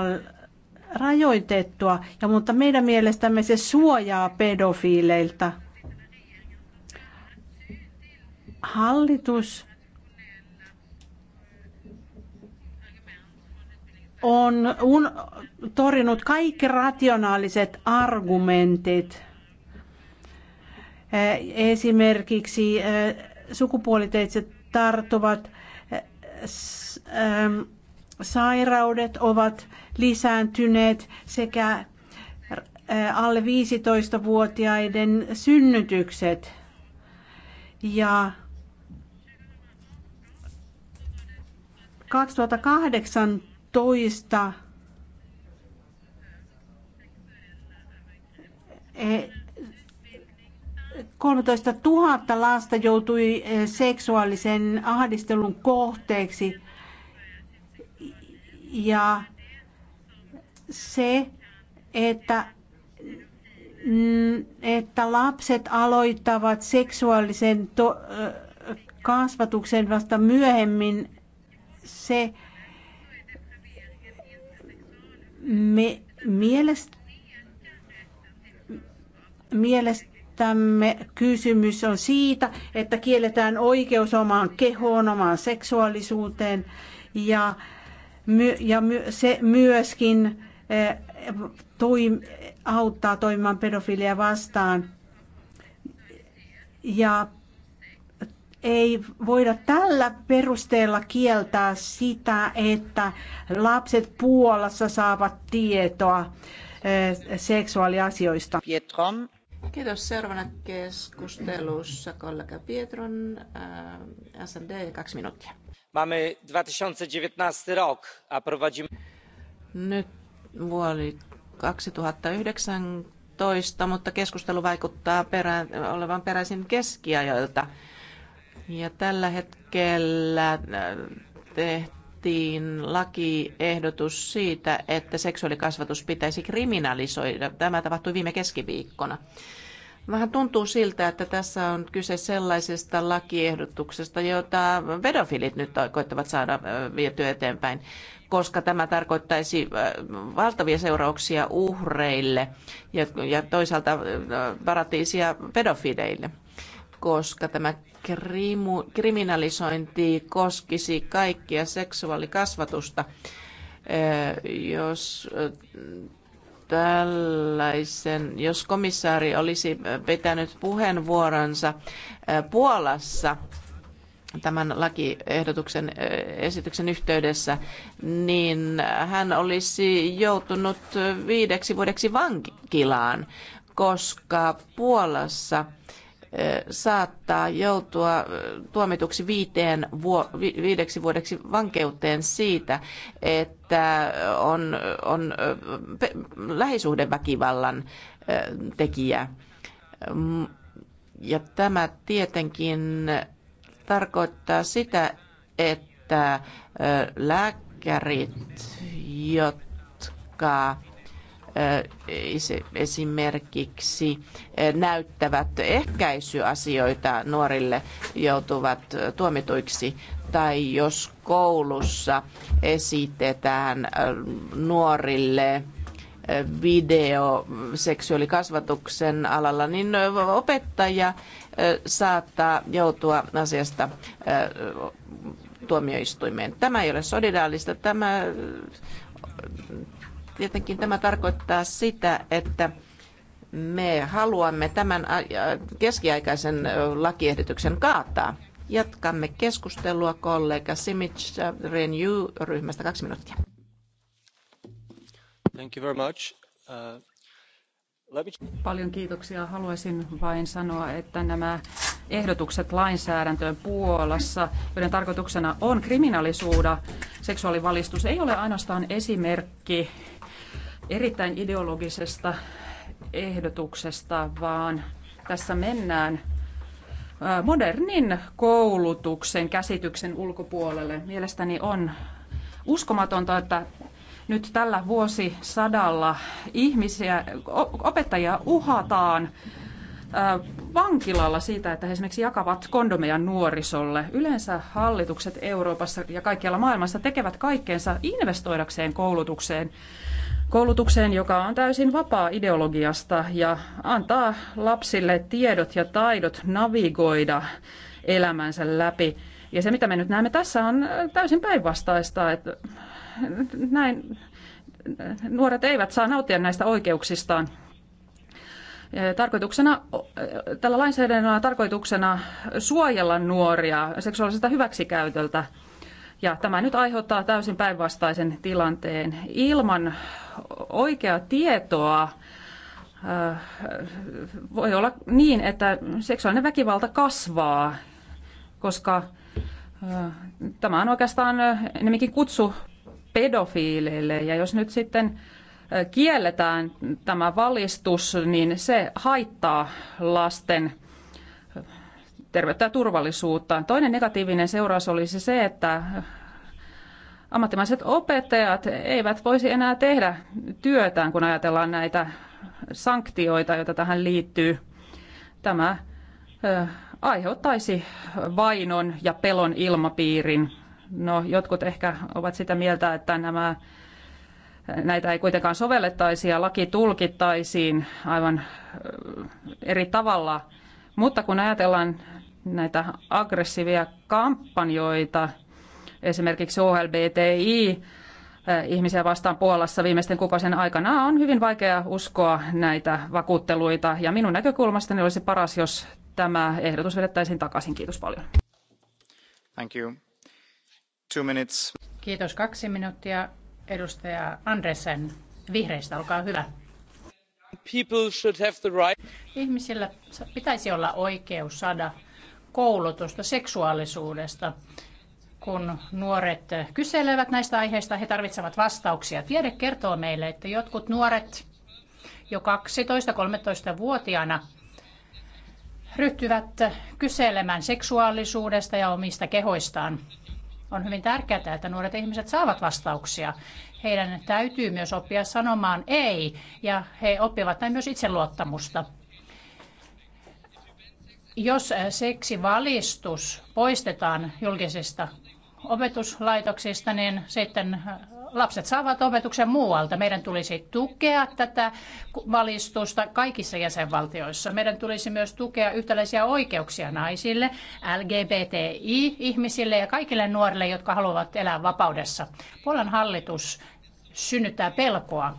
rajoitettua, ja, mutta meidän mielestämme se suojaa pedofiileilta. Hallitus on un, torinut kaikki rationaaliset argumentit. Eh, esimerkiksi eh, sukupuoliteitse tarttuvat Ähm, sairaudet ovat lisääntyneet sekä äh, alle 15-vuotiaiden synnytykset ja 2018 he 13 000 lasta joutui eh, seksuaalisen ahdistelun kohteeksi. Ja se, että, mm, että lapset aloittavat seksuaalisen to, eh, kasvatuksen vasta myöhemmin, se me, mielestä, mielest, Tämme kysymys on siitä, että kielletään oikeus omaan kehoon, omaan seksuaalisuuteen ja, my, ja my, se myöskin eh, toi, auttaa toimimaan pedofilia vastaan. Ja ei voida tällä perusteella kieltää sitä, että lapset Puolassa saavat tietoa eh, seksuaaliasioista. Pietrom. Kiitos. Seuraavana keskustelussa kollega Pietron, äh, SMD, kaksi minuuttia. Mamy 2019 rok, a prowadzimy... Nyt vuoli 2019, mutta keskustelu vaikuttaa perä, olevan peräisin keskiajoilta. Ja tällä hetkellä tehty tehtiin lakiehdotus siitä, että seksuaalikasvatus pitäisi kriminalisoida. Tämä tapahtui viime keskiviikkona. Vähän tuntuu siltä, että tässä on kyse sellaisesta lakiehdotuksesta, jota vedofilit nyt koittavat saada vietyä eteenpäin, koska tämä tarkoittaisi valtavia seurauksia uhreille ja, toisaalta paratiisia pedofileille koska tämä krimu, kriminalisointi koskisi kaikkia seksuaalikasvatusta. Jos tällaisen, jos komissaari olisi pitänyt puheenvuoronsa Puolassa tämän lakiehdotuksen esityksen yhteydessä, niin hän olisi joutunut viideksi vuodeksi vankilaan, koska Puolassa äh, saattaa joutua tuomituksi viiteen vuo, viideksi vuodeksi vankeuteen siitä, että on, on pe, lähisuhdeväkivallan tekijä. Ja tämä tietenkin tarkoittaa sitä, että lääkärit, jotka esimerkiksi näyttävät ehkäisyasioita nuorille joutuvat tuomituiksi tai jos koulussa esitetään nuorille video seksuaalikasvatuksen alalla, niin opettaja saattaa joutua asiasta tuomioistuimeen. Tämä ei ole solidaallista, tämä Tietenkin tämä tarkoittaa sitä, että me haluamme tämän keskiaikaisen lakiehdotuksen kaataa. Jatkamme keskustelua kollega Simic Renew-ryhmästä kaksi minuuttia. Thank you very much. Uh, Paljon kiitoksia. Haluaisin vain sanoa, että nämä ehdotukset lainsäädäntöön Puolassa, joiden tarkoituksena on kriminalisuuda, seksuaalivalistus, ei ole ainoastaan esimerkki erittäin ideologisesta ehdotuksesta, vaan tässä mennään modernin koulutuksen käsityksen ulkopuolelle. Mielestäni on uskomatonta, että nyt tällä vuosisadalla ihmisiä, opettajia uhataan vankilalla siitä, että he esimerkiksi jakavat kondomeja nuorisolle. Yleensä hallitukset Euroopassa ja kaikkialla maailmassa tekevät kaikkeensa investoidakseen koulutukseen koulutukseen, joka on täysin vapaa ideologiasta ja antaa lapsille tiedot ja taidot navigoida elämänsä läpi. Ja se, mitä me nyt näemme tässä, on täysin päinvastaista, että näin nuoret eivät saa nauttia näistä oikeuksistaan. Tarkoituksena, tällä lainsäädännöllä on tarkoituksena suojella nuoria seksuaaliselta hyväksikäytöltä – ja tämä nyt aiheuttaa täysin päinvastaisen tilanteen. Ilman oikeaa tietoa äh, voi olla niin, että seksuaalinen väkivalta kasvaa, koska äh, tämä on oikeastaan äh, enemmänkin kutsu pedofiileille. Ja jos nyt sitten kielletään tämä valistus, niin se haittaa lasten terveyttä ja turvallisuutta. Toinen negatiivinen seuraus olisi se, että ammattimaiset opettajat eivät voisi enää tehdä työtään, kun ajatellaan näitä sanktioita, joita tähän liittyy. Tämä aiheuttaisi vainon ja pelon ilmapiirin. No, jotkut ehkä ovat sitä mieltä, että nämä, näitä ei kuitenkaan sovellettaisi ja laki tulkittaisiin aivan eri tavalla. Mutta kun ajatellaan näitä aggressiivisia kampanjoita, esimerkiksi OLBTI, eh, ihmisiä vastaan Puolassa viimeisten kuukausien aikana on hyvin vaikea uskoa näitä vakuutteluita. Ja minun näkökulmastani olisi paras, jos tämä ehdotus vedettäisiin takaisin. Kiitos paljon. Thank you. Two minutes. Kiitos. Kaksi minuuttia. Edustaja Andresen vihreistä, olkaa hyvä. People should have the right. Ihmisillä pitäisi olla oikeus saada koulutusta seksuaalisuudesta. Kun nuoret kyselevät näistä aiheista, he tarvitsevat vastauksia. Tiede kertoo meille, että jotkut nuoret jo 12-13-vuotiaana ryhtyvät kyselemään seksuaalisuudesta ja omista kehoistaan. On hyvin tärkeää, että nuoret ihmiset saavat vastauksia. Heidän täytyy myös oppia sanomaan ei, ja he oppivat näin myös itseluottamusta. Jos äh, seksivalistus poistetaan julkisista opetuslaitoksista, niin sitten äh, lapset saavat opetuksen muualta. Meidän tulisi tukea tätä valistusta kaikissa jäsenvaltioissa. Meidän tulisi myös tukea yhtäläisiä oikeuksia naisille, LGBTI-ihmisille ja kaikille nuorille, jotka haluavat elää vapaudessa. Puolan hallitus synnyttää pelkoa.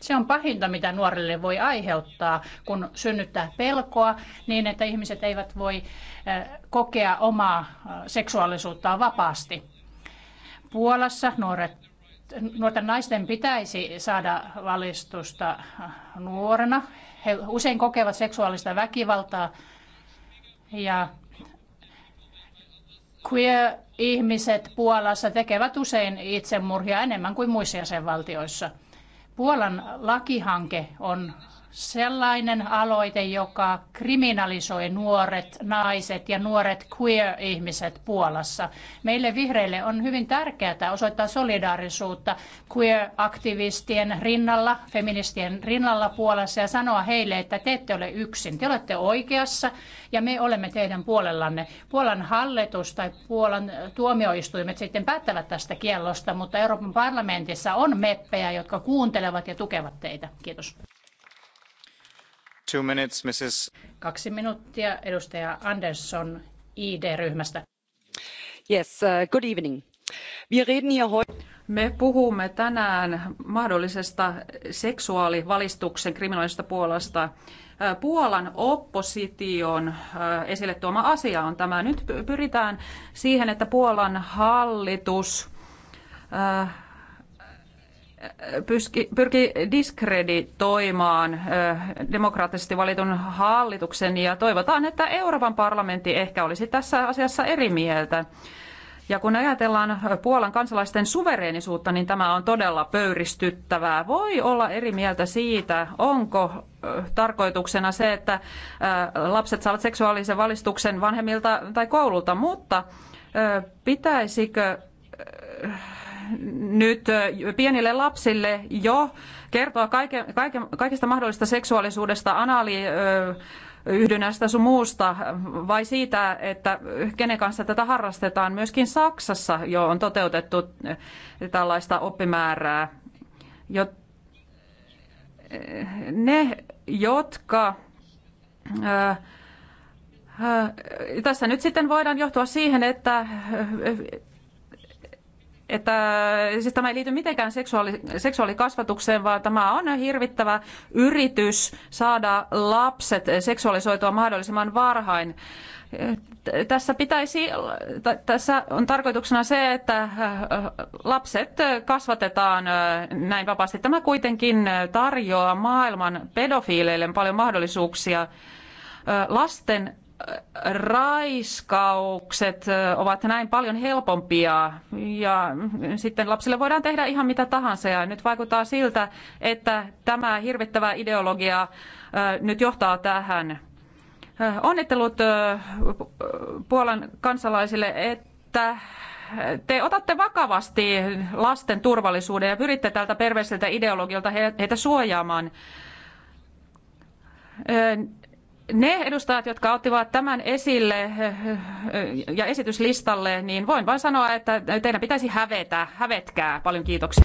Se on pahinta, mitä nuorille voi aiheuttaa, kun synnyttää pelkoa niin, että ihmiset eivät voi eh, kokea omaa eh, seksuaalisuuttaan vapaasti. Puolassa nuoret nuorten naisten pitäisi saada valistusta eh, nuorena. He usein kokevat seksuaalista väkivaltaa ja queer-ihmiset Puolassa tekevät usein itsemurhia enemmän kuin muissa jäsenvaltioissa. Puolan lakihanke on sellainen aloite, joka kriminalisoi nuoret naiset ja nuoret queer-ihmiset Puolassa. Meille vihreille on hyvin tärkeää osoittaa solidaarisuutta queer-aktivistien rinnalla, feministien rinnalla Puolassa ja sanoa heille, että te ette ole yksin. Te olette oikeassa ja me olemme teidän puolellanne. Puolan hallitus tai Puolan tuomioistuimet sitten päättävät tästä kiellosta, mutta Euroopan parlamentissa on meppejä, jotka kuuntelevat ja tukevat teitä. Kiitos. Two minutes, Mrs. Kaksi minuuttia, edustaja Andersson ID-ryhmästä. Yes, uh, good evening. Wir reden hier heute... Me puhumme tänään mahdollisesta seksuaalivalistuksen kriminaalista Puolasta. Uh, Puolan opposition uh, esille tuoma asia on tämä. Nyt pyritään siihen, että Puolan hallitus uh, pyrki diskreditoimaan demokraattisesti valitun hallituksen ja toivotaan, että Euroopan parlamentti ehkä olisi tässä asiassa eri mieltä. Ja kun ajatellaan Puolan kansalaisten suvereenisuutta, niin tämä on todella pöyristyttävää. Voi olla eri mieltä siitä, onko tarkoituksena se, että lapset saavat seksuaalisen valistuksen vanhemmilta tai koululta, mutta pitäisikö nyt pienille lapsille jo kertoa kaiken, kaikesta mahdollisesta seksuaalisuudesta, anaaliyhdynnästä sun muusta, vai siitä, että kenen kanssa tätä harrastetaan. Myöskin Saksassa jo on toteutettu tällaista oppimäärää. Jo, ne, jotka tässä nyt sitten voidaan johtua siihen, että että siis tämä ei liity mitenkään seksuaali, seksuaalikasvatukseen, vaan tämä on hirvittävä yritys saada lapset seksuaalisoitua mahdollisimman varhain. Tässä, pitäisi, tässä on tarkoituksena se, että äh, lapset kasvatetaan äh, näin vapaasti. Tämä kuitenkin tarjoaa maailman pedofiileille paljon mahdollisuuksia äh, lasten raiskaukset ovat näin paljon helpompia ja sitten lapsille voidaan tehdä ihan mitä tahansa ja nyt vaikuttaa siltä, että tämä hirvittävä ideologia nyt johtaa tähän. Onnittelut Puolan kansalaisille, että te otatte vakavasti lasten turvallisuuden ja pyritte tältä perveiseltä ideologialta heitä suojaamaan ne edustajat, jotka ottivat tämän esille eh, eh, ja esityslistalle, niin voin vain sanoa, että teidän pitäisi hävetä. Hävetkää. Paljon kiitoksia.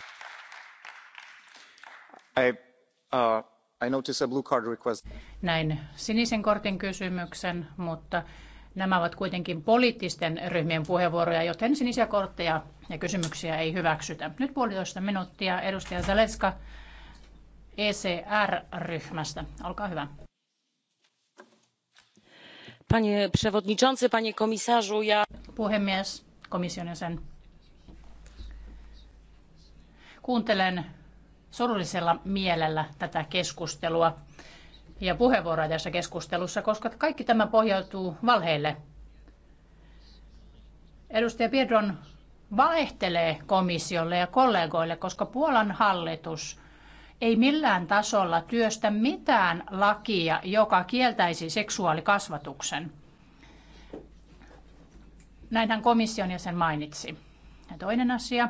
I, uh, I a blue card request. Näin sinisen kortin kysymyksen, mutta nämä ovat kuitenkin poliittisten ryhmien puheenvuoroja, joten sinisiä kortteja ja kysymyksiä ei hyväksytä. Nyt puolitoista minuuttia edustaja Zaleska ECR-ryhmästä. Olkaa hyvä. Panie przewodniczący, panie komisarzu, Puhemies, komission jäsen. Kuuntelen surullisella mielellä tätä keskustelua ja puheenvuoroja tässä keskustelussa, koska kaikki tämä pohjautuu valheille. Edustaja Piedron valehtelee komissiolle ja kollegoille, koska Puolan hallitus ei millään tasolla työstä mitään lakia, joka kieltäisi seksuaalikasvatuksen. Näinhän komission jäsen mainitsi. Ja toinen asia,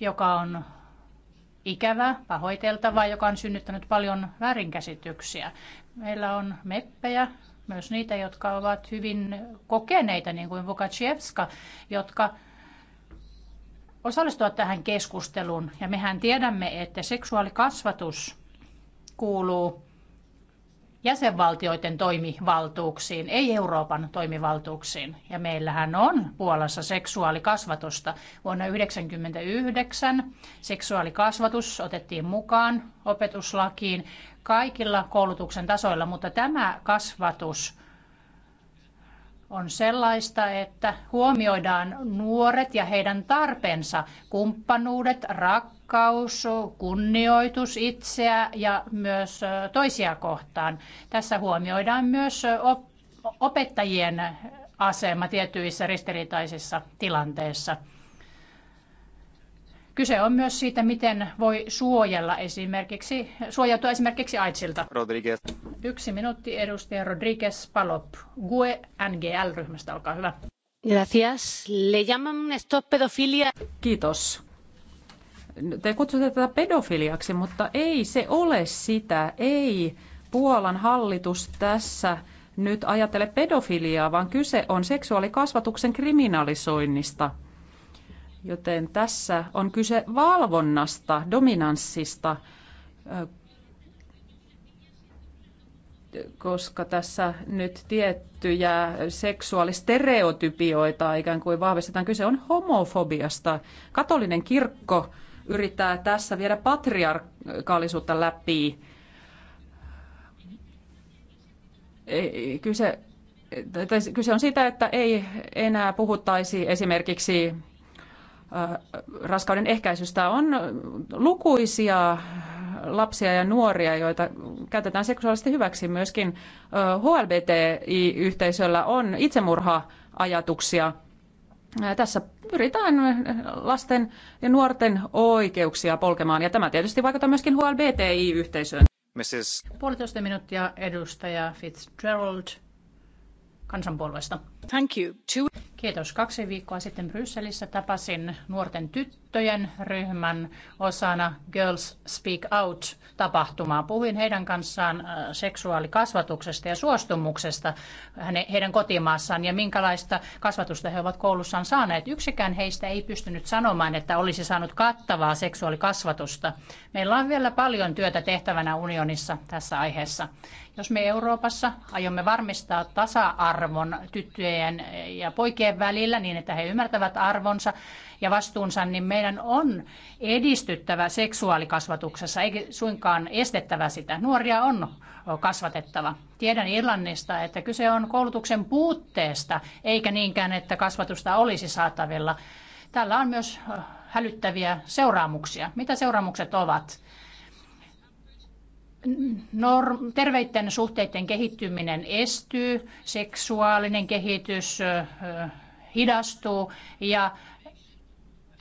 joka on ikävä, pahoiteltava, joka on synnyttänyt paljon väärinkäsityksiä. Meillä on meppejä, myös niitä, jotka ovat hyvin kokeneita, niin kuin Vukacevska, jotka osallistua tähän keskusteluun. Ja mehän tiedämme, että seksuaalikasvatus kuuluu jäsenvaltioiden toimivaltuuksiin, ei Euroopan toimivaltuuksiin. Ja meillähän on Puolassa seksuaalikasvatusta. Vuonna 1999 seksuaalikasvatus otettiin mukaan opetuslakiin kaikilla koulutuksen tasoilla, mutta tämä kasvatus on sellaista, että huomioidaan nuoret ja heidän tarpeensa, kumppanuudet, rakkaus, kunnioitus itseä ja myös toisia kohtaan. Tässä huomioidaan myös opettajien asema tietyissä ristiriitaisissa tilanteissa. Kyse on myös siitä, miten voi suojella esimerkiksi, suojautua esimerkiksi AIDSilta. Rodriguez. Yksi minuutti edustaja Rodriguez Palop, GUE NGL-ryhmästä, olkaa hyvä. Gracias. Le llaman esto pedofilia. Kiitos. Te kutsutte tätä pedofiliaksi, mutta ei se ole sitä. Ei Puolan hallitus tässä nyt ajattele pedofiliaa, vaan kyse on seksuaalikasvatuksen kriminalisoinnista – Joten tässä on kyse valvonnasta, dominanssista, koska tässä nyt tiettyjä seksuaalistereotypioita ikään kuin vahvistetaan. Kyse on homofobiasta. Katolinen kirkko yrittää tässä viedä patriarkaalisuutta läpi. Kyse, kyse on siitä, että ei enää puhuttaisi esimerkiksi raskauden ehkäisystä on lukuisia lapsia ja nuoria, joita käytetään seksuaalisesti hyväksi. Myöskin HLBTI-yhteisöllä on itsemurha-ajatuksia. Tässä pyritään lasten ja nuorten oikeuksia polkemaan, ja tämä tietysti vaikuttaa myöskin HLBTI-yhteisöön. Mrs. Puolitoista minuuttia edustaja Fitzgerald kansanpuolueesta. Thank you. Two... Kiitos. Kaksi viikkoa sitten Brysselissä tapasin nuorten tyttöjen ryhmän osana Girls Speak Out-tapahtumaa. Puhuin heidän kanssaan äh, seksuaalikasvatuksesta ja suostumuksesta heidän kotimaassaan ja minkälaista kasvatusta he ovat koulussaan saaneet. Yksikään heistä ei pystynyt sanomaan, että olisi saanut kattavaa seksuaalikasvatusta. Meillä on vielä paljon työtä tehtävänä unionissa tässä aiheessa. Jos me Euroopassa aiomme varmistaa tasa-arvon tyttöjen ja poikien välillä niin, että he ymmärtävät arvonsa ja vastuunsa, niin meidän on edistyttävä seksuaalikasvatuksessa, eikä suinkaan estettävä sitä. Nuoria on kasvatettava. Tiedän Irlannista, että kyse on koulutuksen puutteesta, eikä niinkään, että kasvatusta olisi saatavilla. Tällä on myös hälyttäviä seuraamuksia. Mitä seuraamukset ovat? norm, terveiden suhteiden kehittyminen estyy, seksuaalinen kehitys hidastuu ja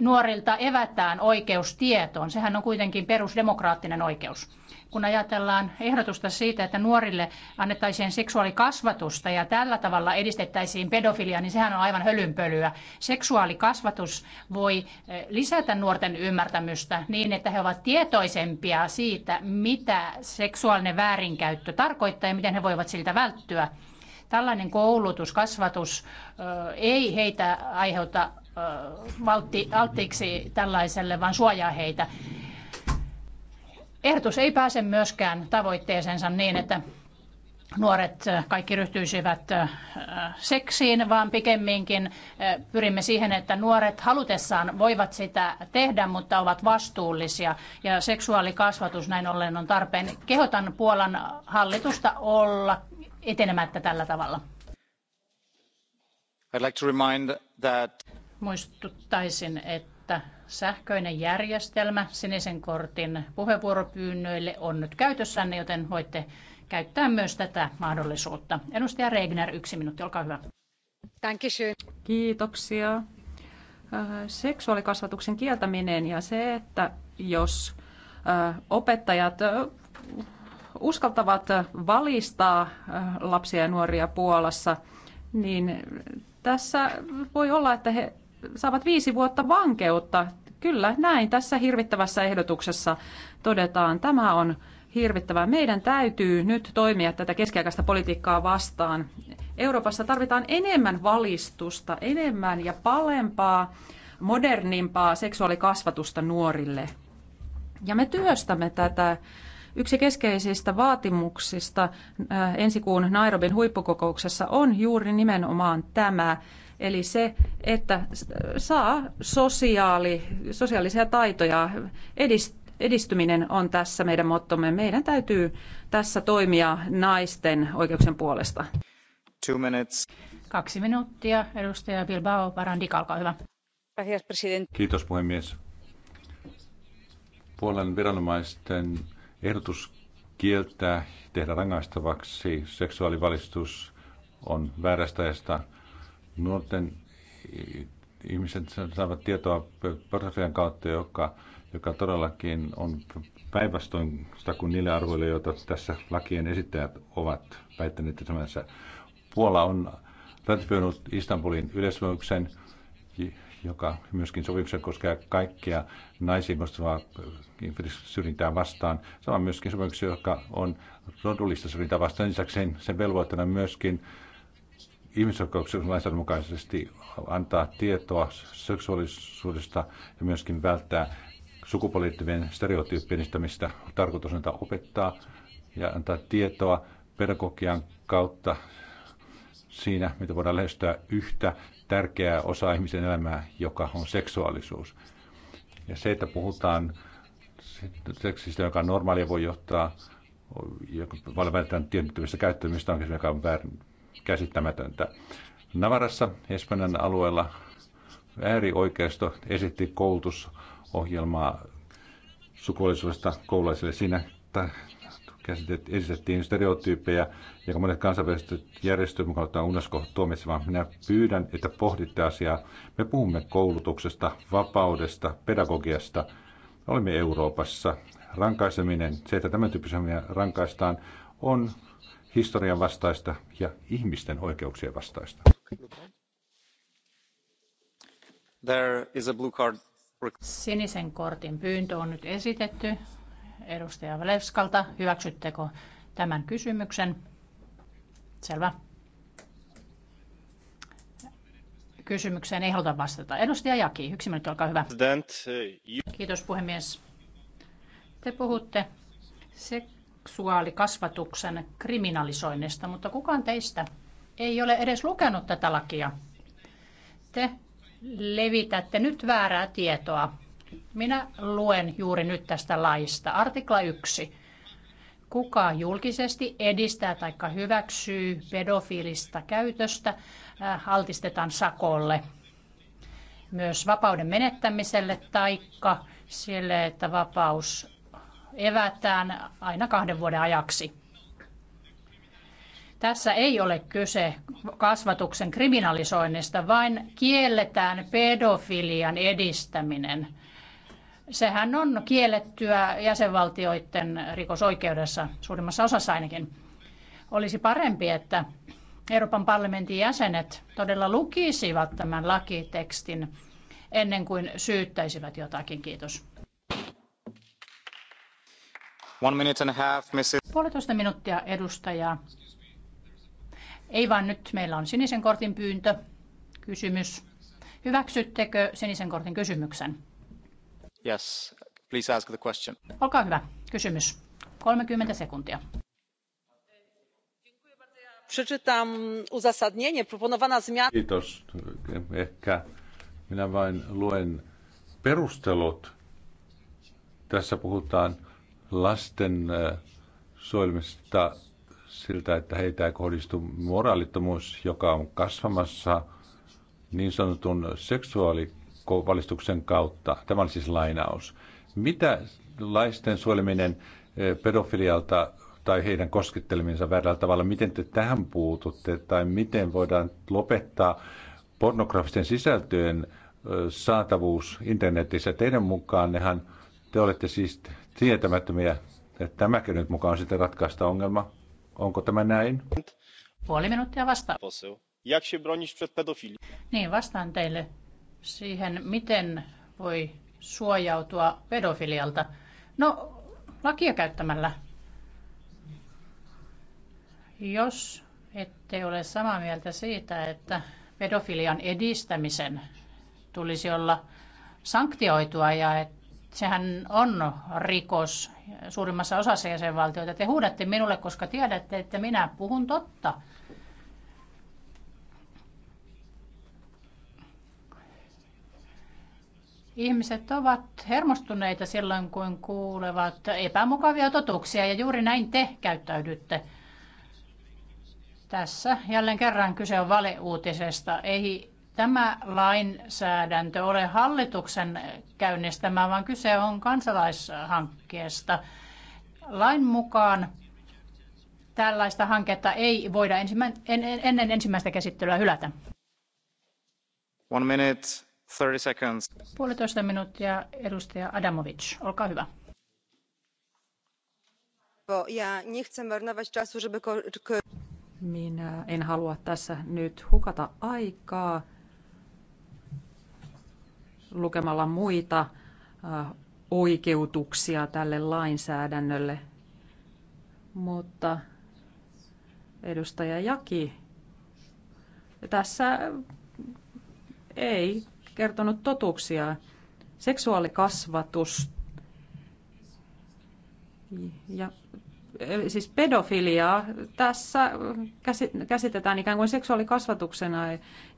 nuorilta evätään oikeus tietoon. Sehän on kuitenkin perusdemokraattinen oikeus kun ajatellaan ehdotusta siitä, että nuorille annettaisiin seksuaalikasvatusta ja tällä tavalla edistettäisiin pedofiliaa, niin sehän on aivan hölynpölyä. Seksuaalikasvatus voi eh, lisätä nuorten ymmärtämystä niin, että he ovat tietoisempia siitä, mitä seksuaalinen väärinkäyttö tarkoittaa ja miten he voivat siltä välttyä. Tällainen koulutus, kasvatus eh, ei heitä aiheuta eh, valtti, alttiiksi tällaiselle, vaan suojaa heitä. Ehdotus ei pääse myöskään tavoitteeseensa niin, että nuoret äh, kaikki ryhtyisivät äh, seksiin, vaan pikemminkin äh, pyrimme siihen, että nuoret halutessaan voivat sitä tehdä, mutta ovat vastuullisia. Ja seksuaalikasvatus näin ollen on tarpeen. Kehotan Puolan hallitusta olla etenemättä tällä tavalla. I'd like to remind that... Muistuttaisin, että että sähköinen järjestelmä sinisen kortin puheenvuoropyynnöille on nyt käytössänne, joten voitte käyttää myös tätä mahdollisuutta. Edustaja Regner, yksi minuutti, olkaa hyvä. Kiitoksia. Äh, seksuaalikasvatuksen kieltäminen ja se, että jos äh, opettajat äh, uskaltavat valistaa lapsia ja nuoria Puolassa, niin tässä voi olla, että he saavat viisi vuotta vankeutta. Kyllä, näin tässä hirvittävässä ehdotuksessa todetaan. Tämä on hirvittävää. Meidän täytyy nyt toimia tätä keskiaikaista politiikkaa vastaan. Euroopassa tarvitaan enemmän valistusta, enemmän ja palempaa, modernimpaa seksuaalikasvatusta nuorille. Ja me työstämme tätä. Yksi keskeisistä vaatimuksista äh, ensi kuun Nairobin huippukokouksessa on juuri nimenomaan tämä Eli se, että saa sosiaali, sosiaalisia taitoja, edistyminen on tässä meidän mottomme. Meidän täytyy tässä toimia naisten oikeuksien puolesta. Two minutes. Kaksi minuuttia. Edustaja Bilbao Barandik, olkaa hyvä. Kiitos puhemies. Puolen viranomaisten ehdotus kieltää tehdä rangaistavaksi seksuaalivalistus on väärästäjästä nuorten ihmiset saavat tietoa pornografian kautta, joka, joka todellakin on päinvastoin sitä kuin niille arvoille, joita tässä lakien esittäjät ovat väittäneet tämänsä. Puola on ratifioinut Istanbulin yleisvoimuksen, joka myöskin sopimuksen koskee kaikkia naisiin koskevaa syrjintää vastaan. Sama myöskin sopimuksen, joka on rodullista syrjintää vastaan. Lisäksi sen, sen myöskin ihmisoikeuksien lainsäädännön mukaisesti antaa tietoa seksuaalisuudesta ja myöskin välttää sukupuoliittyvien stereotyyppien istämistä. Tarkoitus on opettaa ja antaa tietoa pedagogian kautta siinä, mitä voidaan lähestyä yhtä tärkeää osaa ihmisen elämää, joka on seksuaalisuus. Ja se, että puhutaan seksistä, joka on normaalia, voi johtaa välttämättä tietyntyvistä käyttäytymistä, on joka on väärin, käsittämätöntä. Navarassa, Espanjan alueella, äärioikeisto esitti koulutusohjelmaa sukupuolisuudesta koululaisille. Siinä esitettiin stereotyyppejä, ja monet kansainväliset järjestöt mukaan UNESCO tuomitsemaan. Minä pyydän, että pohditte asiaa. Me puhumme koulutuksesta, vapaudesta, pedagogiasta. Olemme Euroopassa. Rankaiseminen, se, että tämän tyyppisiä rankaistaan, on historian vastaista ja ihmisten oikeuksien vastaista. Sinisen kortin pyyntö on nyt esitetty edustaja Levskalta. Hyväksyttekö tämän kysymyksen? Selvä. Kysymykseen ei haluta vastata. Edustaja Jaki, yksi minuutti, olkaa hyvä. Eh, Kiitos puhemies. Te puhutte sekä seksuaalikasvatuksen kriminalisoinnista, mutta kukaan teistä ei ole edes lukenut tätä lakia. Te levitätte nyt väärää tietoa. Minä luen juuri nyt tästä laista. Artikla 1. Kuka julkisesti edistää tai hyväksyy pedofiilista käytöstä, äh, altistetaan sakolle. Myös vapauden menettämiselle taikka sille, että vapaus evätään aina kahden vuoden ajaksi. Tässä ei ole kyse kasvatuksen kriminalisoinnista, vaan kielletään pedofilian edistäminen. Sehän on kiellettyä jäsenvaltioiden rikosoikeudessa, suurimmassa osassa ainakin. Olisi parempi, että Euroopan parlamentin jäsenet todella lukisivat tämän lakitekstin ennen kuin syyttäisivät jotakin. Kiitos. One minute and a half, Mrs. Puolitoista minuuttia edustaja. Ei vaan nyt meillä on sinisen kortin pyyntö. Kysymys. Hyväksyttekö sinisen kortin kysymyksen? Yes, please ask the question. Olkaa hyvä. Kysymys. 30 sekuntia. Przeczytam uzasadnienie. Proponowana zmiana... Kiitos. Ehkä minä vain luen perustelut. Tässä puhutaan lasten äh, suojelmista siltä, että heitä ei kohdistu moraalittomuus, joka on kasvamassa niin sanotun seksuaalivalistuksen kautta. Tämä on siis lainaus. Mitä laisten suojeleminen äh, pedofilialta tai heidän kosketteleminsa väärällä tavalla, miten te tähän puututte tai miten voidaan lopettaa pornografisten sisältöjen äh, saatavuus internetissä? Teidän mukaan nehan te olette siis tietämättömiä, että tämäkin nyt mukaan sitten ratkaista ongelma. Onko tämä näin? Puoli minuuttia vasta. Jak się bronić przed Niin, vastaan teille siihen, miten voi suojautua pedofilialta. No, lakia käyttämällä. Jos ette ole samaa mieltä siitä, että pedofilian edistämisen tulisi olla sanktioitua ja että Sehän on rikos suurimmassa osassa jäsenvaltioita. Te huudatte minulle, koska tiedätte, että minä puhun totta. Ihmiset ovat hermostuneita silloin, kun kuulevat epämukavia totuuksia, ja juuri näin te käyttäydytte. Tässä jälleen kerran kyse on valeuutisesta. Ei tämä lainsäädäntö ole hallituksen käynnistämä, vaan kyse on kansalaishankkeesta. Lain mukaan tällaista hanketta ei voida ennen ensimmäistä käsittelyä hylätä. One minute, 30 seconds. Puolitoista minuuttia, edustaja Adamovic, olkaa hyvä. Minä en halua tässä nyt hukata aikaa lukemalla muita äh, oikeutuksia tälle lainsäädännölle. Mutta edustaja Jaki tässä ei kertonut totuuksia. Seksuaalikasvatus ja siis pedofiliaa tässä käsitetään ikään kuin seksuaalikasvatuksena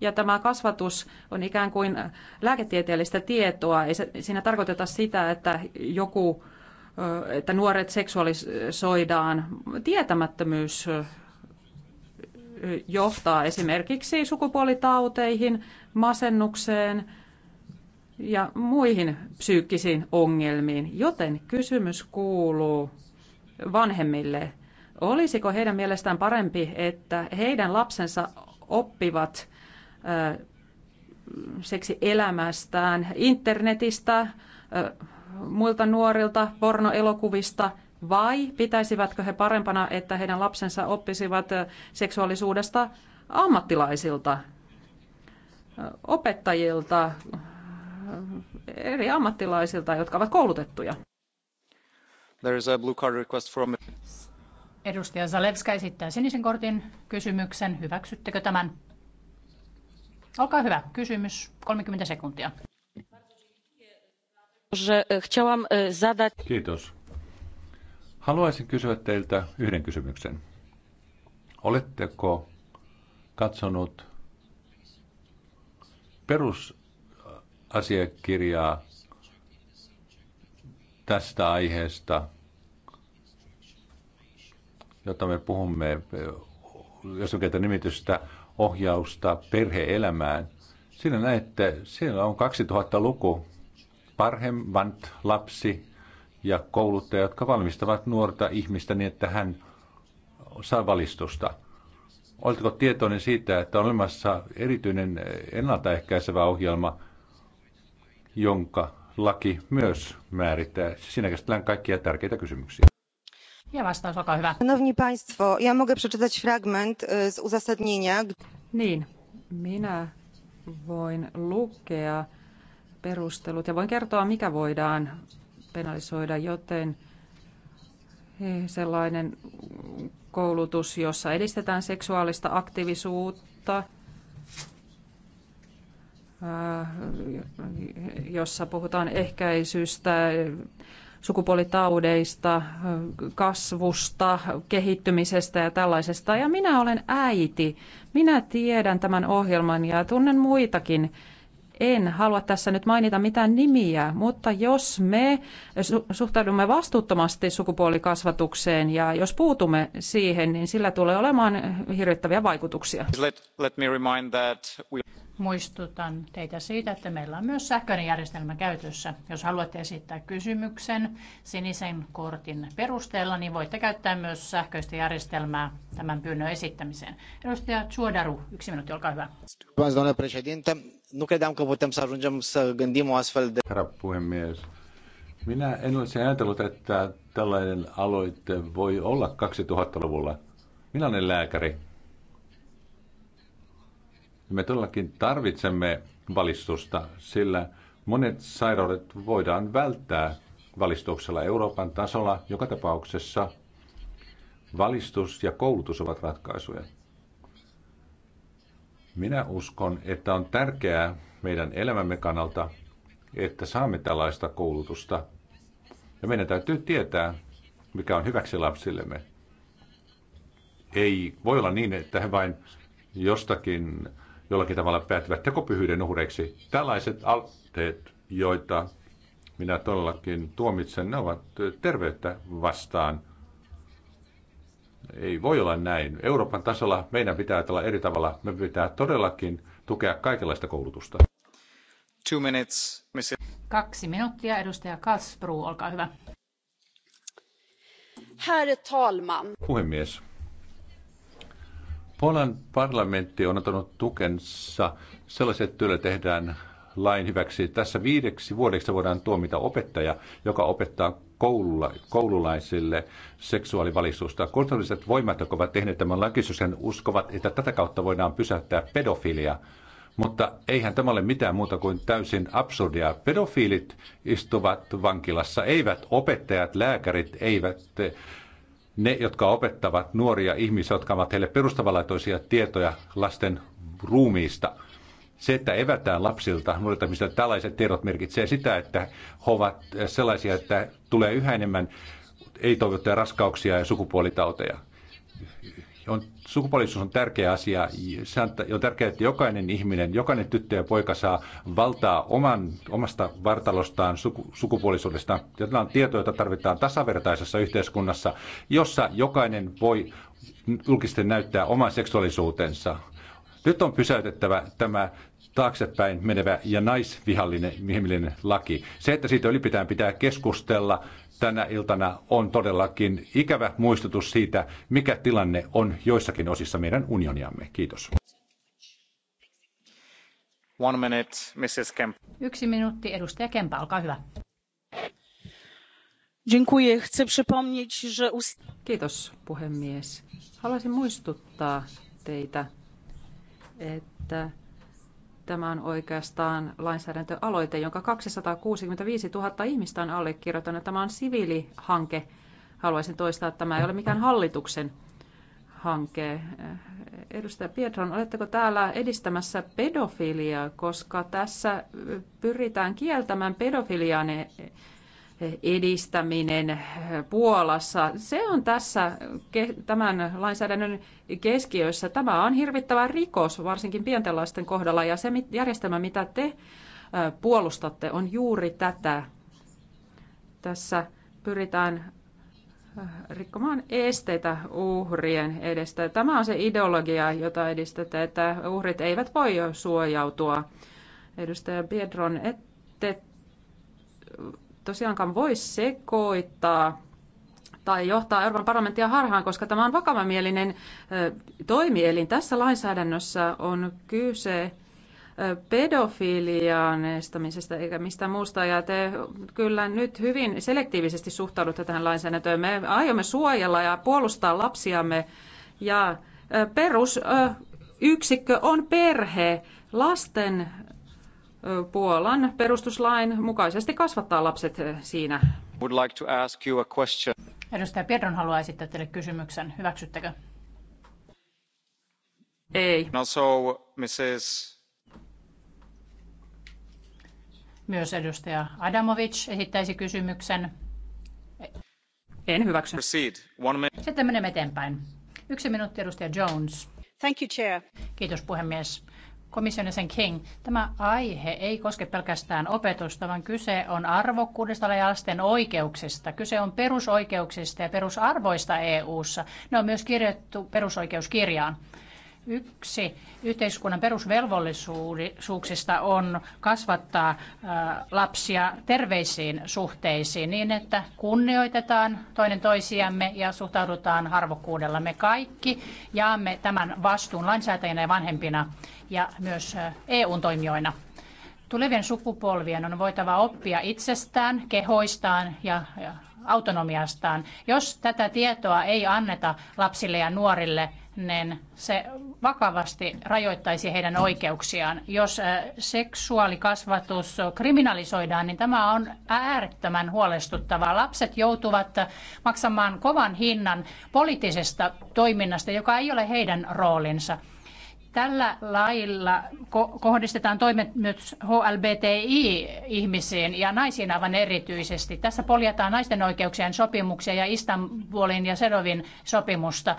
ja tämä kasvatus on ikään kuin lääketieteellistä tietoa. Ei siinä tarkoiteta sitä, että joku että nuoret seksuaalisoidaan. Tietämättömyys johtaa esimerkiksi sukupuolitauteihin, masennukseen ja muihin psyykkisiin ongelmiin. Joten kysymys kuuluu, vanhemmille. Olisiko heidän mielestään parempi, että heidän lapsensa oppivat seksi elämästään, internetistä, muilta nuorilta, pornoelokuvista, vai pitäisivätkö he parempana, että heidän lapsensa oppisivat seksuaalisuudesta ammattilaisilta, opettajilta, eri ammattilaisilta, jotka ovat koulutettuja? There is a blue card request from... Edustaja Zalewska esittää sinisen kortin kysymyksen. Hyväksyttekö tämän? Olkaa hyvä. Kysymys 30 sekuntia. E, e, Kiitos. Haluaisin kysyä teiltä yhden kysymyksen. Oletteko katsonut perusasiakirjaa tästä aiheesta, jota me puhumme, jos on nimitystä, ohjausta perheelämään. Siinä näette, siellä on 2000-luku, parhemmat lapsi ja kouluttaja, jotka valmistavat nuorta ihmistä niin, että hän saa valistusta. Oletteko tietoinen siitä, että on olemassa erityinen ennaltaehkäisevä ohjelma, jonka laki myös määrittää. Siinä käsitellään kaikkia tärkeitä kysymyksiä. Ja vastaus, olkaa hyvä. Szanowni Państwo, ja mogę przeczytać fragment e, z uzasadnienia. Niin, minä voin lukea perustelut ja voin kertoa, mikä voidaan penalisoida, joten eh, sellainen koulutus, jossa edistetään seksuaalista aktiivisuutta, Äh, jossa puhutaan ehkäisystä, sukupuolitaudeista, kasvusta, kehittymisestä ja tällaisesta. Ja minä olen äiti. Minä tiedän tämän ohjelman ja tunnen muitakin en halua tässä nyt mainita mitään nimiä, mutta jos me suhtaudumme vastuuttomasti sukupuolikasvatukseen ja jos puutumme siihen, niin sillä tulee olemaan hirvittäviä vaikutuksia. Let, let me that we... Muistutan teitä siitä, että meillä on myös sähköinen järjestelmä käytössä. Jos haluatte esittää kysymyksen sinisen kortin perusteella, niin voitte käyttää myös sähköistä järjestelmää tämän pyynnön esittämiseen. Edustaja Chuodaru, yksi minuutti, olkaa hyvä nu credeam că putem să ajungem să gândim o astfel de... Herra puhemies, minä en olisi ajatellut, että tällainen aloite voi olla 2000-luvulla. Minä olen lääkäri. Me todellakin tarvitsemme valistusta, sillä monet sairaudet voidaan välttää valistuksella Euroopan tasolla. Joka tapauksessa valistus ja koulutus ovat ratkaisuja. Minä uskon, että on tärkeää meidän elämämme kannalta, että saamme tällaista koulutusta. Ja meidän täytyy tietää, mikä on hyväksi lapsillemme. Ei voi olla niin, että he vain jostakin jollakin tavalla päätyvät tekopyhyyden uhreiksi. Tällaiset alteet, joita minä todellakin tuomitsen, ne ovat terveyttä vastaan – ei voi olla näin. Euroopan tasolla meidän pitää ajatella eri tavalla. Me pitää todellakin tukea kaikenlaista koulutusta. Two minutes, miss... Kaksi minuuttia, edustaja Kasbru, olkaa hyvä. Herr talman. Puhemies. Puolan parlamentti on antanut tukensa sellaiset työlle tehdään lain hyväksi. Tässä viideksi vuodeksi voidaan tuomita opettaja, joka opettaa koululla, koululaisille seksuaalivalistusta. Kulttuuriset voimat, jotka ovat tehneet tämän lakisuksen, uskovat, että tätä kautta voidaan pysäyttää pedofilia. Mutta eihän tämä ole mitään muuta kuin täysin absurdia. Pedofiilit istuvat vankilassa, eivät opettajat, lääkärit, eivät ne, jotka opettavat nuoria ihmisiä, jotka ovat heille perustavanlaatuisia tietoja lasten ruumiista – se, että evätään lapsilta nuorilta mistä tällaiset tiedot merkitsee sitä, että he ovat sellaisia, että tulee yhä enemmän ei-toivottuja raskauksia ja sukupuolitauteja. On, sukupuolisuus on tärkeä asia. Se on tärkeää, että jokainen ihminen, jokainen tyttö ja poika saa valtaa oman, omasta vartalostaan, suku, sukupuolisuudesta. Tämä on tieto, jota tarvitaan tasavertaisessa yhteiskunnassa, jossa jokainen voi julkisesti näyttää oman seksuaalisuutensa. Nyt on pysäytettävä tämä taaksepäin menevä ja naisvihallinen mihimillinen laki. Se, että siitä ylipitään pitää keskustella tänä iltana, on todellakin ikävä muistutus siitä, mikä tilanne on joissakin osissa meidän unioniamme. Kiitos. One minute, Mrs. Kemp. Yksi minuutti, edustaja Kempa, olkaa hyvä. Kiitos, puhemies. Haluaisin muistuttaa teitä, että Tämä on oikeastaan lainsäädäntöaloite, jonka 265 000 ihmistä on allekirjoittanut. Tämä on siviilihanke. Haluaisin toistaa, että tämä ei ole mikään hallituksen hanke. Edustaja Pietron, oletteko täällä edistämässä pedofiliaa, koska tässä pyritään kieltämään pedofiliaa? edistäminen Puolassa. Se on tässä tämän lainsäädännön keskiössä. Tämä on hirvittävä rikos, varsinkin pienten lasten kohdalla, ja se järjestelmä, mitä te puolustatte, on juuri tätä. Tässä pyritään rikkomaan esteitä uhrien edestä. Tämä on se ideologia, jota edistätte, että uhrit eivät voi suojautua. Edustaja Biedron, ette tosiaankaan voi sekoittaa tai johtaa Euroopan parlamenttia harhaan, koska tämä on vakavamielinen toimielin. Tässä lainsäädännössä on kyse pedofiilian estämisestä eikä mistään muusta. Ja te kyllä nyt hyvin selektiivisesti suhtaudutte tähän lainsäädäntöön. Me aiomme suojella ja puolustaa lapsiamme ja perusyksikkö on perhe. Lasten Puolan perustuslain mukaisesti kasvattaa lapset eh, siinä. Would like to ask you a question. Edustaja Piedron haluaa esittää teille kysymyksen. Hyväksyttekö? Ei. No so, Mrs. Myös edustaja Adamovic esittäisi kysymyksen. En hyväksy. Proceed. One minute. Sitten menemme eteenpäin. Yksi minuutti edustaja Jones. Thank you, Chair. Kiitos puhemies komission jäsen King, tämä aihe ei koske pelkästään opetusta, vaan kyse on arvokkuudesta ja lasten oikeuksista. Kyse on perusoikeuksista ja perusarvoista EU:ssa. Ne on myös kirjattu perusoikeuskirjaan. Yksi yhteiskunnan perusvelvollisuuksista on kasvattaa lapsia terveisiin suhteisiin niin, että kunnioitetaan toinen toisiamme ja suhtaudutaan harvokkuudella. Me kaikki jaamme tämän vastuun lainsäätäjinä ja vanhempina ja myös EU-toimijoina. Tulevien sukupolvien on voitava oppia itsestään, kehoistaan ja autonomiastaan. Jos tätä tietoa ei anneta lapsille ja nuorille, niin se vakavasti rajoittaisi heidän oikeuksiaan. Jos äh, seksuaalikasvatus kriminalisoidaan, niin tämä on äärettömän huolestuttavaa. Lapset joutuvat maksamaan kovan hinnan poliittisesta toiminnasta, joka ei ole heidän roolinsa. Tällä lailla ko- kohdistetaan toimet myös HLBTI-ihmisiin ja naisiin aivan erityisesti. Tässä poljetaan naisten oikeuksien sopimuksia ja Istanbulin ja Sedovin sopimusta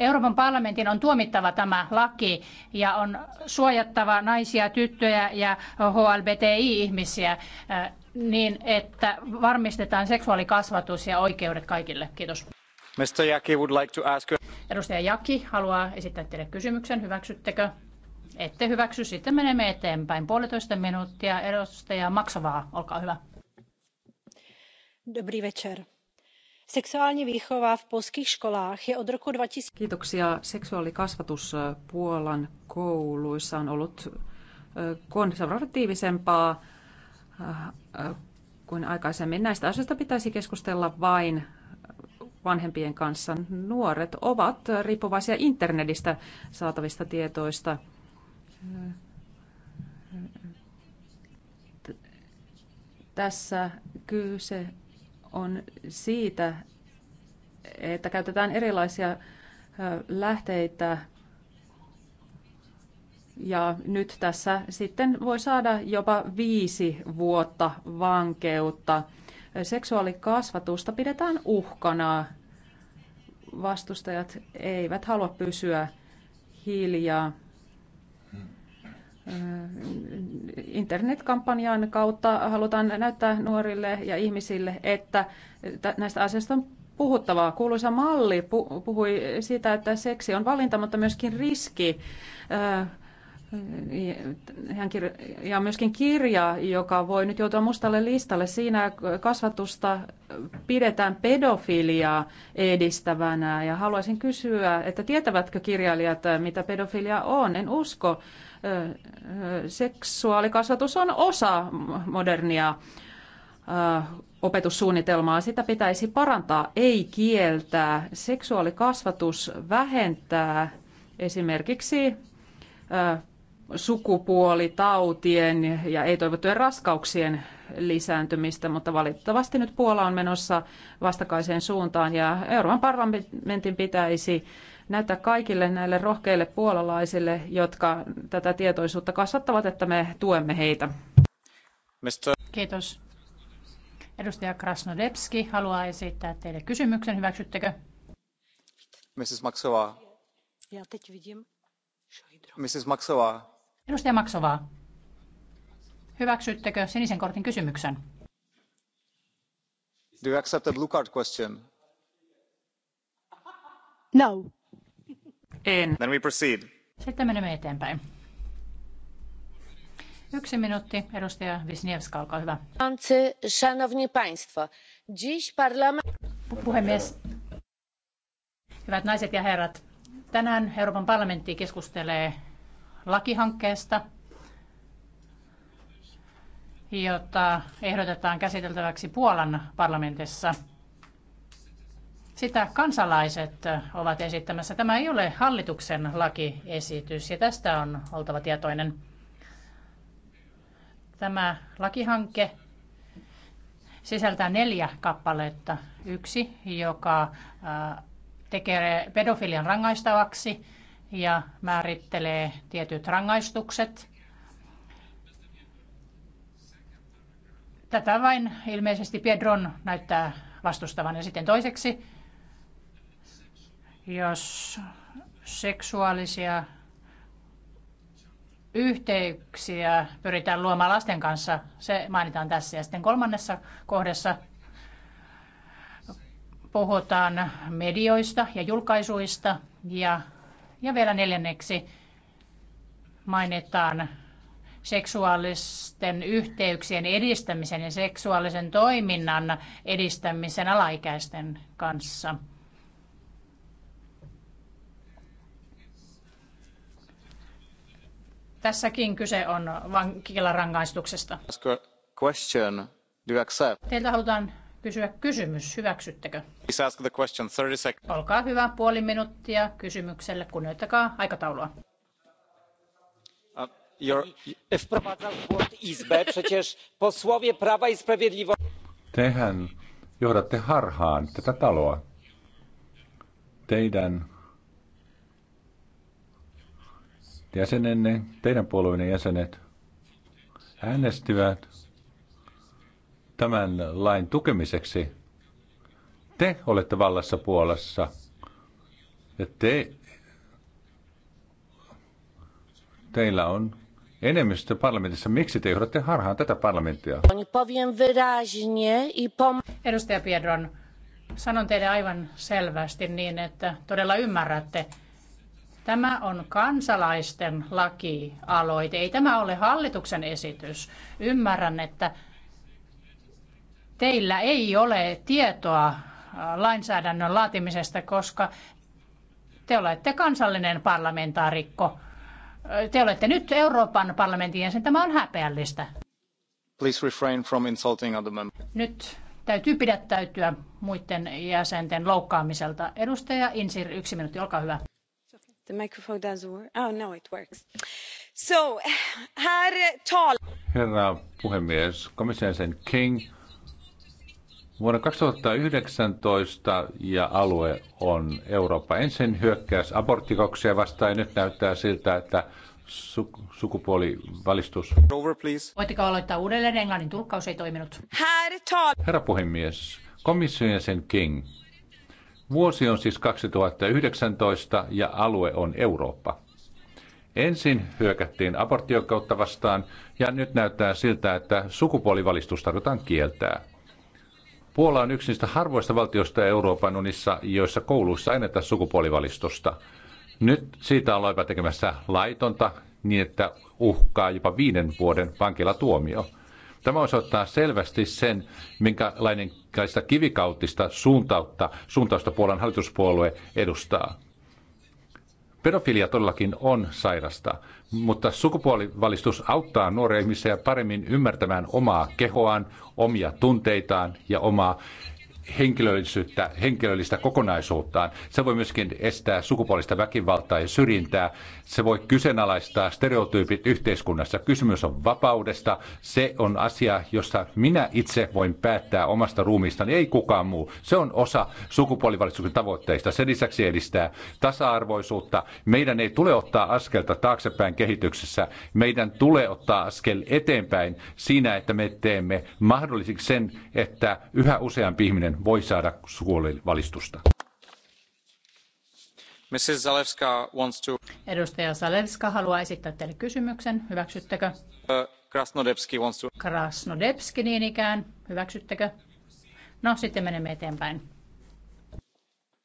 Euroopan parlamentin on tuomittava tämä laki ja on suojattava naisia, tyttöjä ja HLBTI-ihmisiä eh, niin, että varmistetaan seksuaalikasvatus ja oikeudet kaikille. Kiitos. Mr. Jaki would like to ask Edustaja Jaki haluaa esittää teille kysymyksen. Hyväksyttekö? Ette hyväksy. Sitten menemme eteenpäin. Puolitoista minuuttia. Edustaja Maksavaa, olkaa hyvä. Dobri večer Seksuaalinen výchova v polských školách je od roku 2000... Kiitoksia. Seksuaalikasvatus eh, Puolan kouluissa on ollut eh, konservatiivisempaa eh, kuin aikaisemmin. Näistä asioista pitäisi keskustella vain vanhempien kanssa. Nuoret ovat riippuvaisia internetistä saatavista tietoista. Tässä kyse on siitä, että käytetään erilaisia lähteitä ja nyt tässä sitten voi saada jopa viisi vuotta vankeutta. Seksuaalikasvatusta pidetään uhkana. Vastustajat eivät halua pysyä hiljaa. Äh, internetkampanjan kautta halutaan näyttää nuorille ja ihmisille, että näistä asioista on puhuttavaa. Kuuluisa malli puhui siitä, että seksi on valinta, mutta myöskin riski. Äh, ja myöskin kirja, joka voi nyt joutua mustalle listalle. Siinä kasvatusta pidetään pedofiliaa edistävänä. Ja haluaisin kysyä, että tietävätkö kirjailijat, mitä pedofilia on? En usko seksuaalikasvatus on osa modernia opetussuunnitelmaa. Sitä pitäisi parantaa, ei kieltää. Seksuaalikasvatus vähentää esimerkiksi sukupuolitautien ja ei-toivottujen raskauksien lisääntymistä, mutta valitettavasti nyt Puola on menossa vastakkaiseen suuntaan ja Euroopan parlamentin pitäisi näyttää kaikille näille rohkeille puolalaisille, jotka tätä tietoisuutta kasvattavat, että me tuemme heitä. Kiitos. Edustaja Krasnodebski haluaa esittää teille kysymyksen. Hyväksyttekö? Mrs. Maksova. Mrs. Maksova. Edustaja Maksova. Hyväksyttekö sinisen kortin kysymyksen? Do you accept the blue card question? No. En. Then we proceed. Sitten menemme eteenpäin. Yksi minuutti, edustaja Wisniewska, olkaa hyvä. Szanowni Państwo, dziś parlament... Puhemies, hyvät naiset ja herrat, tänään Euroopan parlamentti keskustelee lakihankkeesta, jota ehdotetaan käsiteltäväksi Puolan parlamentissa – sitä kansalaiset ovat esittämässä. Tämä ei ole hallituksen lakiesitys ja tästä on oltava tietoinen. Tämä lakihanke sisältää neljä kappaletta. Yksi, joka tekee pedofilian rangaistavaksi ja määrittelee tietyt rangaistukset. Tätä vain ilmeisesti Piedron näyttää vastustavan. Ja sitten toiseksi jos seksuaalisia yhteyksiä pyritään luomaan lasten kanssa, se mainitaan tässä. Ja sitten kolmannessa kohdassa puhutaan medioista ja julkaisuista ja, ja vielä neljänneksi mainitaan seksuaalisten yhteyksien edistämisen ja seksuaalisen toiminnan edistämisen alaikäisten kanssa. Tässäkin kyse on vankilarangaistuksesta. Teiltä halutaan kysyä kysymys. Hyväksyttekö? ask the question, 30 Olkaa hyvä, puoli minuuttia kysymykselle. Kunnioittakaa aikataulua. Uh, Tehän johdatte harhaan tätä taloa. Teidän jäsenenne, teidän puolueenne jäsenet, äänestivät tämän lain tukemiseksi. Te olette vallassa Puolassa. Ja te, teillä on enemmistö parlamentissa. Miksi te johdatte harhaan tätä parlamenttia? Edustaja Piedron, sanon teille aivan selvästi niin, että todella ymmärrätte, Tämä on kansalaisten lakialoite. Ei tämä ole hallituksen esitys. Ymmärrän, että teillä ei ole tietoa äh, lainsäädännön laatimisesta, koska te olette kansallinen parlamentaarikko. Äh, te olette nyt Euroopan parlamentin jäsen. Tämä on häpeällistä. Please refrain from insulting other members. Nyt täytyy pidättäytyä muiden jäsenten loukkaamiselta. Edustaja Insir, yksi minuutti, olkaa hyvä. Herra puhemies, komission jäsen King. Vuonna 2019 ja alue on Eurooppa. Ensin hyökkäys aborttikauksia vastaan ja nyt näyttää siltä, että sukupuolivalistus. Over, Voitteko aloittaa uudelleen? Englannin tulkkaus ei toiminut. Herra puhemies, komission jäsen King. Vuosi on siis 2019 ja alue on Eurooppa. Ensin hyökättiin aborttioikeutta vastaan ja nyt näyttää siltä, että sukupuolivalistus tarvitaan kieltää. Puola on yksi niistä harvoista valtioista Euroopan unissa, joissa kouluissa ainetaan sukupuolivalistusta. Nyt siitä ollaan jopa tekemässä laitonta niin, että uhkaa jopa viiden vuoden vankilatuomio. Tämä osoittaa selvästi sen, minkälainen kivikautista suuntautta, suuntausta Puolan hallituspuolue edustaa. Pedofilia todellakin on sairasta, mutta sukupuolivalistus auttaa nuoria ihmisiä paremmin ymmärtämään omaa kehoaan, omia tunteitaan ja omaa henkilöllisyyttä, henkilöllistä kokonaisuuttaan. Se voi myöskin estää sukupuolista väkivaltaa ja syrjintää. Se voi kyseenalaistaa stereotyypit yhteiskunnassa. Kysymys on vapaudesta. Se on asia, jossa minä itse voin päättää omasta ruumiistani, ei kukaan muu. Se on osa sukupuolivalistuksen tavoitteista. Sen lisäksi edistää tasa-arvoisuutta. Meidän ei tule ottaa askelta taaksepäin kehityksessä. Meidän tulee ottaa askel eteenpäin siinä, että me teemme mahdollisiksi sen, että yhä useampi ihminen voi saada sukupuolivalistusta. Mrs. Zalewska wants to... Edustaja Zalewska haluaa esittää teille kysymyksen. Hyväksyttekö? Uh, Krasnodebski wants to... Krasnodebski niin ikään. Hyväksyttekö? No, sitten menemme eteenpäin.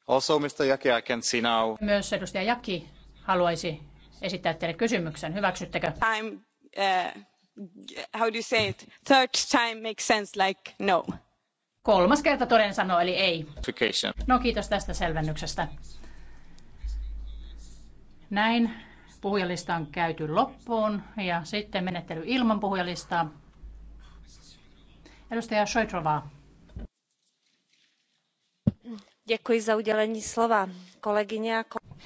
Also, Mr. Jaki, I can see now. Myös edustaja Jaki haluaisi esittää teille kysymyksen. Hyväksyttekö? I'm uh, how do you say it? Third time makes sense like no. Kolmas kerta toden sanoo, eli ei. No kiitos tästä selvennyksestä. Näin puhujalista on käyty loppuun ja sitten menettely ilman puhujalistaa. Edustaja Šojtrová. Děkuji za udělení slova. Kolegyně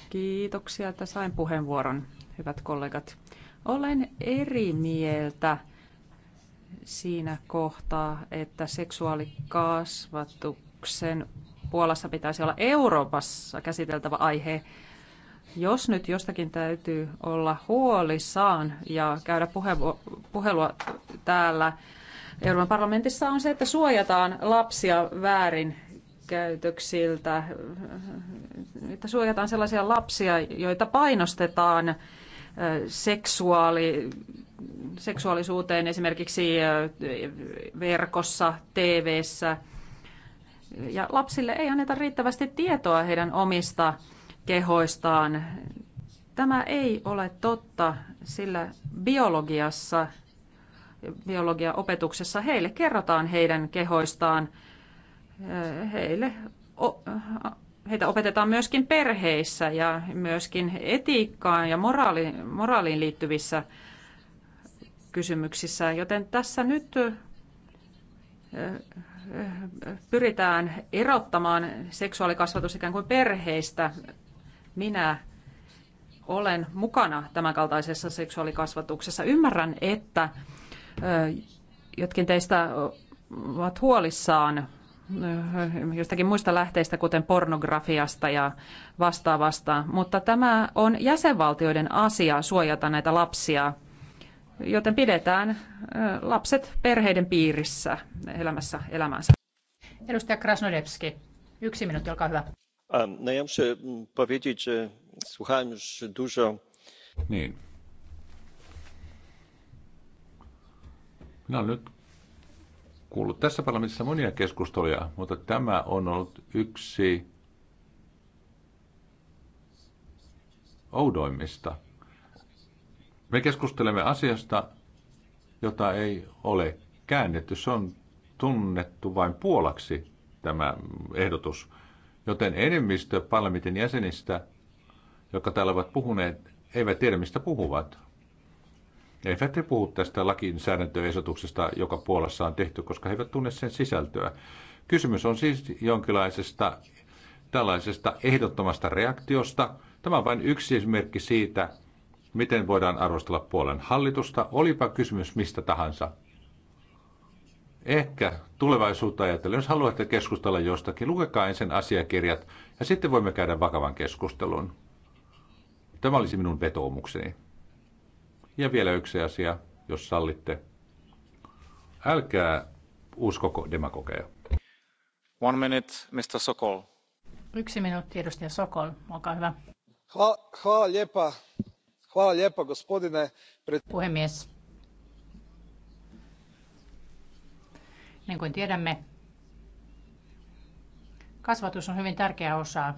Kiitoksia, että sain puheenvuoron, hyvät kollegat. Olen eri mieltä siinä kohtaa, että seksuaalikasvatuksen Puolassa pitäisi olla Euroopassa käsiteltävä aihe. Jos nyt jostakin täytyy olla huolissaan ja käydä puhelua täällä Euroopan parlamentissa on se, että suojataan lapsia väärin käytöksiltä, että suojataan sellaisia lapsia, joita painostetaan seksuaali seksuaalisuuteen esimerkiksi äh, verkossa, tv Ja lapsille ei anneta riittävästi tietoa heidän omista kehoistaan. Tämä ei ole totta, sillä biologiassa, biologiaopetuksessa heille kerrotaan heidän kehoistaan. Äh, heille äh, heitä opetetaan myöskin perheissä ja myöskin etiikkaan ja moraaliin liittyvissä kysymyksissä. Joten tässä nyt pyritään erottamaan seksuaalikasvatus ikään kuin perheistä. Minä olen mukana tämänkaltaisessa seksuaalikasvatuksessa. Ymmärrän, että jotkin teistä ovat huolissaan jostakin muista lähteistä, kuten pornografiasta ja vastaavasta, mutta tämä on jäsenvaltioiden asia suojata näitä lapsia – joten pidetään lapset perheiden piirissä elämässä elämänsä. Edustaja Krasnodebski, yksi minuutti, olkaa hyvä. No ja muszę mm, powiedzieć, że słuchałem już dużo... Niin. Minä olen nyt kuullut tässä parlamentissa monia keskusteluja, mutta tämä on ollut yksi oudoimmista – me keskustelemme asiasta, jota ei ole käännetty. Se on tunnettu vain puolaksi tämä ehdotus. Joten enemmistö parlamentin jäsenistä, jotka täällä ovat puhuneet, eivät tiedä, mistä puhuvat. Eivät he puhu tästä lakinsäädäntöesityksestä, joka Puolassa on tehty, koska he eivät tunne sen sisältöä. Kysymys on siis jonkinlaisesta tällaisesta ehdottomasta reaktiosta. Tämä on vain yksi esimerkki siitä, miten voidaan arvostella puolen hallitusta, olipa kysymys mistä tahansa. Ehkä tulevaisuutta ajatellen, jos haluatte keskustella jostakin, lukekaa ensin asiakirjat ja sitten voimme käydä vakavan keskustelun. Tämä olisi minun vetoomukseni. Ja vielä yksi asia, jos sallitte. Älkää uskoko demagogeja. One minute, Mr. Sokol. Yksi minuutti, edustaja Sokol. Olkaa hyvä. Hvala, hvala lijepa gospodine puhemies niin kuin tiedämme kasvatus on hyvin tärkeä osa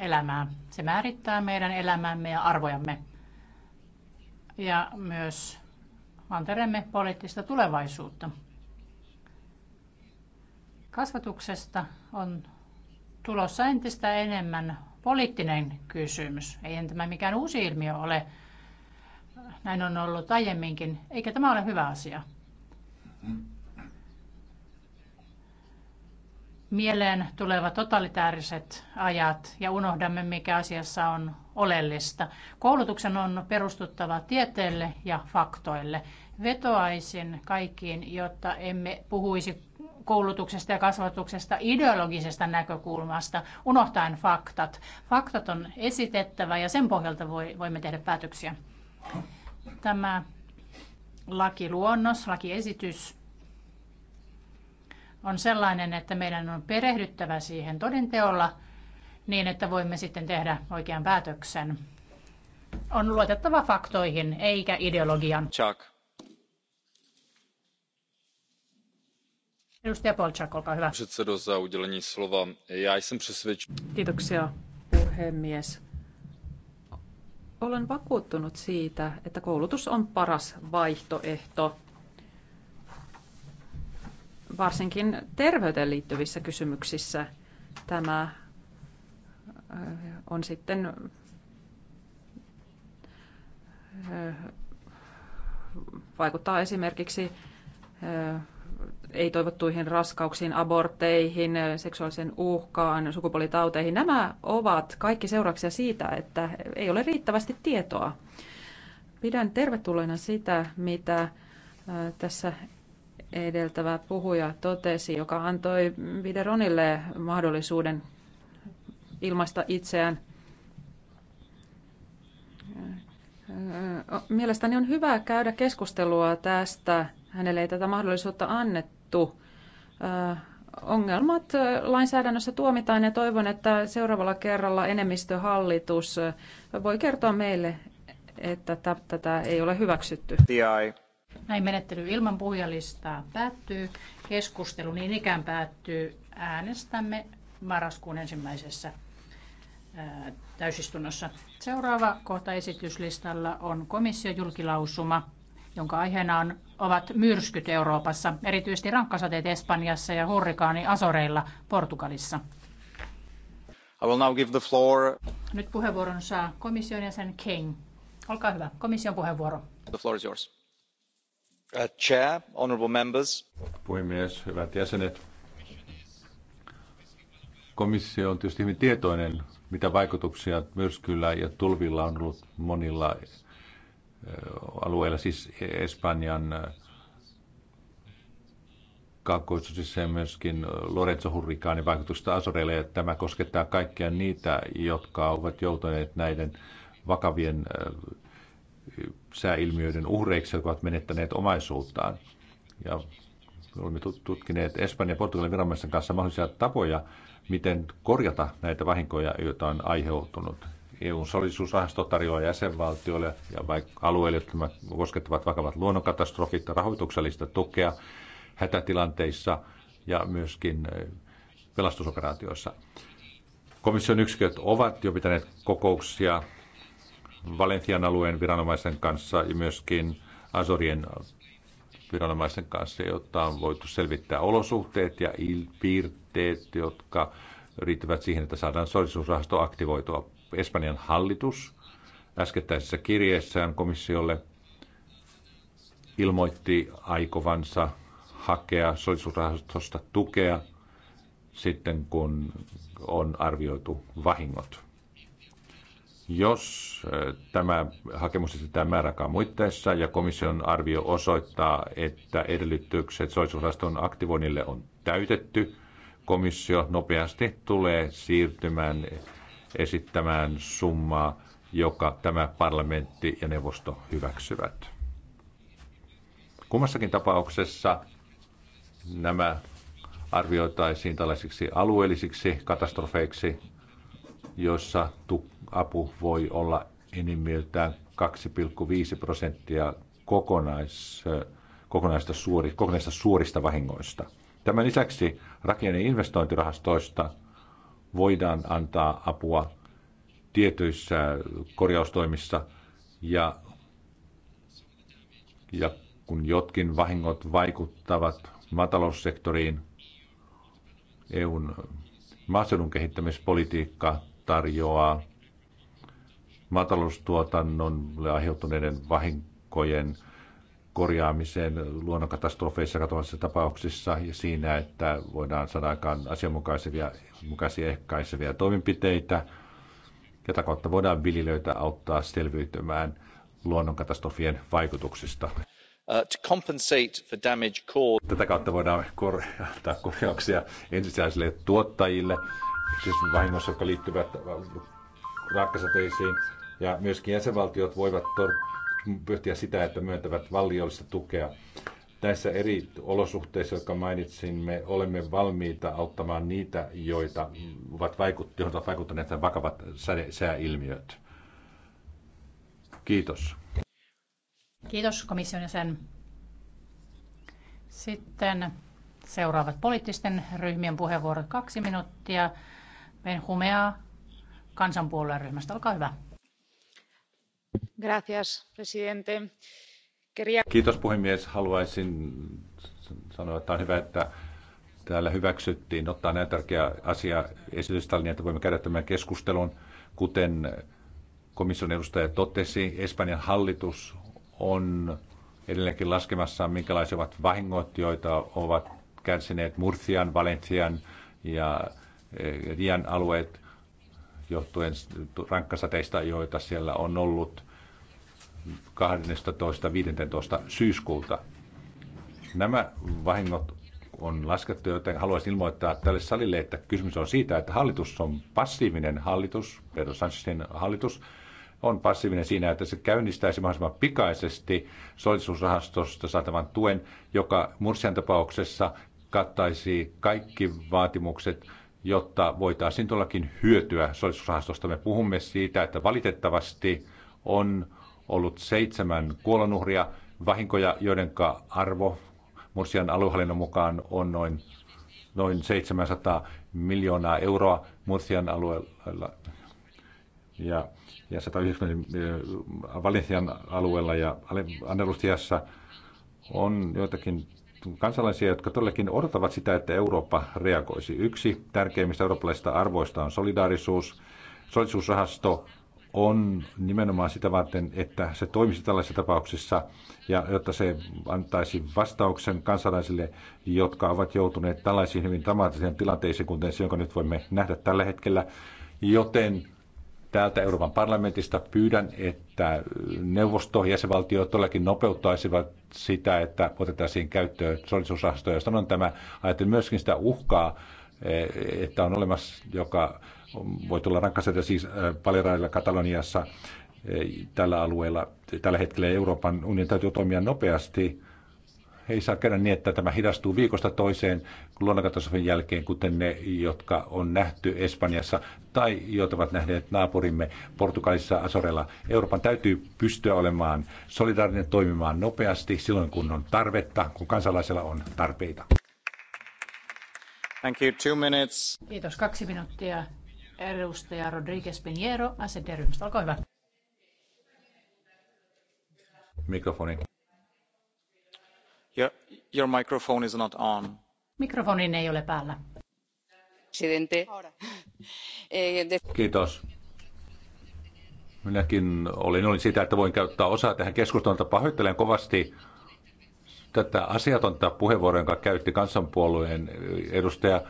elämää. Se määrittää meidän elämämme ja arvojamme ja myös mantereemme poliittista tulevaisuutta. Kasvatuksesta on tulossa entistä enemmän poliittinen kysymys. Ei tämä mikään uusi ilmiö ole näin on ollut aiemminkin, eikä tämä ole hyvä asia. Mieleen tulevat totalitääriset ajat ja unohdamme, mikä asiassa on oleellista. Koulutuksen on perustuttava tieteelle ja faktoille. Vetoaisin kaikkiin, jotta emme puhuisi koulutuksesta ja kasvatuksesta ideologisesta näkökulmasta, unohtaen faktat. Faktat on esitettävä ja sen pohjalta voi, voimme tehdä päätöksiä. Tämä lakiluonnos, lakiesitys on sellainen, että meidän on perehdyttävä siihen todenteolla niin, että voimme sitten tehdä oikean päätöksen. On luotettava faktoihin eikä ideologian. Chuck. Edustaja Polčak, olkaa hyvä. Předsedo za udělení slova. Já jsem přesvědčen. Kiitoksia, puhemies olen vakuuttunut siitä, että koulutus on paras vaihtoehto, varsinkin terveyteen liittyvissä kysymyksissä. Tämä äh, on sitten äh, vaikuttaa esimerkiksi äh, ei-toivottuihin raskauksiin, abortteihin, seksuaalisen uhkaan, sukupuolitauteihin. Nämä ovat kaikki seurauksia siitä, että ei ole riittävästi tietoa. Pidän tervetulleena sitä, mitä tässä edeltävä puhuja totesi, joka antoi Videronille mahdollisuuden ilmaista itseään. Mielestäni on hyvä käydä keskustelua tästä. Hänelle ei tätä mahdollisuutta annettu tuomittu. Ongelmat lainsäädännössä tuomitaan ja toivon, että seuraavalla kerralla enemmistöhallitus voi kertoa meille, että tätä ei ole hyväksytty. Näin menettely ilman puhujalistaa päättyy. Keskustelu niin ikään päättyy. Äänestämme marraskuun ensimmäisessä täysistunnossa. Seuraava kohta esityslistalla on komission julkilausuma jonka aiheena on, ovat myrskyt Euroopassa, erityisesti rankkasateet Espanjassa ja hurrikaani Asoreilla Portugalissa. I will now give the floor. Nyt puheenvuoron saa komission jäsen King. Olkaa hyvä, komission puheenvuoro. The floor is yours. Uh, chair, honorable members. Puhemies, hyvät jäsenet. Komissio on tietysti hyvin tietoinen, mitä vaikutuksia myrskyllä ja tulvilla on ollut monilla alueella, siis Espanjan äh, kaakkoisosissa ja myöskin Lorenzo Hurrikaanin vaikutusta Azoreille. Ja tämä koskettaa kaikkia niitä, jotka ovat joutuneet näiden vakavien äh, sääilmiöiden uhreiksi, jotka ovat menettäneet omaisuuttaan. Ja olemme tutkineet Espanjan ja Portugalin viranomaisten kanssa mahdollisia tapoja, miten korjata näitä vahinkoja, joita on aiheutunut. EUn solidisuusrahasto tarjoaa jäsenvaltioille ja alueille, jotka koskettavat vakavat luonnonkatastrofit, rahoituksellista tukea hätätilanteissa ja myöskin pelastusoperaatioissa. Komission yksiköt ovat jo pitäneet kokouksia Valentian alueen viranomaisen kanssa ja myöskin Azorien viranomaisen kanssa, jotta on voitu selvittää olosuhteet ja piirteet, jotka riittävät siihen, että saadaan solidisuusrahasto aktivoitua. Espanjan hallitus äskettäisessä kirjeessään komissiolle ilmoitti aikovansa hakea solidarisuusrahastosta tukea sitten, kun on arvioitu vahingot. Jos äh, tämä hakemus esitetään määräkaan muitteessa ja komission arvio osoittaa, että edellytykset solidarisuusrahaston aktivoinnille on täytetty, komissio nopeasti tulee siirtymään esittämään summaa, joka tämä parlamentti ja neuvosto hyväksyvät. Kummassakin tapauksessa nämä arvioitaisiin tällaisiksi alueellisiksi katastrofeiksi, joissa apu voi olla enimmiltään 2,5 prosenttia kokonais, kokonaista, suori, kokonaista suorista vahingoista. Tämän lisäksi rakenne- investointirahastoista voidaan antaa apua tietyissä korjaustoimissa ja, ja kun jotkin vahingot vaikuttavat maataloussektoriin, EUn maaseudun kehittämispolitiikka tarjoaa maataloustuotannon aiheutuneiden vahinkojen korjaamiseen luonnonkatastrofeissa katoavissa tapauksissa ja siinä, että voidaan saada aikaan asianmukaisia mukaisia ehkäiseviä toimenpiteitä. Jota kautta voidaan viljelijöitä auttaa selviytymään luonnonkatastrofien vaikutuksista. Uh, Tätä kautta voidaan korjata antaa korjauksia ensisijaisille tuottajille, siis vahingossa, jotka liittyvät äh, raakkasateisiin. Ja myöskin jäsenvaltiot voivat tor- pyhtiä sitä, että myöntävät valliollista tukea. Tässä eri olosuhteissa, jotka mainitsin, me olemme valmiita auttamaan niitä, joita ovat vaikuttaneet, ovat vaikuttaneet vakavat sääilmiöt. Kiitos. Kiitos komission sen. Sitten seuraavat poliittisten ryhmien puheenvuorot kaksi minuuttia. Ben Humea kansanpuolueen ryhmästä, olkaa hyvä. Kiitos puhemies. Haluaisin sanoa, että on hyvä, että täällä hyväksyttiin ottaa näin tärkeä asia esitystä, niin että voimme käydä tämän keskustelun. Kuten komission edustaja totesi, Espanjan hallitus on edelleenkin laskemassa, minkälaiset ovat vahingot, joita ovat kärsineet Murcian, Valencian ja eh, Rian alueet johtuen rankkasateista, joita siellä on ollut. 12.15. syyskuuta. Nämä vahingot on laskettu, joten haluaisin ilmoittaa tälle salille, että kysymys on siitä, että hallitus on passiivinen hallitus, Pedro Sanchezin hallitus, on passiivinen siinä, että se käynnistäisi mahdollisimman pikaisesti solidisuusrahastosta saatavan tuen, joka Mursian tapauksessa kattaisi kaikki vaatimukset, jotta voitaisiin todellakin hyötyä solidisuusrahastosta. Me puhumme siitä, että valitettavasti on ollut seitsemän kuolonuhria, vahinkoja, joiden arvo Mursian aluehallinnon mukaan on noin, noin 700 miljoonaa euroa Mursian alueella ja, ja 190 äh, Valensian alueella ja Andalusiassa on joitakin kansalaisia, jotka todellakin odottavat sitä, että Eurooppa reagoisi. Yksi tärkeimmistä eurooppalaisista arvoista on solidaarisuus. Solidaarisuusrahasto on nimenomaan sitä varten, että se toimisi tällaisissa tapauksissa ja jotta se antaisi vastauksen kansalaisille, jotka ovat joutuneet tällaisiin hyvin dramaattisiin tilanteisiin, kuten se, jonka nyt voimme nähdä tällä hetkellä. Joten täältä Euroopan parlamentista pyydän, että neuvosto ja jäsenvaltio todellakin nopeuttaisivat sitä, että otettaisiin käyttöön solidisuusrahastoja. Sanon tämä, ajattelin myöskin sitä uhkaa, eh, että on olemassa, joka voi tulla rankkaselta siis äh, Palerailla Kataloniassa äh, tällä alueella. Tällä hetkellä Euroopan unionin täytyy toimia nopeasti. ei saa käydä niin, että tämä hidastuu viikosta toiseen luonnonkatastrofin jälkeen, kuten ne, jotka on nähty Espanjassa tai joita ovat nähneet naapurimme Portugalissa Asorella. Euroopan täytyy pystyä olemaan solidaarinen toimimaan nopeasti silloin, kun on tarvetta, kun kansalaisella on tarpeita. Thank you. Two minutes. Kiitos. Kaksi minuuttia. Edustaja Rodriguez Pinheiro, sd ryhmästä olkaa hyvä. Mikrofoni. Your, your microphone is not on. Mikrofonin ei ole päällä. Presidente. Eh, Kiitos. Minäkin olin, olin sitä, että voin käyttää osaa tähän keskusteluun, mutta pahoittelen kovasti tätä asiatonta puheenvuoroa, jonka käytti kansanpuolueen edustaja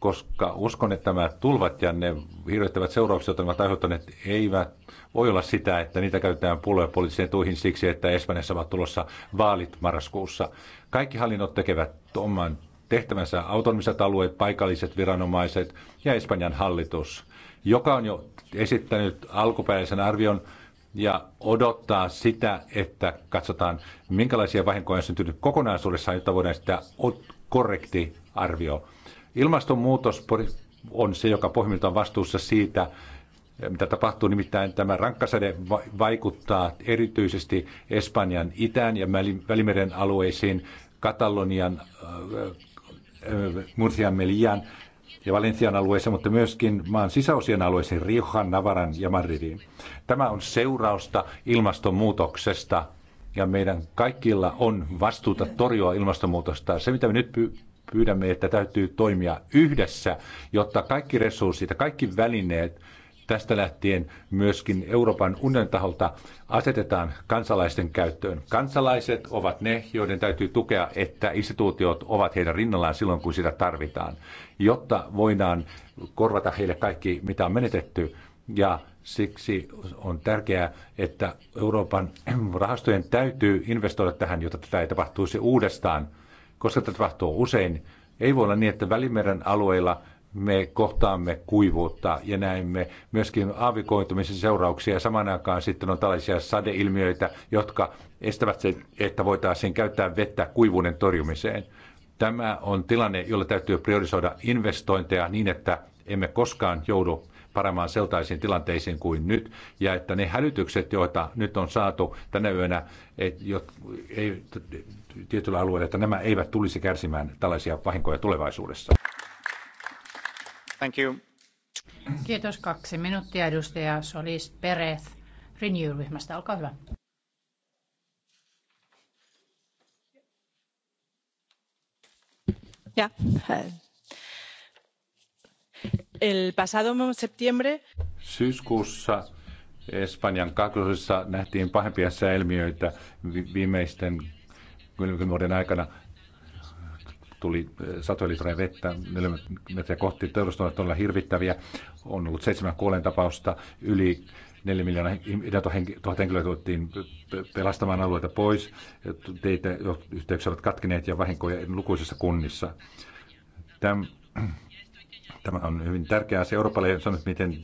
koska uskon, että nämä tulvat ja ne hirvittävät seuraukset, joita ne ovat aiheuttaneet, eivät voi olla sitä, että niitä käytetään puoluepoliittisiin tuihin siksi, että Espanjassa ovat tulossa vaalit marraskuussa. Kaikki hallinnot tekevät oman tehtävänsä autonomiset alueet, paikalliset viranomaiset ja Espanjan hallitus, joka on jo esittänyt alkuperäisen arvion ja odottaa sitä, että katsotaan, minkälaisia vahinkoja on syntynyt kokonaisuudessaan, jotta voidaan sitä korrekti arvio. Ilmastonmuutos on se, joka pohjimmiltaan vastuussa siitä, mitä tapahtuu. Nimittäin tämä rankkasade vaikuttaa erityisesti Espanjan itään ja Välimeren alueisiin, Katalonian, äh, äh, Murcian, Melian ja Valencian alueeseen, mutta myöskin maan sisäosien alueisiin, Riohan, Navaran ja Madridiin. Tämä on seurausta ilmastonmuutoksesta ja meidän kaikilla on vastuuta torjua ilmastonmuutosta. Se, mitä me nyt pyydämme, että täytyy toimia yhdessä, jotta kaikki resurssit ja kaikki välineet tästä lähtien myöskin Euroopan unionin taholta asetetaan kansalaisten käyttöön. Kansalaiset ovat ne, joiden täytyy tukea, että instituutiot ovat heidän rinnallaan silloin, kun sitä tarvitaan, jotta voidaan korvata heille kaikki, mitä on menetetty. Ja siksi on tärkeää, että Euroopan rahastojen täytyy investoida tähän, jotta tätä ei tapahtuisi uudestaan koska tätä tapahtuu usein. Ei voi olla niin, että Välimeren alueilla me kohtaamme kuivuutta ja näemme myöskin aavikoitumisen seurauksia. Samaan aikaan sitten on tällaisia sadeilmiöitä, jotka estävät sen, että voitaisiin käyttää vettä kuivuuden torjumiseen. Tämä on tilanne, jolla täytyy priorisoida investointeja niin, että emme koskaan joudu paramaan seltaisiin tilanteisiin kuin nyt, ja että ne hälytykset, joita nyt on saatu tänä yönä, et, jot, ei, tietyllä alueella, että nämä eivät tulisi kärsimään tällaisia vahinkoja tulevaisuudessa. Thank you. Kiitos. Kaksi minuuttia edustaja Solis Perez Renew-ryhmästä. Olkaa hyvä. Ja. El pasado septiembre... Syyskuussa Espanjan kaakkoisessa nähtiin pahempia säilmiöitä viimeisten kylmävuoden aikana tuli eh, satoja litroja vettä, metriä kohti, on todella hirvittäviä, on ollut seitsemän kuolen tapausta, yli 4 miljoonaa tuhat henkilöä tuottiin pelastamaan alueita pois, teitä yhteyksiä ovat katkineet ja vahinkoja lukuisissa kunnissa. tämä on hyvin tärkeä asia Euroopalle ja sanonut, miten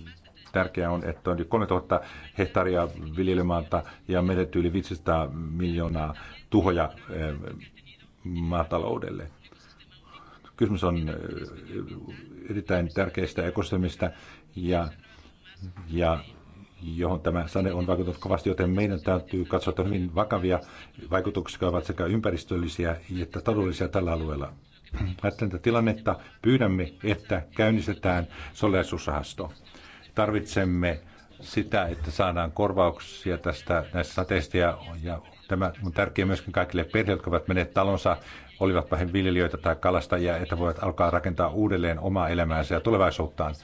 tärkeää on, että on yli 3000 hehtaaria viljelymaata ja menetty yli 500 miljoonaa tuhoja eh, maataloudelle. Kysymys on eh, erittäin tärkeistä ekosysteemistä ja, ja johon tämä sane on vaikuttanut kovasti, joten meidän täytyy katsoa, että hyvin vakavia vaikutuksia jotka ovat sekä ympäristöllisiä että taloudellisia tällä alueella. Ajattelen tätä tilannetta. Pyydämme, että käynnistetään solidaisuusrahasto. Tarvitsemme sitä, että saadaan korvauksia tästä näistä sateista ja, ja Tämä on tärkeää myöskin kaikille perheille, jotka ovat menneet talonsa, olivat vähän viljelijöitä tai kalastajia, että voivat alkaa rakentaa uudelleen omaa elämäänsä ja tulevaisuuttaan.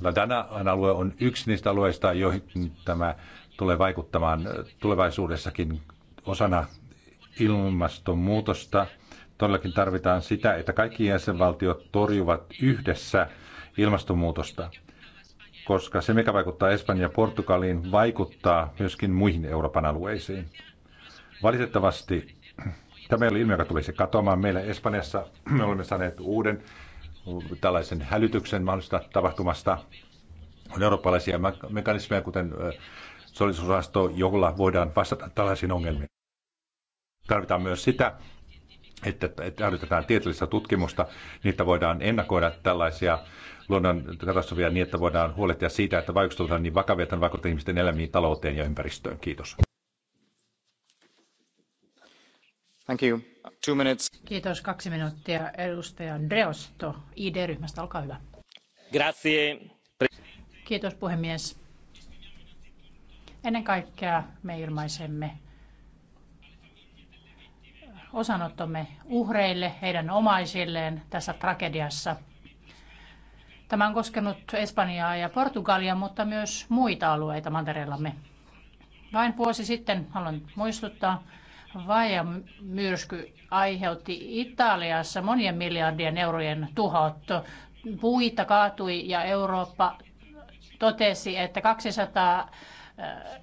Ladanan alue on yksi niistä alueista, joihin tämä tulee vaikuttamaan tulevaisuudessakin osana ilmastonmuutosta. Todellakin tarvitaan sitä, että kaikki jäsenvaltiot torjuvat yhdessä ilmastonmuutosta koska se, mikä vaikuttaa Espanjaan ja Portugaliin, vaikuttaa myöskin muihin Euroopan alueisiin. Valitettavasti tämä ei ole ilmiö, joka tulisi katoamaan. Meillä Espanjassa me olemme saaneet uuden tällaisen hälytyksen mahdollista tapahtumasta. On eurooppalaisia mekanismeja, kuten solidisuusrahasto, jolla voidaan vastata tällaisiin ongelmiin. Tarvitaan myös sitä, että, että, että tieteellistä tutkimusta, niitä voidaan ennakoida tällaisia luonnon katastrofia niin, että voidaan huolehtia siitä, että vaikutukset on niin vakavia, että ne vaikuttavat ihmisten elämiin, talouteen ja ympäristöön. Kiitos. Thank you. Two minutes. Kiitos. Kaksi minuuttia. Edustaja Andreosto ID-ryhmästä, olkaa hyvä. Grazie. Kiitos puhemies. Ennen kaikkea me ilmaisemme osanottomme uhreille, heidän omaisilleen tässä tragediassa. Tämä on koskenut Espanjaa ja Portugalia, mutta myös muita alueita mantereellamme. Vain vuosi sitten, haluan muistuttaa, Vaja myrsky aiheutti Italiassa monien miljardien eurojen tuhot. Puita kaatui ja Eurooppa totesi, että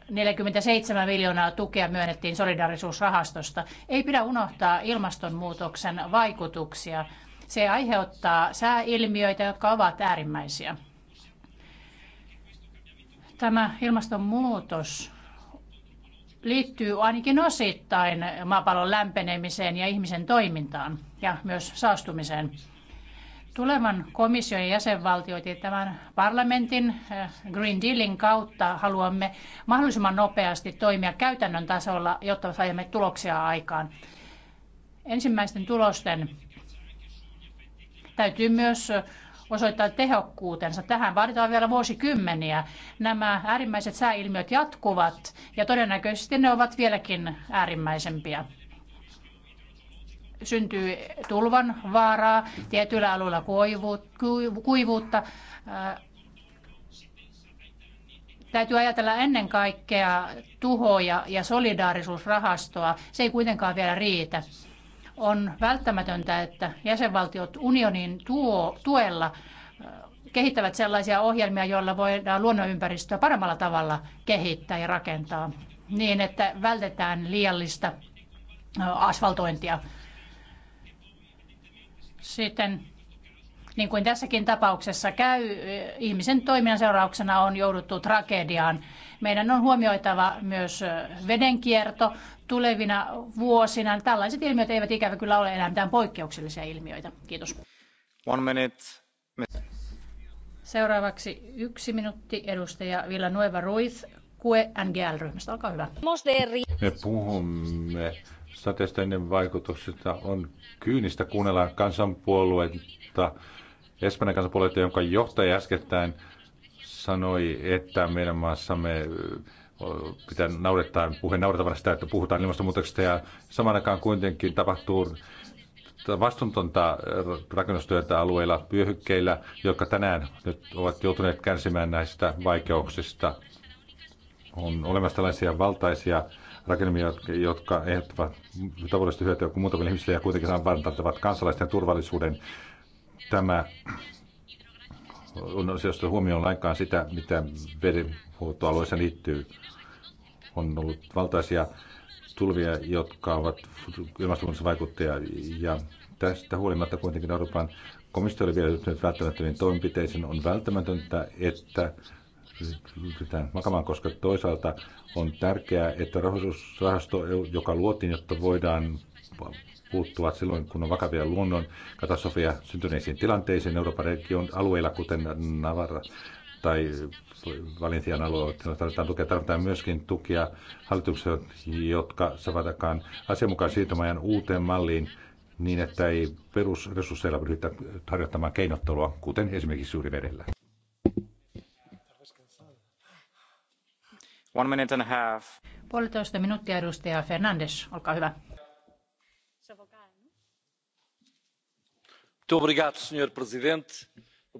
47 miljoonaa tukea myönnettiin solidarisuusrahastosta. Ei pidä unohtaa ilmastonmuutoksen vaikutuksia se aiheuttaa sääilmiöitä, jotka ovat äärimmäisiä. Tämä ilmastonmuutos liittyy ainakin osittain maapallon lämpenemiseen ja ihmisen toimintaan ja myös saastumiseen. Tulevan komission jäsenvaltioiden ja tämän parlamentin eh, Green Dealin kautta haluamme mahdollisimman nopeasti toimia käytännön tasolla, jotta saamme tuloksia aikaan. Ensimmäisten tulosten täytyy myös osoittaa tehokkuutensa. Tähän vaaditaan vielä vuosikymmeniä. Nämä äärimmäiset sääilmiöt jatkuvat ja todennäköisesti ne ovat vieläkin äärimmäisempiä. Syntyy tulvan vaaraa, tietyillä alueilla kuivuutta. Täytyy ajatella ennen kaikkea tuhoja ja solidaarisuusrahastoa. Se ei kuitenkaan vielä riitä. On välttämätöntä, että jäsenvaltiot unionin tuo, tuella kehittävät sellaisia ohjelmia, joilla voidaan luonnonympäristöä paremmalla tavalla kehittää ja rakentaa niin, että vältetään liiallista asfaltointia. Sitten niin kuin tässäkin tapauksessa käy, ihmisen toiminnan seurauksena on jouduttu tragediaan. Meidän on huomioitava myös vedenkierto, tulevina vuosina tällaiset ilmiöt eivät ikävä kyllä ole enää mitään poikkeuksellisia ilmiöitä. Kiitos. One minute. Seuraavaksi yksi minuutti edustaja Villanueva Ruiz, QE NGL-ryhmästä. Olkaa hyvä. Me puhumme sateisten vaikutuksista. On kyynistä kuunnella kansanpuolueita, Espanjan kansanpuolueita, jonka johtaja äskettäin sanoi, että meidän maassamme pitää naurettaa, puheen naurettavana sitä, että puhutaan ilmastonmuutoksesta ja samaan aikaan kuitenkin tapahtuu vastuntonta rakennustyötä alueilla pyöhykkeillä, jotka tänään nyt ovat joutuneet kärsimään näistä vaikeuksista. On olemassa tällaisia valtaisia rakennelmia, jotka ehdottavat taloudellista hyötyä kuin muutamille ihmisille ja kuitenkin varantavat kansalaisten turvallisuuden. Tämä on asiasta huomioon lainkaan sitä, mitä huutoalueeseen liittyy. On ollut valtaisia tulvia, jotka ovat ilmastonmuutoksen vaikuttajia. Ja tästä huolimatta kuitenkin Euroopan komissio oli vielä nyt välttämättömiin toimenpiteisiin. On välttämätöntä, että ryhdytään makamaan, koska toisaalta on tärkeää, että rahoitusrahasto, joka luotiin, jotta voidaan puuttua silloin, kun on vakavia luonnon katastrofeja syntyneisiin tilanteisiin Euroopan region alueilla, kuten Navarra, tai Valintian alueella. Tarvitaan tukea, tarvitaan myöskin tukea hallituksille, jotka saavat aikaan asianmukaisen siirtymäajan uuteen malliin niin, että ei perusresursseilla pyritä harjoittamaan keinottelua, kuten esimerkiksi juuri vedellä. One minute and a half. Puolitoista minuuttia edustaja Fernandes, olkaa hyvä. Muito obrigado, senhor presidente. No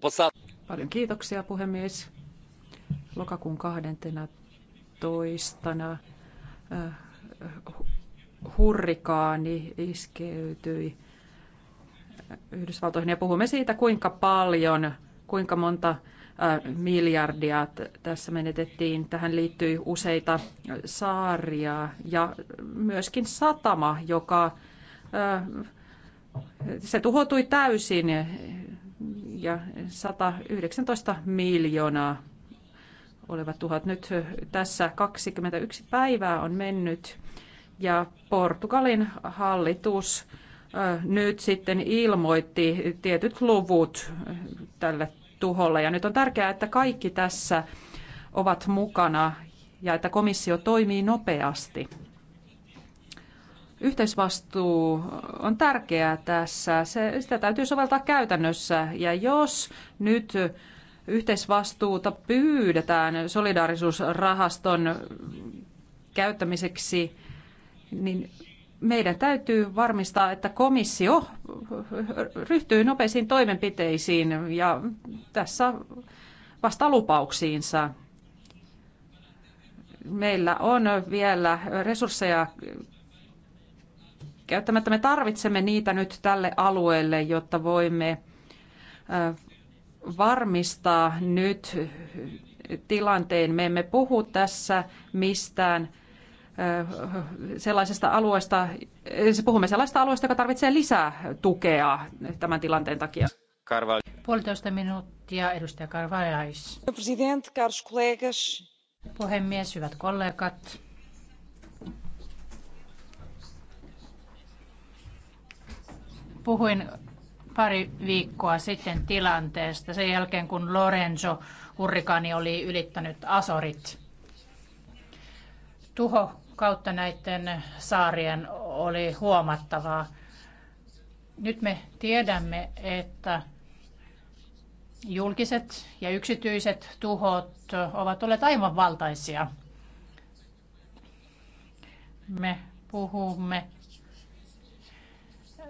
Paljon kiitoksia puhemies. Lokakuun 12. Äh, hurrikaani iskeytyi äh, Yhdysvaltoihin ja puhumme siitä, kuinka paljon, kuinka monta äh, miljardia tässä menetettiin. Tähän liittyi useita saaria ja myöskin satama, joka se tuhoutui täysin ja 119 miljoonaa olevat tuhat. Nyt tässä 21 päivää on mennyt ja Portugalin hallitus nyt sitten ilmoitti tietyt luvut tälle tuholle. Ja nyt on tärkeää, että kaikki tässä ovat mukana ja että komissio toimii nopeasti. Yhteisvastuu on tärkeää tässä. Se, sitä täytyy soveltaa käytännössä. Ja jos nyt yhteisvastuuta pyydetään solidaarisuusrahaston käyttämiseksi, niin meidän täytyy varmistaa, että komissio ryhtyy nopeisiin toimenpiteisiin ja tässä vasta lupauksiinsa. Meillä on vielä resursseja käyttämättä me tarvitsemme niitä nyt tälle alueelle, jotta voimme varmistaa nyt tilanteen. Me emme puhu tässä mistään sellaisesta alueesta, siis puhumme sellaista alueesta, joka tarvitsee lisää tukea tämän tilanteen takia. Karval. Puolitoista minuuttia, edustaja Karvalais. Puhemies, hyvät kollegat. Puhuin pari viikkoa sitten tilanteesta sen jälkeen, kun Lorenzo hurrikaani oli ylittänyt Asorit. Tuho kautta näiden saarien oli huomattavaa. Nyt me tiedämme, että julkiset ja yksityiset tuhot ovat olleet aivan valtaisia. Me puhumme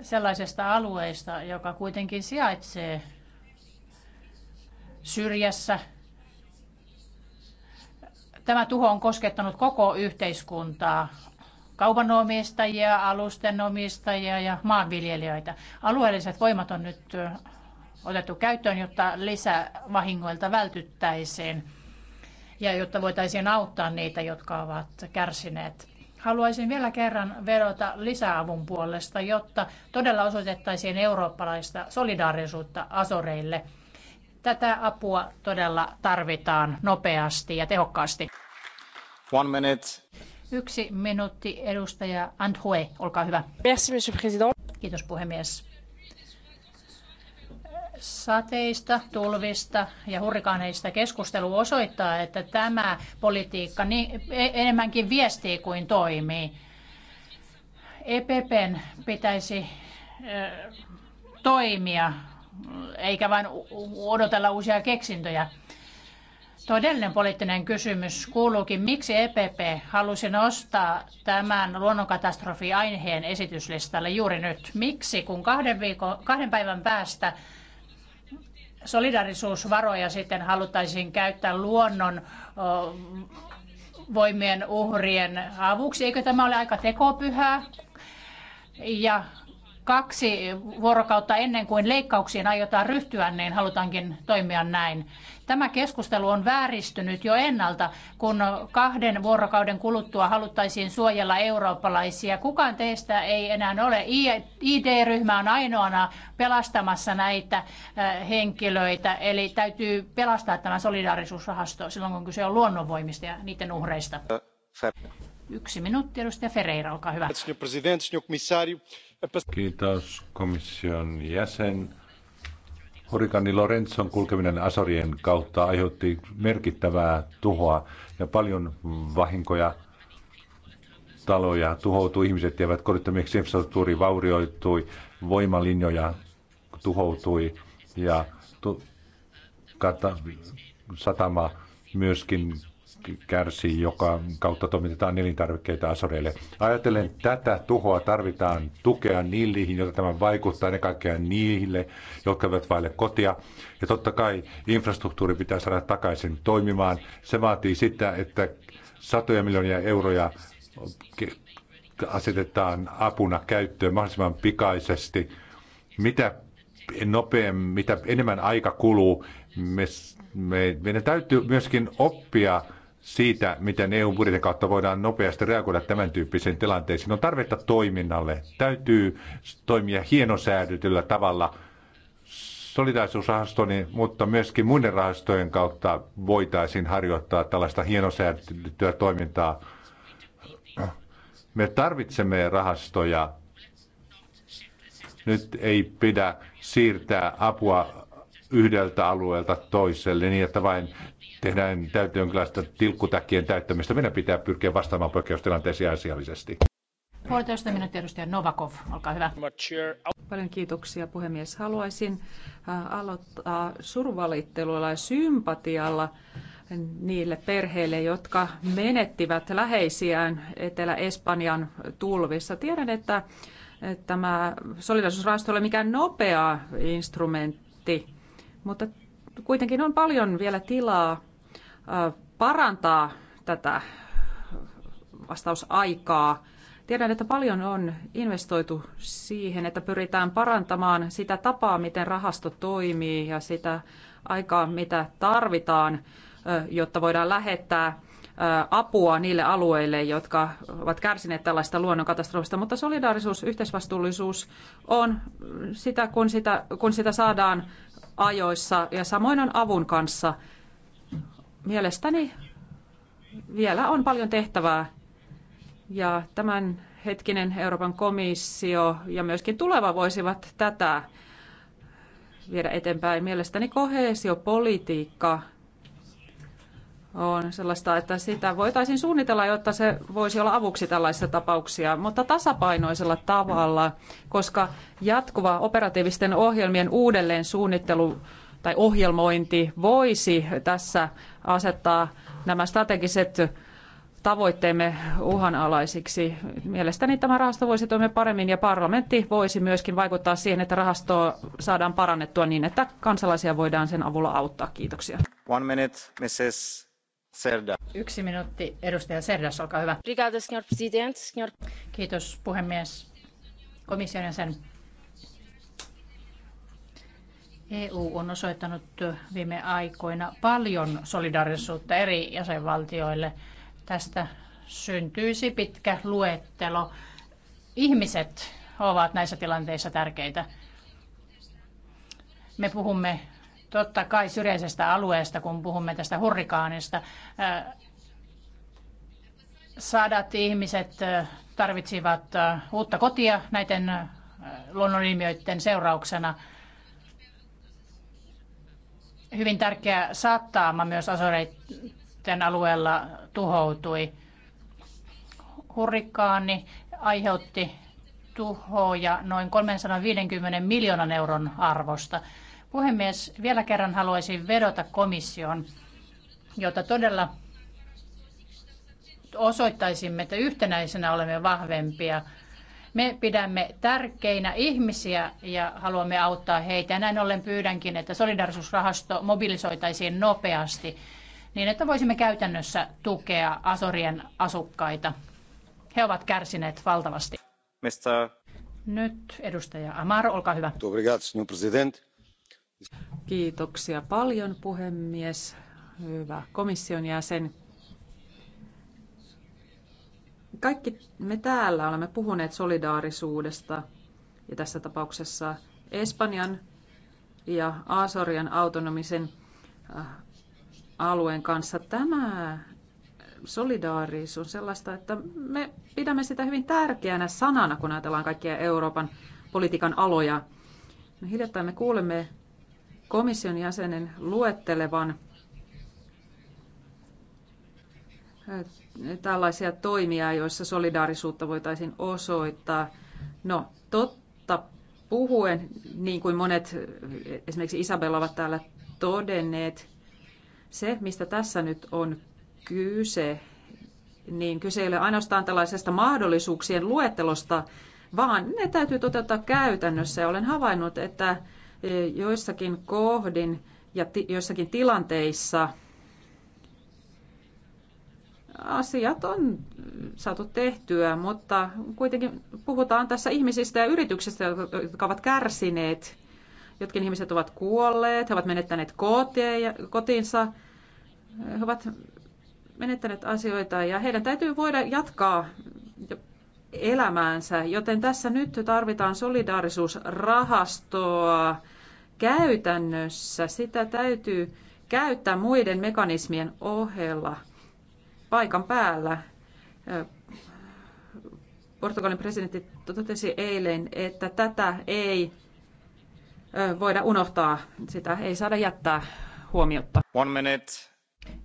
sellaisesta alueesta, joka kuitenkin sijaitsee syrjässä. Tämä tuho on koskettanut koko yhteiskuntaa, kaupanomistajia, alustenomistajia ja maanviljelijöitä. Alueelliset voimat on nyt otettu käyttöön, jotta lisävahingoilta vältyttäisiin ja jotta voitaisiin auttaa niitä, jotka ovat kärsineet. Haluaisin vielä kerran vedota lisäavun puolesta, jotta todella osoitettaisiin eurooppalaista solidaarisuutta Asoreille. Tätä apua todella tarvitaan nopeasti ja tehokkaasti. One minute. Yksi minuutti, edustaja Andhue, olkaa hyvä. Merci, monsieur président. Kiitos puhemies sateista, tulvista ja hurrikaaneista keskustelu osoittaa, että tämä politiikka niin, enemmänkin viestii kuin toimii. EPPn pitäisi toimia, eikä vain odotella uusia keksintöjä. Todellinen poliittinen kysymys kuuluukin, miksi EPP halusi nostaa tämän luonnonkatastrofi-aiheen esityslistalle juuri nyt? Miksi, kun kahden, viikon, kahden päivän päästä solidarisuusvaroja sitten haluttaisiin käyttää luonnon voimien uhrien avuksi. Eikö tämä ole aika tekopyhää? Ja kaksi vuorokautta ennen kuin leikkauksiin aiotaan ryhtyä, niin halutaankin toimia näin. Tämä keskustelu on vääristynyt jo ennalta, kun kahden vuorokauden kuluttua haluttaisiin suojella eurooppalaisia. Kukaan teistä ei enää ole. ID-ryhmä on ainoana pelastamassa näitä äh, henkilöitä, eli täytyy pelastaa tämä solidaarisuusrahasto silloin, kun kyse on luonnonvoimista ja niiden uhreista. Äh, Yksi minuutti, edustaja Ferreira, olkaa hyvä. Kiitos komission jäsen. Hurrikaani Lorenzon kulkeminen Asorien kautta aiheutti merkittävää tuhoa ja paljon vahinkoja. Taloja tuhoutui, ihmiset jäivät kodittomiksi, infrastruktuuri vaurioitui, voimalinjoja tuhoutui ja tu- kata- satama myöskin kärsii, joka kautta toimitetaan elintarvikkeita Asoreille. Ajatellen tätä tuhoa tarvitaan tukea niihin, joita tämä vaikuttaa, ennen kaikkea niille, jotka ovat vaille kotia. Ja totta kai infrastruktuuri pitää saada takaisin toimimaan. Se vaatii sitä, että satoja miljoonia euroja asetetaan apuna käyttöön mahdollisimman pikaisesti. Mitä nopeammin, mitä enemmän aika kuluu, me, me, meidän täytyy myöskin oppia siitä, miten EU-budjetin kautta voidaan nopeasti reagoida tämän tyyppisiin tilanteisiin. On tarvetta toiminnalle. Täytyy toimia hienosäädytyllä tavalla solidaisuusrahaston, mutta myöskin muiden rahastojen kautta voitaisiin harjoittaa tällaista hienosäädyttyä toimintaa. Me tarvitsemme rahastoja. Nyt ei pidä siirtää apua yhdeltä alueelta toiselle niin, että vain tehdään täytyy jonkinlaista tilkkutäkkien täyttämistä. Meidän pitää pyrkiä vastaamaan poikkeustilanteisiin asiallisesti. Puolitoista minuuttia edustaja Novakov, olkaa hyvä. Paljon kiitoksia puhemies. Haluaisin aloittaa survalittelulla ja sympatialla niille perheille, jotka menettivät läheisiään Etelä-Espanjan tulvissa. Tiedän, että tämä solidaisuusrahasto ei ole mikään nopea instrumentti, mutta kuitenkin on paljon vielä tilaa parantaa tätä vastausaikaa. Tiedän, että paljon on investoitu siihen, että pyritään parantamaan sitä tapaa, miten rahasto toimii ja sitä aikaa, mitä tarvitaan, jotta voidaan lähettää apua niille alueille, jotka ovat kärsineet tällaista luonnonkatastrofista, mutta solidaarisuus, yhteisvastuullisuus on sitä kun, sitä, kun sitä saadaan ajoissa ja samoin on avun kanssa – mielestäni vielä on paljon tehtävää ja tämän hetkinen Euroopan komissio ja myöskin tuleva voisivat tätä viedä eteenpäin. Mielestäni koheesiopolitiikka on sellaista, että sitä voitaisiin suunnitella, jotta se voisi olla avuksi tällaisissa tapauksia, mutta tasapainoisella tavalla, koska jatkuva operatiivisten ohjelmien uudelleen suunnittelu tai ohjelmointi voisi tässä asettaa nämä strategiset tavoitteemme uhanalaisiksi. Mielestäni tämä rahasto voisi toimia paremmin ja parlamentti voisi myöskin vaikuttaa siihen, että rahastoa saadaan parannettua niin, että kansalaisia voidaan sen avulla auttaa. Kiitoksia. One minute, Mrs. Serda. Yksi minuutti, edustaja Serdas, olkaa hyvä. Kiitos puhemies. Komission jäsen EU on osoittanut viime aikoina paljon solidaarisuutta eri jäsenvaltioille. Tästä syntyisi pitkä luettelo. Ihmiset ovat näissä tilanteissa tärkeitä. Me puhumme totta kai syrjäisestä alueesta, kun puhumme tästä hurrikaanista. Äh, sadat ihmiset äh, tarvitsivat äh, uutta kotia näiden luonnonilmiöiden seurauksena – hyvin tärkeä saattaama myös Asoreiden alueella tuhoutui. Hurrikaani aiheutti tuhoja noin 350 miljoonan euron arvosta. Puhemies, vielä kerran haluaisin vedota komission, jota todella osoittaisimme, että yhtenäisenä olemme vahvempia – me pidämme tärkeinä ihmisiä ja haluamme auttaa heitä. Näin ollen pyydänkin, että solidarisuusrahasto mobilisoitaisiin nopeasti niin, että voisimme käytännössä tukea Asorien asukkaita. He ovat kärsineet valtavasti. Mistä? Nyt edustaja Amar, olkaa hyvä. Kiitoksia paljon puhemies. Hyvä komission jäsen. Kaikki me täällä olemme puhuneet solidaarisuudesta ja tässä tapauksessa Espanjan ja Aasorian autonomisen äh, alueen kanssa. Tämä solidaarisuus on sellaista, että me pidämme sitä hyvin tärkeänä sanana, kun ajatellaan kaikkia Euroopan politiikan aloja. No, hiljattain me kuulemme komission jäsenen luettelevan tällaisia toimia, joissa solidaarisuutta voitaisiin osoittaa. No, totta puhuen, niin kuin monet, esimerkiksi Isabella ovat täällä todenneet, se, mistä tässä nyt on kyse, niin kyse ei ole ainoastaan tällaisesta mahdollisuuksien luettelosta, vaan ne täytyy toteuttaa käytännössä. Ja olen havainnut, että e, joissakin kohdin ja joissakin tilanteissa – asiat on saatu tehtyä, mutta kuitenkin puhutaan tässä ihmisistä ja yrityksistä, jotka ovat kärsineet. Jotkin ihmiset ovat kuolleet, he ovat menettäneet kotiinsa, he ovat menettäneet asioita ja heidän täytyy voida jatkaa elämäänsä, joten tässä nyt tarvitaan solidaarisuusrahastoa käytännössä. Sitä täytyy käyttää muiden mekanismien ohella – paikan päällä. Portugalin presidentti totesi eilen, että tätä ei voida unohtaa, sitä ei saada jättää huomiotta. One minute.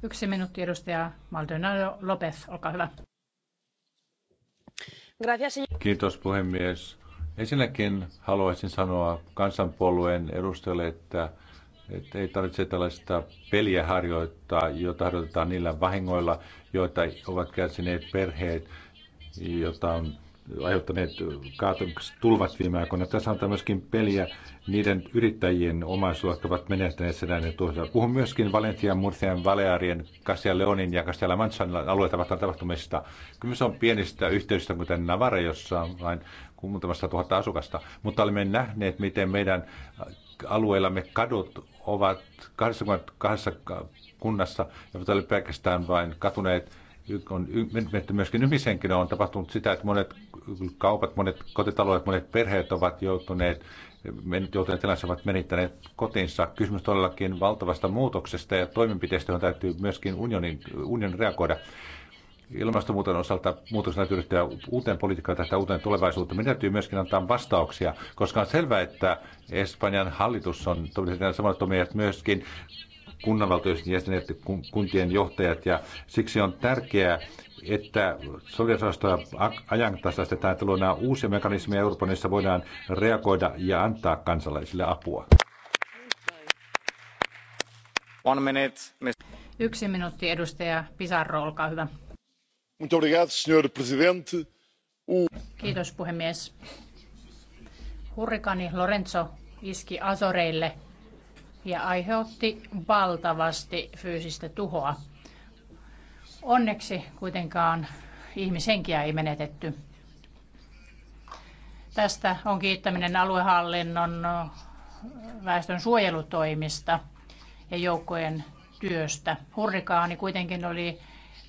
Yksi minuutti edustaja Maldonado Lopez, olkaa hyvä. Kiitos puhemies. Ensinnäkin haluaisin sanoa kansanpuolueen edustajalle, että että ei tarvitse tällaista peliä harjoittaa, jota harjoitetaan niillä vahingoilla, joita ovat kärsineet perheet, jota on aiheuttaneet tulvat viime aikoina. Tässä on myöskin peliä niiden yrittäjien omaisuudet ovat menettäneet sen näiden tuossa. Puhun myöskin Valentian, Murcian, Balearien, Kasia Leonin ja Kasia Manchan alueita vastaan tapahtumista. Kysymys on pienistä yhteisöistä, kuten Navarre, jossa on vain muutamasta tuhatta asukasta. Mutta olemme nähneet, miten meidän alueellamme kadut ovat 22 kunnassa, eivät oli pelkästään vain katuneet, on menty myöskin ymishenkilö on tapahtunut sitä, että monet kaupat, monet kotitaloudet, monet perheet ovat joutuneet joutuneet tilanteessa ovat menittäneet kotinsa. Kysymys todellakin valtavasta muutoksesta ja toimenpiteistä, johon täytyy myöskin unionin, unionin reagoida ilmastonmuutoksen osalta muutos täytyy yrittää uuteen politiikkaan tähtää uuteen tulevaisuuteen. Meidän täytyy myöskin antaa vastauksia, koska on selvää, että Espanjan hallitus on samat mieltä myöskin kunnanvaltuuston jäsenet, kuntien johtajat ja siksi on tärkeää, että solidarisuustoja ajantasaistetaan, että luodaan uusia mekanismeja Euroopan, joissa voidaan reagoida ja antaa kansalaisille apua. One minute. Yksi minuutti, edustaja Pisarro, olkaa hyvä arvoisa puhemies. Hurrikaani Lorenzo iski Azoreille ja aiheutti valtavasti fyysistä tuhoa. Onneksi kuitenkaan ihmishenkiä ei menetetty. Tästä on kiittäminen aluehallinnon väestön suojelutoimista ja joukkojen työstä. Hurrikaani kuitenkin oli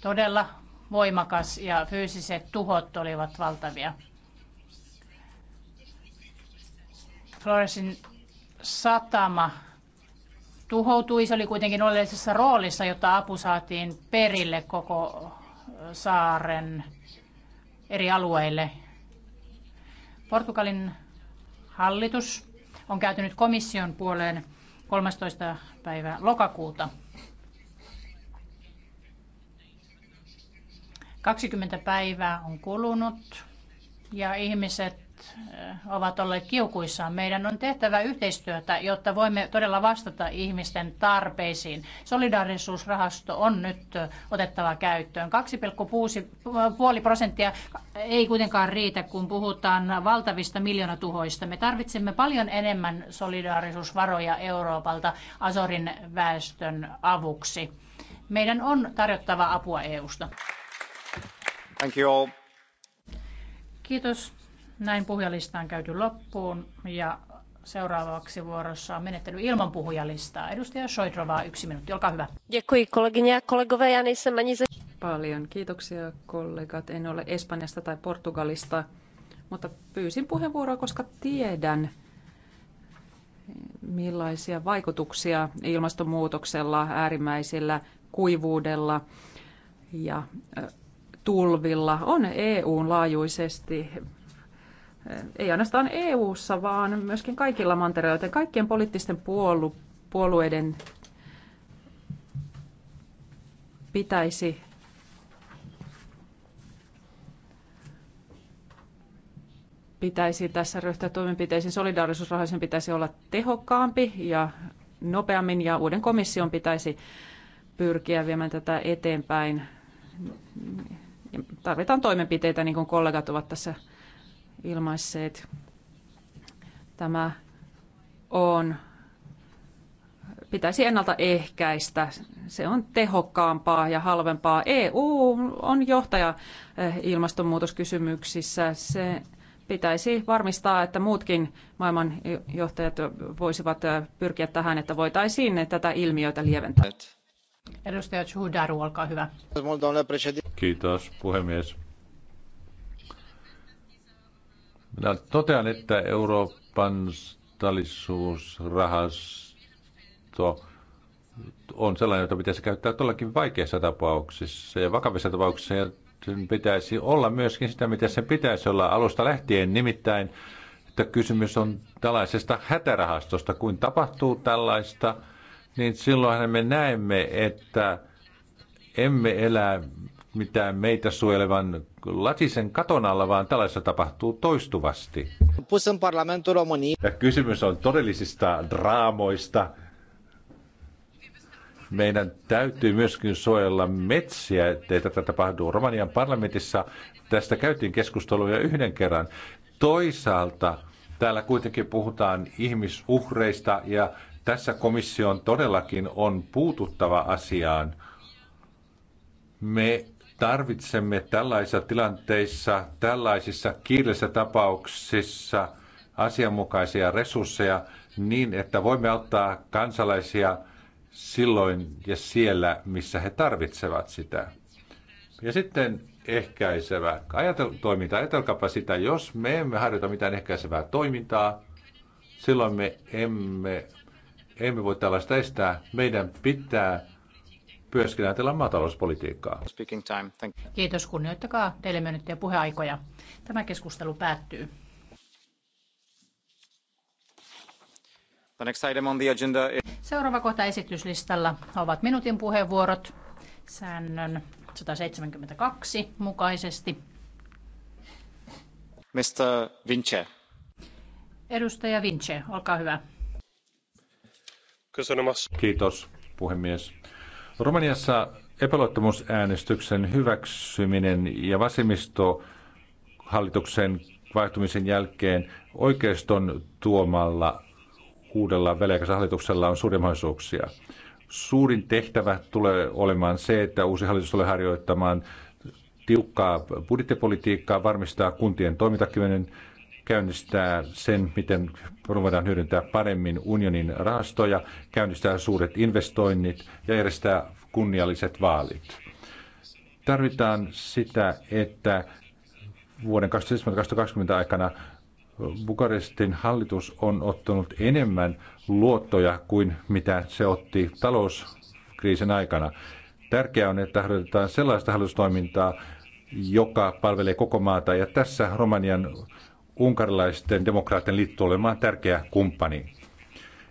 todella voimakas ja fyysiset tuhot olivat valtavia. Floresin satama tuhoutui. Se oli kuitenkin oleellisessa roolissa, jotta apu saatiin perille koko saaren eri alueille. Portugalin hallitus on käytynyt komission puoleen 13. päivä lokakuuta. 20 päivää on kulunut ja ihmiset eh, ovat olleet kiukuissaan. Meidän on tehtävä yhteistyötä, jotta voimme todella vastata ihmisten tarpeisiin. Solidaarisuusrahasto on nyt eh, otettava käyttöön. 2,5 eh, prosenttia ei kuitenkaan riitä, kun puhutaan valtavista miljoonatuhoista. Me tarvitsemme paljon enemmän solidaarisuusvaroja Euroopalta Azorin väestön avuksi. Meidän on tarjottava apua EUsta. Kiitos. Näin puhujalista on käyty loppuun ja seuraavaksi vuorossa on menettely ilman puhujalistaa. Edustaja Soidrova, yksi minuutti, olkaa hyvä. Paljon kiitoksia kollegat. En ole Espanjasta tai Portugalista, mutta pyysin puheenvuoroa, koska tiedän, millaisia vaikutuksia ilmastonmuutoksella, äärimmäisellä kuivuudella ja tulvilla on EUn laajuisesti ei ainoastaan EU-ssa, vaan myöskin kaikilla mantereilla, joten kaikkien poliittisten puolu- puolueiden pitäisi pitäisi tässä ryhtyä toimenpiteisiin. Solidaarisuusrahoisen pitäisi olla tehokkaampi ja nopeammin ja uuden komission pitäisi pyrkiä viemään tätä eteenpäin tarvitaan toimenpiteitä, niin kuin kollegat ovat tässä ilmaisseet. Tämä on, pitäisi ennaltaehkäistä. Se on tehokkaampaa ja halvempaa. EU on johtaja eh, ilmastonmuutoskysymyksissä. Se pitäisi varmistaa, että muutkin maailman johtajat voisivat eh, pyrkiä tähän, että voitaisiin eh, tätä ilmiötä lieventää. Edustaja Chudaru, olkaa hyvä. Kiitos, puhemies. Minä totean, että Euroopan stallisuusrahasto on sellainen, jota pitäisi käyttää todellakin vaikeissa tapauksissa ja vakavissa tapauksissa. Ja sen pitäisi olla myöskin sitä, mitä sen pitäisi olla alusta lähtien. Nimittäin, että kysymys on tällaisesta hätärahastosta. kuin tapahtuu tällaista, niin silloinhan me näemme, että emme elä mitään meitä suojelevan latisen katon alla, vaan tällaista tapahtuu toistuvasti. Ja kysymys on todellisista draamoista. Meidän täytyy myöskin suojella metsiä, ettei tätä tapahdu. Romanian parlamentissa tästä käytiin keskustelua yhden kerran. Toisaalta täällä kuitenkin puhutaan ihmisuhreista ja tässä komission todellakin on puututtava asiaan. Me tarvitsemme tällaisissa tilanteissa, tällaisissa kiireisissä tapauksissa asianmukaisia resursseja niin, että voimme auttaa kansalaisia silloin ja siellä, missä he tarvitsevat sitä. Ja sitten ehkäisevä Ajatel, toiminta. Ajatelkaapa sitä, jos me emme harjoita mitään ehkäisevää toimintaa, silloin me emme emme voi tällaista estää. Meidän pitää myöskin ajatella maatalouspolitiikkaa. Kiitos, kunnioittakaa teille myönnettyjä puheaikoja. Tämä keskustelu päättyy. Seuraava kohta esityslistalla ovat minuutin puheenvuorot säännön 172 mukaisesti. Mr. Vince. Edustaja Vince, olkaa hyvä. Kiitos, puhemies. Romaniassa epäluottamusäänestyksen hyväksyminen ja vasemmisto hallituksen vaihtumisen jälkeen oikeiston tuomalla uudella väliaikaisella hallituksella on suuria mahdollisuuksia. Suurin tehtävä tulee olemaan se, että uusi hallitus tulee harjoittamaan tiukkaa budjettipolitiikkaa, varmistaa kuntien toimintakyvyn, käynnistää sen, miten voidaan hyödyntää paremmin unionin rahastoja, käynnistää suuret investoinnit ja järjestää kunnialliset vaalit. Tarvitaan sitä, että vuoden 2020 aikana Bukarestin hallitus on ottanut enemmän luottoja kuin mitä se otti talouskriisin aikana. Tärkeää on, että harjoitetaan sellaista hallitustoimintaa, joka palvelee koko maata. Ja tässä Romanian unkarilaisten demokraattien liitto olemaan tärkeä kumppani.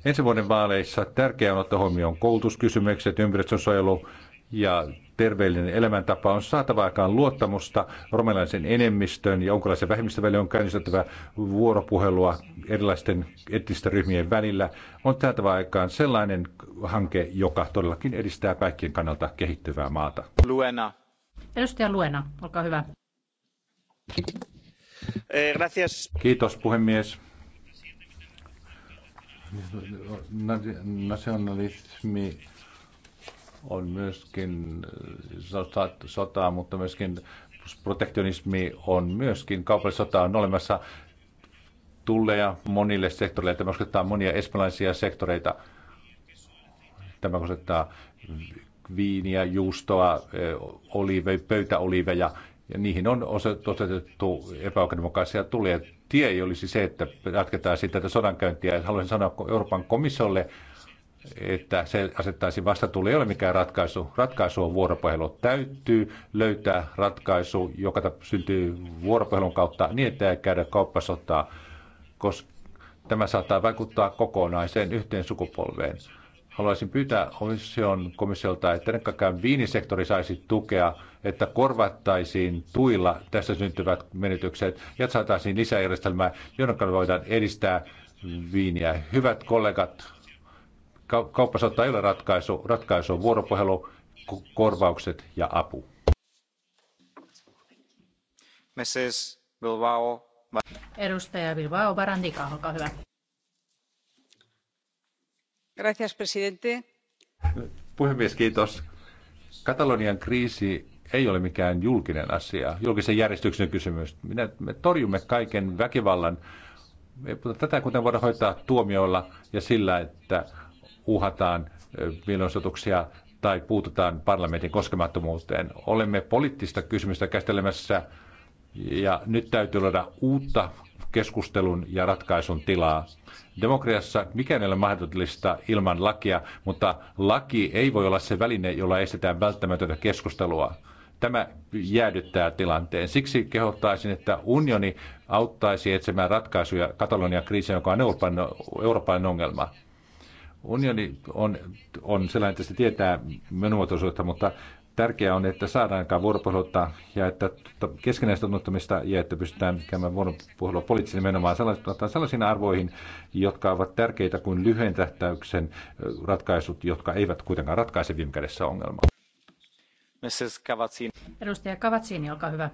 Ensi vuoden vaaleissa tärkeää on ottaa huomioon koulutuskysymykset, ympäristönsuojelu ja terveellinen elämäntapa on saatava aikaan luottamusta romelaisen enemmistön ja unkarilaisen vähemmistön välillä on käynnistettävä vuoropuhelua erilaisten etnisten ryhmien välillä. On saatava aikaan sellainen hanke, joka todellakin edistää kaikkien kannalta kehittyvää maata. Luena. Edustaja Luena, olkaa hyvä. Eh, gracias. Kiitos puhemies. Nationalismi on myöskin eh, sotaa, mutta myöskin protektionismi on myöskin kaupallisota on olemassa tulleja monille sektoreille. Tämä koskettaa monia espanjalaisia sektoreita. Tämä koskettaa viiniä, juustoa, eh, oliive, pöytäoliiveja ja niihin on osoitettu epäoikeudenmukaisia tulee. Tie ei olisi se, että jatketaan sitä, tätä sodankäyntiä. Haluaisin sanoa Euroopan komissiolle, että se asettaisi vastatulle ei ole mikään ratkaisu. Ratkaisu on vuoropuhelu. Täytyy löytää ratkaisu, joka syntyy vuoropuhelun kautta niin, että ei käydä kauppasotaa, koska tämä saattaa vaikuttaa kokonaiseen yhteen sukupolveen. Haluaisin pyytää komission komissiolta, että ennen kaikkea viinisektori saisi tukea että korvattaisiin tuilla tässä syntyvät menetykset ja saataisiin lisäjärjestelmää, jonka voidaan edistää viiniä. Hyvät kollegat, kauppasota ei ole ratkaisu. Ratkaisu on vuoropuhelu, korvaukset ja apu. Mrs. Bilbao. Edustaja Bilbao Barandika, olkaa hyvä. Gracias, presidente. Puhemies, kiitos. Katalonian kriisi ei ole mikään julkinen asia, julkisen järjestyksen kysymys. Minä, me torjumme kaiken väkivallan. Tätä kuten voidaan hoitaa tuomioilla ja sillä, että uhataan mielenosoituksia tai puututaan parlamentin koskemattomuuteen. Olemme poliittista kysymystä käsittelemässä ja nyt täytyy luoda uutta keskustelun ja ratkaisun tilaa. Demokratiassa mikään ei ole mahdollista ilman lakia, mutta laki ei voi olla se väline, jolla estetään välttämätöntä keskustelua. Tämä jäädyttää tilanteen. Siksi kehottaisin, että unioni auttaisi etsimään ratkaisuja Katalonian kriisiin, joka on Euroopan, Euroopan ongelma. Unioni on, on sellainen, että se tietää menuotoisuutta, mutta tärkeää on, että saadaan aikaan vuoropuhelutta ja että keskinäistä tunnustamista ja että pystytään käymään vuoropuhelua poliittisesti menomaan sellaisiin arvoihin, jotka ovat tärkeitä kuin lyhyen tähtäyksen ratkaisut, jotka eivät kuitenkaan ratkaise viime kädessä ongelmaa. Mrs. Cavazzini. Edustaja Cavazzini, olkaa hyvä.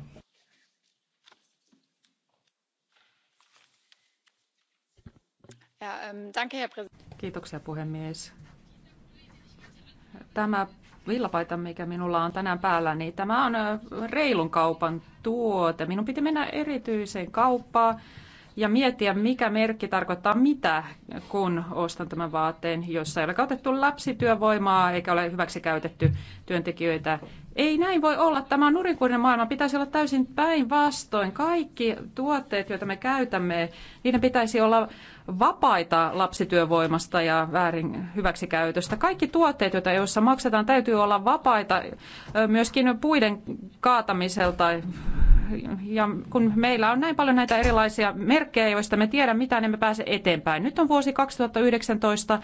Ähm, Kiitoksia puhemies. Tämä villapaita, mikä minulla on tänään päällä, niin tämä on äh, reilun kaupan tuote. Minun piti mennä erityiseen kauppaan ja miettiä, mikä merkki tarkoittaa mitä, kun ostan tämän vaatteen, jossa ei ole otettu lapsityövoimaa eikä ole hyväksi käytetty työntekijöitä. Ei näin voi olla. Tämä on maailma. Pitäisi olla täysin päinvastoin. Kaikki tuotteet, joita me käytämme, niiden pitäisi olla vapaita lapsityövoimasta ja väärin hyväksikäytöstä. Kaikki tuotteet, joita joissa maksetaan, täytyy olla vapaita myöskin puiden kaatamiselta ja kun meillä on näin paljon näitä erilaisia merkkejä, joista me tiedämme mitään, niin me pääse eteenpäin. Nyt on vuosi 2019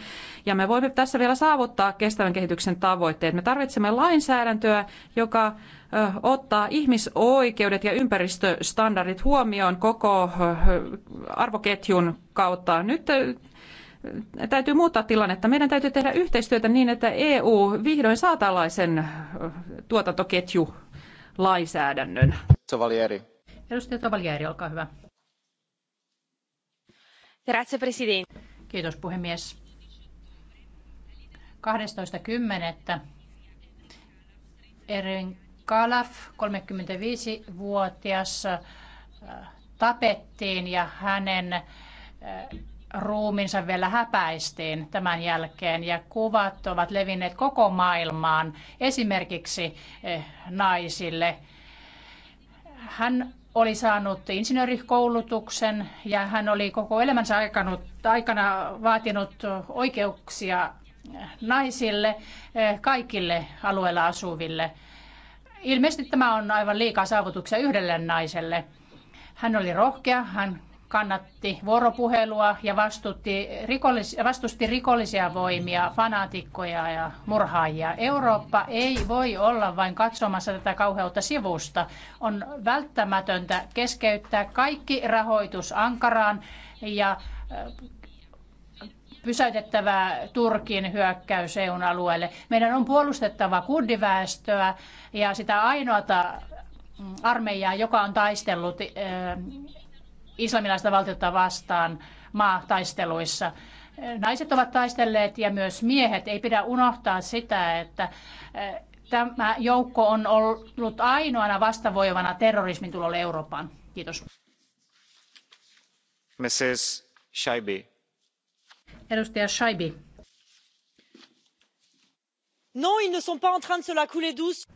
ja me voimme tässä vielä saavuttaa kestävän kehityksen tavoitteet. Me tarvitsemme lainsäädäntöä, joka ottaa ihmisoikeudet ja ympäristöstandardit huomioon koko arvoketjun kautta. Nyt täytyy muuttaa tilannetta. Meidän täytyy tehdä yhteistyötä niin, että EU vihdoin saa tällaisen tuotantoketju lainsäädännön. Tavalieri. Edustaja Tavalieri, olkaa hyvä. Grazie, presidente. Kiitos puhemies. 12.10. Erin Kalaf, 35-vuotias, äh, tapettiin ja hänen äh, ruuminsa vielä häpäistiin tämän jälkeen ja kuvat ovat levinneet koko maailmaan, esimerkiksi eh, naisille. Hän oli saanut insinöörikoulutuksen ja hän oli koko elämänsä aikana vaatinut oikeuksia eh, naisille, eh, kaikille alueella asuville. Ilmeisesti tämä on aivan liikaa saavutuksia yhdelle naiselle. Hän oli rohkea, hän kannatti vuoropuhelua ja vastusti, rikollis, vastusti rikollisia voimia, fanaatikkoja ja murhaajia. Eurooppa ei voi olla vain katsomassa tätä kauheutta sivusta. On välttämätöntä keskeyttää kaikki rahoitus Ankaraan ja äh, pysäytettävä Turkin hyökkäys EUn alueelle. Meidän on puolustettava kurdiväestöä ja sitä ainoata mm, armeijaa, joka on taistellut äh, islamilaista valtiota vastaan maataisteluissa. Naiset ovat taistelleet ja myös miehet. Ei pidä unohtaa sitä, että eh, tämä joukko on ollut ainoana vastavoivana terrorismin tulolle Eurooppaan. Kiitos. Mrs. Shaibi. Edustaja Shaibi. Non, ils ne sont pas en train de se la couler douce.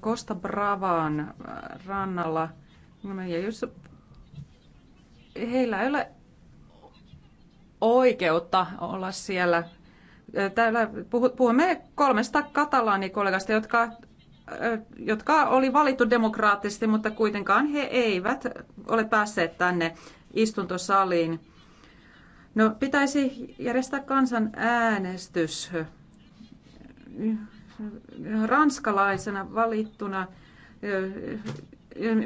Costa Bravaan eh, rannalla. No niin, ja jos heillä ei ole oikeutta olla siellä. Täällä puhumme kolmesta katalaanikollegasta, jotka, jotka oli valittu demokraattisesti, mutta kuitenkaan he eivät ole päässeet tänne istuntosaliin. No, pitäisi järjestää kansan äänestys. Ranskalaisena valittuna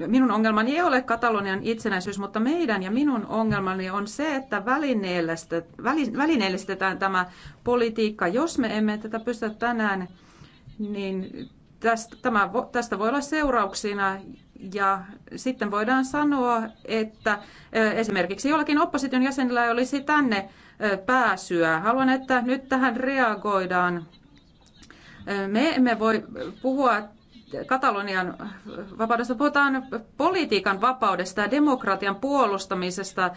minun ongelmani ei ole Katalonian itsenäisyys, mutta meidän ja minun ongelmani on se, että välineellistetään tämä politiikka. Jos me emme tätä pystytä tänään, niin tästä, tämä, tästä voi olla seurauksina ja sitten voidaan sanoa, että esimerkiksi jollakin opposition jäsenillä ei olisi tänne pääsyä. Haluan, että nyt tähän reagoidaan. Me emme voi puhua Katalonian vapaudesta, puhutaan politiikan vapaudesta ja demokratian puolustamisesta.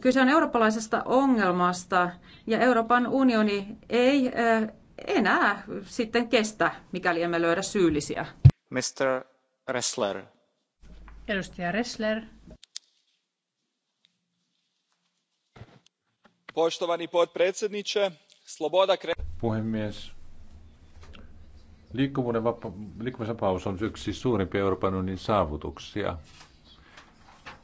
Kyse on eurooppalaisesta ongelmasta ja Euroopan unioni ei eh, enää sitten kestä, mikäli emme löydä syyllisiä. Mr. Ressler. Edustaja Ressler. Poistovani potpredsjedniče, sloboda kre... Puhemies, Liikkuvuuden liikkumisvapaus on yksi suurimpia Euroopan unionin saavutuksia.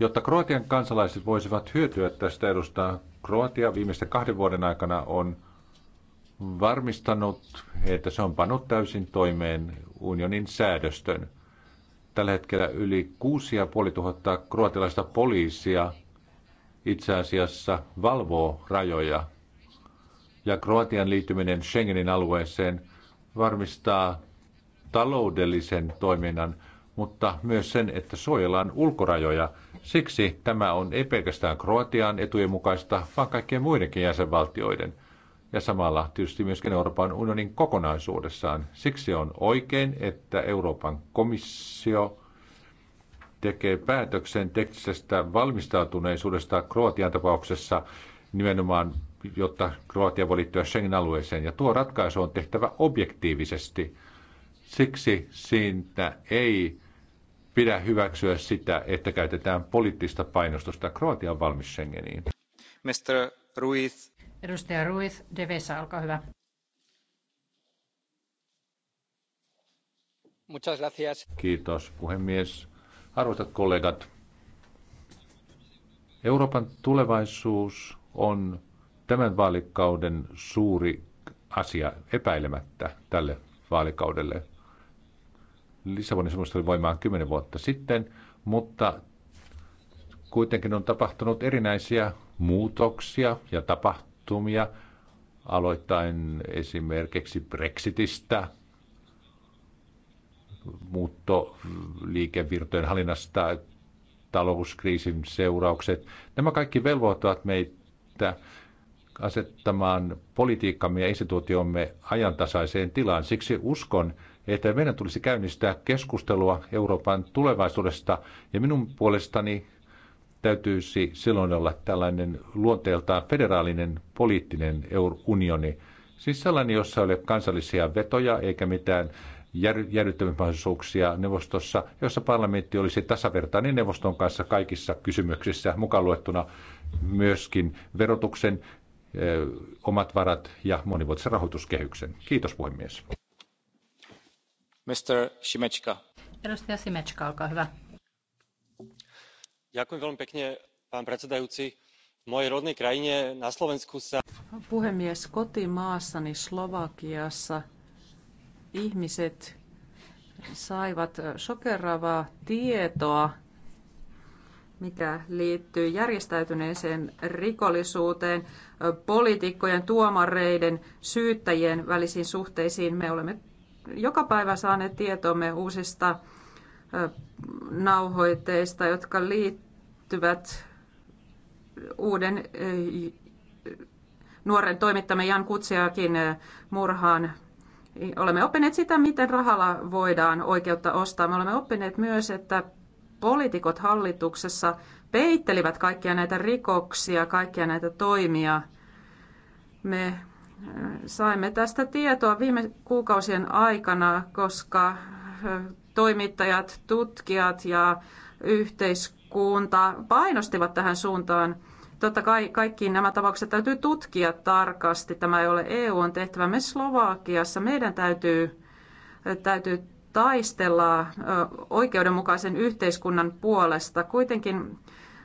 Jotta Kroatian kansalaiset voisivat hyötyä tästä edusta, Kroatia viimeisten kahden vuoden aikana on varmistanut, että se on pannut täysin toimeen unionin säädöstön. Tällä hetkellä yli 6500 kroatilaista poliisia itse asiassa valvoo rajoja. Ja Kroatian liittyminen Schengenin alueeseen varmistaa taloudellisen toiminnan, mutta myös sen, että suojellaan ulkorajoja. Siksi tämä on ei pelkästään Kroatian etujen mukaista, vaan kaikkien muidenkin jäsenvaltioiden ja samalla tietysti myöskin Euroopan unionin kokonaisuudessaan. Siksi on oikein, että Euroopan komissio tekee päätöksen teknisestä valmistautuneisuudesta Kroatian tapauksessa nimenomaan jotta Kroatia voi liittyä Schengen-alueeseen. Ja tuo ratkaisu on tehtävä objektiivisesti. Siksi siitä ei pidä hyväksyä sitä, että käytetään poliittista painostusta. Kroatian valmis Schengeniin. Mr. Ruiz. Edustaja Ruiz, Devesa, olkaa hyvä. Muchas gracias. Kiitos puhemies. Arvoisat kollegat, Euroopan tulevaisuus on tämän vaalikauden suuri asia epäilemättä tälle vaalikaudelle. Lissabonin sopimus oli voimaan kymmenen vuotta sitten, mutta kuitenkin on tapahtunut erinäisiä muutoksia ja tapahtumia, aloittain esimerkiksi Brexitistä, muuttoliikevirtojen hallinnasta, talouskriisin seuraukset. Nämä kaikki velvoittavat meitä asettamaan politiikkamme ja instituutiomme ajantasaiseen tilaan. Siksi uskon, että meidän tulisi käynnistää keskustelua Euroopan tulevaisuudesta ja minun puolestani täytyisi silloin olla tällainen luonteeltaan federaalinen poliittinen unioni. Siis sellainen, jossa ei ole kansallisia vetoja eikä mitään järjettömyysmahdollisuuksia neuvostossa, jossa parlamentti olisi tasavertainen neuvoston kanssa kaikissa kysymyksissä, mukaan luettuna myöskin verotuksen, omat varat ja monivuotisen rahoituskehyksen. Kiitos puhemies. Mr. Šimečka. Edustaja Šimečka, olkaa hyvä. Ďakujem veľmi pekne, pán predsedajúci. V mojej rodnej krajine na Slovensku sa... Puhemies, kotimaassani niin Slovakiassa ihmiset saivat sokeravaa tietoa mikä liittyy järjestäytyneeseen rikollisuuteen, poliitikkojen, tuomareiden, syyttäjien välisiin suhteisiin. Me olemme joka päivä saaneet tietomme uusista nauhoitteista, jotka liittyvät uuden nuoren toimittamme Jan Kutsiakin murhaan. Olemme oppineet sitä, miten rahalla voidaan oikeutta ostaa. Me olemme oppineet myös, että poliitikot hallituksessa peittelivät kaikkia näitä rikoksia, kaikkia näitä toimia. Me äh, saimme tästä tietoa viime kuukausien aikana, koska äh, toimittajat, tutkijat ja yhteiskunta painostivat tähän suuntaan. Totta kai kaikki nämä tapaukset täytyy tutkia tarkasti. Tämä ei ole EU on tehtävä. Me Slovakiassa meidän täytyy, täytyy taistella oikeudenmukaisen yhteiskunnan puolesta. Kuitenkin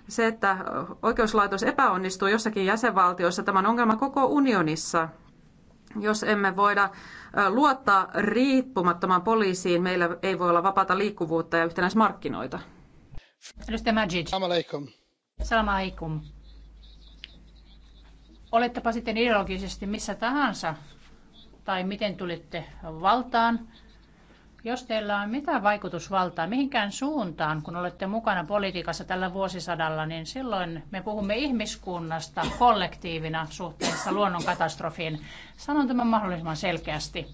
se, että oikeuslaitos epäonnistuu jossakin jäsenvaltiossa, tämä on ongelma koko unionissa. Jos emme voida luottaa riippumattomaan poliisiin, meillä ei voi olla vapaata liikkuvuutta ja yhtenäismarkkinoita. Edustaja Majid. Salam aleikum. Salam aleikum. Olettepa sitten ideologisesti missä tahansa tai miten tulitte valtaan – jos teillä on mitään vaikutusvaltaa mihinkään suuntaan, kun olette mukana politiikassa tällä vuosisadalla, niin silloin me puhumme ihmiskunnasta kollektiivina suhteessa luonnonkatastrofiin. Sanon tämän mahdollisimman selkeästi.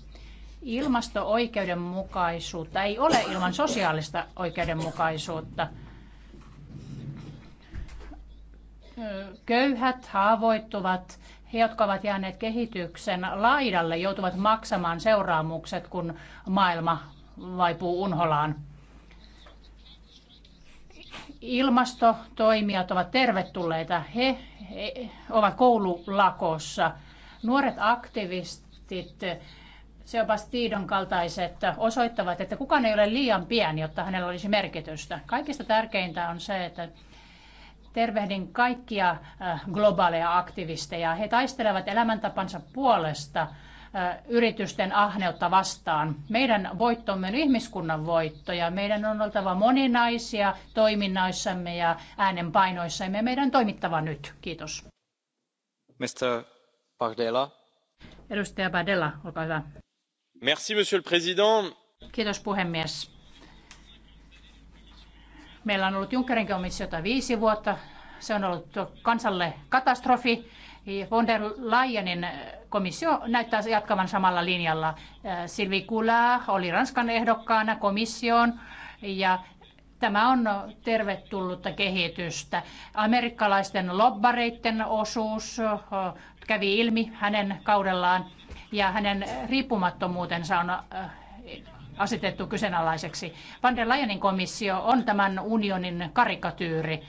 Ilmasto-oikeudenmukaisuutta ei ole ilman sosiaalista oikeudenmukaisuutta. Köyhät, haavoittuvat, he, jotka ovat jääneet kehityksen laidalle, joutuvat maksamaan seuraamukset, kun maailma vaipuu unholaan. Ilmastotoimijat ovat tervetulleita. He ovat koululakossa. Nuoret aktivistit Sebastidon kaltaiset osoittavat, että kukaan ei ole liian pieni, jotta hänellä olisi merkitystä. Kaikista tärkeintä on se, että tervehdin kaikkia äh, globaaleja aktivisteja. He taistelevat elämäntapansa puolesta yritysten ahneutta vastaan. Meidän voittomme on ihmiskunnan voitto ja meidän on oltava moninaisia toiminnoissamme ja äänenpainoissamme. Meidän on toimittava nyt. Kiitos. Mr. Bardella. Edustaja Bardella, olkaa hyvä. Merci, monsieur le président. Kiitos puhemies. Meillä on ollut Junckerin komissiota viisi vuotta. Se on ollut kansalle katastrofi von der Leyenin komissio näyttää jatkavan samalla linjalla. Äh, Sylvie Goulart oli Ranskan ehdokkaana komissioon ja tämä on tervetullutta kehitystä. Amerikkalaisten lobbareiden osuus äh, kävi ilmi hänen kaudellaan ja hänen riippumattomuutensa on äh, asetettu kyseenalaiseksi. Van der Leyenin komissio on tämän unionin karikatyyri,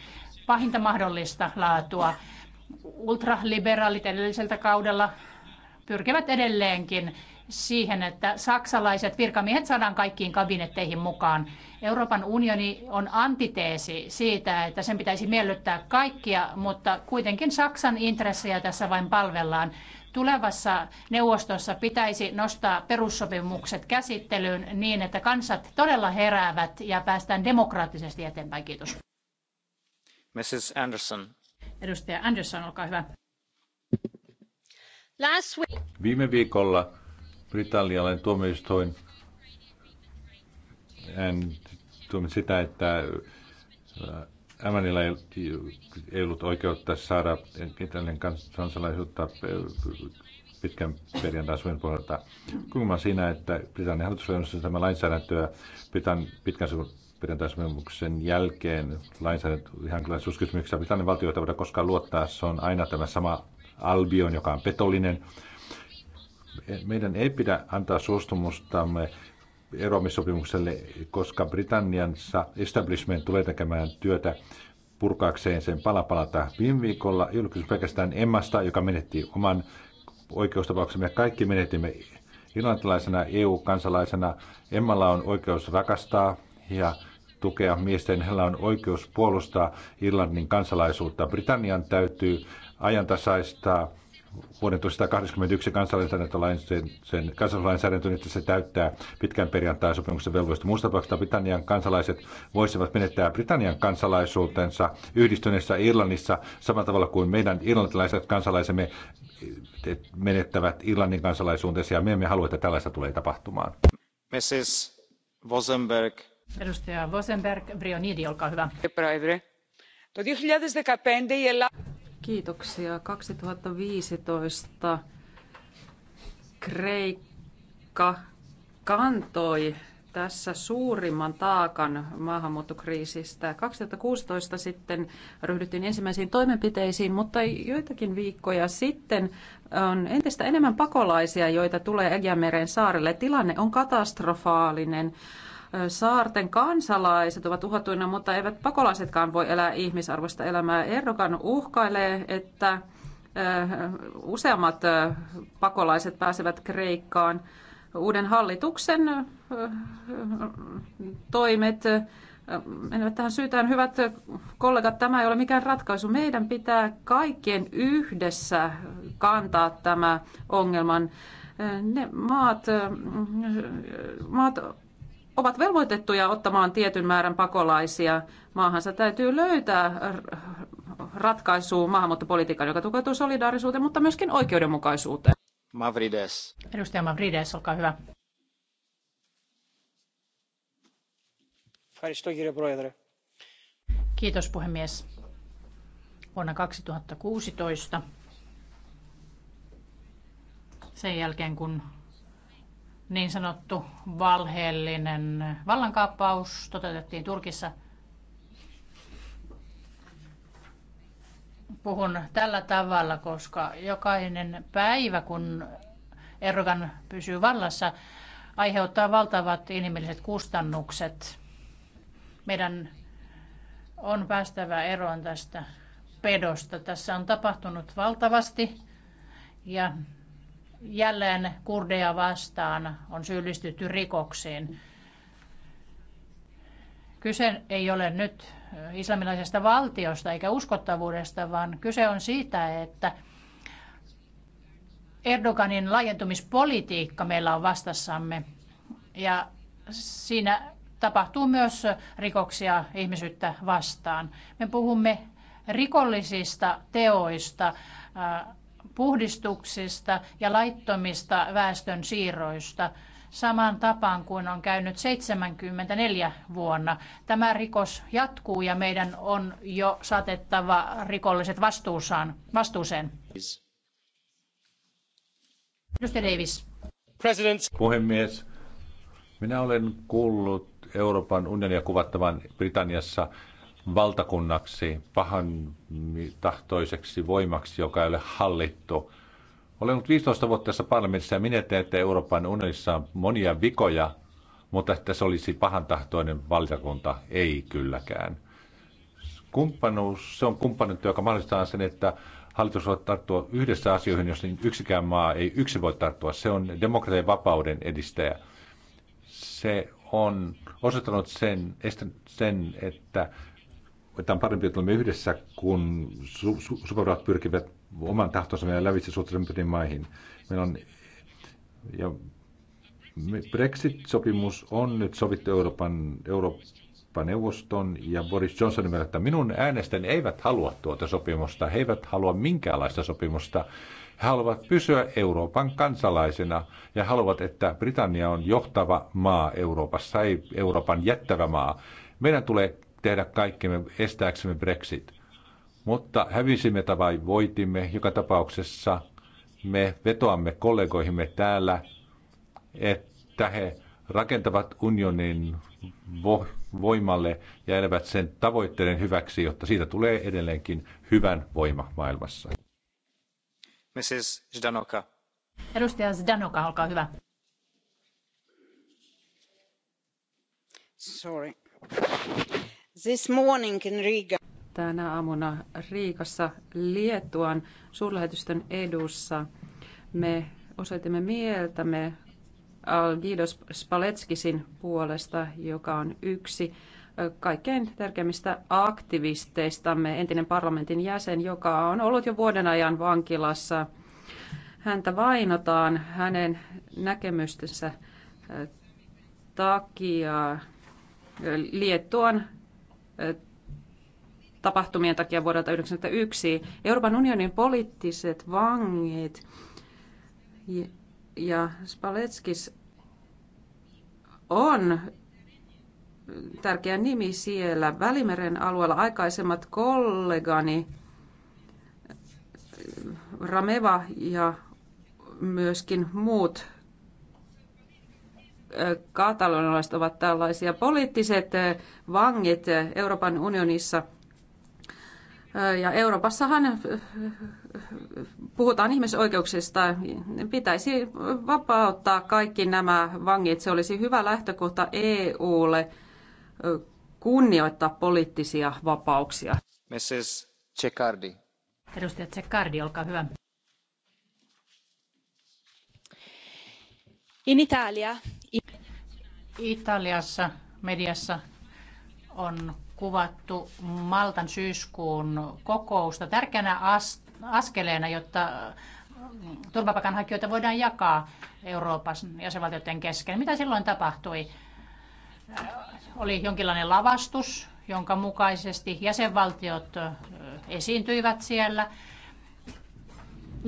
pahinta mahdollista laatua ultraliberaalit edelliseltä kaudella pyrkivät edelleenkin siihen, että saksalaiset virkamiehet saadaan kaikkiin kabinetteihin mukaan. Euroopan unioni on antiteesi siitä, että sen pitäisi miellyttää kaikkia, mutta kuitenkin Saksan intressejä tässä vain palvellaan. Tulevassa neuvostossa pitäisi nostaa perussopimukset käsittelyyn niin, että kansat todella heräävät ja päästään demokraattisesti eteenpäin. Kiitos. Mrs. Anderson. Edustaja Andersson, olkaa hyvä. Viime viikolla britannialainen tuomioistuin tuomi sitä, että äh, Amanilla ei ollut oikeutta saada italian kansalaisuutta äh, pitkän perjantain suojelun puolelta. Kumma siinä, että Britannian hallitus on tämä lainsäädäntöä pitkän, pitkän perjantaismemmuksen jälkeen lainsäädäntö ihan kyllä suskysmyksessä. Britannian valtioita voida koskaan luottaa. Se on aina tämä sama Albion, joka on petollinen. Meidän ei pidä antaa suostumustamme eroamissopimukselle, koska Britanniansa establishment tulee tekemään työtä purkaakseen sen palapalata. Viime viikolla ei ollut pelkästään Emmasta, joka menetti oman oikeustapauksemme. Kaikki menetimme irlantilaisena EU-kansalaisena. Emmalla on oikeus rakastaa ja tukea miesten, heillä on oikeus puolustaa Irlannin kansalaisuutta. Britannian täytyy ajantasaistaa vuoden 1921 kansalaisuuslainsäädäntö, että se täyttää pitkän perjantain sopimuksen velvoista. Muusta tapauksesta Britannian kansalaiset voisivat menettää Britannian kansalaisuutensa yhdistyneessä Irlannissa samalla tavalla kuin meidän irlantilaiset kansalaisemme menettävät Irlannin kansalaisuutensa ja me emme halua, että tällaista tulee tapahtumaan. Mrs. Vosenberg, Edustaja Vosenberg, Brionidi, olkaa hyvä. Kiitoksia. 2015 Kreikka kantoi tässä suurimman taakan maahanmuuttokriisistä. 2016 sitten ryhdyttiin ensimmäisiin toimenpiteisiin, mutta joitakin viikkoja sitten on entistä enemmän pakolaisia, joita tulee Egeanmeren saarelle. Tilanne on katastrofaalinen saarten kansalaiset ovat uhattuina, mutta eivät pakolaisetkaan voi elää ihmisarvoista elämää. Erdogan uhkailee, että eh, useammat eh, pakolaiset pääsevät Kreikkaan. Uuden hallituksen eh, toimet menevät tähän syytään. Hyvät kollegat, tämä ei ole mikään ratkaisu. Meidän pitää kaikkien yhdessä kantaa tämä ongelman. Ne maat, maat ovat velvoitettuja ottamaan tietyn määrän pakolaisia maahansa. Täytyy löytää ratkaisu maahanmuuttopolitiikan, joka tukeutuu solidaarisuuteen, mutta myöskin oikeudenmukaisuuteen. Mavrides. Edustaja Mavrides, olkaa hyvä. Kiitos puhemies. Vuonna 2016, sen jälkeen kun niin sanottu valheellinen vallankaappaus toteutettiin Turkissa. Puhun tällä tavalla, koska jokainen päivä, kun Erdogan pysyy vallassa, aiheuttaa valtavat inhimilliset kustannukset. Meidän on päästävä eroon tästä pedosta. Tässä on tapahtunut valtavasti ja jälleen kurdeja vastaan on syyllistytty rikoksiin. Kyse ei ole nyt islamilaisesta valtiosta eikä uskottavuudesta, vaan kyse on siitä, että Erdoganin laajentumispolitiikka meillä on vastassamme. Ja siinä tapahtuu myös rikoksia ihmisyyttä vastaan. Me puhumme rikollisista teoista, puhdistuksista ja laittomista väestön siirroista saman tapaan kuin on käynyt 74 vuonna. Tämä rikos jatkuu ja meidän on jo saatettava rikolliset vastuusaan, vastuuseen. Edustaja Davis. President. Puhemies, minä olen kuullut Euroopan unionia kuvattavan Britanniassa valtakunnaksi, pahan tahtoiseksi voimaksi, joka ei ole hallittu. Olen ollut 15 vuotta tässä parlamentissa ja minä teen, että Euroopan unionissa on monia vikoja, mutta että se olisi tahtoinen valtakunta, ei kylläkään. Kumppanuus, se on kumppanuutta, joka mahdollistaa sen, että hallitus voi tarttua yhdessä asioihin, jos niin yksikään maa ei yksin voi tarttua. Se on demokratian vapauden edistäjä. Se on osoittanut sen, sen että että on parempi, että olemme yhdessä, kun su- su- pyrkivät oman tahtonsa meidän lävitse suhteellisen maihin. Meillä on, ja Brexit-sopimus on nyt sovittu Euroopan, Euroopan neuvoston ja Boris Johnsonin myötä, että minun äänestäni eivät halua tuota sopimusta, he eivät halua minkäänlaista sopimusta. He haluavat pysyä Euroopan kansalaisena ja haluavat, että Britannia on johtava maa Euroopassa, ei Euroopan jättävä maa. Meidän tulee tehdä kaikkemme estääksemme Brexit. Mutta hävisimme tai voitimme, joka tapauksessa me vetoamme kollegoihimme täällä, että he rakentavat unionin vo- voimalle ja elävät sen tavoitteiden hyväksi, jotta siitä tulee edelleenkin hyvän voima maailmassa. Mrs. Zdanoka. Edustaja Zdanoka, olkaa hyvä. Sorry. This morning in Riga. Tänä aamuna Riikassa lietuan suurlähetystön edussa me osoitimme mieltämme Algidos Spaletskisin puolesta, joka on yksi kaikkein tärkeimmistä aktivisteistamme, entinen parlamentin jäsen, joka on ollut jo vuoden ajan vankilassa. Häntä vainotaan hänen näkemystensä takia Liettuan tapahtumien takia vuodelta 1991. Euroopan unionin poliittiset vangit ja Spaletskis on tärkeä nimi siellä. Välimeren alueella aikaisemmat kollegani Rameva ja myöskin muut katalonalaiset ovat tällaisia poliittiset eh, vangit Euroopan unionissa. Eh, ja Euroopassahan eh, puhutaan ihmisoikeuksista. Pitäisi vapauttaa kaikki nämä vangit. Se olisi hyvä lähtökohta EUlle kunnioittaa poliittisia vapauksia. Mrs. Cecardi. Edustaja Cecardi, olkaa hyvä. In Italia. Italiassa mediassa on kuvattu Maltan syyskuun kokousta tärkeänä askeleena, jotta mm, turvapaikanhakijoita voidaan jakaa Euroopan jäsenvaltioiden kesken. Mitä silloin tapahtui? Äh, oli jonkinlainen lavastus, jonka mukaisesti jäsenvaltiot äh, esiintyivät siellä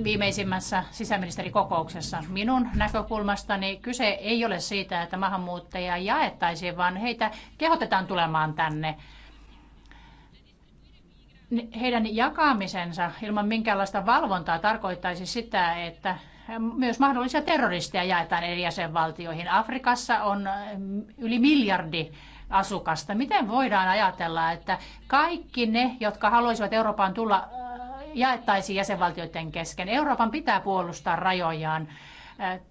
viimeisimmässä sisäministerikokouksessa. Minun näkökulmastani kyse ei ole siitä, että maahanmuuttajia jaettaisiin, vaan heitä kehotetaan tulemaan tänne. Heidän jakamisensa ilman minkäänlaista valvontaa tarkoittaisi sitä, että myös mahdollisia terroristeja jaetaan eri jäsenvaltioihin. Afrikassa on mm, yli miljardi asukasta. Miten voidaan ajatella, että kaikki ne, jotka haluaisivat Eurooppaan tulla jaettaisiin jäsenvaltioiden kesken. Euroopan pitää puolustaa rajojaan.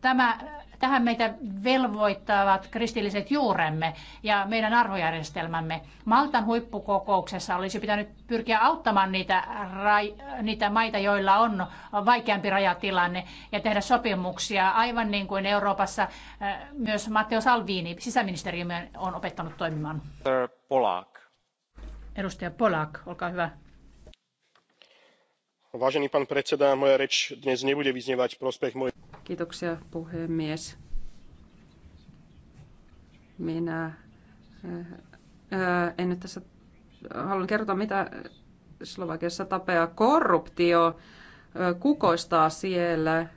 Tämä, tähän meitä velvoittavat kristilliset juuremme ja meidän arvojärjestelmämme. Maltan huippukokouksessa olisi pitänyt pyrkiä auttamaan niitä, rai, niitä maita, joilla on vaikeampi rajatilanne ja tehdä sopimuksia, aivan niin kuin Euroopassa myös Matteo Salvini, sisäministeriö, on opettanut toimimaan. Polak. Edustaja Polak, olkaa hyvä. Vážený pán predseda, moja reč dnes nebude vyznievať prospech mojej... Kiitoksia puhemies. Minä eh, eh, en nyt tässä haluan kertoa, mitä Slovakiassa tapea. Korruptio eh, kukoistaa siellä.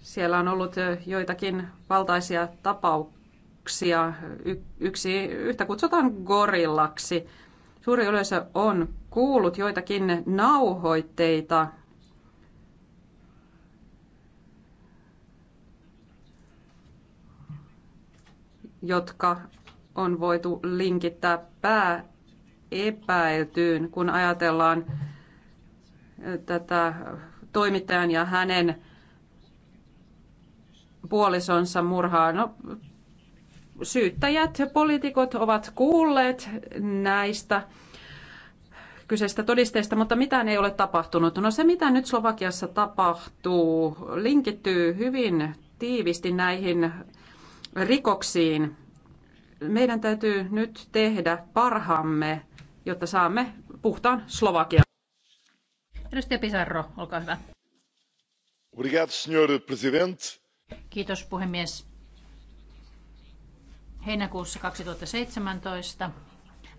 Siellä on ollut joitakin valtaisia tapauksia. Yksi, yhtä kutsutaan gorillaksi. Suuri yleisö on kuullut joitakin nauhoitteita jotka on voitu linkittää pääepäiltyyn, kun ajatellaan tätä toimittajan ja hänen puolisonsa murhaa. No, syyttäjät ja poliitikot ovat kuulleet näistä kyseistä todisteista, mutta mitään ei ole tapahtunut. No se, mitä nyt Slovakiassa tapahtuu, linkittyy hyvin tiivisti näihin rikoksiin. Meidän täytyy nyt tehdä parhaamme, jotta saamme puhtaan Slovakian. Edustaja Pisarro, olkaa hyvä. Kiitos puhemies. Heinäkuussa 2017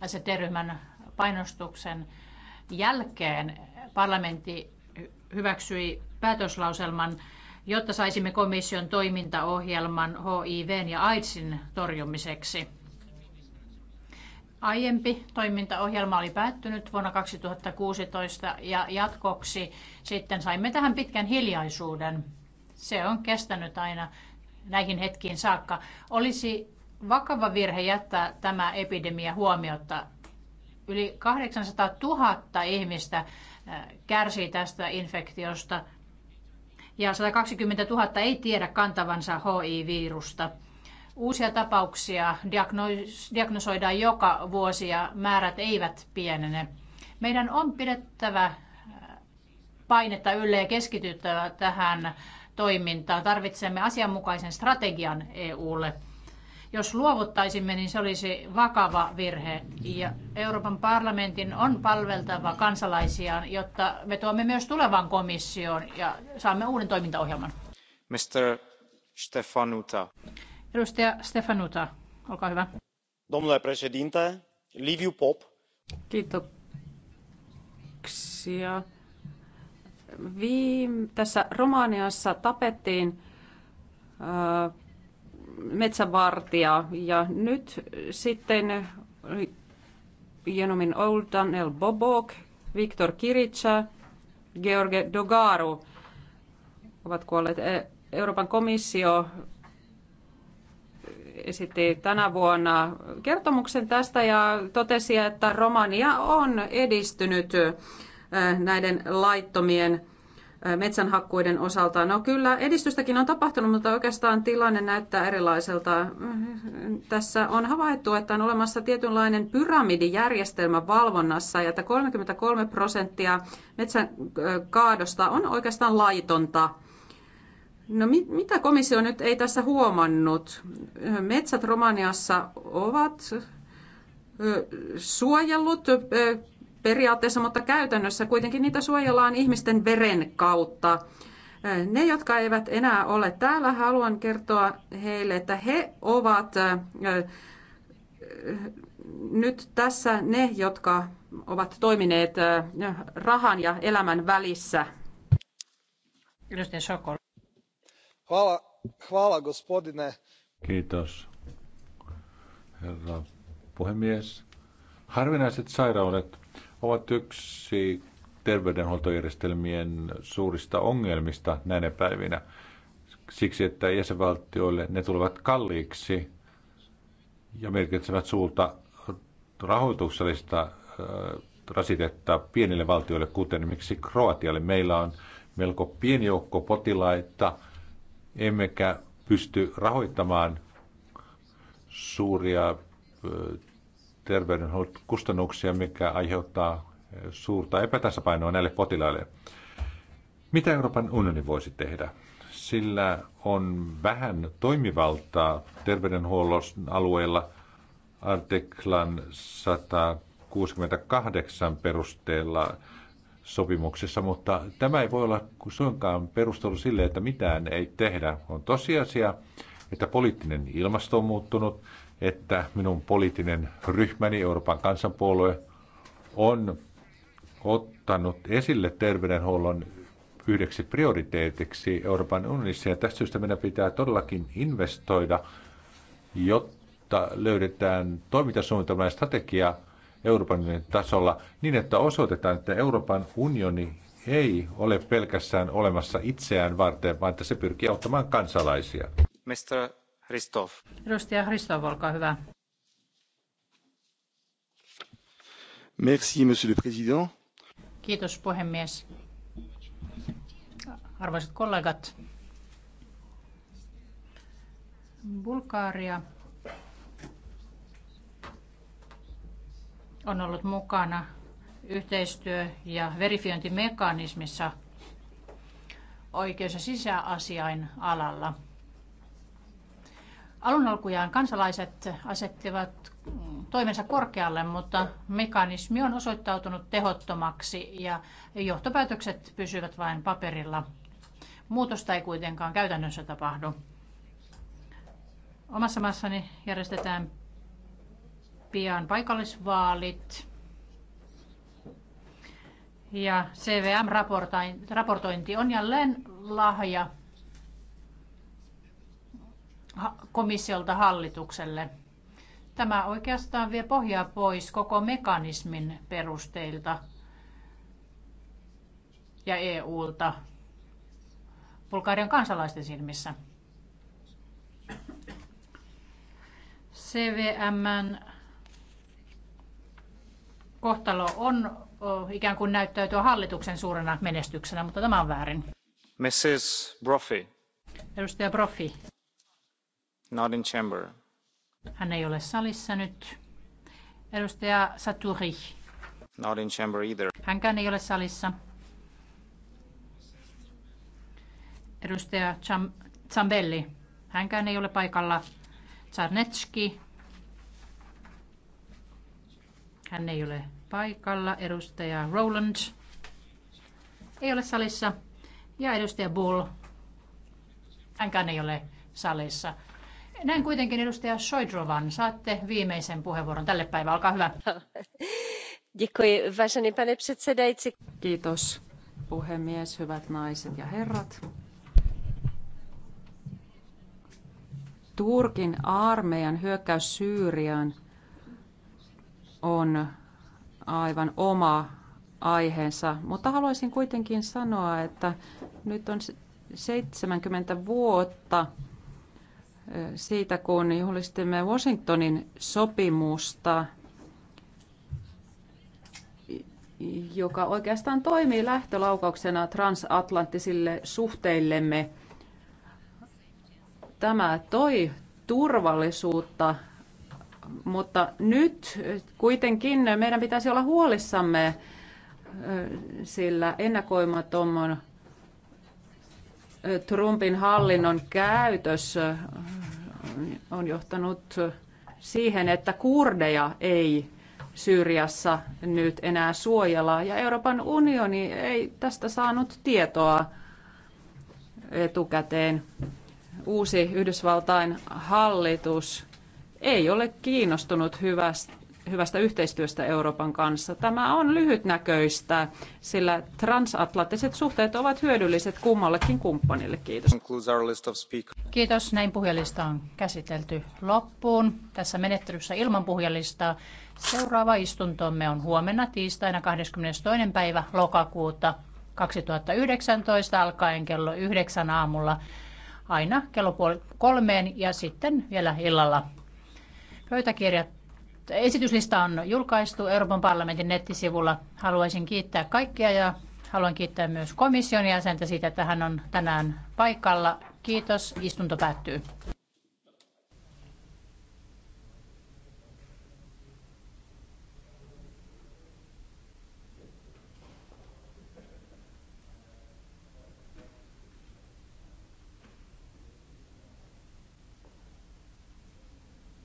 ST-ryhmän painostuksen jälkeen parlamentti hyväksyi päätöslauselman, jotta saisimme komission toimintaohjelman HIVn ja AIDSin torjumiseksi. Aiempi toimintaohjelma oli päättynyt vuonna 2016 ja jatkoksi sitten saimme tähän pitkän hiljaisuuden. Se on kestänyt aina näihin hetkiin saakka. Olisi vakava virhe jättää tämä epidemia huomiotta. Yli 800 000 ihmistä äh, kärsii tästä infektiosta ja 120 000 ei tiedä kantavansa hiv virusta Uusia tapauksia diagnosoidaan joka vuosi ja määrät eivät pienene. Meidän on pidettävä äh, painetta ylle ja keskityttävä tähän toimintaan. Tarvitsemme asianmukaisen strategian EUlle. Jos luovuttaisimme, niin se olisi vakava virhe. Ja Euroopan parlamentin on palveltava kansalaisiaan, jotta me tuomme myös tulevaan komissioon ja saamme uuden toimintaohjelman. Mr. Stefanuta. Edustaja Stefanuta, olkaa hyvä. Domnule președinte, Liviu Pop. Kiitoksia. Viime, tässä Romaniassa tapettiin äh, metsävartija. Ja nyt sitten Jenomin Oldan El Bobok, Viktor Kiritsa, George Dogaru ovat kuolleet. E, Euroopan komissio esitti tänä vuonna kertomuksen tästä ja totesi, että Romania on edistynyt e, näiden laittomien metsänhakkuiden osalta. No kyllä, edistystäkin on tapahtunut, mutta oikeastaan tilanne näyttää erilaiselta. Tässä on havaittu, että on olemassa tietynlainen pyramidijärjestelmä valvonnassa ja että 33 prosenttia metsän kaadosta on oikeastaan laitonta. No mit, mitä komissio nyt ei tässä huomannut? Metsät Romaniassa ovat suojellut periaatteessa, mutta käytännössä kuitenkin niitä suojellaan ihmisten veren kautta. Ne, jotka eivät enää ole täällä, haluan kertoa heille, että he ovat nyt tässä ne, jotka ovat toimineet rahan ja elämän välissä. Hvala, hvala Kiitos, herra puhemies. Harvinaiset sairaudet ovat yksi terveydenhuoltojärjestelmien suurista ongelmista näinä päivinä. Siksi, että jäsenvaltioille ne tulevat kalliiksi ja merkitsevät suulta rahoituksellista äh, rasitetta pienille valtioille, kuten miksi Kroatialle. Meillä on melko pieni joukko potilaita, emmekä pysty rahoittamaan suuria äh, terveydenhuollon kustannuksia, mikä aiheuttaa suurta epätasapainoa näille potilaille. Mitä Euroopan unioni voisi tehdä? Sillä on vähän toimivaltaa terveydenhuollon alueella artiklan 168 perusteella sopimuksessa, mutta tämä ei voi olla suinkaan perustelu sille, että mitään ei tehdä. On tosiasia, että poliittinen ilmasto on muuttunut, että minun poliittinen ryhmäni, Euroopan kansanpuolue, on ottanut esille terveydenhuollon yhdeksi prioriteetiksi Euroopan unionissa. Ja tästä syystä meidän pitää todellakin investoida, jotta löydetään toimintasuunnitelma ja strategia Euroopan unionin tasolla niin, että osoitetaan, että Euroopan unioni ei ole pelkästään olemassa itseään varten, vaan että se pyrkii auttamaan kansalaisia. Mr. Hristov. Edustaja Hristov, olkaa hyvä. Merci, monsieur le président. Kiitos puhemies. Arvoisat kollegat, Bulgaria on ollut mukana yhteistyö- ja verifiointimekanismissa oikeus- ja sisäasiain alalla. Alun alkujaan kansalaiset asettivat toimensa korkealle, mutta mekanismi on osoittautunut tehottomaksi ja johtopäätökset pysyvät vain paperilla. Muutosta ei kuitenkaan käytännössä tapahdu. Omassa maassani järjestetään pian paikallisvaalit. Ja CVM-raportointi on jälleen lahja komissiolta hallitukselle. Tämä oikeastaan vie pohjaa pois koko mekanismin perusteilta ja EUlta Bulgarian kansalaisten silmissä. CVMn kohtalo on ikään kuin näyttäytyä hallituksen suurena menestyksenä, mutta tämä on väärin. Mrs. Brophy. Edustaja Brophy not in chamber. Hän ei ole salissa nyt. Edustaja Saturi. Not in chamber either. Hänkään ei ole salissa. Edustaja Cham- Zambelli. Hänkään ei ole paikalla. Czarnecki. Hän ei ole paikalla. Edustaja Roland. Ei ole salissa. Ja edustaja Bull. Hänkään ei ole salissa. Näin kuitenkin edustaja Soidrovan. Saatte viimeisen puheenvuoron tälle päivälle. Olkaa hyvä. Kiitos puhemies, hyvät naiset ja herrat. Turkin armeijan hyökkäys Syyriaan on aivan oma aiheensa, mutta haluaisin kuitenkin sanoa, että nyt on 70 vuotta siitä, kun juhlistimme Washingtonin sopimusta, joka oikeastaan toimii lähtölaukauksena transatlanttisille suhteillemme. Tämä toi turvallisuutta, mutta nyt kuitenkin meidän pitäisi olla huolissamme sillä ennakoimattoman Trumpin hallinnon käytös on johtanut siihen, että kurdeja ei Syyriassa nyt enää suojella. Ja Euroopan unioni ei tästä saanut tietoa etukäteen. Uusi Yhdysvaltain hallitus ei ole kiinnostunut hyvästä hyvästä yhteistyöstä Euroopan kanssa. Tämä on lyhytnäköistä, sillä transatlanttiset suhteet ovat hyödylliset kummallekin kumppanille. Kiitos. Kiitos. Näin puhujalista on käsitelty loppuun. Tässä menettelyssä ilman puhujalistaa. Seuraava istuntomme on huomenna tiistaina 22. päivä lokakuuta 2019 alkaen kello 9 aamulla aina kello puoli kolmeen ja sitten vielä illalla. Pöytäkirjat Esityslista on julkaistu Euroopan parlamentin nettisivulla. Haluaisin kiittää kaikkia ja haluan kiittää myös komission jäsentä siitä, että hän on tänään paikalla. Kiitos. Istunto päättyy.